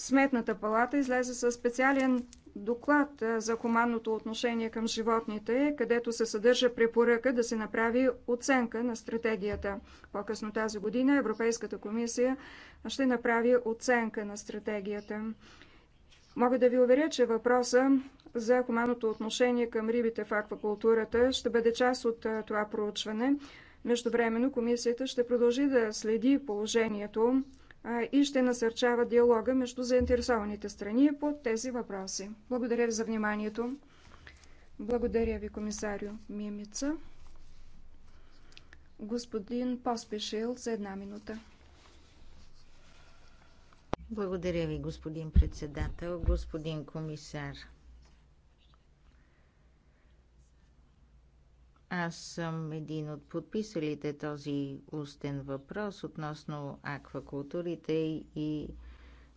Сметната палата излезе със специален доклад за хуманното отношение към животните, където се съдържа препоръка да се направи оценка на стратегията. По-късно тази година Европейската комисия ще направи оценка на стратегията. Мога да ви уверя, че въпроса за хуманното отношение към рибите в аквакултурата ще бъде част от това проучване. Междувременно комисията ще продължи да следи положението и ще насърчава диалога между заинтересованите страни по тези въпроси. Благодаря ви за вниманието. Благодаря ви, комисарио Мимица. Господин Поспешил за една минута. Благодаря ви, господин председател, господин комисар. Аз съм един от подписалите този устен въпрос относно аквакултурите и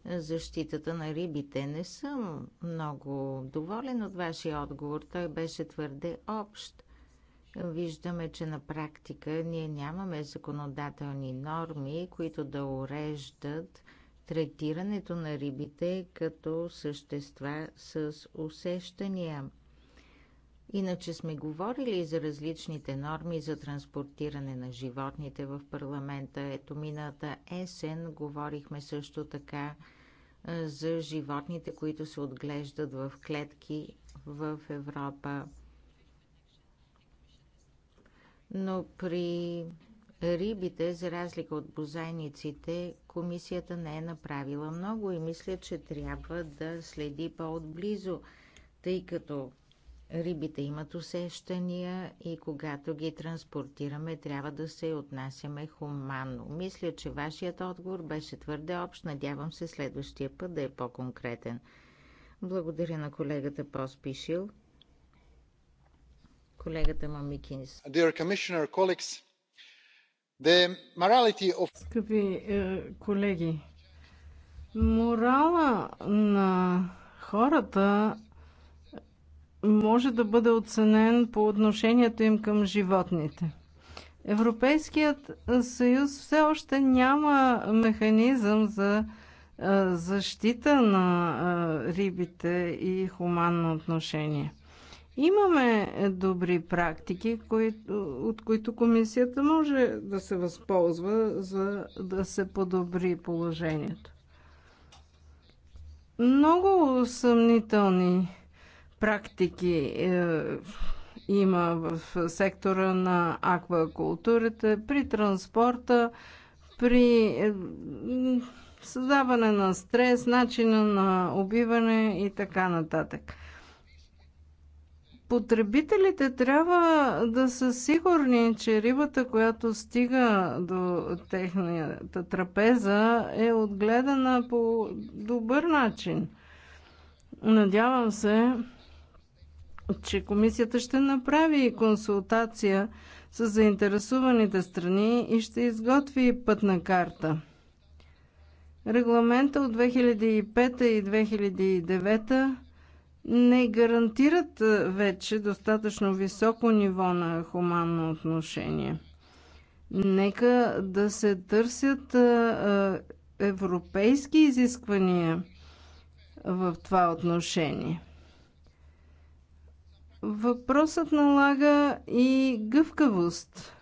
защитата на рибите. Не съм много доволен от вашия отговор. Той беше твърде общ. Виждаме, че на практика ние нямаме законодателни норми, които да уреждат третирането на рибите като същества с усещания – Иначе сме говорили за различните норми за транспортиране на животните в парламента. Ето мината есен говорихме също така за животните, които се отглеждат в клетки в Европа. Но при рибите, за разлика от бозайниците, комисията не е направила много и мисля, че трябва да следи по-отблизо, тъй като Рибите имат усещания и когато ги транспортираме, трябва да се отнасяме хуманно. Мисля, че вашият отговор беше твърде общ. Надявам се следващия път да е по-конкретен. Благодаря на колегата Поспишил. Колегата Мамикинс. Скъпи е, колеги, морала на хората може да бъде оценен по отношението им към животните. Европейският съюз все още няма механизъм за защита на рибите и хуманно отношение. Имаме добри практики, от които комисията може да се възползва, за да се подобри положението. Много съмнителни практики е, има в сектора на аквакултурата, при транспорта, при е, създаване на стрес, начина на убиване и така нататък. Потребителите трябва да са сигурни, че рибата, която стига до техната трапеза, е отгледана по добър начин. Надявам се, че комисията ще направи консултация с заинтересуваните страни и ще изготви пътна карта. Регламента от 2005 и 2009 не гарантират вече достатъчно високо ниво на хуманно отношение. Нека да се търсят европейски изисквания в това отношение. Въпросът налага и гъвкавост,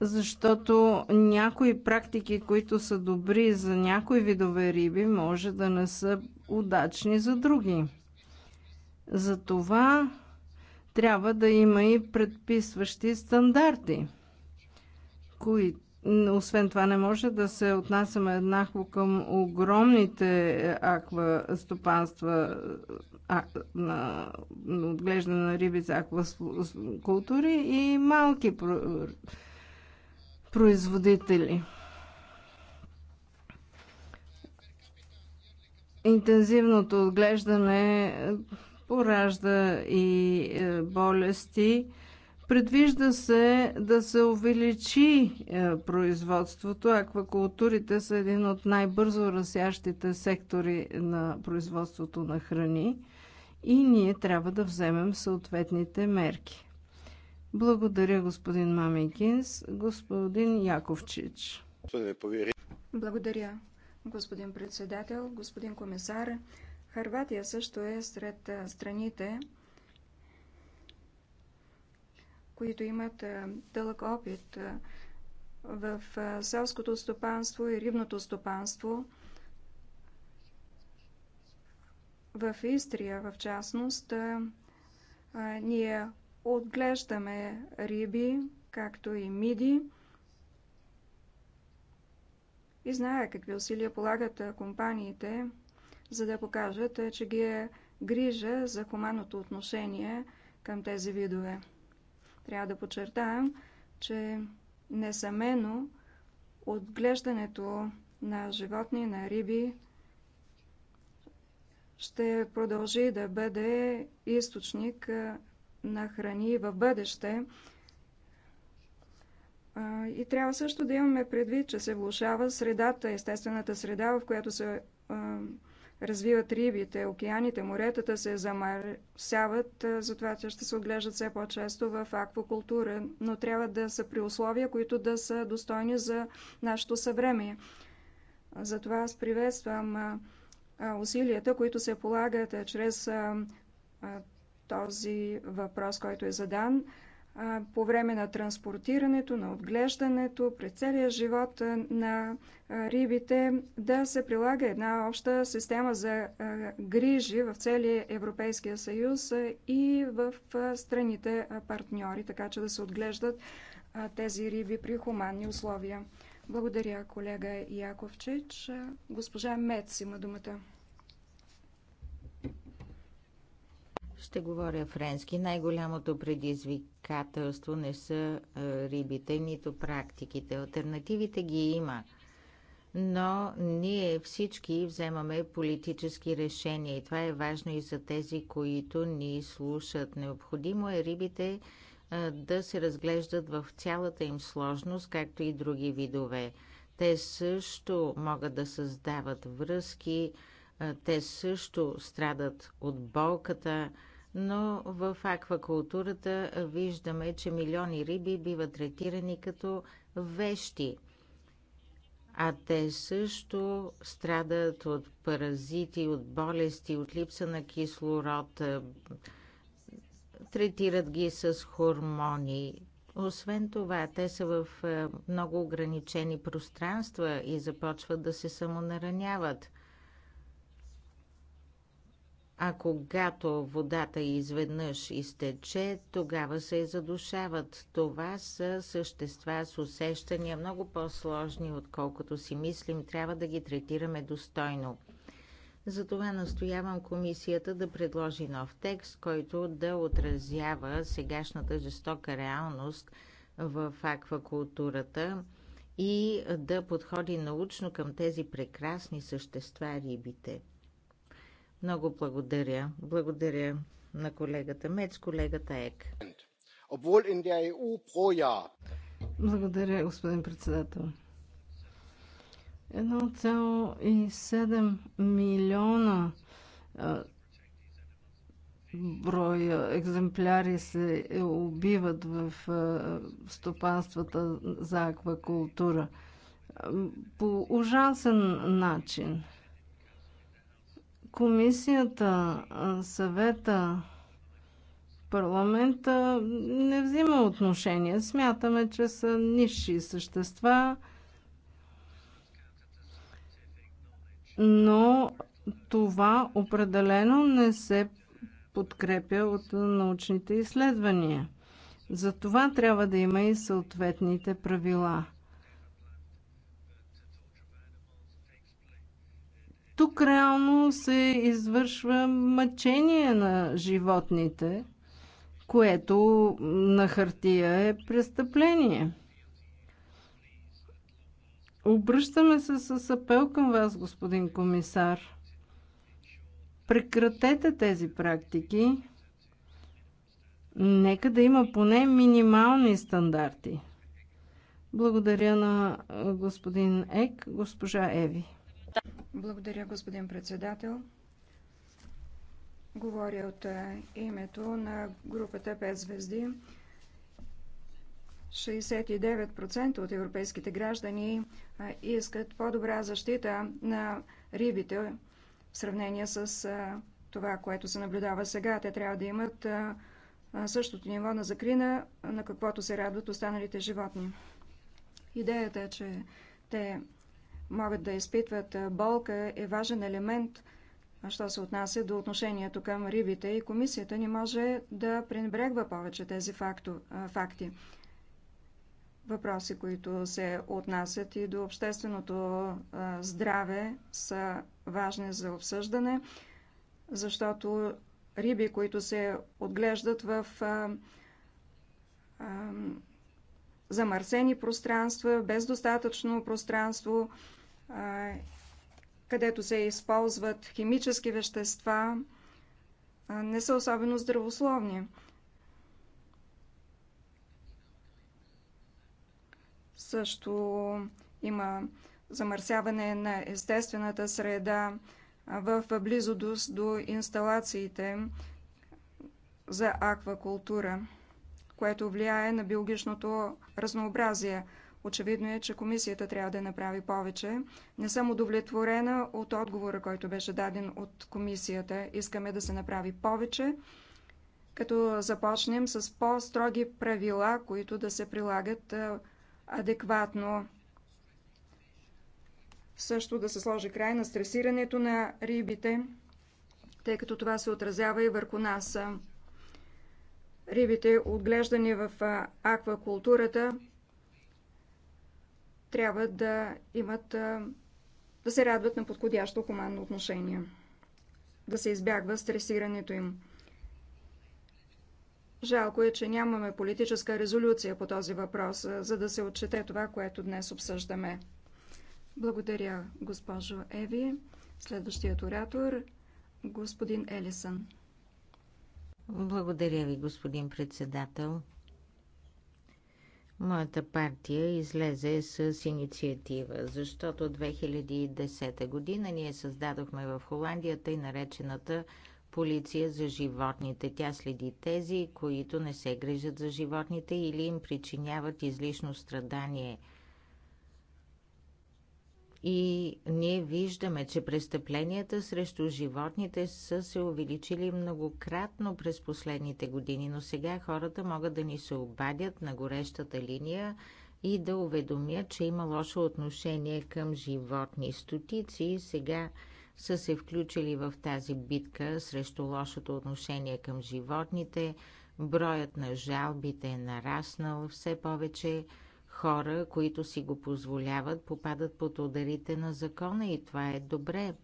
защото някои практики, които са добри за някои видове риби, може да не са удачни за други. Затова трябва да има и предписващи стандарти, които освен това не може да се отнасяме еднакво към огромните аква стопанства а, на отглеждане на риби за аквакултури и малки про, производители. Интензивното отглеждане поражда и е, болести. Предвижда се да се увеличи е, производството. Аквакултурите са един от най-бързо разящите сектори на производството на храни и ние трябва да вземем съответните мерки. Благодаря, господин Мамикинс. Господин Яковчич. Благодаря, господин председател, господин комисар. Харватия също е сред страните, които имат дълъг опит в селското стопанство и рибното стопанство – В Истрия, в частност, ние отглеждаме риби, както и миди. И зная какви усилия полагат компаниите, за да покажат, че ги е грижа за хуманното отношение към тези видове. Трябва да подчертаем, че несъмено отглеждането на животни, на риби, ще продължи да бъде източник на храни в бъдеще. И трябва също да имаме предвид, че се влушава средата, естествената среда, в която се развиват рибите, океаните, моретата се замърсяват, затова те ще се отглеждат все по-често в аквакултура, но трябва да са при условия, които да са достойни за нашето съвремие. Затова аз приветствам усилията, които се полагат чрез този въпрос, който е задан по време на транспортирането, на отглеждането, през целия живот на рибите, да се прилага една обща система за грижи в целия Европейския съюз и в страните партньори, така че да се отглеждат тези риби при хуманни условия. Благодаря, колега Яковчич. Госпожа Мец има думата. Ще говоря френски. Най-голямото предизвикателство не са рибите, нито практиките. Альтернативите ги има. Но ние всички вземаме политически решения и това е важно и за тези, които ни слушат. Необходимо е рибите да се разглеждат в цялата им сложност, както и други видове. Те също могат да създават връзки, те също страдат от болката, но в аквакултурата виждаме, че милиони риби биват третирани като вещи. А те също страдат от паразити, от болести, от липса на кислород. Третират ги с хормони. Освен това, те са в е, много ограничени пространства и започват да се самонараняват – а когато водата изведнъж изтече, тогава се задушават. Това са същества с усещания, много по-сложни, отколкото си мислим. Трябва да ги третираме достойно. Затова настоявам комисията да предложи нов текст, който да отразява сегашната жестока реалност в аквакултурата и да подходи научно към тези прекрасни същества рибите. Много благодаря. Благодаря на колегата Мец, колегата Ек. E благодаря, господин председател. 1,7 милиона броя екземпляри се убиват в стопанствата за аквакултура по ужасен начин. Комисията, съвета, парламента не взима отношение. Смятаме, че са нищи същества, но това определено не се подкрепя от научните изследвания. За това трябва да има и съответните правила. Тук реално се извършва мъчение на животните, което на хартия е престъпление. Обръщаме се с апел към вас, господин комисар. Прекратете тези практики. Нека да има поне минимални стандарти. Благодаря на господин Ек, госпожа Еви. Благодаря, господин председател. Говоря от името на групата 5 звезди. 69% от европейските граждани искат по-добра защита на рибите в сравнение с това, което се наблюдава сега. Те трябва да имат същото ниво на закрина, на каквото се радват останалите животни. Идеята е, че те могат да изпитват болка, е важен елемент, що се отнася до отношението към рибите и комисията не може да пренебрегва повече тези факто, факти. Въпроси, които се отнасят и до общественото здраве, са важни за обсъждане, защото риби, които се отглеждат в замърсени пространства, без достатъчно пространство, където се използват химически вещества, не са особено здравословни. Също има замърсяване на естествената среда в близост до инсталациите за аквакултура, което влияе на биологичното разнообразие. Очевидно е, че комисията трябва да направи повече. Не съм удовлетворена от отговора, който беше даден от комисията. Искаме да се направи повече, като започнем с по-строги правила, които да се прилагат адекватно. Също да се сложи край на стресирането на рибите, тъй като това се отразява и върху нас. Рибите, отглеждани в аквакултурата, трябва да имат, да се радват на подходящо хуманно отношение, да се избягва стресирането им. Жалко е, че нямаме политическа резолюция по този въпрос, за да се отчете това, което днес обсъждаме. Благодаря, госпожо Еви. Следващият оратор – господин Елисън. Благодаря ви, господин председател. Моята партия излезе с инициатива, защото 2010 година ние създадохме в Холандия тъй наречената полиция за животните. Тя следи тези, които не се грижат за животните или им причиняват излишно страдание – и ние виждаме, че престъпленията срещу животните са се увеличили многократно през последните години, но сега хората могат да ни се обадят на горещата линия и да уведомят, че има лошо отношение към животни. Стотици сега са се включили в тази битка срещу лошото отношение към животните. Броят на жалбите е нараснал все повече хора, които си го позволяват, попадат под ударите на закона и това е добре.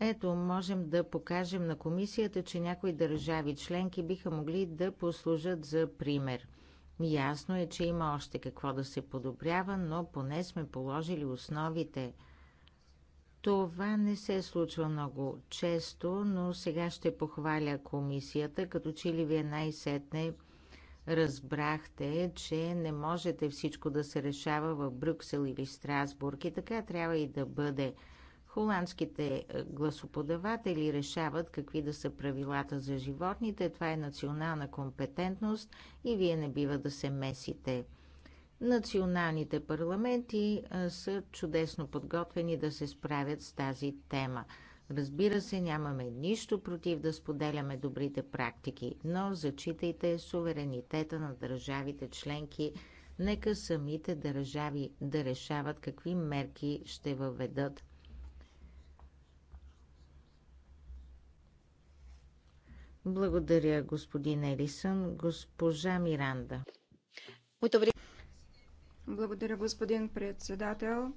Ето, можем да покажем на комисията, че някои държави членки биха могли да послужат за пример. Ясно е, че има още какво да се подобрява, но поне сме положили основите. Това не се случва много често, но сега ще похваля комисията, като че ли ви е най-сетне – разбрахте, че не можете всичко да се решава в Брюксел или Страсбург и така трябва и да бъде. Холандските е, гласоподаватели решават какви да са правилата за животните. Това е национална компетентност и вие не бива да се месите. Националните парламенти е, са чудесно подготвени да се справят с тази тема. Разбира се, нямаме нищо против да споделяме добрите практики, но зачитайте суверенитета на държавите членки. Нека самите държави да решават какви мерки ще въведат. Благодаря, господин Елисън. Госпожа Миранда. Благодаря, господин председател.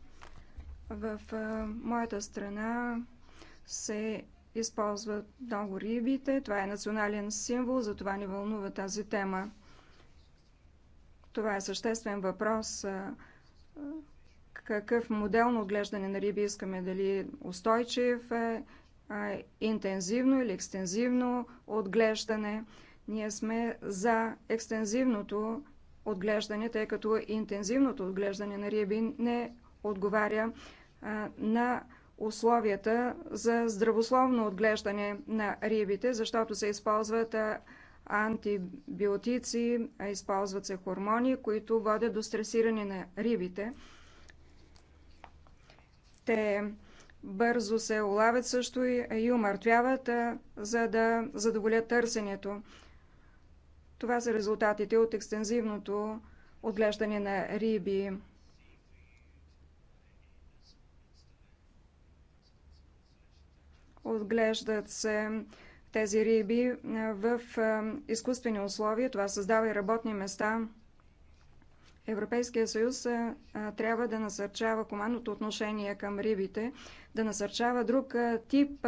В моята страна се използват много рибите. Това е национален символ, затова ни вълнува тази тема. Това е съществен въпрос. Какъв модел на отглеждане на риби искаме? Дали устойчив, интензивно или екстензивно отглеждане? Ние сме за екстензивното отглеждане, тъй като интензивното отглеждане на риби не отговаря на условията за здравословно отглеждане на рибите, защото се използват антибиотици, използват се хормони, които водят до стресиране на рибите. Те бързо се улавят също и умъртвяват, за да задоволят търсенето. Това са резултатите от екстензивното отглеждане на риби. Отглеждат се тези риби в изкуствени условия. Това създава и работни места. Европейския съюз трябва да насърчава командното отношение към рибите, да насърчава друг тип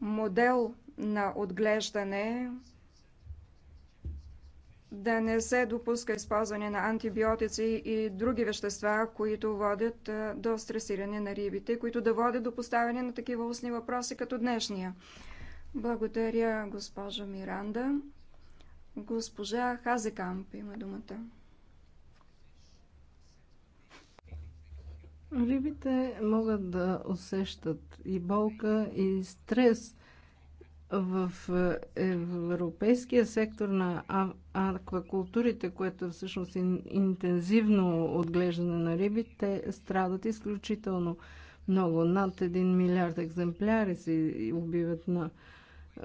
модел на отглеждане, да не се допуска използване на антибиотици и други вещества, които водят до стресиране на рибите, които да водят до поставяне на такива устни въпроси като днешния. Благодаря, госпожо Миранда. Госпожа Хазекамп има думата. Рибите могат да усещат и болка, и стрес в е, европейския сектор на аквакултурите, което всъщност е интензивно отглеждане на риби, те страдат изключително много. Над 1 милиард екземпляри се убиват на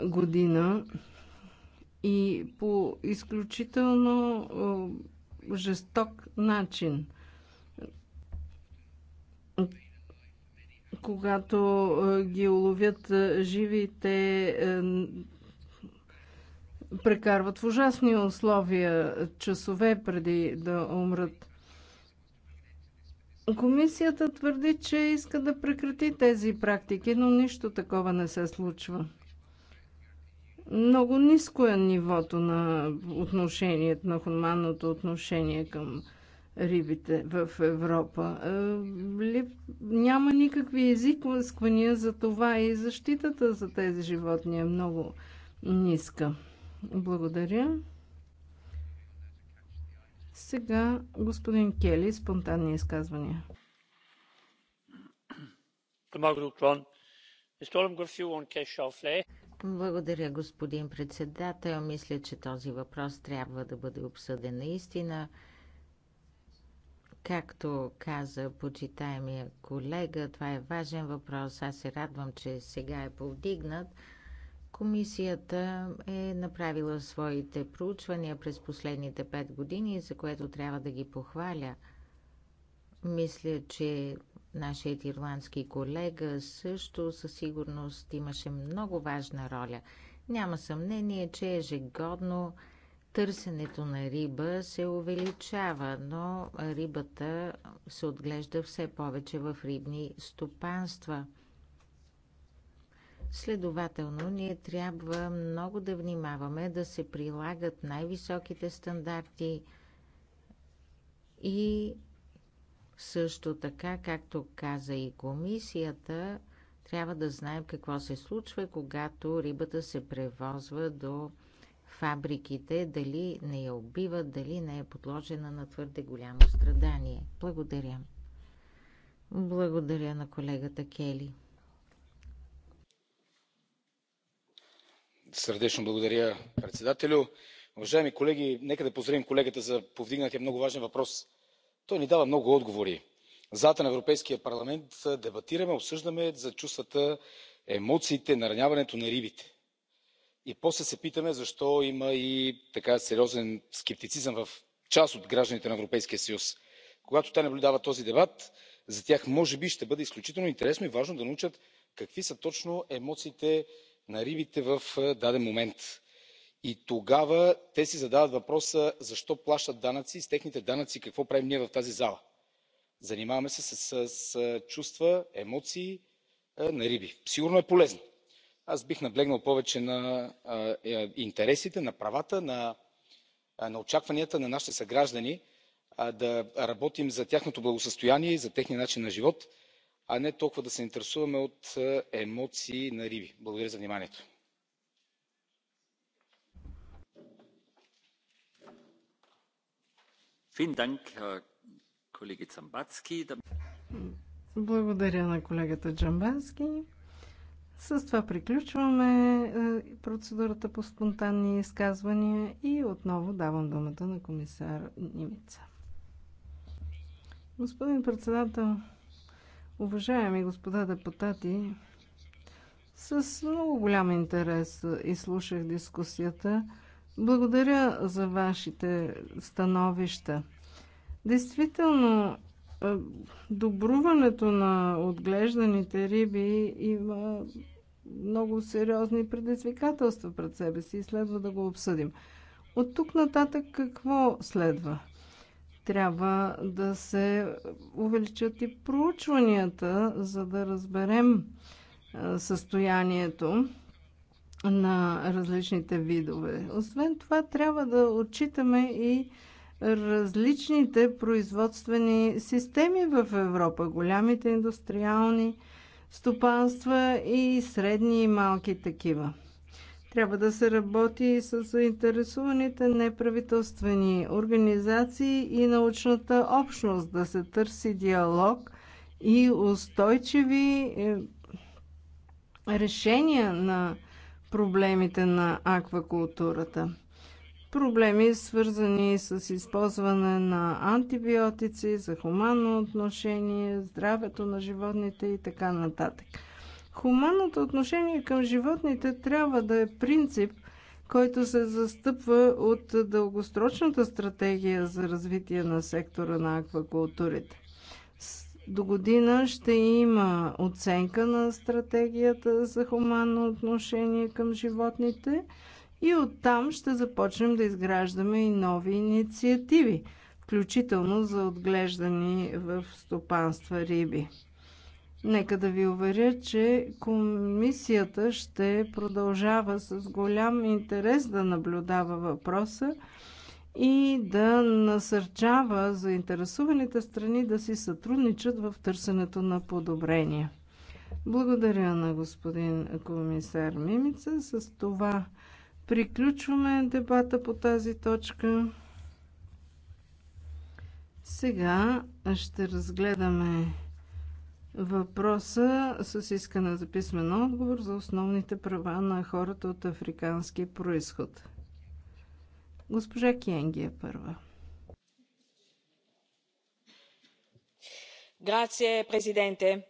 година и по изключително е, жесток начин когато е, ги уловят е, живи, те е, прекарват в ужасни условия часове преди да умрат. Комисията твърди, че иска да прекрати тези практики, но нищо такова не се случва. Много ниско е нивото на отношението, на хуманното отношение към рибите в Европа. Е, Лип... Няма никакви изисквания за това и защитата за тези животни е много ниска. Благодаря. Сега господин Кели, спонтанни изказвания. Благодаря, господин председател. Мисля, че този въпрос трябва да бъде обсъден наистина. Както каза почитаемия колега, това е важен въпрос. Аз се радвам, че сега е повдигнат. Комисията е направила своите проучвания през последните пет години, за което трябва да ги похваля. Мисля, че нашият ирландски колега също със сигурност имаше много важна роля. Няма съмнение, че ежегодно Търсенето на риба се увеличава, но рибата се отглежда все повече в рибни стопанства. Следователно, ние трябва много да внимаваме да се прилагат най-високите стандарти и също така, както каза и комисията, трябва да знаем какво се случва, когато рибата се превозва до фабриките, дали не я убиват, дали не е подложена на твърде голямо страдание. Благодаря. Благодаря на колегата Кели. Сърдечно благодаря, председателю. Уважаеми колеги, нека да поздравим колегата за повдигнатия много важен въпрос. Той ни дава много отговори. Зата на Европейския парламент дебатираме, обсъждаме за чувствата, емоциите, нараняването на рибите и после се питаме защо има и сериозен скептицизъм в част от гражданите на европейския съюз. когато те наблюдават този дебат за тях може би ще бъде изключително интересно и важно да научат какви са точно емоциите на рибите в е, даден момент. и тогава те си задават въпроса защо плащат данъци и с техните данъци какво правим ние в тази зала? занимаваме се с чувства емоции е, на риби. сигурно е полезно аз бих наблегнал повече на е, интересите на правата на очакванията на нашите съграждани да работим за тяхното благосъстояние и за техния начин на живот а не толкова да се интересуваме от емоции на риби. благодаря за вниманието. Благодаря на колегата Джамбански. С това приключваме е, процедурата по спонтанни изказвания и отново давам думата на комисар Нимица. Господин председател, уважаеми господа депутати, с много голям интерес изслушах дискусията. Благодаря за вашите становища. Действително, е, добруването на отглежданите риби има много сериозни предизвикателства пред себе си и следва да го обсъдим. От тук нататък какво следва? Трябва да се увеличат и проучванията, за да разберем е, състоянието на различните видове. Освен това, трябва да отчитаме и различните производствени системи в Европа, голямите индустриални стопанства и средни и малки такива. Трябва да се работи и с заинтересуваните неправителствени организации и научната общност, да се търси диалог и устойчиви е, решения на проблемите на аквакултурата проблеми, свързани с използване на антибиотици за хуманно отношение, здравето на животните и така нататък. Хуманното отношение към животните трябва да е принцип, който се застъпва от дългосрочната стратегия за развитие на сектора на аквакултурите. До година ще има оценка на стратегията за хуманно отношение към животните – и оттам ще започнем да изграждаме и нови инициативи, включително за отглеждани в стопанства риби. Нека да ви уверя, че комисията ще продължава с голям интерес да наблюдава въпроса и да насърчава заинтересуваните страни да си сътрудничат в търсенето на подобрения. Благодаря на господин комисар Мимица. С това Приключваме дебата по тази точка. Сега ще разгледаме въпроса с искане за писмен отговор за основните права на хората от африкански происход. Госпожа Кенги е първа. президенте.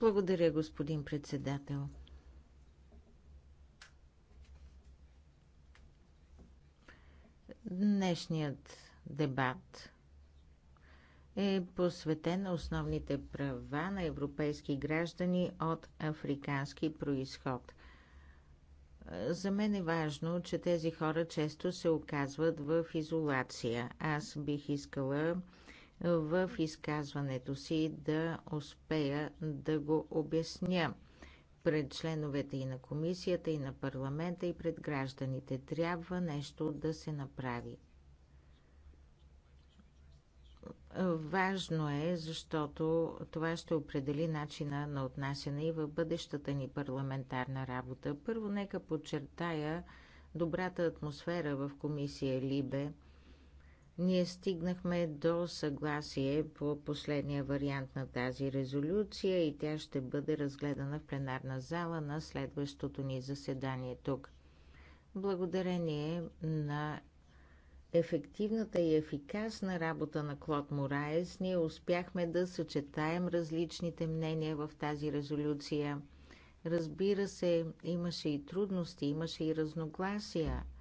Благодаря, господин председател. Днешният дебат е посветен на основните права на европейски граждани от африкански происход. За мен е важно, че тези хора често се оказват в изолация. Аз бих искала в изказването си да успея да го обясня – пред членовете и на комисията, и на парламента, и пред гражданите. Трябва нещо да се направи. Важно е, защото това ще определи начина на отнасяне и в бъдещата ни парламентарна работа. Първо, нека подчертая добрата атмосфера в комисия Либе – ние стигнахме до съгласие по последния вариант на тази резолюция и тя ще бъде разгледана в пленарна зала на следващото ни заседание тук. Благодарение на ефективната и ефикасна работа на Клод Мораес, ние успяхме да съчетаем различните мнения в тази резолюция. Разбира се, имаше и трудности, имаше и разногласия –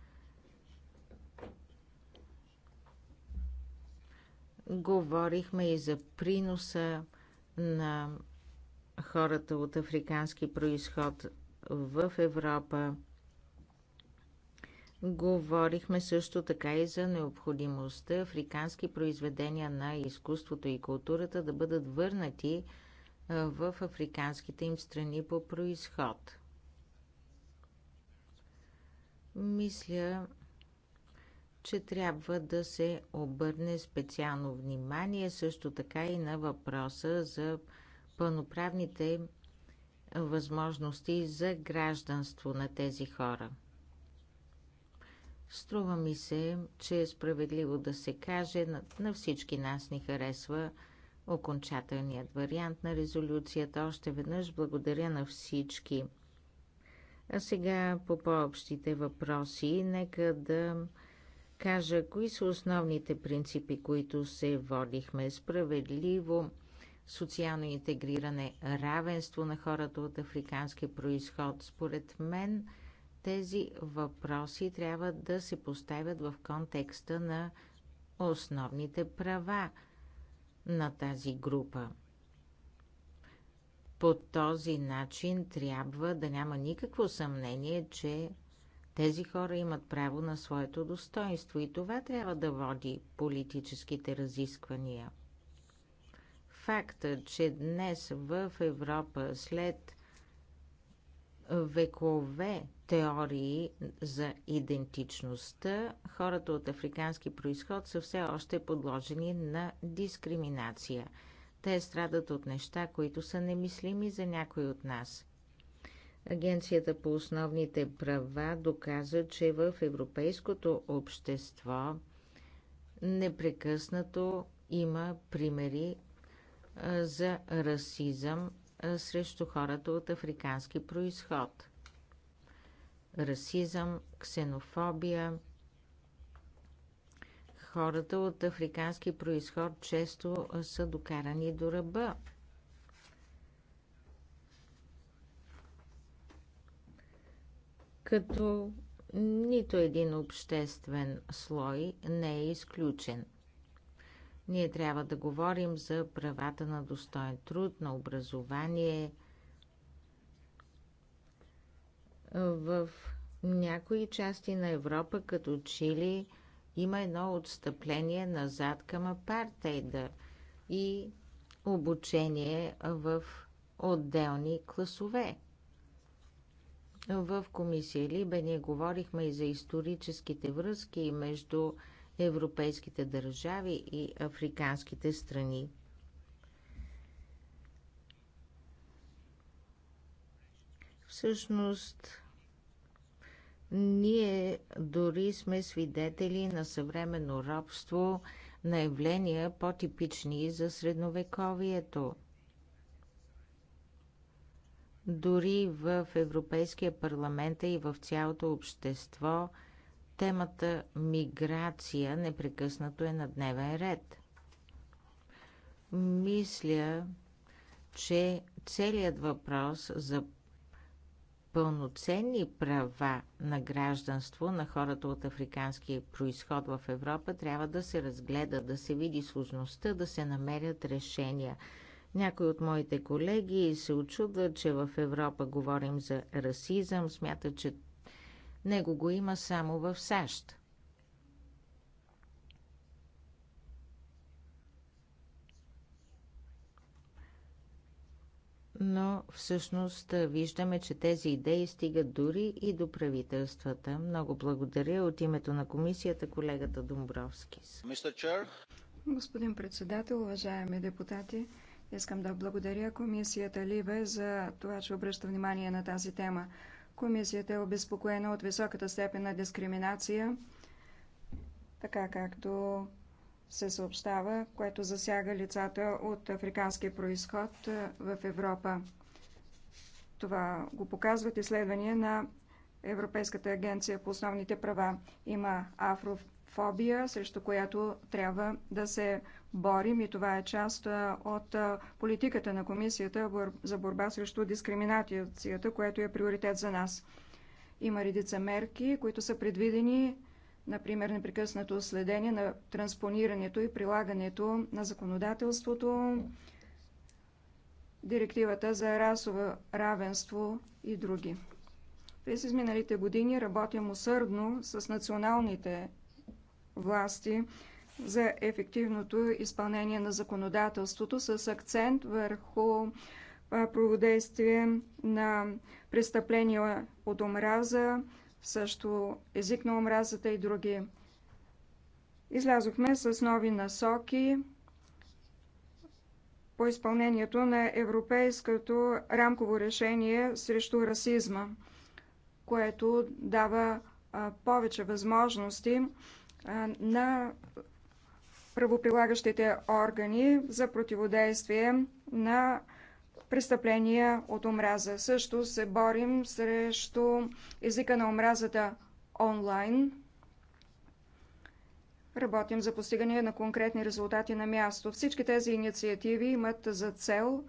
Говорихме и за приноса на хората от африкански происход в Европа. Говорихме също така и за необходимостта африкански произведения на изкуството и културата да бъдат върнати в африканските им страни по происход. Мисля, че трябва да се обърне специално внимание също така и на въпроса за пълноправните възможности за гражданство на тези хора. Струва ми се, че е справедливо да се каже, на всички нас ни харесва окончателният вариант на резолюцията. Още веднъж благодаря на всички. А сега по по-общите въпроси, нека да кажа кои са основните принципи, които се водихме. Справедливо социално интегриране, равенство на хората от африкански происход. Според мен тези въпроси трябва да се поставят в контекста на основните права на тази група. По този начин трябва да няма никакво съмнение, че тези хора имат право на своето достоинство и това трябва да води политическите разисквания. Фактът, че днес в Европа след векове теории за идентичността, хората от африкански происход са все още подложени на дискриминация. Те страдат от неща, които са немислими за някой от нас. Агенцията по основните права доказа, че в европейското общество непрекъснато има примери за расизъм срещу хората от африкански происход. Расизъм, ксенофобия. Хората от африкански происход често са докарани до ръба като нито един обществен слой не е изключен. Ние трябва да говорим за правата на достоен труд, на образование. В някои части на Европа, като Чили, има едно отстъпление назад към апартейда и обучение в отделни класове. В комисия Либе ние говорихме и за историческите връзки между европейските държави и африканските страни. Всъщност, ние дори сме свидетели на съвременно робство, на явления по-типични за средновековието. Дори в Европейския парламент и в цялото общество темата миграция непрекъснато е на дневен ред. Мисля, че целият въпрос за пълноценни права на гражданство на хората от африкански происход в Европа трябва да се разгледа, да се види сложността, да се намерят решения – някои от моите колеги се очудват, че в Европа говорим за расизъм, смятат, че него го има само в САЩ. но всъщност виждаме, че тези идеи стигат дори и до правителствата. Много благодаря от името на комисията колегата Домбровски. Господин председател, уважаеми депутати, Искам да благодаря комисията Либе за това, че обръща внимание на тази тема. Комисията е обезпокоена от високата степен на дискриминация, така както се съобщава, което засяга лицата от африкански происход е, в Европа. Това го показват изследвания на Европейската агенция по основните права. Има Афро фобия, срещу която трябва да се борим и това е част от политиката на Комисията за борба срещу дискриминацията, което е приоритет за нас. Има редица мерки, които са предвидени, например непрекъснато следение на транспонирането и прилагането на законодателството, директивата за расово равенство и други. През изминалите години работим усърдно с националните власти за ефективното изпълнение на законодателството с акцент върху праводействие на престъпления от омраза, също език на омразата и други. Излязохме с нови насоки по изпълнението на европейското рамково решение срещу расизма, което дава повече възможности на правоприлагащите органи за противодействие на престъпления от омраза. Също се борим срещу езика на омразата онлайн. Работим за постигане на конкретни резултати на място. Всички тези инициативи имат за цел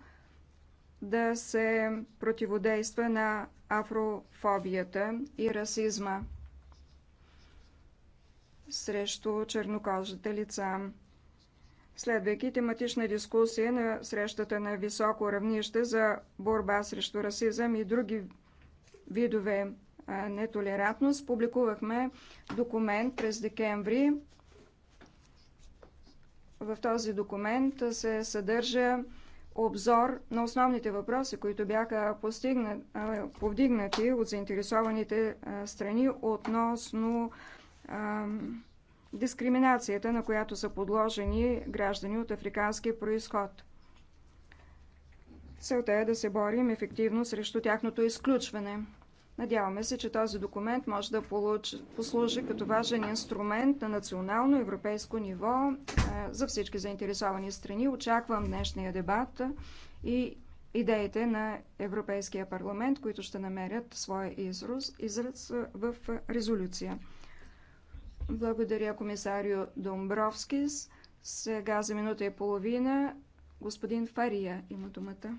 да се противодейства на афрофобията и расизма срещу чернокожите лица. Следвайки тематична дискусия на срещата на високо равнище за борба срещу расизъм и други видове нетолерантност, публикувахме документ през декември. В този документ се съдържа обзор на основните въпроси, които бяха повдигнати от заинтересованите страни относно дискриминацията, на която са подложени граждани от африкански происход. Целта е да се борим ефективно срещу тяхното изключване. Надяваме се, че този документ може да получи, послужи като важен инструмент на национално европейско ниво за всички заинтересовани страни. Очаквам днешния дебат и идеите на Европейския парламент, които ще намерят своя израз, израз в резолюция. Благодаря, комисарио Домбровскис. Сега за минута и половина господин Фария има думата.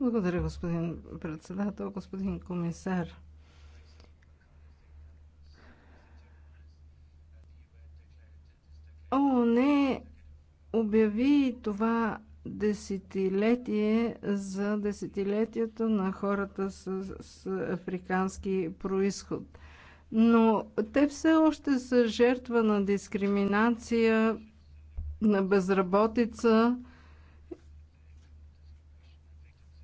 Благодаря, господин председател, господин комисар. не обяви това десетилетие за десетилетието на хората с, с африкански происход но те все още са жертва на дискриминация, на безработица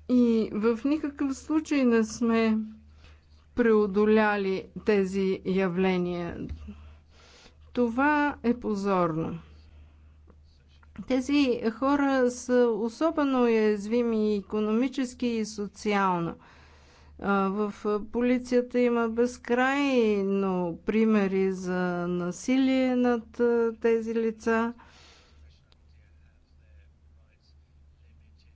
и в никакъв случай не сме преодоляли тези явления. Това е позорно. Тези хора са особено уязвими и економически и социално – в полицията има безкрайно примери за насилие над тези лица.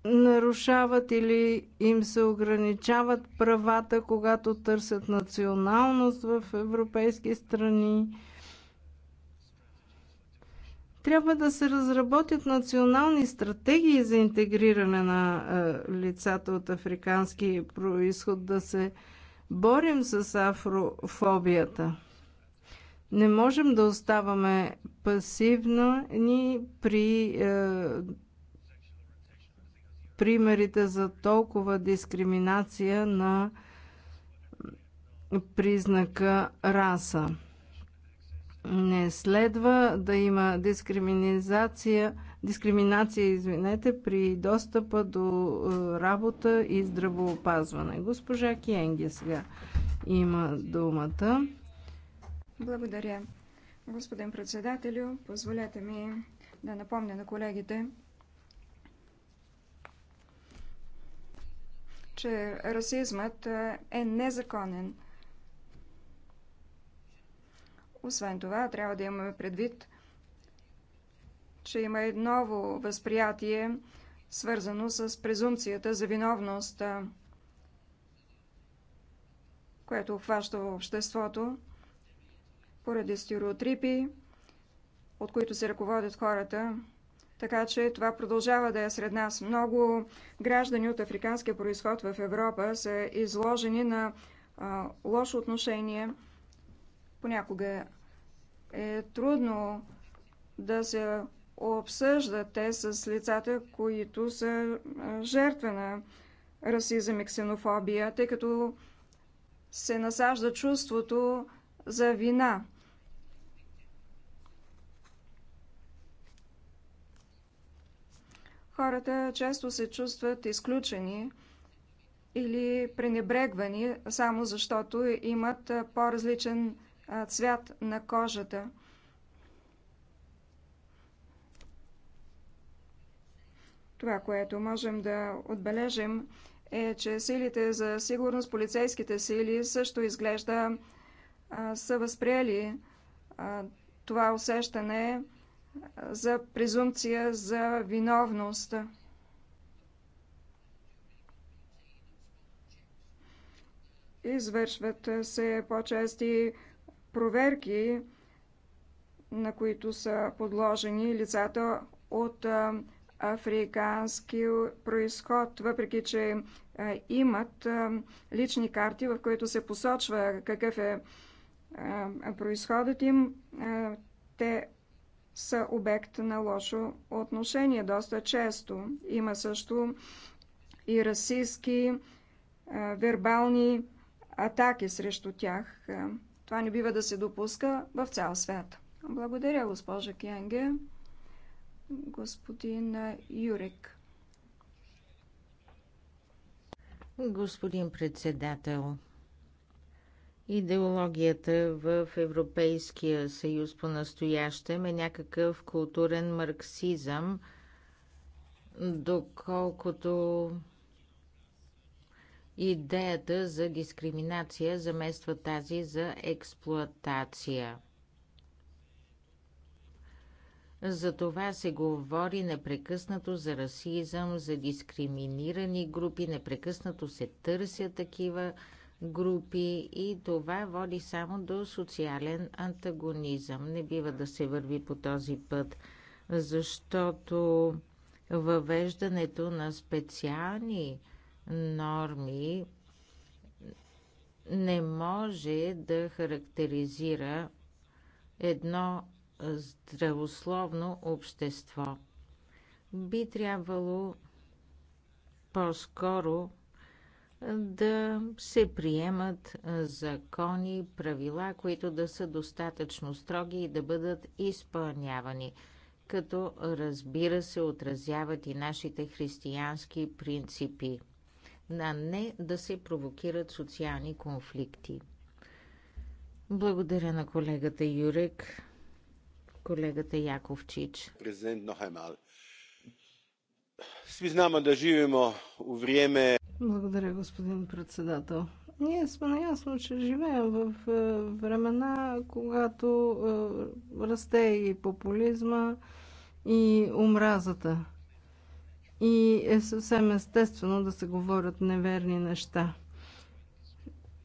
Нарушават или им се ограничават правата, когато търсят националност в европейски страни трябва да се разработят национални стратегии за интегриране на е, лицата от африкански происход, да се борим с афрофобията. Не можем да оставаме пасивно ни при е, примерите за толкова дискриминация на признака раса. Не следва да има дискриминация, дискриминация извинете, при достъпа до е, работа и здравоопазване. Госпожа Киенге сега има думата. Благодаря. Господин председателю, позволете ми да напомня на колегите, че расизмът е, е незаконен – освен това, трябва да имаме предвид, че има и ново възприятие, свързано с презумцията за виновност, което обхваща обществото поради стереотрипи, от които се ръководят хората. Така че това продължава да е сред нас. Много граждани от африканския происход в Европа са изложени на а, лошо отношение – Понякога е трудно да се обсъждат те с лицата, които са жертва на расизъм и ксенофобия, тъй като се насажда чувството за вина. Хората често се чувстват изключени или пренебрегвани, само защото имат по-различен цвят на кожата. Това, което можем да отбележим, е, че силите за сигурност, полицейските сили също изглежда са възприели това усещане за презумпция за виновност. Извършват се по-чести проверки, на които са подложени лицата от африкански происход, въпреки че имат лични карти, в които се посочва какъв е происходът им, те са обект на лошо отношение доста често. Има също и расистски, вербални атаки срещу тях. Това не бива да се допуска в цял свят. Благодаря, госпожа Кенге. Господин Юрик. Господин председател, идеологията в Европейския съюз по-настоящем е някакъв културен марксизъм, доколкото идеята за дискриминация замества тази за експлоатация. За това се говори непрекъснато за расизъм, за дискриминирани групи, непрекъснато се търсят такива групи и това води само до социален антагонизъм. Не бива да се върви по този път, защото въвеждането на специални норми не може да характеризира едно здравословно общество. Би трябвало по-скоро да се приемат закони, правила, които да са достатъчно строги и да бъдат изпълнявани, като разбира се отразяват и нашите християнски принципи а не да се провокират социални конфликти. Благодаря на колегата Юрек, колегата Яковчич. Президент Нохаймал. Сви знаме да живемо u време... Благодаря, господин председател. Ние сме наясно, че живеем в е, времена, когато е, расте и популизма, и омразата и е съвсем естествено да се говорят неверни неща.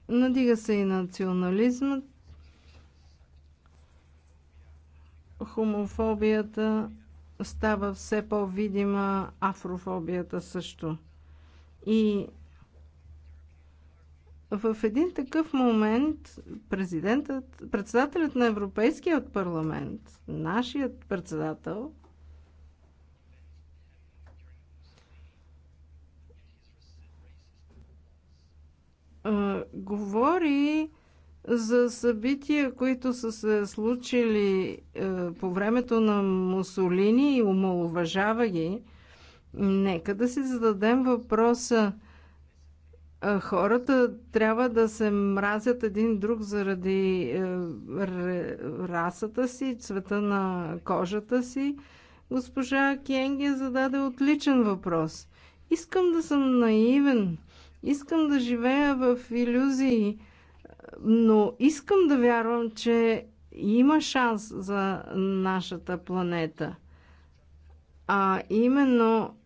Надига се и национализмът, хомофобията става все по-видима, афрофобията също. И в един такъв момент президентът, председателят на Европейският парламент, нашият председател, говори за събития, които са се случили а, по времето на Мусолини и омалуважава ги. Нека да си зададем въпроса. А, хората трябва да се мразят един друг заради а, расата си, цвета на кожата си. Госпожа Кенге зададе отличен въпрос. Искам да съм наивен Искам да живея в иллюзии, но искам да вярвам, че има шанс за нашата планета. А именно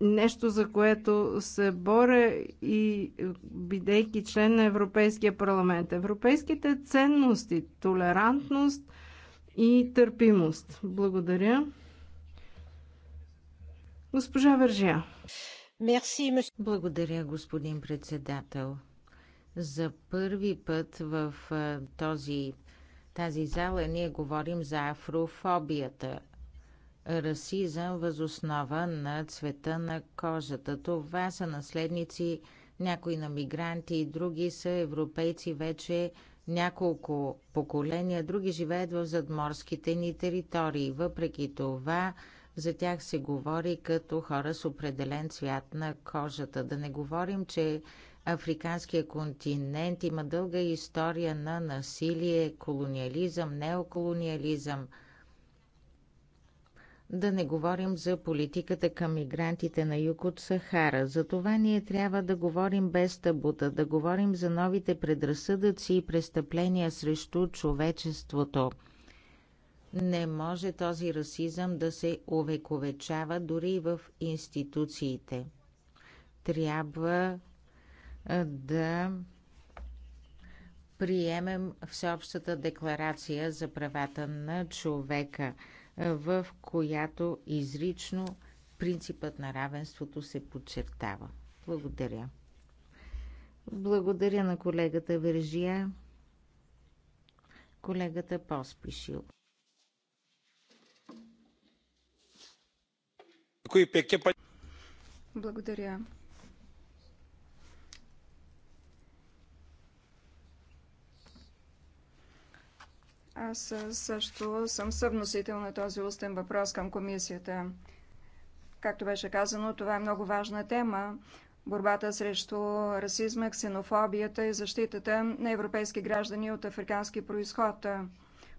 нещо, за което се боря и бидейки член на Европейския парламент. Европейските ценности, толерантност и търпимост. Благодаря. Госпожа Вържия. Благодаря, господин председател. За първи път в този, тази зала ние говорим за афрофобията. Расизъм възоснова на цвета на кожата. Това са наследници, някои на мигранти, други са европейци вече няколко поколения, други живеят в задморските ни територии. Въпреки това, за тях се говори като хора с определен цвят на кожата. Да не говорим, че Африканския континент има дълга история на насилие, колониализъм, неоколониализъм. Да не говорим за политиката към мигрантите на юг от Сахара. За това ние трябва да говорим без табута, да говорим за новите предразсъдъци и престъпления срещу човечеството – не може този расизъм да се увековечава дори и в институциите. Трябва да приемем Всеобщата декларация за правата на човека, в която изрично принципът на равенството се подчертава. Благодаря. Благодаря на колегата Вержия, колегата Поспишил. Е Благодаря. Аз също съм съвносител на този устен въпрос към комисията. Както беше казано, това е много важна тема. Борбата срещу расизма, ксенофобията и защитата на европейски граждани от африкански происход,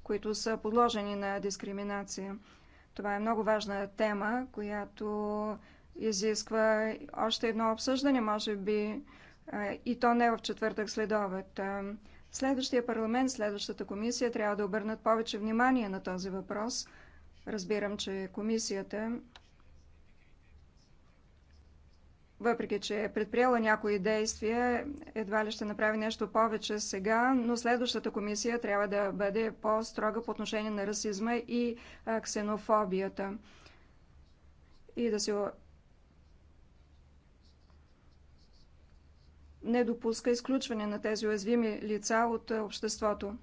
които са подложени на дискриминация. Това е много важна тема, която изисква още едно обсъждане, може би, и то не в четвъртък след Следващия парламент, следващата комисия трябва да обърнат повече внимание на този въпрос. Разбирам, че комисията въпреки че е предприела някои действия, едва ли ще направи нещо повече сега, но следващата комисия трябва да бъде по-строга по отношение на расизма и ксенофобията. И да се не допуска изключване на тези уязвими лица от обществото.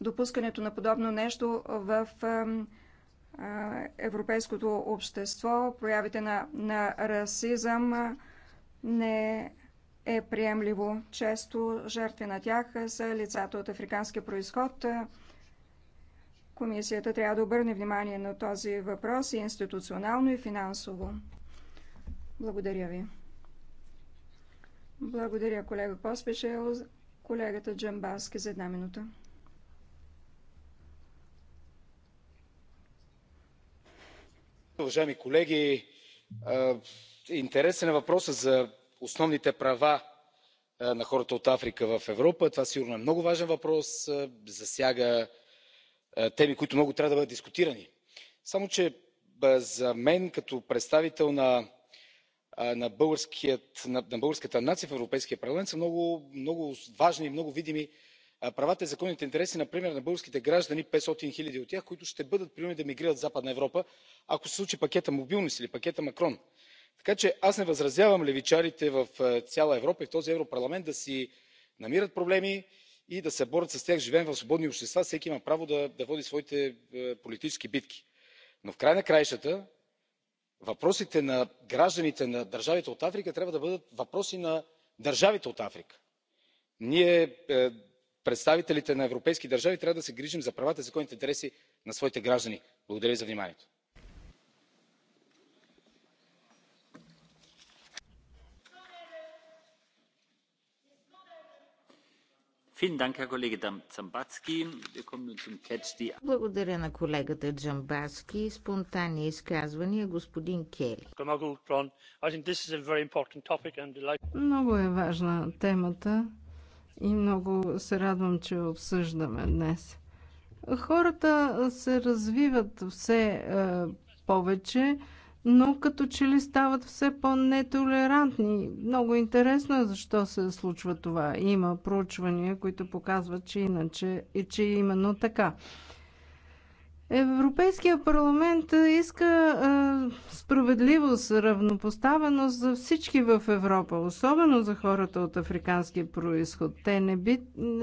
Допускането на подобно нещо в европейското общество, проявите на, на расизъм не е приемливо. Често жертви на тях са лицата от африкански происход. Комисията трябва да обърне внимание на този въпрос и институционално и финансово. Благодаря ви. Благодаря, колега Поспешел. Колегата Джамбаски за една минута. уважаеми колеги! интересен е въпросът за основните права на хората от африка в европа. това сигурно е много важен въпрос засяга теми които много трябва да бъдат дискутирани. само че за мен като представител на българската нация в европейския парламент са много важни и много видими правата и законните интереси например на българските граждани петстотин хиляди от тях които ще бъдат принудени да емигрират в западна европа ако се случи пакетът мобилност или пакетът макрон. така че аз не възразявам левичарите в цяла европа и в този европарламент да си намират проблеми и да се борят с тях. живеем в свободни общества всеки има право да води своите политически битки. но в края на краищата въпросите на гражданите на държавите от африка трябва да бъдат въпроси на държавите от африка. ние представителите на европейски държави трябва да се грижим за правата и законните интереси на своите граждани. благодаря ви за вниманието. Благодаря на колегата Джамбазки. Спонтанни изказвания господин Кели. Много е важна темата и много се радвам, че обсъждаме днес. Хората се развиват все е, повече, но като че ли стават все по-нетолерантни. Много интересно е защо се случва това. Има проучвания, които показват, че иначе и че именно така. Европейския парламент иска е, справедливост, равнопоставеност за всички в Европа, особено за хората от африкански происход. Те не би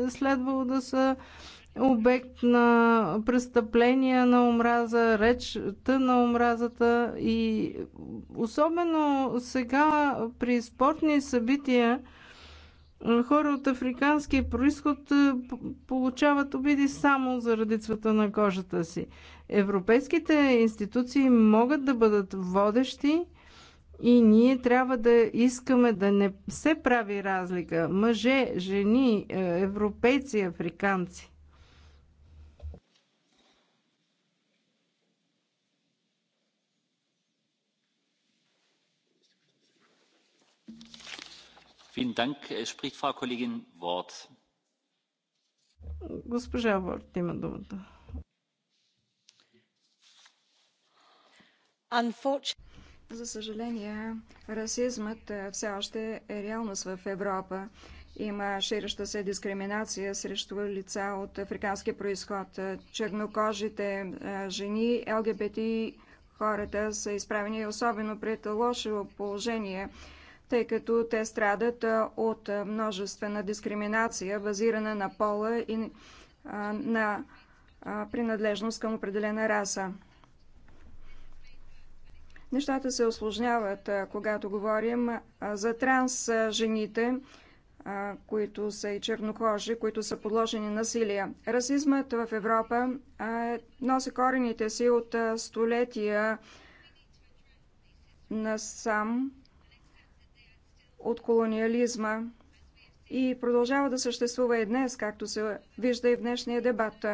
следвало да са обект на престъпления на омраза, речта на омразата и особено сега при спортни събития хора от африкански происход е, получават обиди само заради цвета на кожата си. Европейските институции могат да бъдат водещи и ние трябва да искаме да не се прави разлика мъже, жени, е, европейци, африканци. Äh, Госпожа Ворд има думата. За съжаление, расизмът е, все още е реалност в Европа. Има ширеща се дискриминация срещу лица от африкански происход. Е, чернокожите е, жени, ЛГБТ хората са изправени особено пред лошо положение тъй като те страдат от множествена дискриминация, базирана на пола и на принадлежност към определена раса. Нещата се осложняват, когато говорим за транс жените, които са и чернокожи, които са подложени насилие. Расизмът в Европа носи корените си от столетия насам. сам от колониализма и продължава да съществува и днес, както се вижда и в днешния дебат.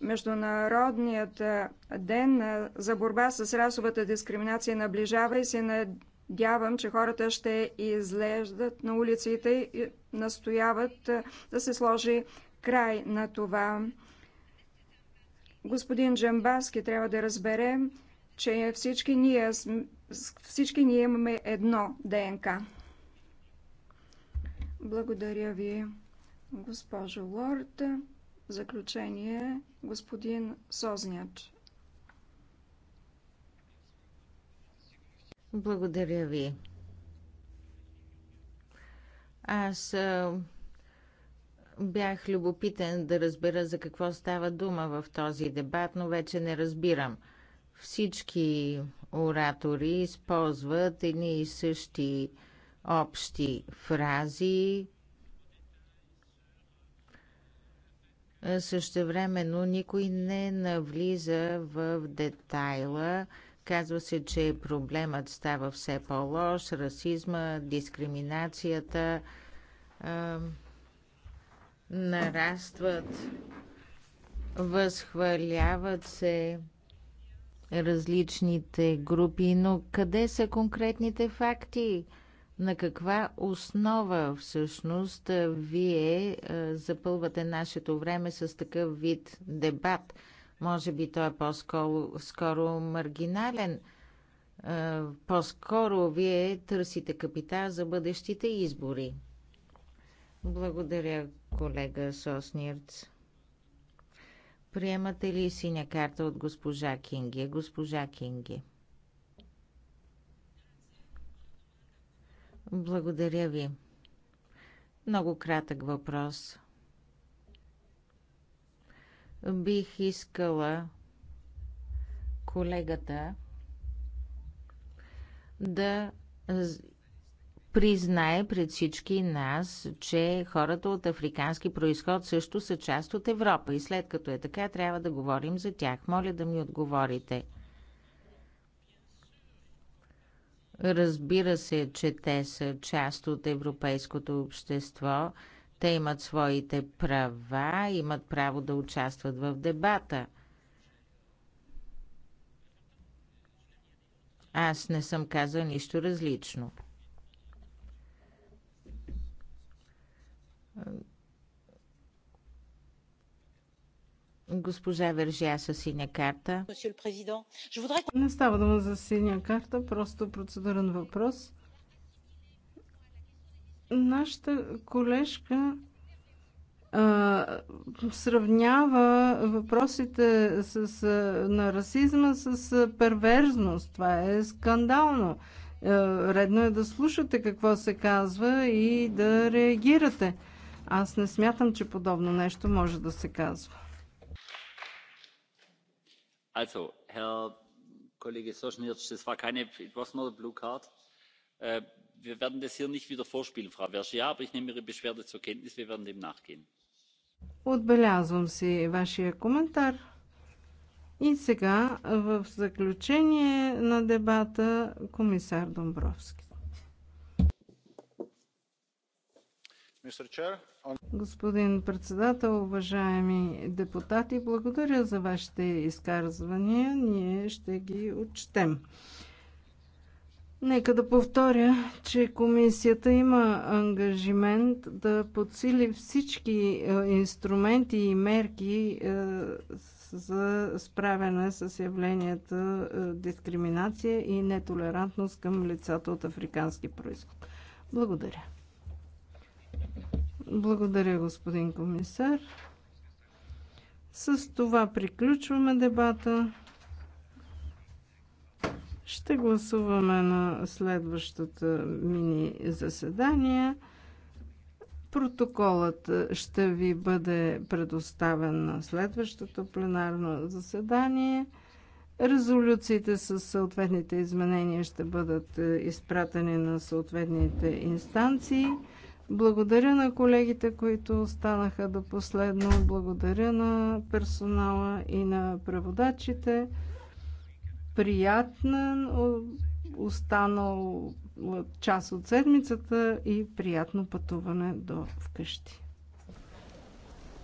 Международният ден за борба с расовата дискриминация наближава и се надявам, че хората ще излеждат на улиците и настояват да се сложи край на това. Господин Джамбаски трябва да разбере, че всички ние всички ние имаме едно ДНК. Благодаря ви, госпожо Лорд. Заключение, господин Созняч. Благодаря ви. Аз бях любопитен да разбера за какво става дума в този дебат, но вече не разбирам. Всички оратори използват едни и същи общи фрази. Същевременно никой не навлиза в детайла. Казва се, че проблемът става все по-лош, расизма, дискриминацията а, нарастват, възхваляват се различните групи, но къде са конкретните факти? На каква основа всъщност вие е, запълвате нашето време с такъв вид дебат? Може би той е по-скоро маргинален. Е, по-скоро вие търсите капитал за бъдещите избори. Благодаря, колега Соснирц. Приемате ли синя карта от госпожа Кинги? Госпожа Кинги. Благодаря ви. Много кратък въпрос. Бих искала колегата да признае пред всички нас, че хората от африкански происход също са част от Европа и след като е така, трябва да говорим за тях. Моля да ми отговорите. Разбира се, че те са част от европейското общество. Те имат своите права, имат право да участват в дебата. Аз не съм казал нищо различно. Госпожа Вержия с синя карта. Не става дума за синя карта, просто процедурен въпрос. Нашата колежка а, сравнява въпросите с, а, на расизма с а, перверзност. Това е скандално. А, редно е да слушате какво се казва и да реагирате. Аз не смятам, че подобно нещо може да се казва. Also, Herr Kollege Sosnitz, das war keine, it was not a blue card. Wir werden das hier nicht wieder vorspielen, Frau Vergia, aber ich nehme Ihre Beschwerde zur Kenntnis, wir werden dem nachgehen. Отбелязвам си вашия коментар. И сега, в заключение на дебата, комисар Домбровски. Господин председател, уважаеми депутати, благодаря за вашите изказвания. Ние ще ги отчетем. Нека да повторя, че комисията има ангажимент да подсили всички е, инструменти и мерки е, за справяне с явленията е, дискриминация и нетолерантност към лицата от африкански происход. Благодаря. Благодаря, господин комисар. С това приключваме дебата. Ще гласуваме на следващата мини заседание. Протоколът ще ви бъде предоставен на следващото пленарно заседание. Резолюциите с съответните изменения ще бъдат е, изпратени на съответните инстанции. Благодаря на колегите, които останаха до последно. Благодаря на персонала и на преводачите. Приятна останал част от седмицата и приятно пътуване до вкъщи.